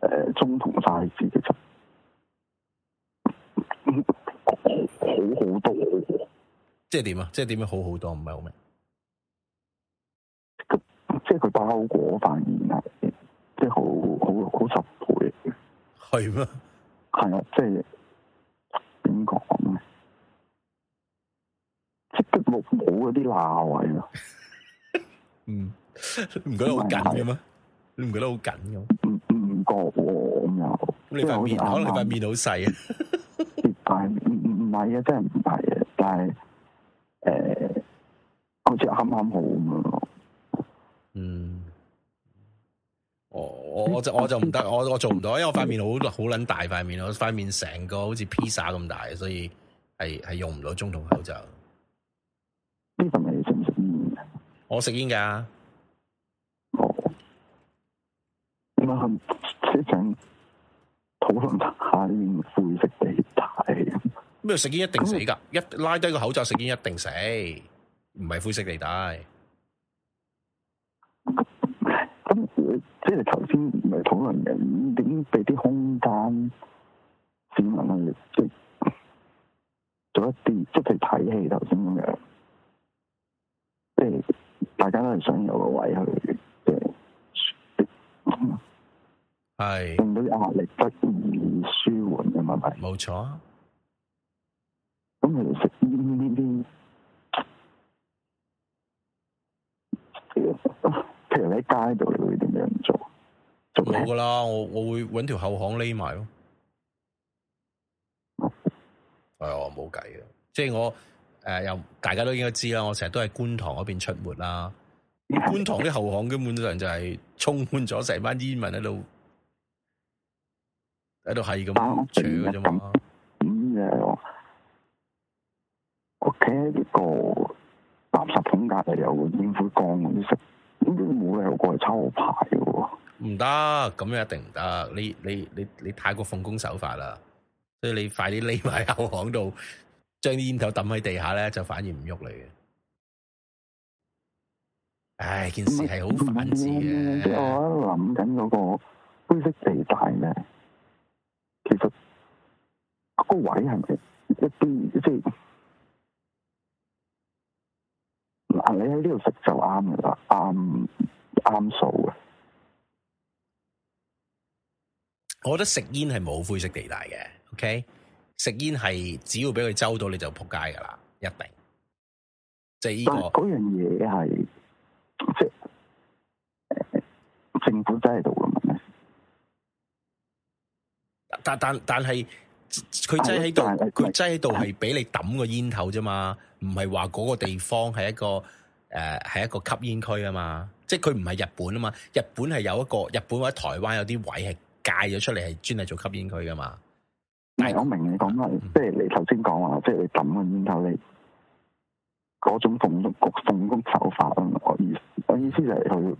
呃，中童 size 其實 好好，的好好多，即係點啊？即係點樣好好多？唔係好明。即係佢包裹反而啊，即係好好好十倍，係 咩？係啊，即係點講咧？即係冇冇嗰啲罅位咯。嗯，唔覺得好緊嘅咩？你唔覺得好緊嘅？唔唔覺喎咁又。你塊面，可能你塊面好細啊？但係唔唔係啊，真係唔係啊，但係誒，好似啱啱好咁樣嗯，我我我就我就唔得，我我做唔到，因為我塊面好好撚大塊面，我塊面成個好似披薩咁大，所以係係用唔到中筒口罩。呢份係你食唔食煙嘅？1 我食煙噶。好、哦。咁啊，一陣討論下呢件灰色地帶。咩食煙一定死噶？嗯、一拉低個口罩食煙一定死，唔係灰色地帶。即係頭先唔係討論人，點俾啲空間市民嘅力，即做一啲即係睇戲頭先咁樣，即係大家都係想有個位去，即係係令到壓力得以舒緩嘅，係咪？冇錯錯。咁你哋食呢啲。譬如你喺街度，你會點樣做？做到㗎啦？我我會揾條後巷匿埋咯。係、mm. 哎、我冇計嘅，即係我誒又、呃、大家都應該知啦。我成日都喺觀塘嗰邊出沒啦。觀塘啲後巷根本上就係充滿咗成班煙民喺度，喺度係咁住嘅啫嘛。咁又？我企喺呢個垃圾桶隔籬，有煙灰缸嗰咁都冇理由過嚟抄牌嘅喎，唔得，咁樣一定唔得。你你你你，你太過奉公守法啦，所以你快啲匿埋喺後巷度，將啲煙頭抌喺地下咧，就反而唔喐你嘅。唉，件事係好反智嘅。即係我喺度諗緊嗰個灰色地帶咧，其實個位係咪一邊即係？嗱，你喺呢度食就啱啦，啱啱數嘅。嗯嗯嗯嗯、我覺得食煙係冇灰色地帶嘅，OK？食煙係只要俾佢捉到，你就撲街噶啦，一定。即係呢個嗰樣嘢係，即係、就是、政府真係到啦咩？但但但係。佢擠喺度，佢擠喺度係俾你抌個煙頭啫嘛，唔係話嗰個地方係一個誒，係、uh, 一個吸煙區啊嘛，即係佢唔係日本啊嘛，日本係有一個日本或者台灣有啲位係界咗出嚟，係專係做吸煙區噶嘛。唔係，我明你講乜、嗯，即係你頭先講話，即係你抌個煙頭，你嗰種奉公奉，奉手法咯。我意思我意思就係佢，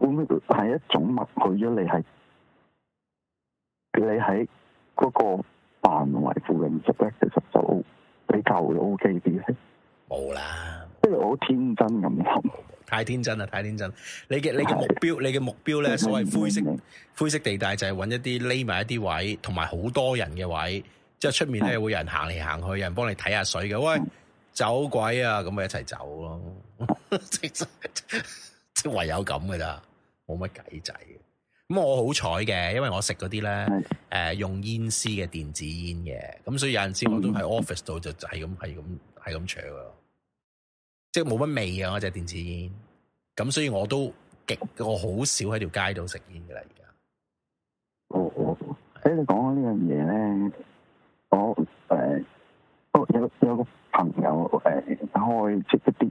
會唔會係一種物去咗你係你喺？嗰個範圍負零十咧，其實就比較 O K 啲。冇啦，即係我好天真咁諗。太天真啦，太天真！你嘅你嘅目標，的你嘅目標咧，所謂灰色灰色地帶就，就係揾一啲匿埋一啲位，同埋好多人嘅位，即係出面咧會有人行嚟行去，有人幫你睇下水嘅。喂，的走鬼啊！咁咪一齊走咯， 即係唯有咁噶啦，冇乜計仔。咁我好彩嘅，因為我食嗰啲咧，誒的、呃、用煙絲嘅電子煙嘅，咁所以有陣時我都喺 office 度就係咁係咁係咁搶咯，即係冇乜味啊！我、那、隻、個、電子煙，咁所以我都極我好少喺條街度食煙噶啦，而、哦、家的。我，我，誒，你講呢樣嘢咧，我誒，有有個朋友誒、呃、開即係啲，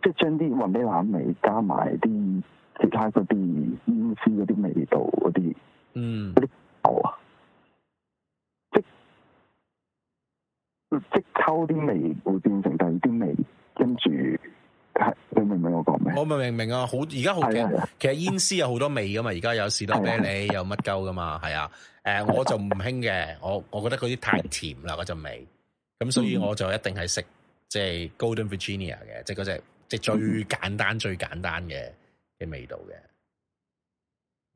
即係將啲雲呢拿味加埋啲。其他嗰啲煙絲嗰啲味道嗰啲，嗯，嗰啲勾啊，即即溝啲味會變成第二啲味，跟住係你明唔明我講咩？我明明明啊？好而家好嘅，其實煙絲有好多味㗎嘛，而家有士多啤梨，有乜鳩㗎嘛，係啊。誒，我就唔興嘅，我我覺得嗰啲太甜啦嗰陣味，咁所以我就一定係食即係 Golden Virginia 嘅，即係嗰隻即最簡單最簡單嘅。嘅味道嘅，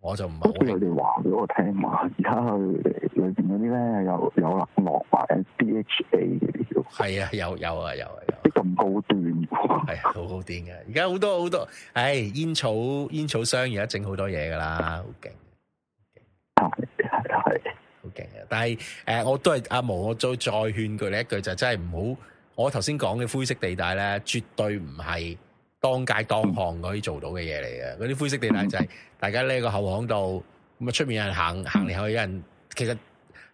我就唔係好似佢哋話俾我聽嘛。而家佢裏邊嗰啲咧有有落或者 DHA 嘅，係啊，有有，有，有啊，有啊，有啲咁高端，係啊，好高端嘅。而家好多好多，唉、哎，煙草煙草商而家整好多嘢噶啦，好勁，係好勁嘅。但係誒、呃，我都係阿毛，我再再勸佢你一句就是、真係唔好。我頭先講嘅灰色地帶咧，絕對唔係。當街當巷嗰啲做到嘅嘢嚟嘅，嗰啲灰色地帶就係大家呢個後巷度，咁啊，出面有人行行嚟去有人其實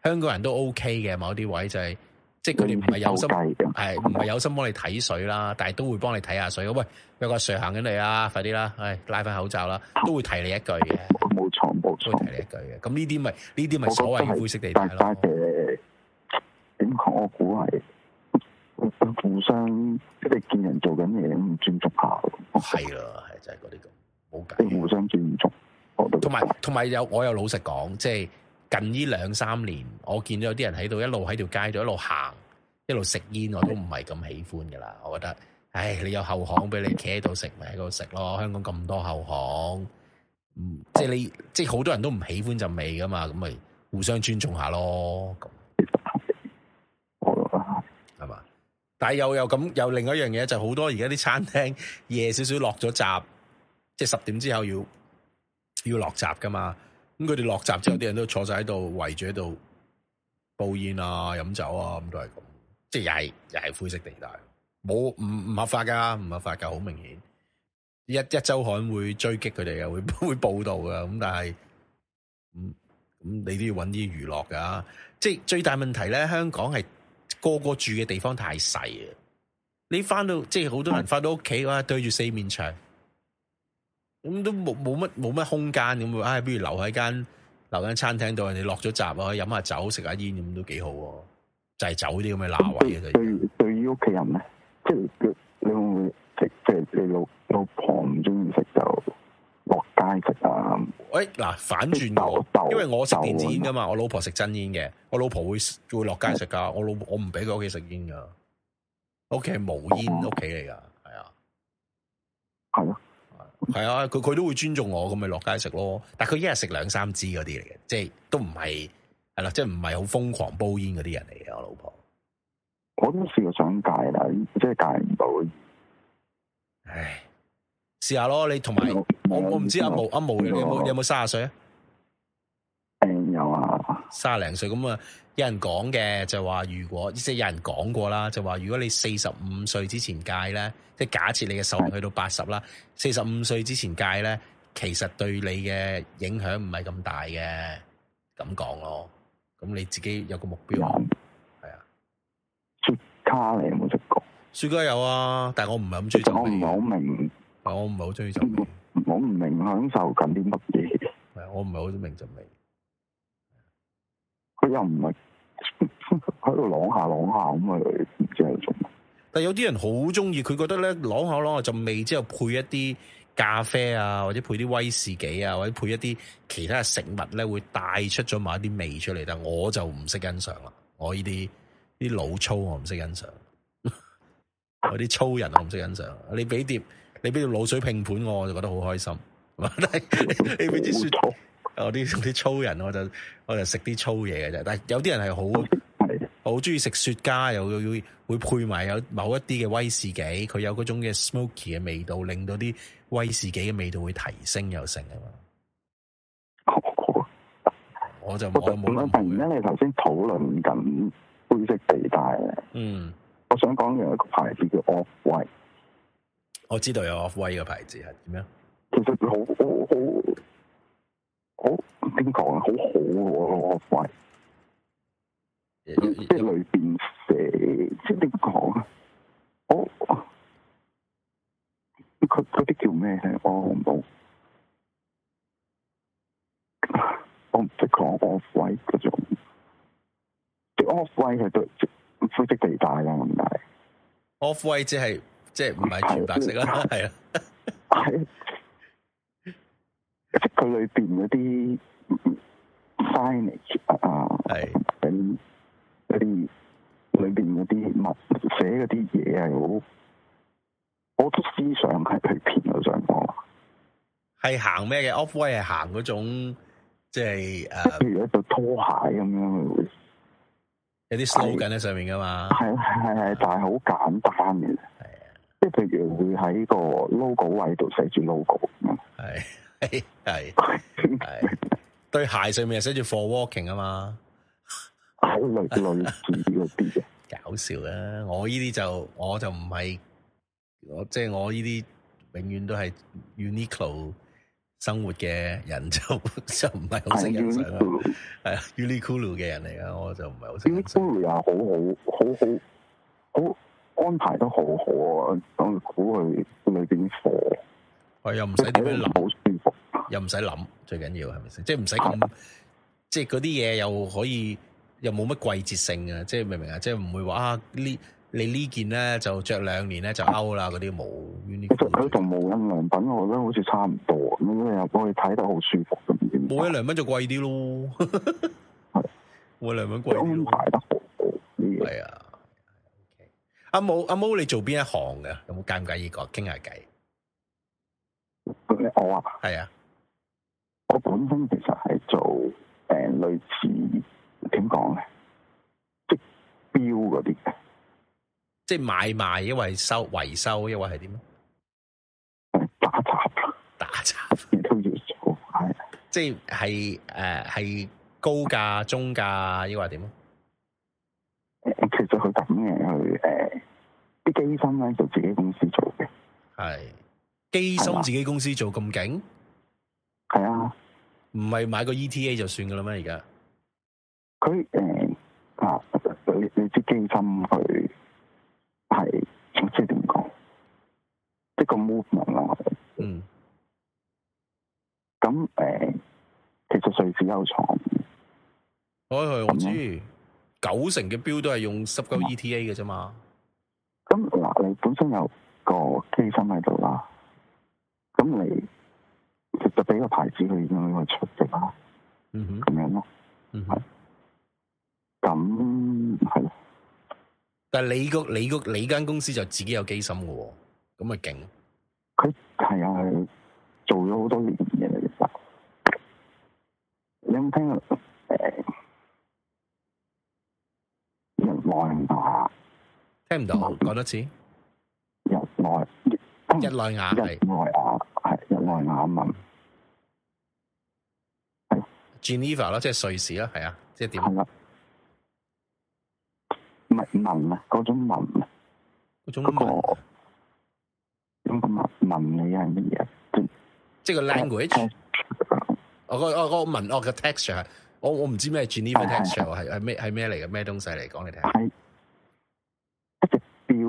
香港人都 OK 嘅，某啲位就係、是、即係佢哋唔係有心，係唔係有心幫你睇水啦，但係都會幫你睇下水。喂，有個 sir 行緊你啦，快啲啦，係拉翻口罩啦，都會提你一句嘅。冇錯，冇錯，都會提你一句嘅。咁呢啲咪呢啲咪所謂灰色地帶咯。真我估古互相即係見人做緊嘢，唔尊重下咯。係啦，係就係嗰啲咁，冇計。互相尊重，同埋同埋有，有我有老實講，即係近呢兩三年，我見到有啲人喺度一路喺條街度一路行，一路食煙，我都唔係咁喜歡噶啦。我覺得，唉，你有後巷俾你企喺度食，咪喺度食咯。香港咁多後巷，嗯，嗯即係你，即係好多人都唔喜歡陣味噶嘛，咁咪互相尊重下咯。但係又又咁又另一樣嘢就好多而家啲餐廳夜少少落咗閘，即係十點之後要要落閘噶嘛。咁佢哋落閘之後，啲人都坐晒喺度，圍住喺度煲煙啊、飲酒啊，咁都係咁，即係又係又係灰色地帶，冇唔唔合法噶，唔合法噶，好明顯。一一周刊會追擊佢哋啊，會會報道噶。咁但係，嗯，咁你都要搵啲娛樂噶。即係最大問題咧，香港係。個個住嘅地方太細啊！你翻到即係好多人翻到屋企哇，是的 對住四面牆，咁都冇冇乜冇乜空間咁唉，不如留喺間留間餐廳度，你落咗閘啊，飲下酒食下煙咁都幾好。就係、是、走啲咁嘅鬧位啊！對於屋企人咧，即係你你會唔會食？即係你老老婆唔中意食就落街食啊？誒、嗱、哎，反轉我，因為我食電子煙噶嘛，我老婆食真煙嘅，我老婆會會落街食噶，我老婆，我唔俾佢屋企食煙噶，屋企係冇煙屋企嚟噶，係啊，係咯，係啊，佢佢、啊、都會尊重我，咁咪落街食咯，但係佢一日食兩三支嗰啲嚟嘅，即係都唔係，係啦、啊，即係唔係好瘋狂煲煙嗰啲人嚟嘅，我老婆，我都試過想戒啦，即係戒唔到，唉、哎，試下咯，你同埋。我我唔知阿毛阿毛，你有冇有冇卅歲啊？誒、這個嗯，有啊，卅零歲咁啊，有人講嘅就話，如果即係有人講過啦，就話如果你四十五歲之前戒咧，即係假設你嘅壽命去到八十啦，四十五歲之前戒咧，其實對你嘅影響唔係咁大嘅，咁講咯。咁你自己有個目標係啊？雪茄、啊、有冇食過？雪茄有啊，但係我唔係咁中意，我唔係好明。我唔係好中意浸味，我唔明享受緊啲乜嘢。係我唔係好明浸味，佢又唔係喺度朗下朗下咁啊，唔知係做乜。但係有啲人好中意，佢覺得咧朗下朗下浸味之後配一啲咖啡啊，或者配啲威士忌啊，或者配一啲其他嘅食物咧，會帶出咗某一啲味出嚟。但係我就唔識欣賞啦，我呢啲啲老粗，我唔識欣賞， 我唔識欣賞。我啲粗人，我唔識欣賞。你俾碟。你俾條鹵水拼盤我，我就覺得好開心。你俾支雪，粗我啲啲粗人我就我就食啲粗嘢嘅啫。但係有啲人係好是我好中意食雪茄，又要會，會配埋有某一啲嘅威士忌，佢有嗰種嘅 smoky 嘅味道，令到啲威士忌嘅味道會提升又成啊！好、哦，我就我冇就。咁啊，突然間你頭先討論緊灰色地帶，嗯，我想講有一個牌子叫 Off White。我知道有 off white 個牌子係點樣，其實好，好，好，好點講啊，好好個 off white 即係裏邊寫，即係點講啊，我佢佢啲叫咩？我唔到，我唔識講 off white 嗰種，啲 off white 係對灰色地帶啦咁解，off white 即係。即係唔係全白色啊？係啊，係佢裏邊嗰啲 finish 啊，係等嗰啲裏邊嗰啲墨寫嗰啲嘢係好，我通常係去片嗰上邊。係行咩嘅？Offway 係行嗰種，即係誒，譬如一對拖鞋咁樣咯，有啲收緊喺上面噶嘛。係係係，但係好簡單嘅。即係譬如會喺個 logo 位度寫住 logo 咁啊，係係係，對鞋上面係寫住 For Walking 啊嘛，係咪類似嗰啲嘅？搞笑啦，啊！我呢啲就我就唔係我即係我呢啲永遠都係 Uniqlo 生活嘅人就就唔係好識欣賞，係 Uniqlo 嘅人嚟噶，我就唔係好識 Uniqlo 又好好好好好。安排得好好啊！我估佢都未點貨，係又唔使點諗，好樣舒服，又唔使諗，最緊要係咪先？即係唔使咁，啊、即係嗰啲嘢又可以又冇乜季節性啊！即係明唔明啊？即係唔會話啊呢你呢件咧就着兩年咧就勾 u 啦，嗰啲冇。其實同冇一良品，我覺得好似差唔多。咁又我哋睇得好舒服咁點？冇一良品就貴啲咯，係冇良品蚊貴。貴安排得好好啲，係啊。阿毛，阿毛，你做邊一行嘅？有冇介唔介意講，傾下偈。我啊，係啊，我本身其實係做誒、呃、類似點講咧，即標嗰啲嘅，即買賣，因為收，維修，因為係點？打雜插，打雜都要做，係 即係誒係高價、中價，呢個係點？啲機芯咧就自己公司做嘅，係機芯自己公司做咁勁，係啊，唔係買個 E T A 就算㗎喇咩？而家佢誒啊，你你知機芯佢係即係點講？即、這個 movement 咯，我嗯。咁誒、呃，其實瑞士有廠，係係、哎、我知，嗯、九成嘅錶、er、都係用十九 E T A 嘅啫嘛。咁嗱，你本身有個機芯喺度啦，咁你其實俾個牌子佢，已經去出席啦，嗯哼，咁樣咯，嗯哼，咁係。但係你個你個你間公司就自己有機芯嘅喎，咁咪勁？佢係啊，做咗好多年嘅啦，你有冇聽過？誒、嗯，人愛啊！聽唔到，講多文次。日內日內瓦係日內係日內瓦文 Geneva 咯，即係瑞士咯，係啊，即係點？係文啊，嗰種文啊，嗰種文，嗰種文、嗰個、文嘅係乜嘢？即係個 language。我我我文我嘅 texture，我我唔知咩 Geneva texture 係係咩係咩嚟嘅？咩東西嚟？講你聽。個錶，那個蓋，是個錶蓋，那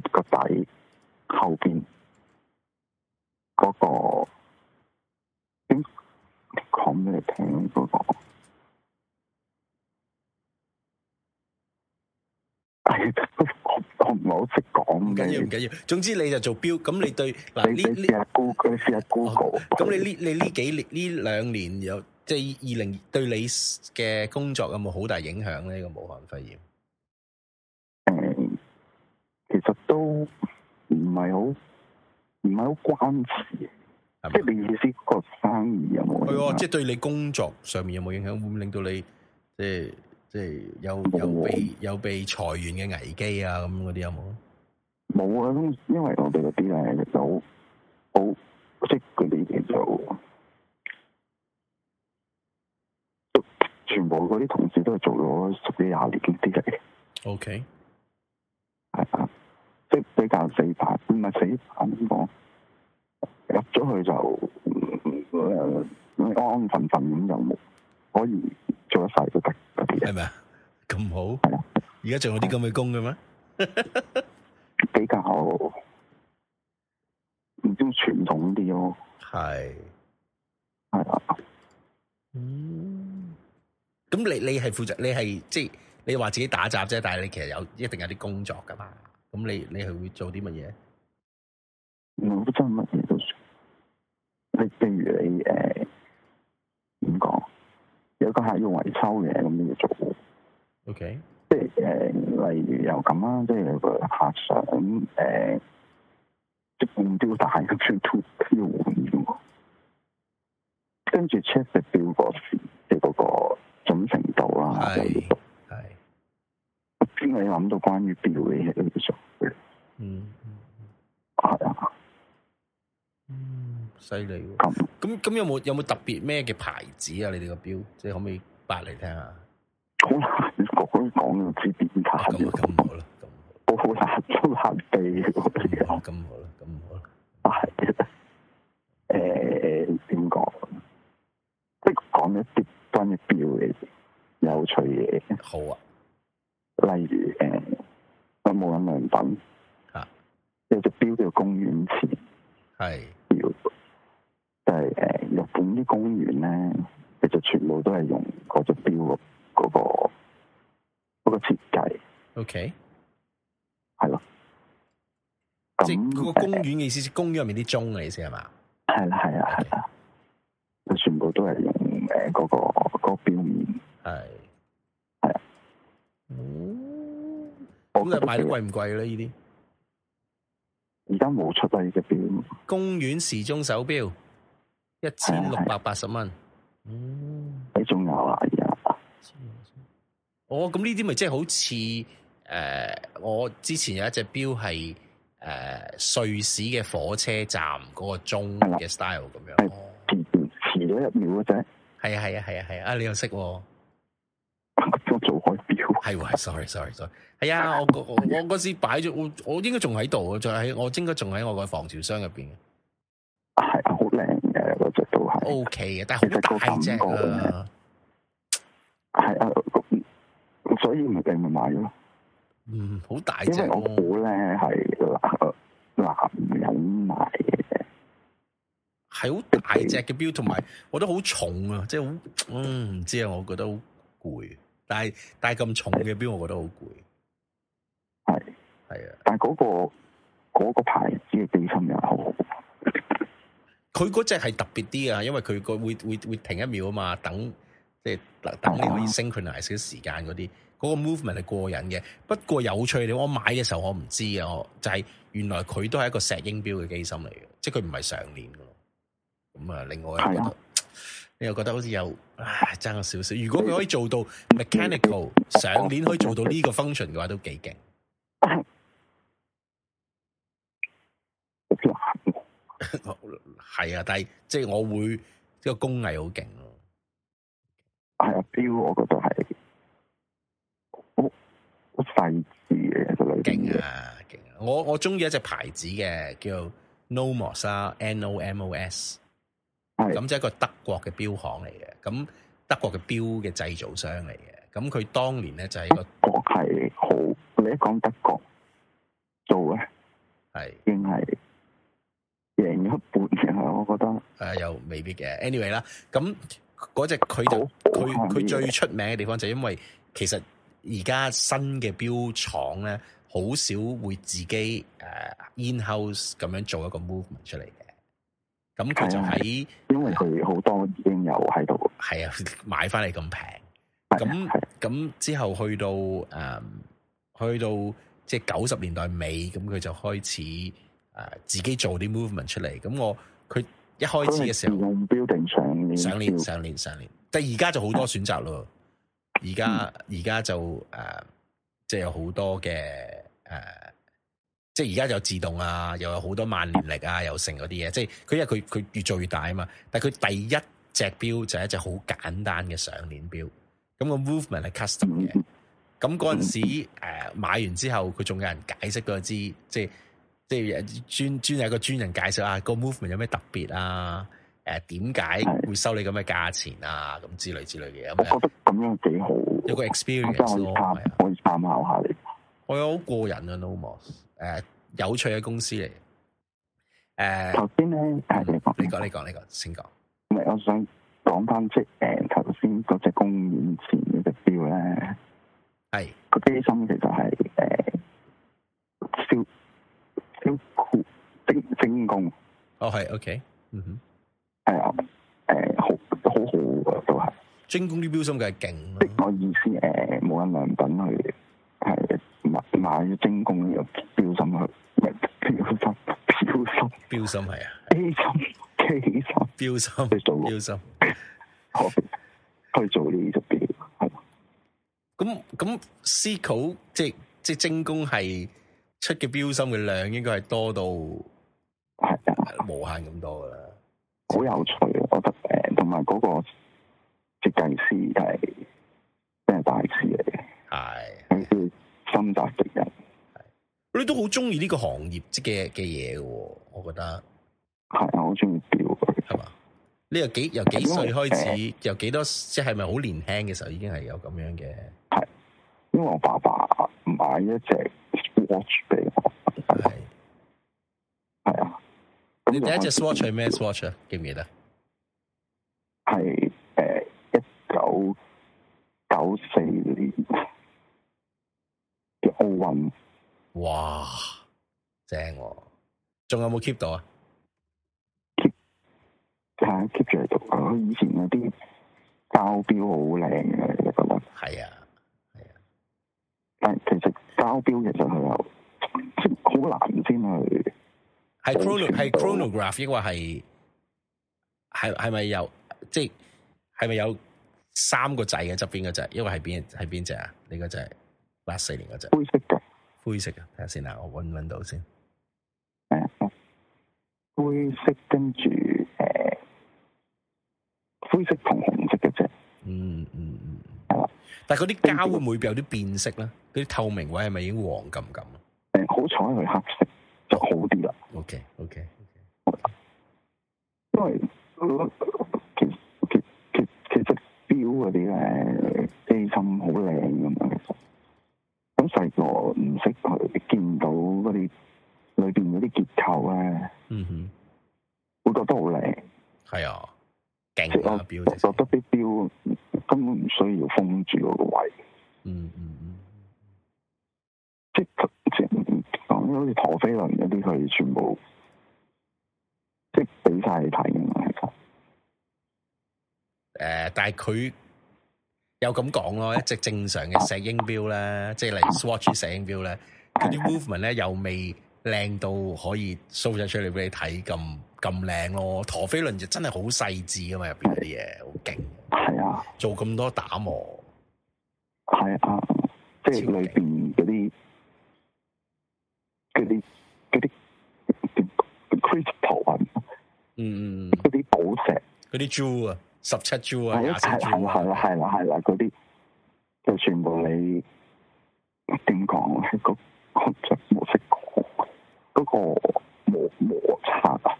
個底後邊嗰，那個，點講俾你聽嗰，那個？係，哎、都我唔係好識講，唔緊要，唔緊要。總之你就做錶，咁你對嗱呢呢個，你試下 Google，咁你呢你呢幾年呢兩年有？即係二零二對你嘅工作有冇好大影響咧？呢、這個武漢肺炎，誒、嗯，其實都唔係好，唔係好關事，即係你意思個生意有冇？係喎、啊，即、就、係、是、對你工作上面有冇影響？會唔會令到你，即係即係有有，有被有被裁員嘅危機啊？咁嗰啲有冇？冇啊！咁因為我哋嗰啲咧就好，好識嗰啲。全部嗰啲同事都係做咗十幾廿年嗰啲嚟嘅，OK，係啊，即係比較死板，唔係死板咁講，入咗去就唔唔安安分分咁就可以做可以一世都得，係咪啊？咁好，而家仲有啲咁嘅工嘅咩是？比較唔知傳統啲咯，係是，係啊的，嗯。咁你你係負責，你係即係你話自己打雜啫，但係你其實有一定有啲工作㗎嘛。咁你你係會做啲乜嘢？唔真係乜嘢都算你、呃。你譬如你誒點講？有個客要維修嘅，咁你要做。O K，即係誒，例如又咁啦，即係有個客想誒，即係換吊帶，咁要換，Q 2, Q 1, 跟住 check 個錶嗰時嘅嗰個。咁程度啦，係係是，邊你諗到關於表嘅嘢都唔熟嘅，嗯，係啊，嗯，犀利喎，咁咁、嗯嗯、有冇有冇特別咩嘅牌子啊？你哋個表，即係可唔可以擺嚟聽下？講講這個、好難講，講又知邊牌嘅，咁好啦，咁，我好難，都難記，咁好啦，咁好啦，啊、嗯、係，誒，點講？即係講一啲。關於表嘅有趣嘢，好啊！例如誒、嗯，無印良品啊，有隻錶叫公園前系表，但係誒，日本啲公園咧，其實全部都係用嗰隻表嗰、那個嗰、那個設計。O K，係咯，咁的那個公園嘅意思公、啊，公園入面啲鐘嘅意思係嘛？係啦，係啦，係啦，就 Okay. 全部都係用誒、那、嗰個。個表面係係啊，哦，咁就賣得貴唔貴咧？呢啲而家冇出啊！呢隻表面，公園時鐘手表，一千六百八十蚊。嗯，你仲有啊？而家，哦，咁呢啲咪即係好似誒，我之前有一隻表係誒瑞士嘅火車站嗰個鐘嘅 style 咁，啊，樣，遲咗一秒啊，啫。係啊，係啊，係啊，係啊！啊，你又識我做海表？係喎 s o r r y sorry sorry, sorry。係啊，我我我嗰時擺咗，我我，我應該仲喺度嘅，仲喺我應該仲喺我個防潮箱入邊。係啊，好靚嘅嗰隻都 OK 嘅，但係好大隻啊。係、okay，啊、咁、就是啊、所以咪咪買咯。嗯，好大隻、啊、我我咧係男人唔買。係好大隻嘅錶，同埋我覺得好重啊，即係好，嗯，唔知啊，我覺得好攰。但係戴咁重嘅錶，我覺得好攰。係係啊，是的但係，嗰，嗰個，嗰個牌子嘅機芯又好。佢嗰隻係特別啲啊，因為佢個會會會停一秒啊嘛，等即係等你可以 synchronize 啲時間嗰啲，嗰，嗰個 movement 係過癮嘅。不過有趣，你我買嘅時候我唔知啊。我就係，是，原來佢都係一個石英錶嘅機芯嚟嘅，即係佢唔係上鍊嘅。咁啊，另外你又覺得好似又爭咗少少。如果佢可以做到 mechanical 上鏈可以做到呢個 function 嘅話都，都幾勁。係 啊，但係即係我會呢、這個工藝好勁咯。係啊，f e e l 我覺得係好好細致嘅，其實勁啊勁啊！我我中意一隻牌子嘅，叫 Nomos 啊，Nomos, N O M O S。係咁，即係是一個德國嘅表行嚟嘅，咁德國嘅表嘅製造商嚟嘅，咁佢當年咧就係個國係好，你一講德國做嘅，係應係贏一半，然後我覺得誒、啊、又未必嘅。Anyway 啦，咁嗰隻佢就佢佢最出名嘅地方就係因為其實而家新嘅表廠咧，好少會自己誒、uh, in house 咁樣做一個 movement 出嚟嘅。咁佢就喺，因為佢好多已經有喺度，係啊，買翻嚟咁平，咁咁之後去到誒、嗯，去到即係九十年代尾，咁佢就開始誒、啊、自己做啲 movement 出嚟。咁我佢一開始嘅時候用標定上年上年上年上年，但係而家就好多選擇咯。而家而家就誒，即、啊、係有好多嘅誒。啊即係而家有自動啊，又有好多萬年曆啊，又成嗰啲嘢。即係佢因為佢佢越做越大啊嘛。但係佢第一隻表就係一隻好簡單嘅上鏈表。咁個 movement 係 custom 嘅。咁嗰陣時誒、嗯、買完之後，佢仲有人解釋嗰支，即係即係專專有個專人介紹啊。個 movement 有咩特別啊？誒、啊，點解會收你咁嘅價錢啊？咁之類之類嘅。我覺得咁樣幾好，有個 experience 咯，可以參考下你。我有好過癮啊，No more 誒、呃，有趣嘅公司嚟。誒、呃，頭先咧，係你講，你講，你講，你講，先講。唔係，我想講翻即係，誒、就是，頭先嗰隻公園前嘅隻表咧，係個機芯其實係，誒，超超精精工。哦，係，OK，嗯哼，係啊，誒，好好好噶，都係精工啲表芯嘅係勁。啊、我意思，誒，冇人良品去係。買咗精工又錶芯去，咩錶芯？錶芯？錶芯係啊，K 心 K 心，錶芯去做，錶芯好去做呢啲嘢，係嘛？咁咁 思考，即係即係精工係出嘅錶芯嘅量，應該係多到係啊，無限咁多噶啦。好有趣，我覺得誒，同埋嗰個設計師係真係大師嚟嘅，係。心得嘅人，你都好中意呢個行業即嘅嘅嘢嘅喎，我覺得係啊，好中意錶，佢係嘛？你又幾由幾歲開始？為由幾多即係咪好年輕嘅時候已經係有咁樣嘅？係，因為我爸爸買一隻 Swatch 俾我，係係是啊，你第一隻 Swatch 係咩 Swatch 啊？記唔記得？係誒一九九四年。奧運，哇，正啊，仲有冇 keep 到啊？keep，吓 keep 住喺度，以前有啲包表好靚嘅，你覺得？係啊，係啊，但係其實包表其實佢有，即好難先去，係 chrono 係 chronograph，抑或係係係咪有即係咪有三個掣嘅側邊嗰隻？因為係邊係邊隻啊？呢個掣？八四年嗰隻灰色嘅，灰色嘅，睇下先啊，我搵唔到先。誒，灰色跟住誒，灰色同紅色嘅啫，嗯。嗯嗯嗯。的但係嗰啲膠後會唔會有啲變色咧？嗰啲透明位係咪已經黃咁咁，誒，嗯，好彩佢黑色，就好啲啦。OK，OK，因為其其其其實錶嗰啲咧，機芯好靚。見唔到嗰啲裏邊嗰啲結構啊，嗯哼、mm，hmm. 會覺得好靚，係、哦、啊，即係、就是、我覺得啲表根本唔需要封住嗰個位，嗯嗯嗯，即係即係好似陀飛輪嗰啲，佢哋全部即係俾晒你睇嘅嘛，其實，誒，但係佢有咁講咯，一隻正常嘅石英表咧，即係例如 Swatch 石英表咧。佢啲 movement 咧又未靚到可以 show 晒出嚟俾你睇咁咁靚咯，陀飛輪就真係好細緻噶嘛，入邊啲嘢好勁。係啊，啊做咁多打磨。係啊，即係裏邊嗰啲，嗰啲嗰啲 crystal 啊，嗯嗯嗯，嗰啲寶石，嗰啲珠啊，十七珠啊，係啦係啦係啦係啦，嗰啲就全部你點講咧？那個我真冇識講，個磨摩擦啊！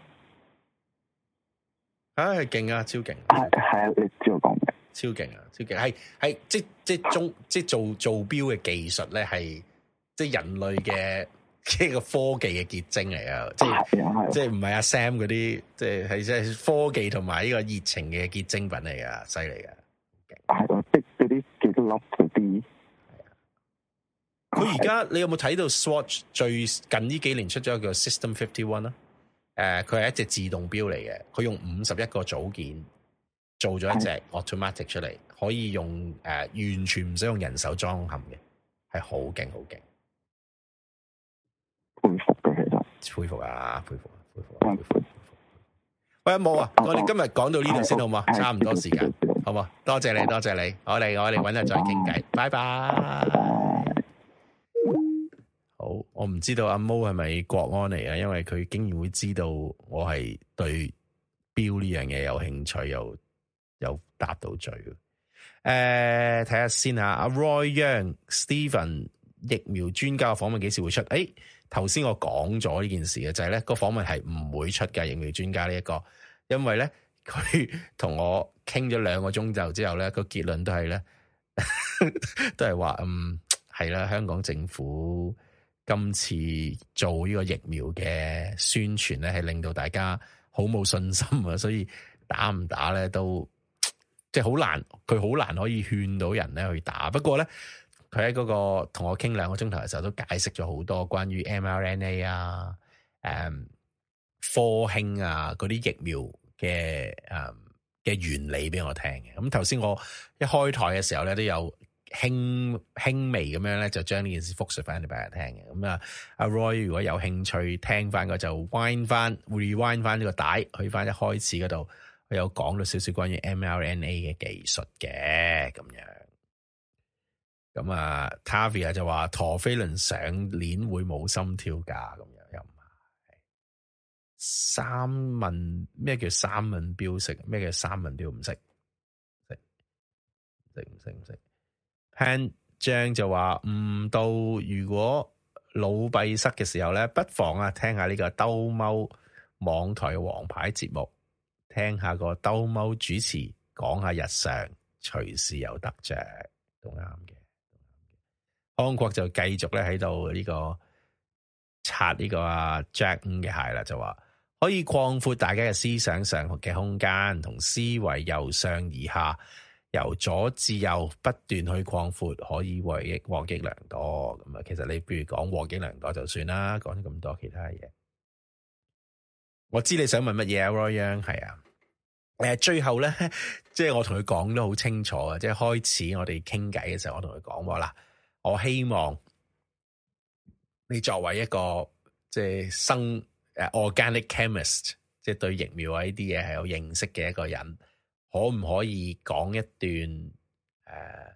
唉、啊，勁啊，超勁！係係、啊，超啊、你知我講咩，超勁，超勁啊，超勁係係，即即中即,即,即做即做表嘅技術咧，係即人類嘅呢個科技嘅結晶嚟啊,啊,啊！即即唔係阿 Sam 嗰啲，即係即係科技同埋呢個熱情嘅結晶品嚟噶，犀利好勁係啊，即嗰啲結粒嗰啲。佢而家你有冇睇到 Swatch 最近呢幾年出咗一個叫 System Fifty One、呃、啦？誒，佢係一隻自動錶嚟嘅，佢用五十一個組件做咗一隻 Automatic 出嚟，可以用誒、呃、完全唔使用，用人手裝嵌嘅，係好勁好勁，佩服嘅，其實佩服啊，佩服，佩服，喂，佩服。喂，冇啊，我哋今日講到呢度先好嘛？差唔多時間，好唔好？多謝你，多謝你，我哋我哋搵日再傾偈，拜拜。啊好，我唔知道阿毛係咪國安嚟啊，因為佢竟然會知道我係對錶呢樣嘢有興趣，又有，有答到罪。誒、呃，睇下先吓，阿 Roy Young Steven 疫苗專家嘅訪問幾時會出？誒、哎，頭先我講咗呢件事嘅就係、是、咧，個訪問係唔會出嘅，疫苗專家呢、這、一個，因為咧佢同我傾咗兩個鐘就之後咧，個結論都係咧， 都係話嗯係啦，香港政府。今次做呢個疫苗嘅宣傳咧，係令到大家好冇信心啊，所以打唔打咧都即係好難，佢好難可以勸到人咧去打。不過咧，佢喺嗰個同我傾兩個鐘頭嘅時候，都解釋咗好多關於 mRNA 啊、誒科興啊嗰啲疫苗嘅誒嘅原理俾我聽嘅。咁頭先我一開台嘅時候咧，都有輕輕微咁樣咧，就將呢件事復述翻俾大家聽嘅。咁啊，阿 Roy 如果有興趣聽翻個，就 wind 翻、rewind 翻呢個帶，去翻一開始嗰度，佢有講咗少少關於 MLNA 嘅技術嘅咁樣。咁啊，Tavia 就話陀飛輪上年會冇心跳㗎，咁樣又唔係？三問咩叫三問錶識？咩叫三問錶唔識？識？識唔識唔識？聽張就話唔到。如果腦閉塞嘅時候咧，不妨啊聽下呢個兜踎網台嘅王牌節目，聽下個兜踎主持講下日常，隨時有得着。都啱嘅。安國就繼續咧喺度呢個擦呢個阿 Jack 嘅鞋啦，就話可以擴闊大家嘅思想上嘅空間，同思維由上而下。由左至右不斷去擴闊，可以獲益獲益良多。咁啊，其實你不如講獲益良多就算啦，講咗咁多其他嘢，我知你想問乜嘢啊？Royan，係啊，誒、啊呃、最後咧，即係我同佢講得好清楚啊！即係開始我哋傾偈嘅時候，我同佢講話啦，我希望你作為一個即係生誒、啊、organic chemist，即係對疫苗啊呢啲嘢係有認識嘅一個人。可唔可以講一段？誒、呃，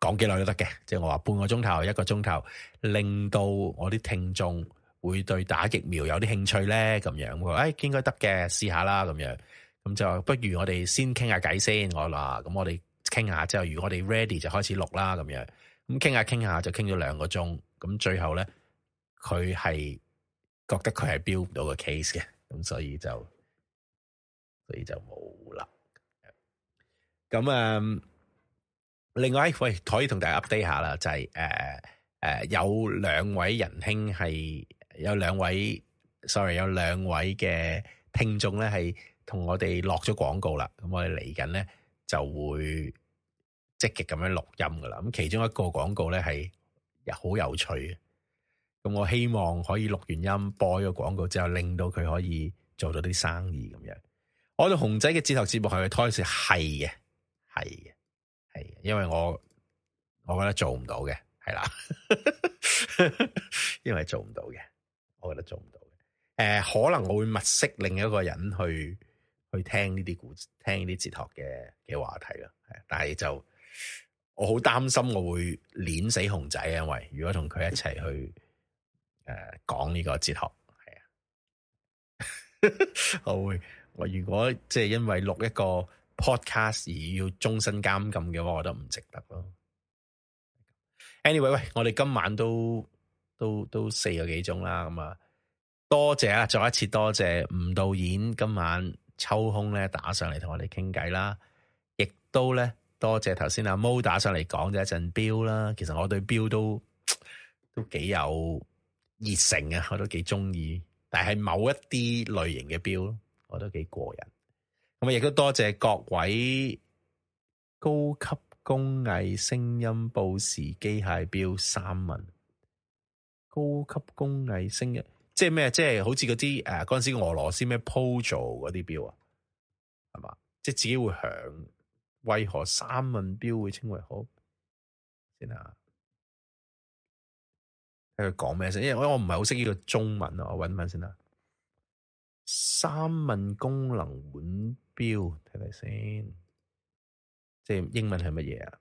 講幾耐都得嘅，即係我話半個鐘頭、一個鐘頭，令到我啲聽眾會對打疫苗有啲興趣咧，咁樣。誒、哎，應該得嘅，試下啦，咁樣。咁就不如我哋先傾下偈先，我話咁，我哋傾下之後，如果我哋 ready 就開始錄啦，咁樣。咁傾下傾下就傾咗兩個鐘，咁最後咧，佢係覺得佢係 build 唔到個 case 嘅，咁所以就。所以就冇啦。咁、嗯、另外喂，可以同大家 update 下啦，就係誒誒，有兩位仁兄係，有兩位，sorry 有兩位嘅聽眾咧，係同我哋落咗廣告啦。咁我哋嚟緊咧就會積極咁樣錄音噶啦。咁其中一個廣告咧係又好有趣，咁我希望可以錄完音播咗廣告之後，令到佢可以做到啲生意咁樣。我同熊仔嘅哲學節目係個胎事。係嘅，係嘅，係嘅，因為我我覺得做唔到嘅。係啦，因為做唔到嘅，我覺得做唔到嘅，誒、 呃，可能我會物色另一個人去去聽呢啲故事聽，呢啲哲學嘅嘅話題咯，係，但係就我好擔心我會捻死熊仔，因為如果同佢一齊去誒講呢個哲學，係啊， 我會。如果即係因為錄一個 podcast 而要終身監禁嘅話，我覺得唔值得咯。Anyway，喂，我哋今晚都都都四個幾鐘啦。咁、嗯、啊，多謝啊，再一次多謝吳導演今晚抽空呢打上嚟同我哋傾偈啦。亦都呢，多謝頭先阿毛打上嚟講咗一陣表啦。其實我對表都都幾有熱誠啊，我都幾鍾意，但係某一啲類型嘅表。我都幾過癮，咁啊。亦都多謝各位高級工藝聲音報時機械表三文。高級工藝聲音即係咩？即係好似嗰啲誒嗰陣時俄羅斯咩 p o 嗰啲表啊，係嘛？即係自己會響，為何三文表會稱為好？先啦，睇佢講咩先。因為我我唔係好識呢個中文啊，我搵文先啦。三問功能腕錶，睇睇先，即係英文係乜嘢啊？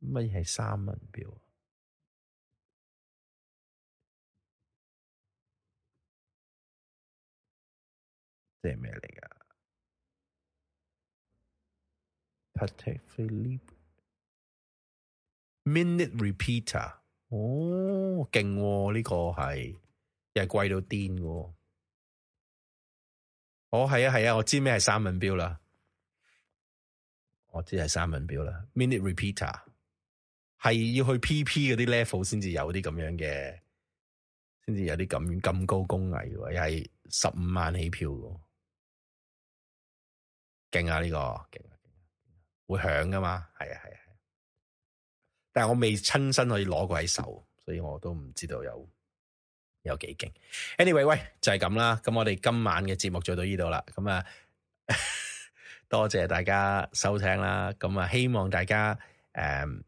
乜嘢係三問錶？即係咩嚟噶？Minute repeater，哦，勁喎，呢個係又係貴到癲嘅。我係、哦、啊係啊，我知咩係三文標啦，我知係三文標啦。Minute Repeater 係要去 PP 嗰啲 level 先至有啲咁樣嘅，先至有啲咁咁高工藝，又係十五萬起票，勁啊呢、呢個勁啊勁啊，會響噶嘛，係啊係啊係啊，但係我未親身可以攞過喺手，所以我都唔知道有。有幾勁？Anyway，喂，就係咁啦。咁我哋今晚嘅節目就到呢度啦。咁啊，多謝大家收聽啦。咁啊，希望大家誒誒、嗯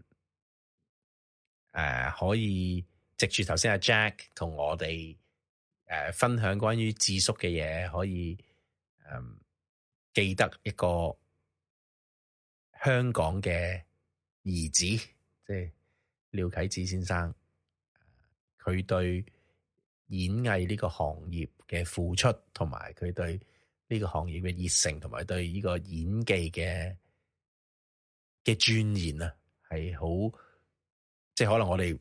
呃、可以藉住頭先阿 Jack 同我哋誒、呃、分享關於智叔嘅嘢，可以嗯記得一個香港嘅兒子，即係廖啟智先生，佢對。演藝呢個行業嘅付出，同埋佢對呢個行業嘅熱誠，同埋對呢個演技嘅嘅鑽研啊，係好即係可能我哋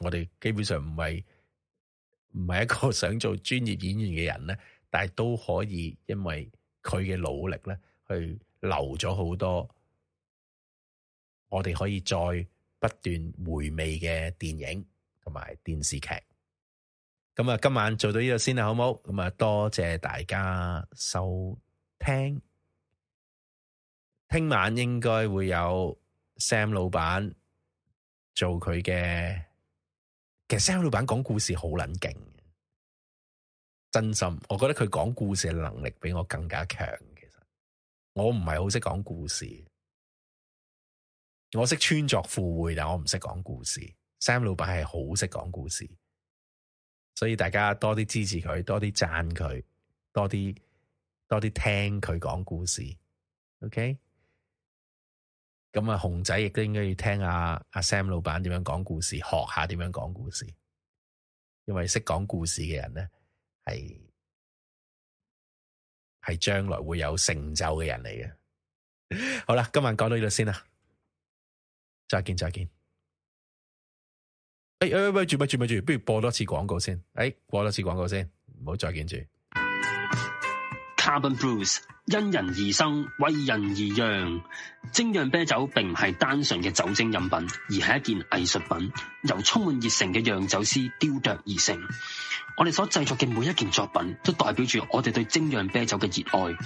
我哋基本上唔係唔係一個想做專業演員嘅人咧，但係都可以因為佢嘅努力咧，去留咗好多我哋可以再不斷回味嘅電影同埋電視劇。咁啊，今晚做到呢度先啦，好唔好？咁啊，多謝大家收聽。聽晚應該會有 Sam 老闆做佢嘅。其實 Sam 老闆講故事好撚勁，真心。我覺得佢講故事嘅能力比我更加強。其實我唔係好識講故事，我識穿鑿附會，但我唔識講故事。Sam 老闆係好識講故事。所以大家多啲支持佢，多啲讚佢，多啲多啲聽佢講故事，OK？咁啊，熊仔亦都應該要聽阿、啊、阿、啊、Sam 老闆點樣講故事，學下點樣講故事。因為識講故事嘅人咧，係係將來會有成就嘅人嚟嘅。好啦，今晚講到呢度先啦，再見再見。哎喂喂喂，住咪住咪住，不如播多次廣告先。哎，播多次廣告先，唔好再見住。Carbon Brews 因人而生，為人而讓。精釀啤酒並唔係單純嘅酒精飲品，而係一件藝術品，由充滿熱誠嘅釀酒師雕琢而成。我哋所製作嘅每一件作品，都代表住我哋對精釀啤酒嘅熱愛。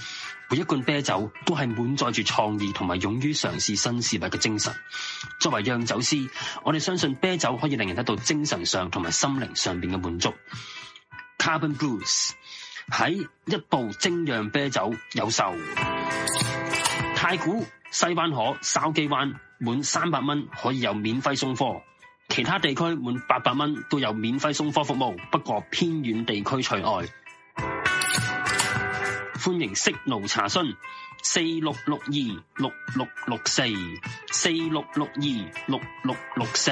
每一罐啤酒都係滿載住創意同埋勇於嘗試新事物嘅精神。作為釀酒師，我哋相信啤酒可以令人得到精神上同埋心靈上面嘅滿足。Carbon Brews 喺一部精釀啤酒有售。太古、西灣河、筲箕灣滿三百蚊可以有免費送貨。其他地區滿八百蚊都有免費送貨服務，不過偏遠地區除外。歡迎 Signal 查詢：四六六二六六六四，四六六二六六六四。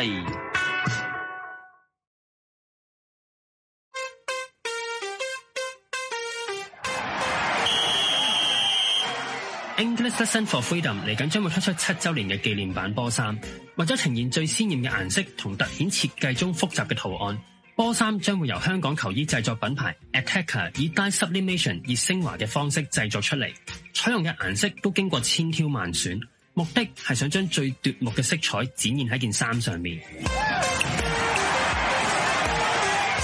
English Lesson for Freedom 嚟緊將會推出七周年嘅紀念版波衫，為咗呈現最鮮艷嘅顏色同特顯設計中複雜嘅圖案，波衫將會由香港球衣製作品牌 Attacker 以 Dye Sublimation 熱升華嘅方式製作出嚟，採用嘅顏色都經過千挑萬選，目的係想將最奪目嘅色彩展現喺件衫上面。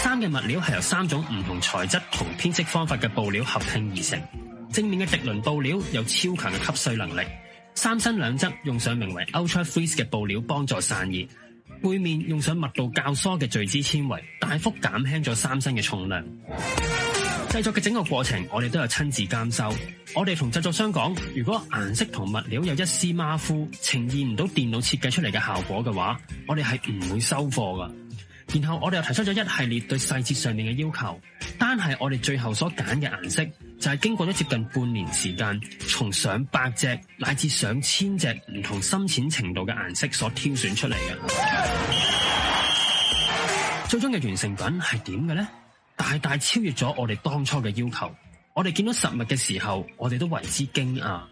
衫嘅 物料係由三種唔同材質同編織方法嘅布料合拼而成。正面嘅滌綸布料有超強嘅吸水能力，三身兩側用上名為 Ultra Freeze 嘅布料幫助散熱，背面用上密度較疏嘅聚酯纖維，大幅減輕咗三身嘅重量。製作嘅整個過程，我哋都有親自監修。我哋同製作商講，如果顏色同物料有一絲馬虎，呈現唔到電腦設計出嚟嘅效果嘅話，我哋係唔會收貨噶。然後我哋又提出咗一系列對細節上面嘅要求，單係我哋最後所揀嘅顏色。就係經過咗接近半年時間，從上百隻乃至上千隻唔同深淺程度嘅顏色所挑選出嚟嘅，最終嘅完成品係點嘅咧？大大超越咗我哋當初嘅要求。我哋見到實物嘅時候，我哋都為之驚訝。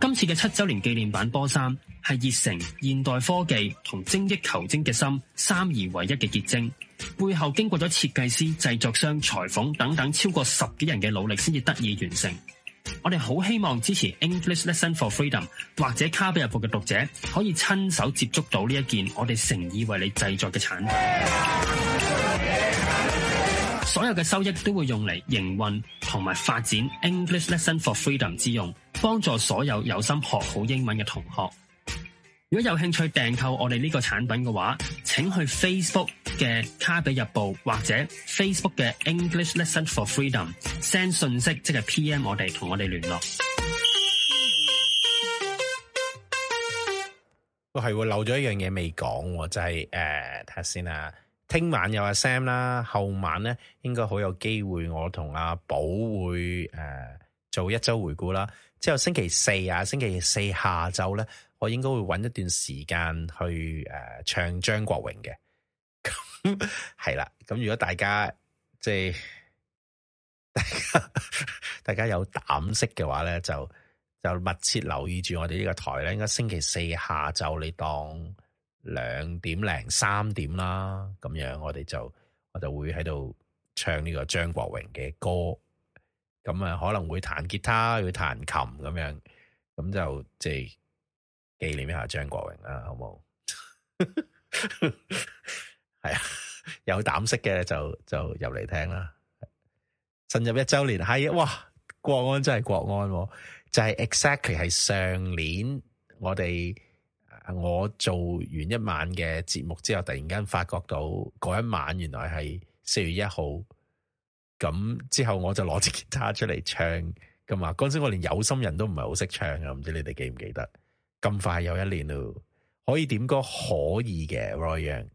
今次嘅七周年紀念版波衫係熱誠、現代科技同精益求精嘅心三而唯一嘅結晶。背後經過咗設計師、製作商、裁縫等等超過十幾人嘅努力，先至得以完成。我哋好希望支持 English Lesson for Freedom 或者卡比日報嘅讀者，可以親手接觸到呢一件我哋誠意為你製作嘅產品。所有嘅收益都會用嚟營運同埋發展 English Lesson for Freedom 之用，幫助所有有心學好英文嘅同學。如果有興趣訂購我哋呢個產品嘅話，請去 Facebook 嘅卡比日報或者 Facebook 嘅 English Lesson for Freedom send 信息，即係 PM 我哋同我哋聯絡。我係會、哦、漏咗一樣嘢未講，就係誒睇下先啊！聽、呃、晚有阿 Sam 啦，後晚咧應該好有機會，我同阿寶會誒做一周回顧啦。之後星期四啊，星期四下晝咧。我應該會搵一段時間去誒、呃、唱張國榮嘅，咁係啦。咁如果大家即係大，大家有膽識嘅話咧，就就密切留意住我哋呢個台咧。應該星期四下晝你當兩點零三點啦，咁樣我哋就我就會喺度唱呢個張國榮嘅歌。咁啊，可能會彈吉他，要彈琴咁樣，咁就即係。紀念一下張國榮啦，好冇？係 啊，有膽識嘅就就入嚟聽啦。進入一周年，係哇，國安真係國安、哦，就係、是、exactly 係上年我哋我做完一晚嘅節目之後，突然間發覺到嗰一晚原來係四月一號咁之後，我就攞支吉他出嚟唱噶嘛。嗰陣時我連有心人都唔係好識唱啊，唔知你哋記唔記得？咁快又一年咯，可以點歌可以嘅，r o y 羅陽，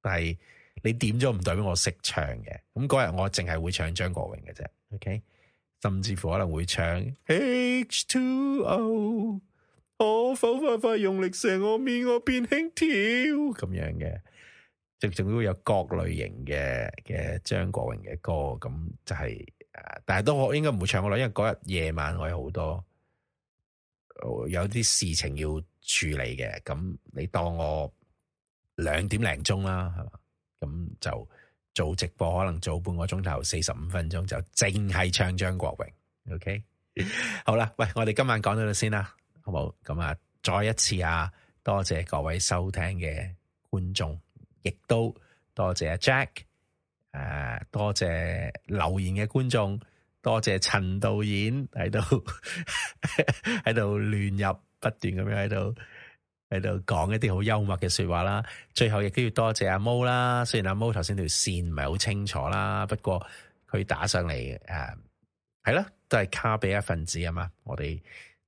但係你點咗唔代表我識唱嘅，咁嗰日我淨係會唱張國榮嘅啫，OK，甚至乎可能會唱 H2O，可否快快用力成我面，我變輕佻咁樣嘅，直情都有各類型嘅嘅張國榮嘅歌，咁就係、是，但係都我應該唔會唱嘅啦，因為嗰日夜晚我有好多。有啲事情要處理嘅，咁你當我兩點零鐘啦，係嘛？咁就做直播，可能做半個鐘頭，四十五分鐘就淨係唱張國榮。OK， 好啦，喂，我哋今晚講到度先啦，好唔好？咁啊，再一次啊，多謝各位收聽嘅觀眾，亦都多謝阿、啊、Jack，誒、啊，多謝留言嘅觀眾。多謝陳導演喺度喺度亂入，不斷咁樣喺度喺度講一啲好幽默嘅說話啦。最後亦都要多謝阿毛啦。雖然阿毛頭先條綫唔係好清楚啦，不過佢打上嚟，誒，係啦，都係卡俾一份子啊嘛。我哋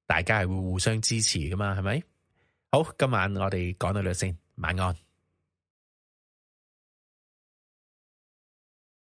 大家係會互相支持噶嘛，係咪？好，今晚我哋講到呢度先，晚安。